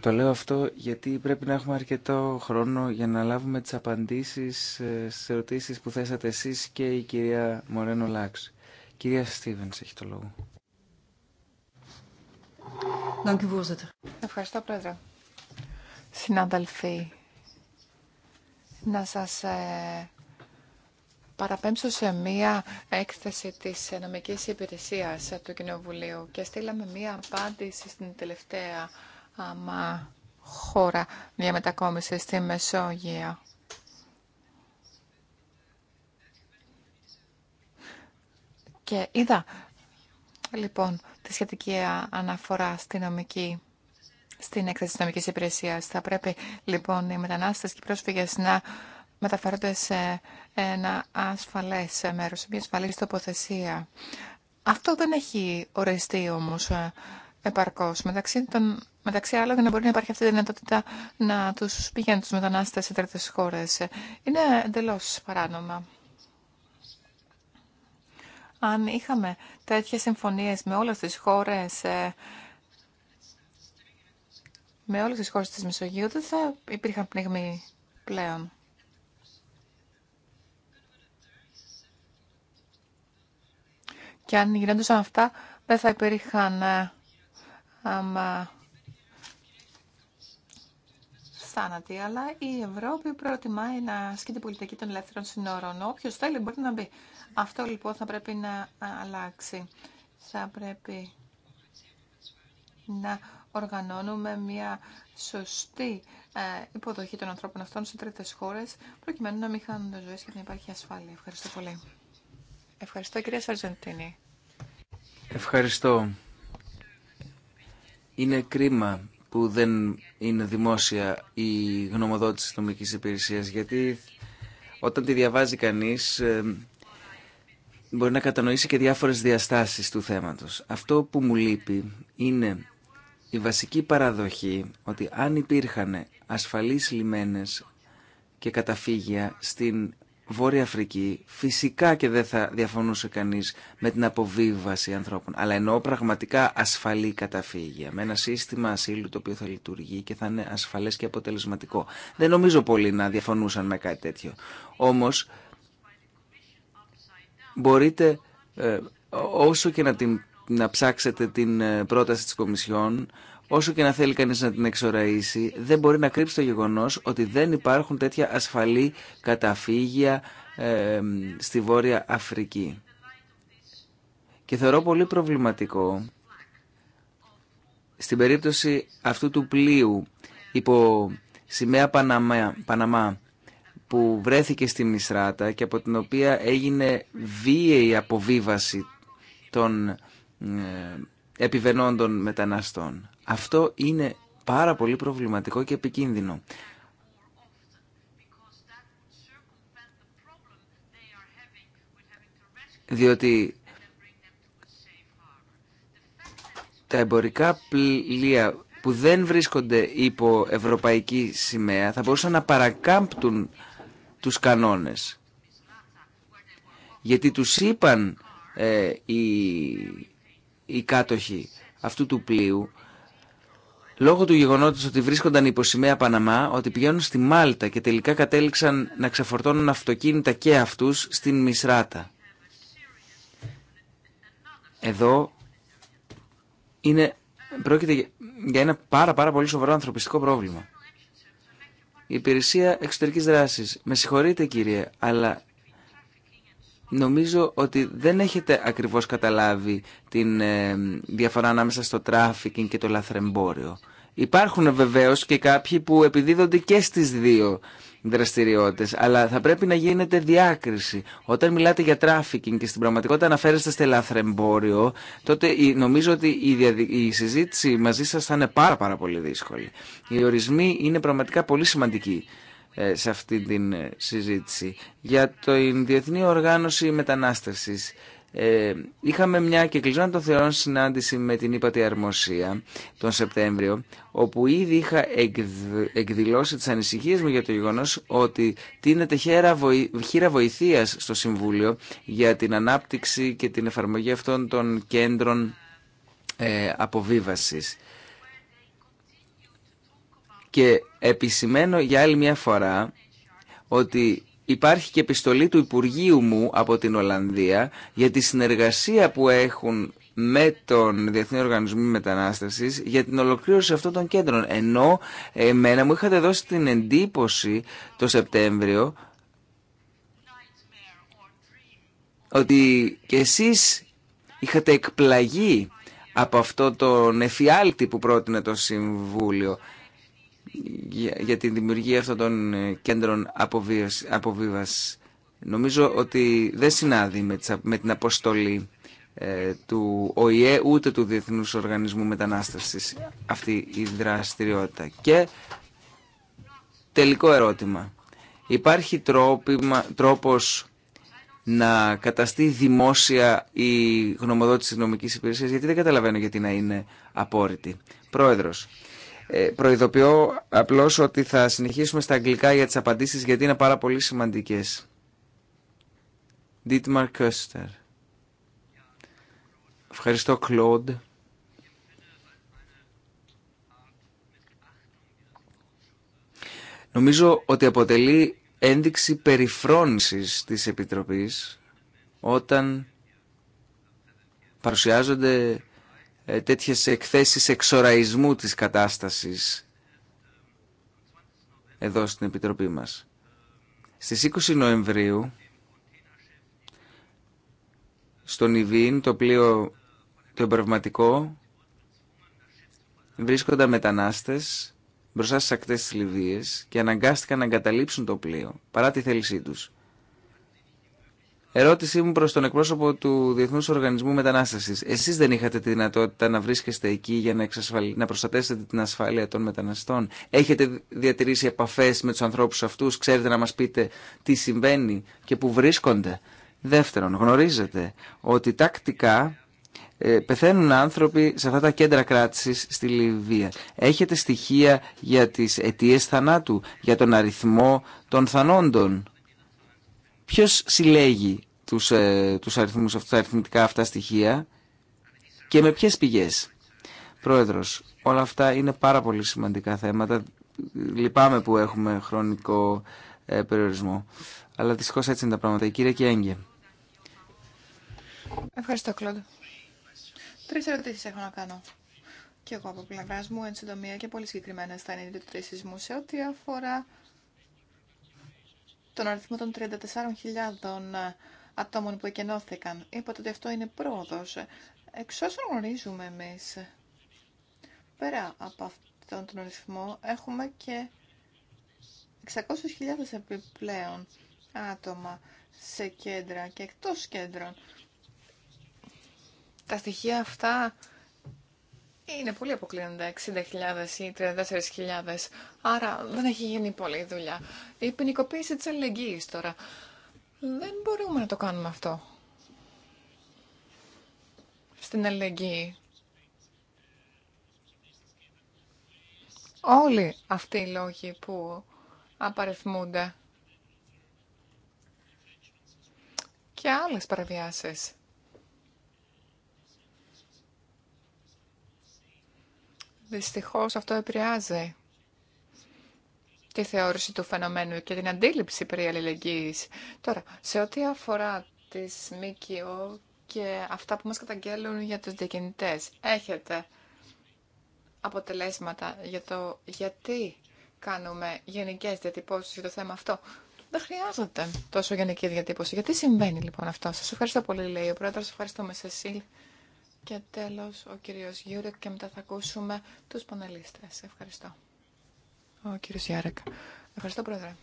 [SPEAKER 3] Το λέω αυτό γιατί πρέπει να έχουμε αρκετό χρόνο για να λάβουμε τις απαντήσεις ε, στις ερωτήσεις που θέσατε εσείς και η κυρία Μορένο Λάξ. Κυρία Στίβενς έχει το λόγο.
[SPEAKER 2] Ευχαριστώ, Πρόεδρε συναδελφοί, να σας ε, παραπέμψω σε μία έκθεση της νομικής υπηρεσίας του Κοινοβουλίου και στείλαμε μία απάντηση στην τελευταία άμα, χώρα για μετακόμιση στη Μεσόγειο. Και είδα, λοιπόν, τη σχετική αναφορά στη νομική στην έκθεση τη νομική υπηρεσία. Θα πρέπει λοιπόν οι μετανάστε και οι πρόσφυγε να μεταφέρονται σε ένα ασφαλέ μέρος, σε μια ασφαλή τοποθεσία. Αυτό δεν έχει οριστεί όμω ε, επαρκώ. Μεταξύ, των, μεταξύ άλλων, να μπορεί να υπάρχει αυτή η δυνατότητα να του πηγαίνουν του μετανάστες σε τρίτε χώρε. Είναι εντελώ παράνομα. Αν είχαμε τέτοιες συμφωνίες με όλες τις χώρες ε, με όλες τις χώρες της Μεσογείου δεν θα υπήρχαν πνιγμοί πλέον. Και αν γινόντουσαν αυτά, δεν θα υπήρχαν άμα, ε, ε, θάνατοι. Αλλά η Ευρώπη προτιμάει να ασκεί την πολιτική των ελεύθερων συνόρων. Όποιο θέλει μπορεί να μπει. Αυτό λοιπόν θα πρέπει να αλλάξει. Θα πρέπει να οργανώνουμε μια σωστή ε, υποδοχή των ανθρώπων αυτών σε τρίτες χώρες, προκειμένου να μην χάνουν ζωές και να υπάρχει ασφάλεια. Ευχαριστώ πολύ. Ευχαριστώ κυρία Σαρζεντίνη.
[SPEAKER 3] Ευχαριστώ. Είναι κρίμα που δεν είναι δημόσια η γνωμοδότηση της νομικής υπηρεσίας, γιατί όταν τη διαβάζει κανείς ε, μπορεί να κατανοήσει και διάφορες διαστάσεις του θέματος. Αυτό που μου λείπει είναι η βασική παραδοχή ότι αν υπήρχαν ασφαλείς λιμένες και καταφύγια στην Βόρεια Αφρική, φυσικά και δεν θα διαφωνούσε κανείς με την αποβίβαση ανθρώπων, αλλά εννοώ πραγματικά ασφαλή καταφύγια, με ένα σύστημα ασύλου το οποίο θα λειτουργεί και θα είναι ασφαλές και αποτελεσματικό. Δεν νομίζω πολλοί να διαφωνούσαν με κάτι τέτοιο. Όμως, μπορείτε... Ε, όσο και να την να ψάξετε την ε, πρόταση της Κομισιόν, όσο και να θέλει κανείς να την εξοραίσει, δεν μπορεί να κρύψει το γεγονός ότι δεν υπάρχουν τέτοια ασφαλή καταφύγια ε, στη Βόρεια Αφρική. Και θεωρώ πολύ προβληματικό στην περίπτωση αυτού του πλοίου υπό σημαία Παναμά, Παναμά που βρέθηκε στη Μισράτα και από την οποία έγινε βίαιη αποβίβαση των ε, επιβενών μεταναστών. Αυτό είναι πάρα πολύ προβληματικό και επικίνδυνο. Διότι τα εμπορικά πλοία που δεν βρίσκονται υπό ευρωπαϊκή σημαία θα μπορούσαν να παρακάμπτουν τους κανόνες. Γιατί τους είπαν ε, οι οι κάτοχοι αυτού του πλοίου λόγω του γεγονότος ότι βρίσκονταν υπό σημαία Παναμά, ότι πηγαίνουν στη Μάλτα και τελικά κατέληξαν να ξεφορτώνουν αυτοκίνητα και αυτούς στην Μισράτα. Εδώ είναι, πρόκειται για ένα πάρα, πάρα πολύ σοβαρό ανθρωπιστικό πρόβλημα. Η υπηρεσία εξωτερικής δράσης, με συγχωρείτε κύριε, αλλά νομίζω ότι δεν έχετε ακριβώς καταλάβει την ε, διαφορά ανάμεσα στο τράφικινγκ και το λαθρεμπόριο. Υπάρχουν βεβαίως και κάποιοι που επιδίδονται και στις δύο δραστηριότητες, αλλά θα πρέπει να γίνεται διάκριση. Όταν μιλάτε για τράφικινγκ και στην πραγματικότητα αναφέρεστε στο λαθρεμπόριο, τότε νομίζω ότι η, συζήτηση μαζί σας θα είναι πάρα πάρα πολύ δύσκολη. Οι ορισμοί είναι πραγματικά πολύ σημαντικοί ε, σε αυτή την ε, συζήτηση. Για το Διεθνή Οργάνωση Μετανάστευσης. Ε, είχαμε μια κλεισμένα των θεωρών συνάντηση με την ύπατη αρμοσία τον Σεπτέμβριο, όπου ήδη είχα εκδηλώσει τις ανησυχίες μου για το γεγονός ότι τίνεται χείρα βοηθείας στο Συμβούλιο για την ανάπτυξη και την εφαρμογή αυτών των κέντρων αποβίβασης. Και επισημαίνω για άλλη μια φορά ότι υπάρχει και επιστολή του Υπουργείου μου από την Ολλανδία για τη συνεργασία που έχουν με τον Διεθνή Οργανισμό Μετανάστασης για την ολοκλήρωση αυτών των κέντρων. Ενώ εμένα μου είχατε δώσει την εντύπωση το Σεπτέμβριο ότι και εσείς είχατε εκπλαγεί από αυτό τον εφιάλτη που πρότεινε το Συμβούλιο για τη δημιουργία αυτών των ε, κέντρων αποβίβαση. Νομίζω ότι δεν συνάδει με την αποστολή ε, του ΟΗΕ ούτε του Διεθνούς Οργανισμού Μετανάστευσης αυτή η δραστηριότητα. Και τελικό ερώτημα. Υπάρχει τρόπιμα, τρόπος να καταστεί δημόσια η γνωμοδότηση της νομικής υπηρεσίας, γιατί δεν καταλαβαίνω γιατί να είναι απόρριτη. Πρόεδρος, ε, προειδοποιώ απλώς ότι θα συνεχίσουμε στα αγγλικά για τις απαντήσεις γιατί είναι πάρα πολύ σημαντικές. Dietmar Köster. Ευχαριστώ, Κλόντ. Νομίζω ότι αποτελεί ένδειξη περιφρόνησης της Επιτροπής όταν παρουσιάζονται ε, τέτοιες εκθέσεις εξοραϊσμού της κατάστασης εδώ στην Επιτροπή μας. Στις 20 Νοεμβρίου στον Ιβίν το πλοίο το εμπρευματικό βρίσκονταν μετανάστες μπροστά στις ακτές της Λιβύης και αναγκάστηκαν να εγκαταλείψουν το πλοίο παρά τη θέλησή τους. Ερώτησή μου προς τον εκπρόσωπο του Διεθνούς Οργανισμού Μετανάστευση. Εσείς δεν είχατε τη δυνατότητα να βρίσκεστε εκεί για να, εξασφαλ... την ασφάλεια των μεταναστών. Έχετε διατηρήσει επαφές με τους ανθρώπους αυτούς. Ξέρετε να μας πείτε τι συμβαίνει και που βρίσκονται. Δεύτερον, γνωρίζετε ότι τακτικά ε, πεθαίνουν άνθρωποι σε αυτά τα κέντρα κράτησης στη Λιβύα. Έχετε στοιχεία για τις αιτίες θανάτου, για τον αριθμό των θανόντων. Ποιο συλλέγει τους, ε, τους αριθμούς, αυτά, τα αριθμητικά αυτά στοιχεία και με ποιες πηγές. Πρόεδρος, όλα αυτά είναι πάρα πολύ σημαντικά θέματα. Λυπάμαι που έχουμε χρονικό ε, περιορισμό. Αλλά δυστυχώ έτσι είναι τα πράγματα. Η κυρία Κιέγγε.
[SPEAKER 2] Ευχαριστώ, Κλόντ. Τρει ερωτήσει έχω να κάνω. Και εγώ από πλευρά μου, εν συντομία και πολύ συγκεκριμένα, στα ενίδια του τρει σε ό,τι αφορά τον αριθμό των 34.000 ε, ατόμων που εκενώθηκαν. Είπατε ότι αυτό είναι πρόοδος. Εξ όσων γνωρίζουμε εμείς, πέρα από αυτόν τον αριθμό, έχουμε και 600.000 επιπλέον άτομα σε κέντρα και εκτός κέντρων. Τα στοιχεία αυτά είναι πολύ αποκλίνοντα, 60.000 ή 34.000, άρα δεν έχει γίνει πολλή δουλειά. Η ποινικοποίηση της αλληλεγγύης τώρα. Δεν εχει γινει πολλη δουλεια η ποινικοποιηση τη αλληλεγγυη τωρα δεν μπορουμε να το κάνουμε αυτό. Στην αλληλεγγύη. Όλοι αυτοί οι λόγοι που απαριθμούνται και άλλες παραβιάσεις Δυστυχώς αυτό επηρεάζει τη θεώρηση του φαινομένου και την αντίληψη περί αλληλεγγύης. Τώρα, σε ό,τι αφορά τις ΜΚΟ και αυτά που μας καταγγέλουν για τους διακινητές, έχετε αποτελέσματα για το γιατί κάνουμε γενικές διατυπώσεις για το θέμα αυτό. Δεν χρειάζεται τόσο γενική διατύπωση. Γιατί συμβαίνει λοιπόν αυτό. Σας ευχαριστώ πολύ, λέει ο πρόεδρος. Σας ευχαριστούμε, Σεσίλ. Και τέλος ο κύριος Γιούρεκ και μετά θα ακούσουμε τους πανελίστες. Ευχαριστώ. Ο κύριος Γιάρεκ. Ευχαριστώ πρόεδρε.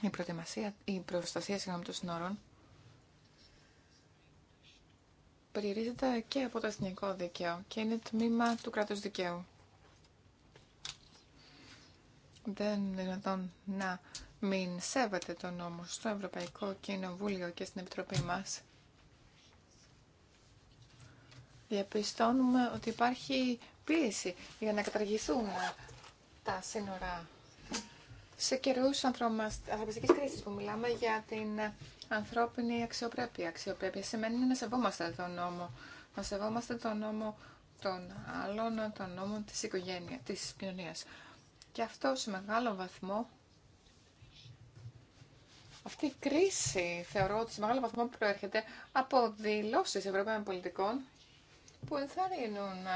[SPEAKER 2] Η, προετοιμασία, η προστασία συγγνώμη, των συνόρων περιορίζεται και από το εθνικό δίκαιο και είναι τμήμα του κράτους δικαίου. Δεν είναι δυνατόν να μην σέβεται τον νόμο στο Ευρωπαϊκό Κοινοβούλιο και στην Επιτροπή μας διαπιστώνουμε ότι υπάρχει πίεση για να καταργηθούν τα σύνορα σε καιρού ανθρωπιστική κρίση που μιλάμε για την ανθρώπινη αξιοπρέπεια. Αξιοπρέπεια σημαίνει να σεβόμαστε τον νόμο. Να σεβόμαστε τον νόμο των άλλων, τον νόμο της οικογένειας, της κοινωνίας. Και αυτό σε μεγάλο βαθμό, αυτή η κρίση θεωρώ ότι σε μεγάλο βαθμό προέρχεται από δηλώσει Ευρωπαίων πολιτικών που ενθαρρύνουν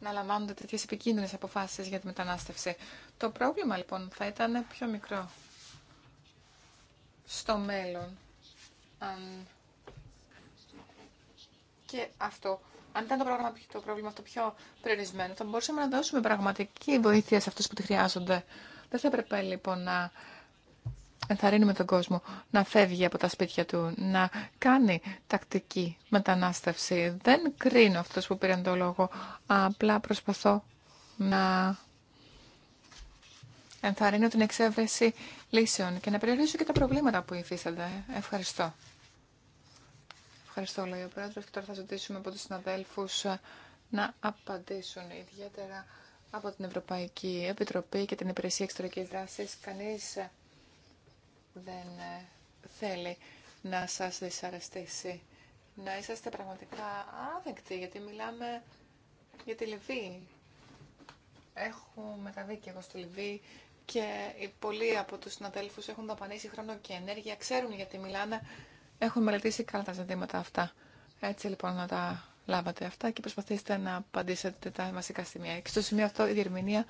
[SPEAKER 2] να λαμβάνονται τέτοιε επικίνδυνε αποφάσει για τη μετανάστευση. Το πρόβλημα λοιπόν θα ήταν πιο μικρό στο μέλλον. Αν... Και αυτό, αν ήταν το, πρόγραμμα, το πρόβλημα αυτό πιο περιορισμένο, θα μπορούσαμε να δώσουμε πραγματική βοήθεια σε αυτούς που τη χρειάζονται. Δεν θα έπρεπε λοιπόν να ενθαρρύνουμε τον κόσμο να φεύγει από τα σπίτια του, να κάνει τακτική μετανάστευση. Δεν κρίνω αυτός που πήραν το λόγο, απλά προσπαθώ να ενθαρρύνω την εξέβρεση λύσεων και να περιορίσω και τα προβλήματα που υφίστανται. Ευχαριστώ. Ευχαριστώ, λέει ο Πρόεδρος. Και τώρα θα ζητήσουμε από τους συναδέλφους να απαντήσουν ιδιαίτερα από την Ευρωπαϊκή Επιτροπή και την Υπηρεσία Εξωτερικής Δράσης. Κανείς δεν ε, θέλει να σας δυσαρεστήσει. Να είσαστε πραγματικά άδεκτοι, γιατί μιλάμε για τη Λιβύη. Έχω μεταβεί και εγώ στη Λιβύη και οι πολλοί από τους συναδέλφους έχουν δαπανίσει χρόνο και ενέργεια, ξέρουν γιατί μιλάνε, έχουν μελετήσει καλά τα ζητήματα αυτά. Έτσι λοιπόν να τα λάβατε αυτά και προσπαθήστε να απαντήσετε τα βασικά σημεία. Και στο σημείο αυτό η διερμηνία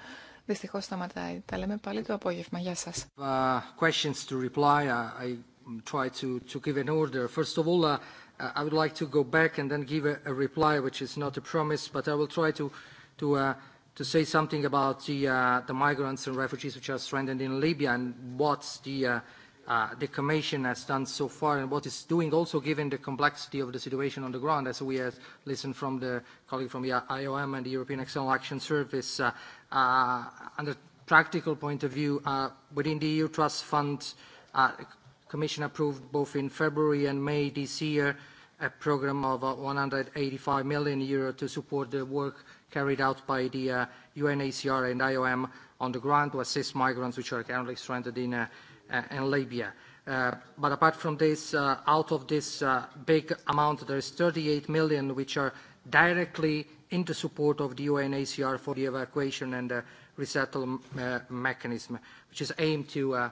[SPEAKER 2] Δυστυχώς σταματάει. Τα λέμε πάλι το απόγευμα. Γεια σας.
[SPEAKER 6] I would like to go back and then give a reply, which is not a promise, but I will try to to to say something about the the migrants and refugees which are stranded in Libya and what the the Commission has done so far and what it's doing, also given the complexity of the situation on the ground, as we have listened from the colleague from the IOM and the European External Action Service under practical point of view, within the EU Trust Fund, the Commission approved both in February and May this year a program of 185 million euro to support the work carried out by the UNHCR and IOM on the ground to assist migrants which are currently stranded in Libya. But apart from this, out of this big amount, there is 38 million which are directly in the support of the UNHCR for the evacuation and resettlement mechanism, which is aimed to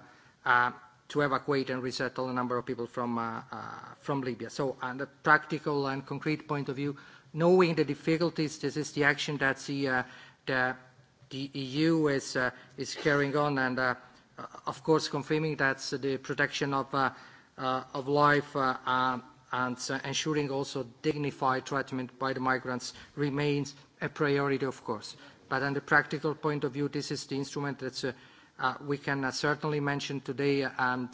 [SPEAKER 6] to evacuate and resettle a number of people from Libya. So, on a practical and concrete point of view, knowing the difficulties, this is the action that the EU is carrying on, and of course confirming that the protection of life and ensuring also dignified treatment by the migrants remains a priority, of course. But on the practical point of view, this is the instrument that we can certainly mention today, and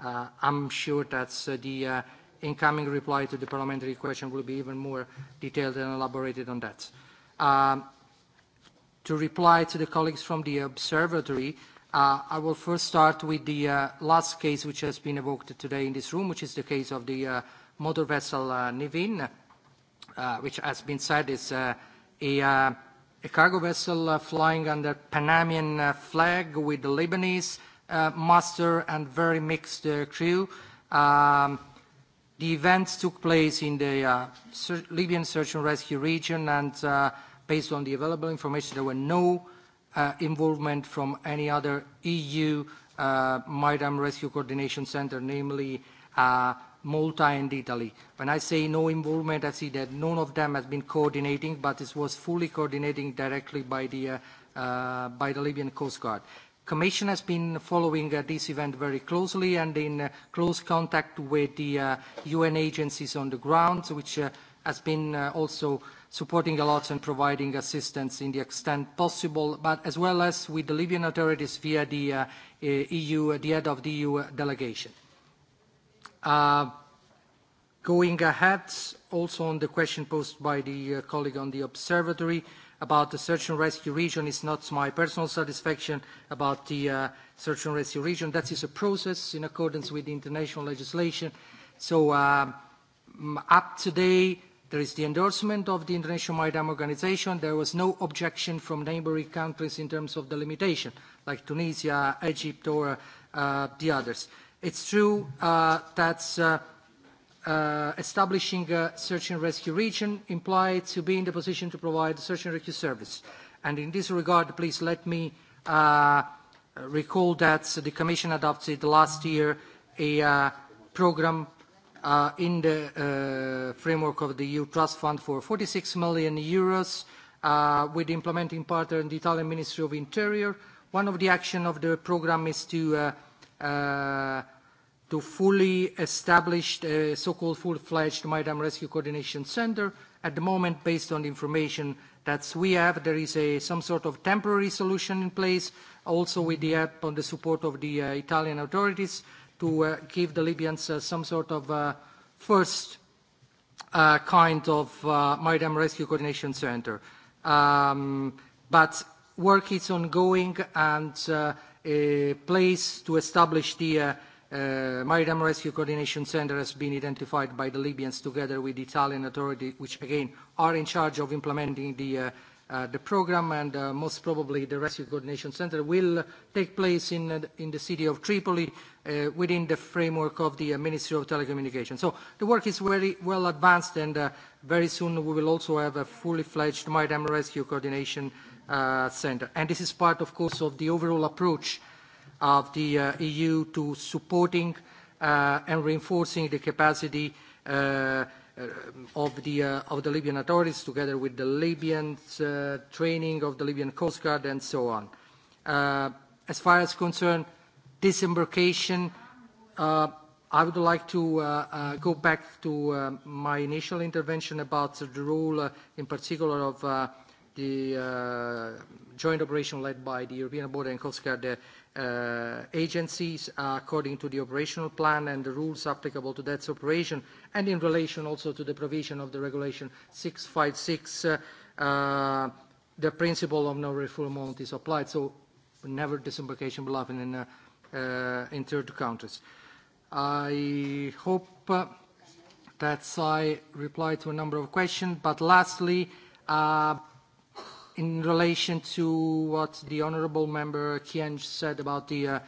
[SPEAKER 6] I'm sure that the incoming reply to the parliamentary question will be even more detailed and elaborated on that. To reply to the colleagues from the observatory, I will first start with the last case which has been evoked today in this room, which is the case of the motor vessel Nivin, which has been said is a cargo vessel flying under Panamanian flag with the Lebanese master and very mixed crew. The events took place in the Libyan search and rescue region and based on the available information there were no involvement from any other EU maritime rescue coordination center, namely Malta and Italy. When I say no involvement, I see that none of them has been coordinating, but it was fully coordinating directly by the by the Libyan Coast Guard. Commission has been following this event very closely and in close contact with the UN agencies on the ground, which has been also supporting a lot and providing assistance in the extent possible, but as well as with the Libyan authorities via the EU, the head of the EU delegation. Going ahead, also on the question posed by the colleague on the observatory about the search and rescue region, it's not my personal satisfaction about the search and rescue region. That is a process in accordance with international legislation. So up today, there is the endorsement of the International Maritime Organization. There was no objection from neighboring countries in terms of the limitation, like Tunisia, Egypt, or the others. It's true that establishing a search and rescue region implies to be in the position to provide search and rescue service. And in this regard, please let me recall that the Commission adopted last year a program in the framework of the EU Trust Fund for 46 million euros with implementing partner in the Italian Ministry of Interior. One of the actions of the program is to to fully establish a so-called full-fledged maritime rescue coordination center. At the moment, based on the information that we have, there is a some sort of temporary solution in place, also with the help and the support of the Italian authorities, to give the Libyans some sort of first kind of maritime rescue coordination center. But work is ongoing and place to establish the Maritime Rescue Coordination Center has been identified by the Libyans together with the Italian authorities, which again are in charge of implementing the the program and most probably the Rescue Coordination Center will take place in in the city of Tripoli within the framework of the Ministry of Telecommunications. So the work is very well advanced and very soon we will also have a fully fledged maritime rescue coordination Center. And this is part, of course, of the overall approach of the EU to supporting and reinforcing the capacity of the of the Libyan authorities, together with the Libyan training of the Libyan Coast Guard and so on. As far as concern disembarkation, I would like to go back to my initial intervention about the role, in particular, of the joint operation led by the European Border and Coast Guard agencies according to the operational plan and the rules applicable to that operation and in relation also to the provision of the regulation 656 the principle of no refoulement is applied so never disembarkation will happen in in third countries i hope that i replied to a number of questions but lastly in relation to what the honourable member Kien said about the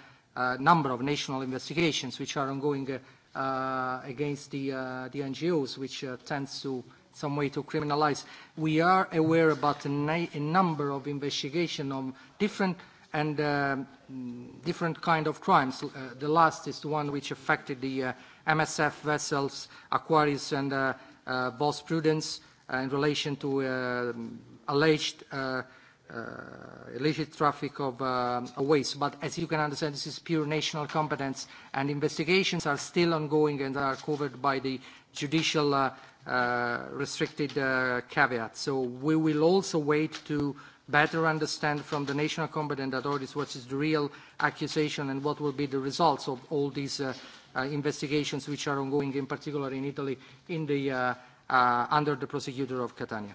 [SPEAKER 6] number of national investigations which are ongoing against the NGOs, which tends to some way to criminalise, We are aware about a number of investigations on different and different kind of crimes. The last is the one which affected the MSF vessels Aquarius and Boss Prudence in relation to alleged illicit traffic of waste. But as you can understand, this is pure national competence, and investigations are still ongoing and are covered by the judicial restricted caveat. So we will also wait to better understand from the national competent authorities what is the real accusation and what will be the results of all these investigations which are ongoing, in particular in Italy, under the prosecutor of Catania.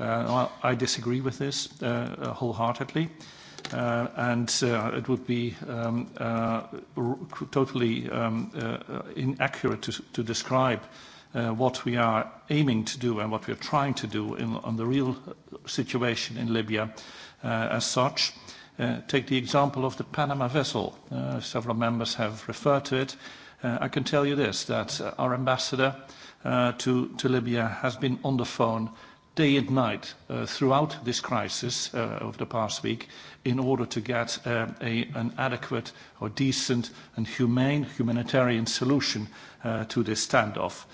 [SPEAKER 5] I disagree with this wholeheartedly, and it would be totally inaccurate to describe what we are aiming to do and what we are trying to do on the real situation in Libya as such. Take the example of the Panama vessel. Several members have referred to it. I can tell you this, that our ambassador to Libya has been on the phone day and night throughout this crisis of the past week in order to get an adequate or decent and humane humanitarian solution to this standoff.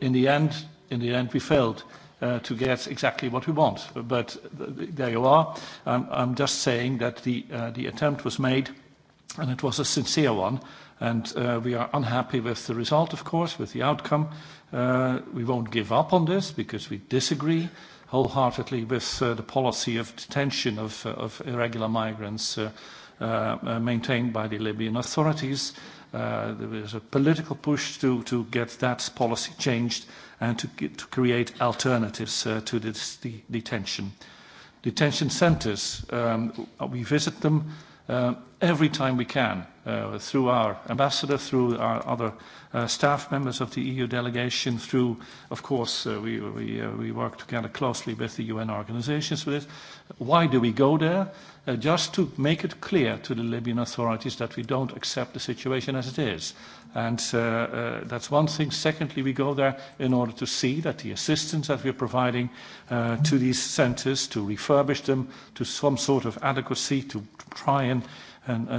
[SPEAKER 5] In the end, in the end we failed to get exactly what we want, but there you are. I'm just saying that the attempt was made and it was a sincere one And we are unhappy with the result, of course, with the outcome. We won't give up on this because we disagree wholeheartedly with the policy of detention of irregular migrants maintained by the Libyan authorities. There is a political push to get that policy changed and to create alternatives to this detention. Detention centres, we visit them every time we can through our ambassador, through our other staff members of the EU delegation, through, of course, we we work together closely with the UN organizations with this. Why do we go there? Just to make it clear to the Libyan authorities that we don't accept the situation as it is. And that's one thing. Secondly, we go there in order to see that the assistance that are providing to these centres, to refurbish them to some sort of adequacy, to try and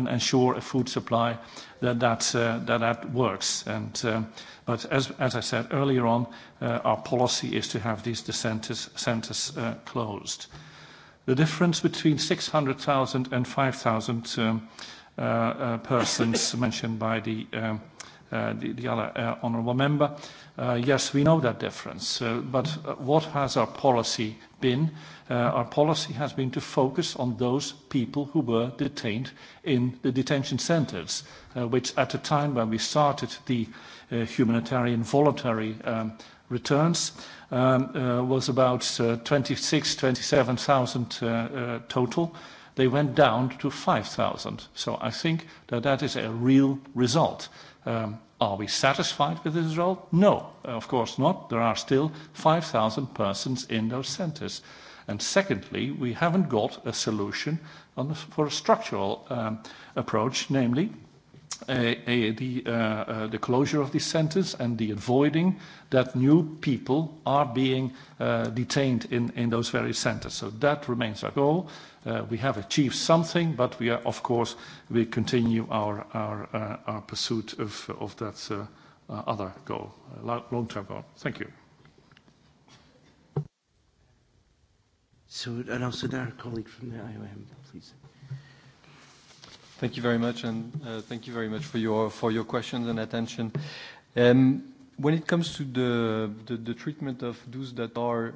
[SPEAKER 5] ensure a food supply that that works. But as I said earlier on, our policy is to have these centers closed. The difference between 600,000 and 5,000 persons mentioned by the the other honourable member. Yes, we know that difference, but what has our policy been? Our policy has been to focus on those people who were detained in the detention centres, which at the time when we started the humanitarian voluntary returns was about 26, 27,000 total. They went down to 5,000. So I think that that is a real result. Are we satisfied with this result? No, of course not. There are still 5,000 persons in those centres. And secondly, we haven't got a solution for a structural approach, namely the closure of these centres and the avoiding that new people are being detained in those very centres. So that remains our goal. We have achieved something, but we are, of course, we continue our pursuit of that other goal, long-term goal. Thank you.
[SPEAKER 1] So, and also our colleague from the IOM, please.
[SPEAKER 7] Thank you very much, and thank you very much for your questions and attention. When it comes to the, the, treatment of those that are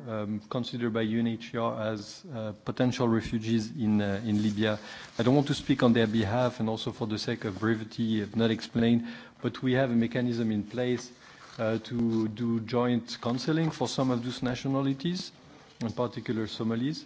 [SPEAKER 7] considered by UNHCR as potential refugees in, in Libya, I don't want to speak on their behalf and also for the sake of brevity, if not explained, but we have a mechanism in place to do joint counseling for some of those nationalities, in particular Somalis.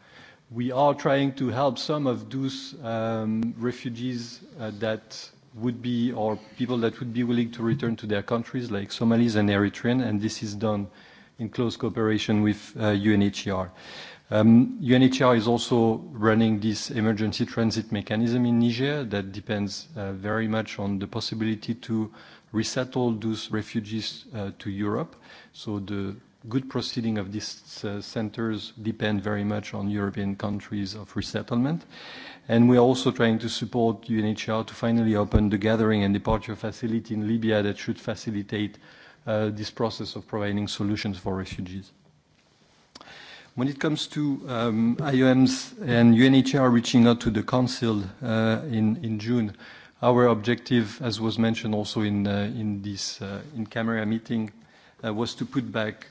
[SPEAKER 7] We are trying to help some of those refugees that would be, or people that would be willing to return to their countries, like Somalis and Eritrean, and this is done in close cooperation with UNHCR. UNHCR is also running this emergency transit mechanism in Niger that depends very much on the possibility to resettle those refugees to Europe. So the good proceeding of these centers depend very much on European countries of resettlement. And we are also trying to support UNHCR to finally open the gathering and departure facility in Libya that should facilitate this process of providing solutions for refugees. When it comes to IOMs and UNHCR reaching out to the Council in June, our objective, as was mentioned also in this in-camera meeting, was to put back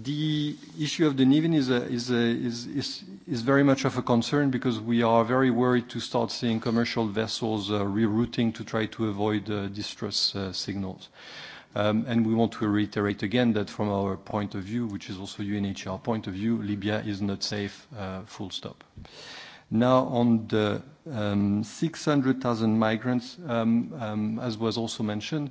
[SPEAKER 7] The issue of the Niven is is is is very much of a concern because we are very worried to start seeing commercial vessels rerouting to try to avoid distress signals. And we want to reiterate again that from our point of view, which is also UNHCR point of view, Libya is not safe, full stop. Now, on the 600,000 migrants, as was also mentioned,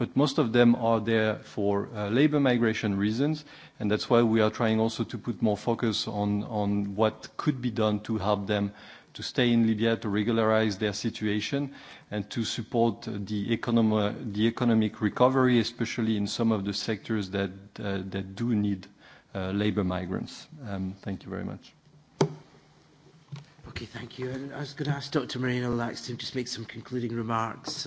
[SPEAKER 7] but most of them are there for labor migration reasons, and that's why we are trying also to put more focus on what could be done to help them to stay in Libya, to regularize their situation, and to support the economic recovery, especially in some of the sectors that do need labor migrants. Thank you very much.
[SPEAKER 1] Okay, thank you. I was going to ask Dr. Marina Lax to just make some concluding remarks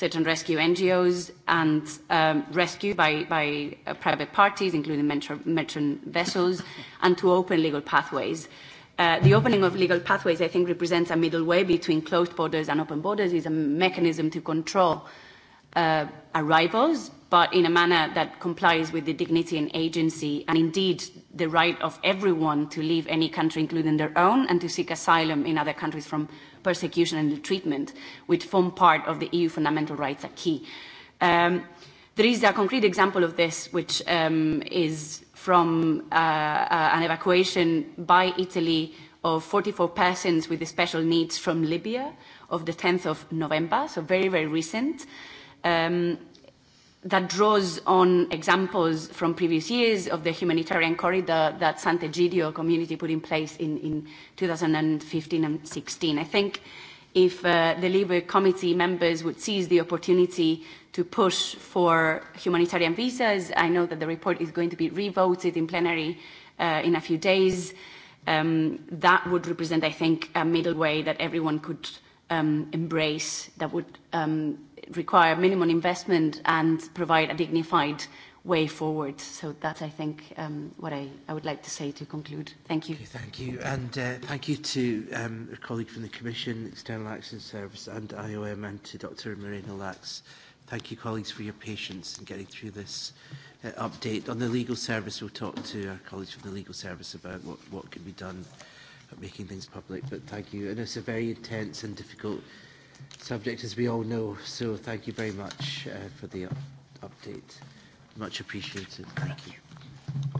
[SPEAKER 8] search and rescue NGOs and um, rescue by, by private parties, including merchant vessels, and to open legal pathways. the opening of legal pathways, I think, represents a middle way between closed borders and open borders. is a mechanism to control arrivals, but in a manner that complies with the dignity and agency, and indeed the right of everyone to leave any country, including their own, and to seek asylum in other countries from persecution and the treatment, which form part of the EU fundamental rights acquis. There is a concrete example of this, which is from an evacuation by Italy of 44 persons with special needs from Libya of the 10th of November, so very, very recent that draws on examples from previous years of the humanitarian corridor that Sant'Egidio community put in place in, 2015 and 16. I think if the Labour Committee members would seize the opportunity to push for humanitarian visas, I know that the report is going to be re-voted in plenary in a few days. That would represent, I think, a middle way that everyone could embrace that would require minimum investment and provide a dignified way forward. So that's, I think, what I would like to say to conclude. Thank you. Thank you. And
[SPEAKER 1] thank you to our colleague from the Commission, External Action Service and IOM, and to Dr. Marina Lax. Thank you, colleagues, for your patience in getting through this update. On the legal service, we'll talk to our colleagues from the legal service about what, what can be done making things public, but thank you. And it's a very intense and difficult subject, as we all know. So thank you very much for the update. Much appreciated. Thank you.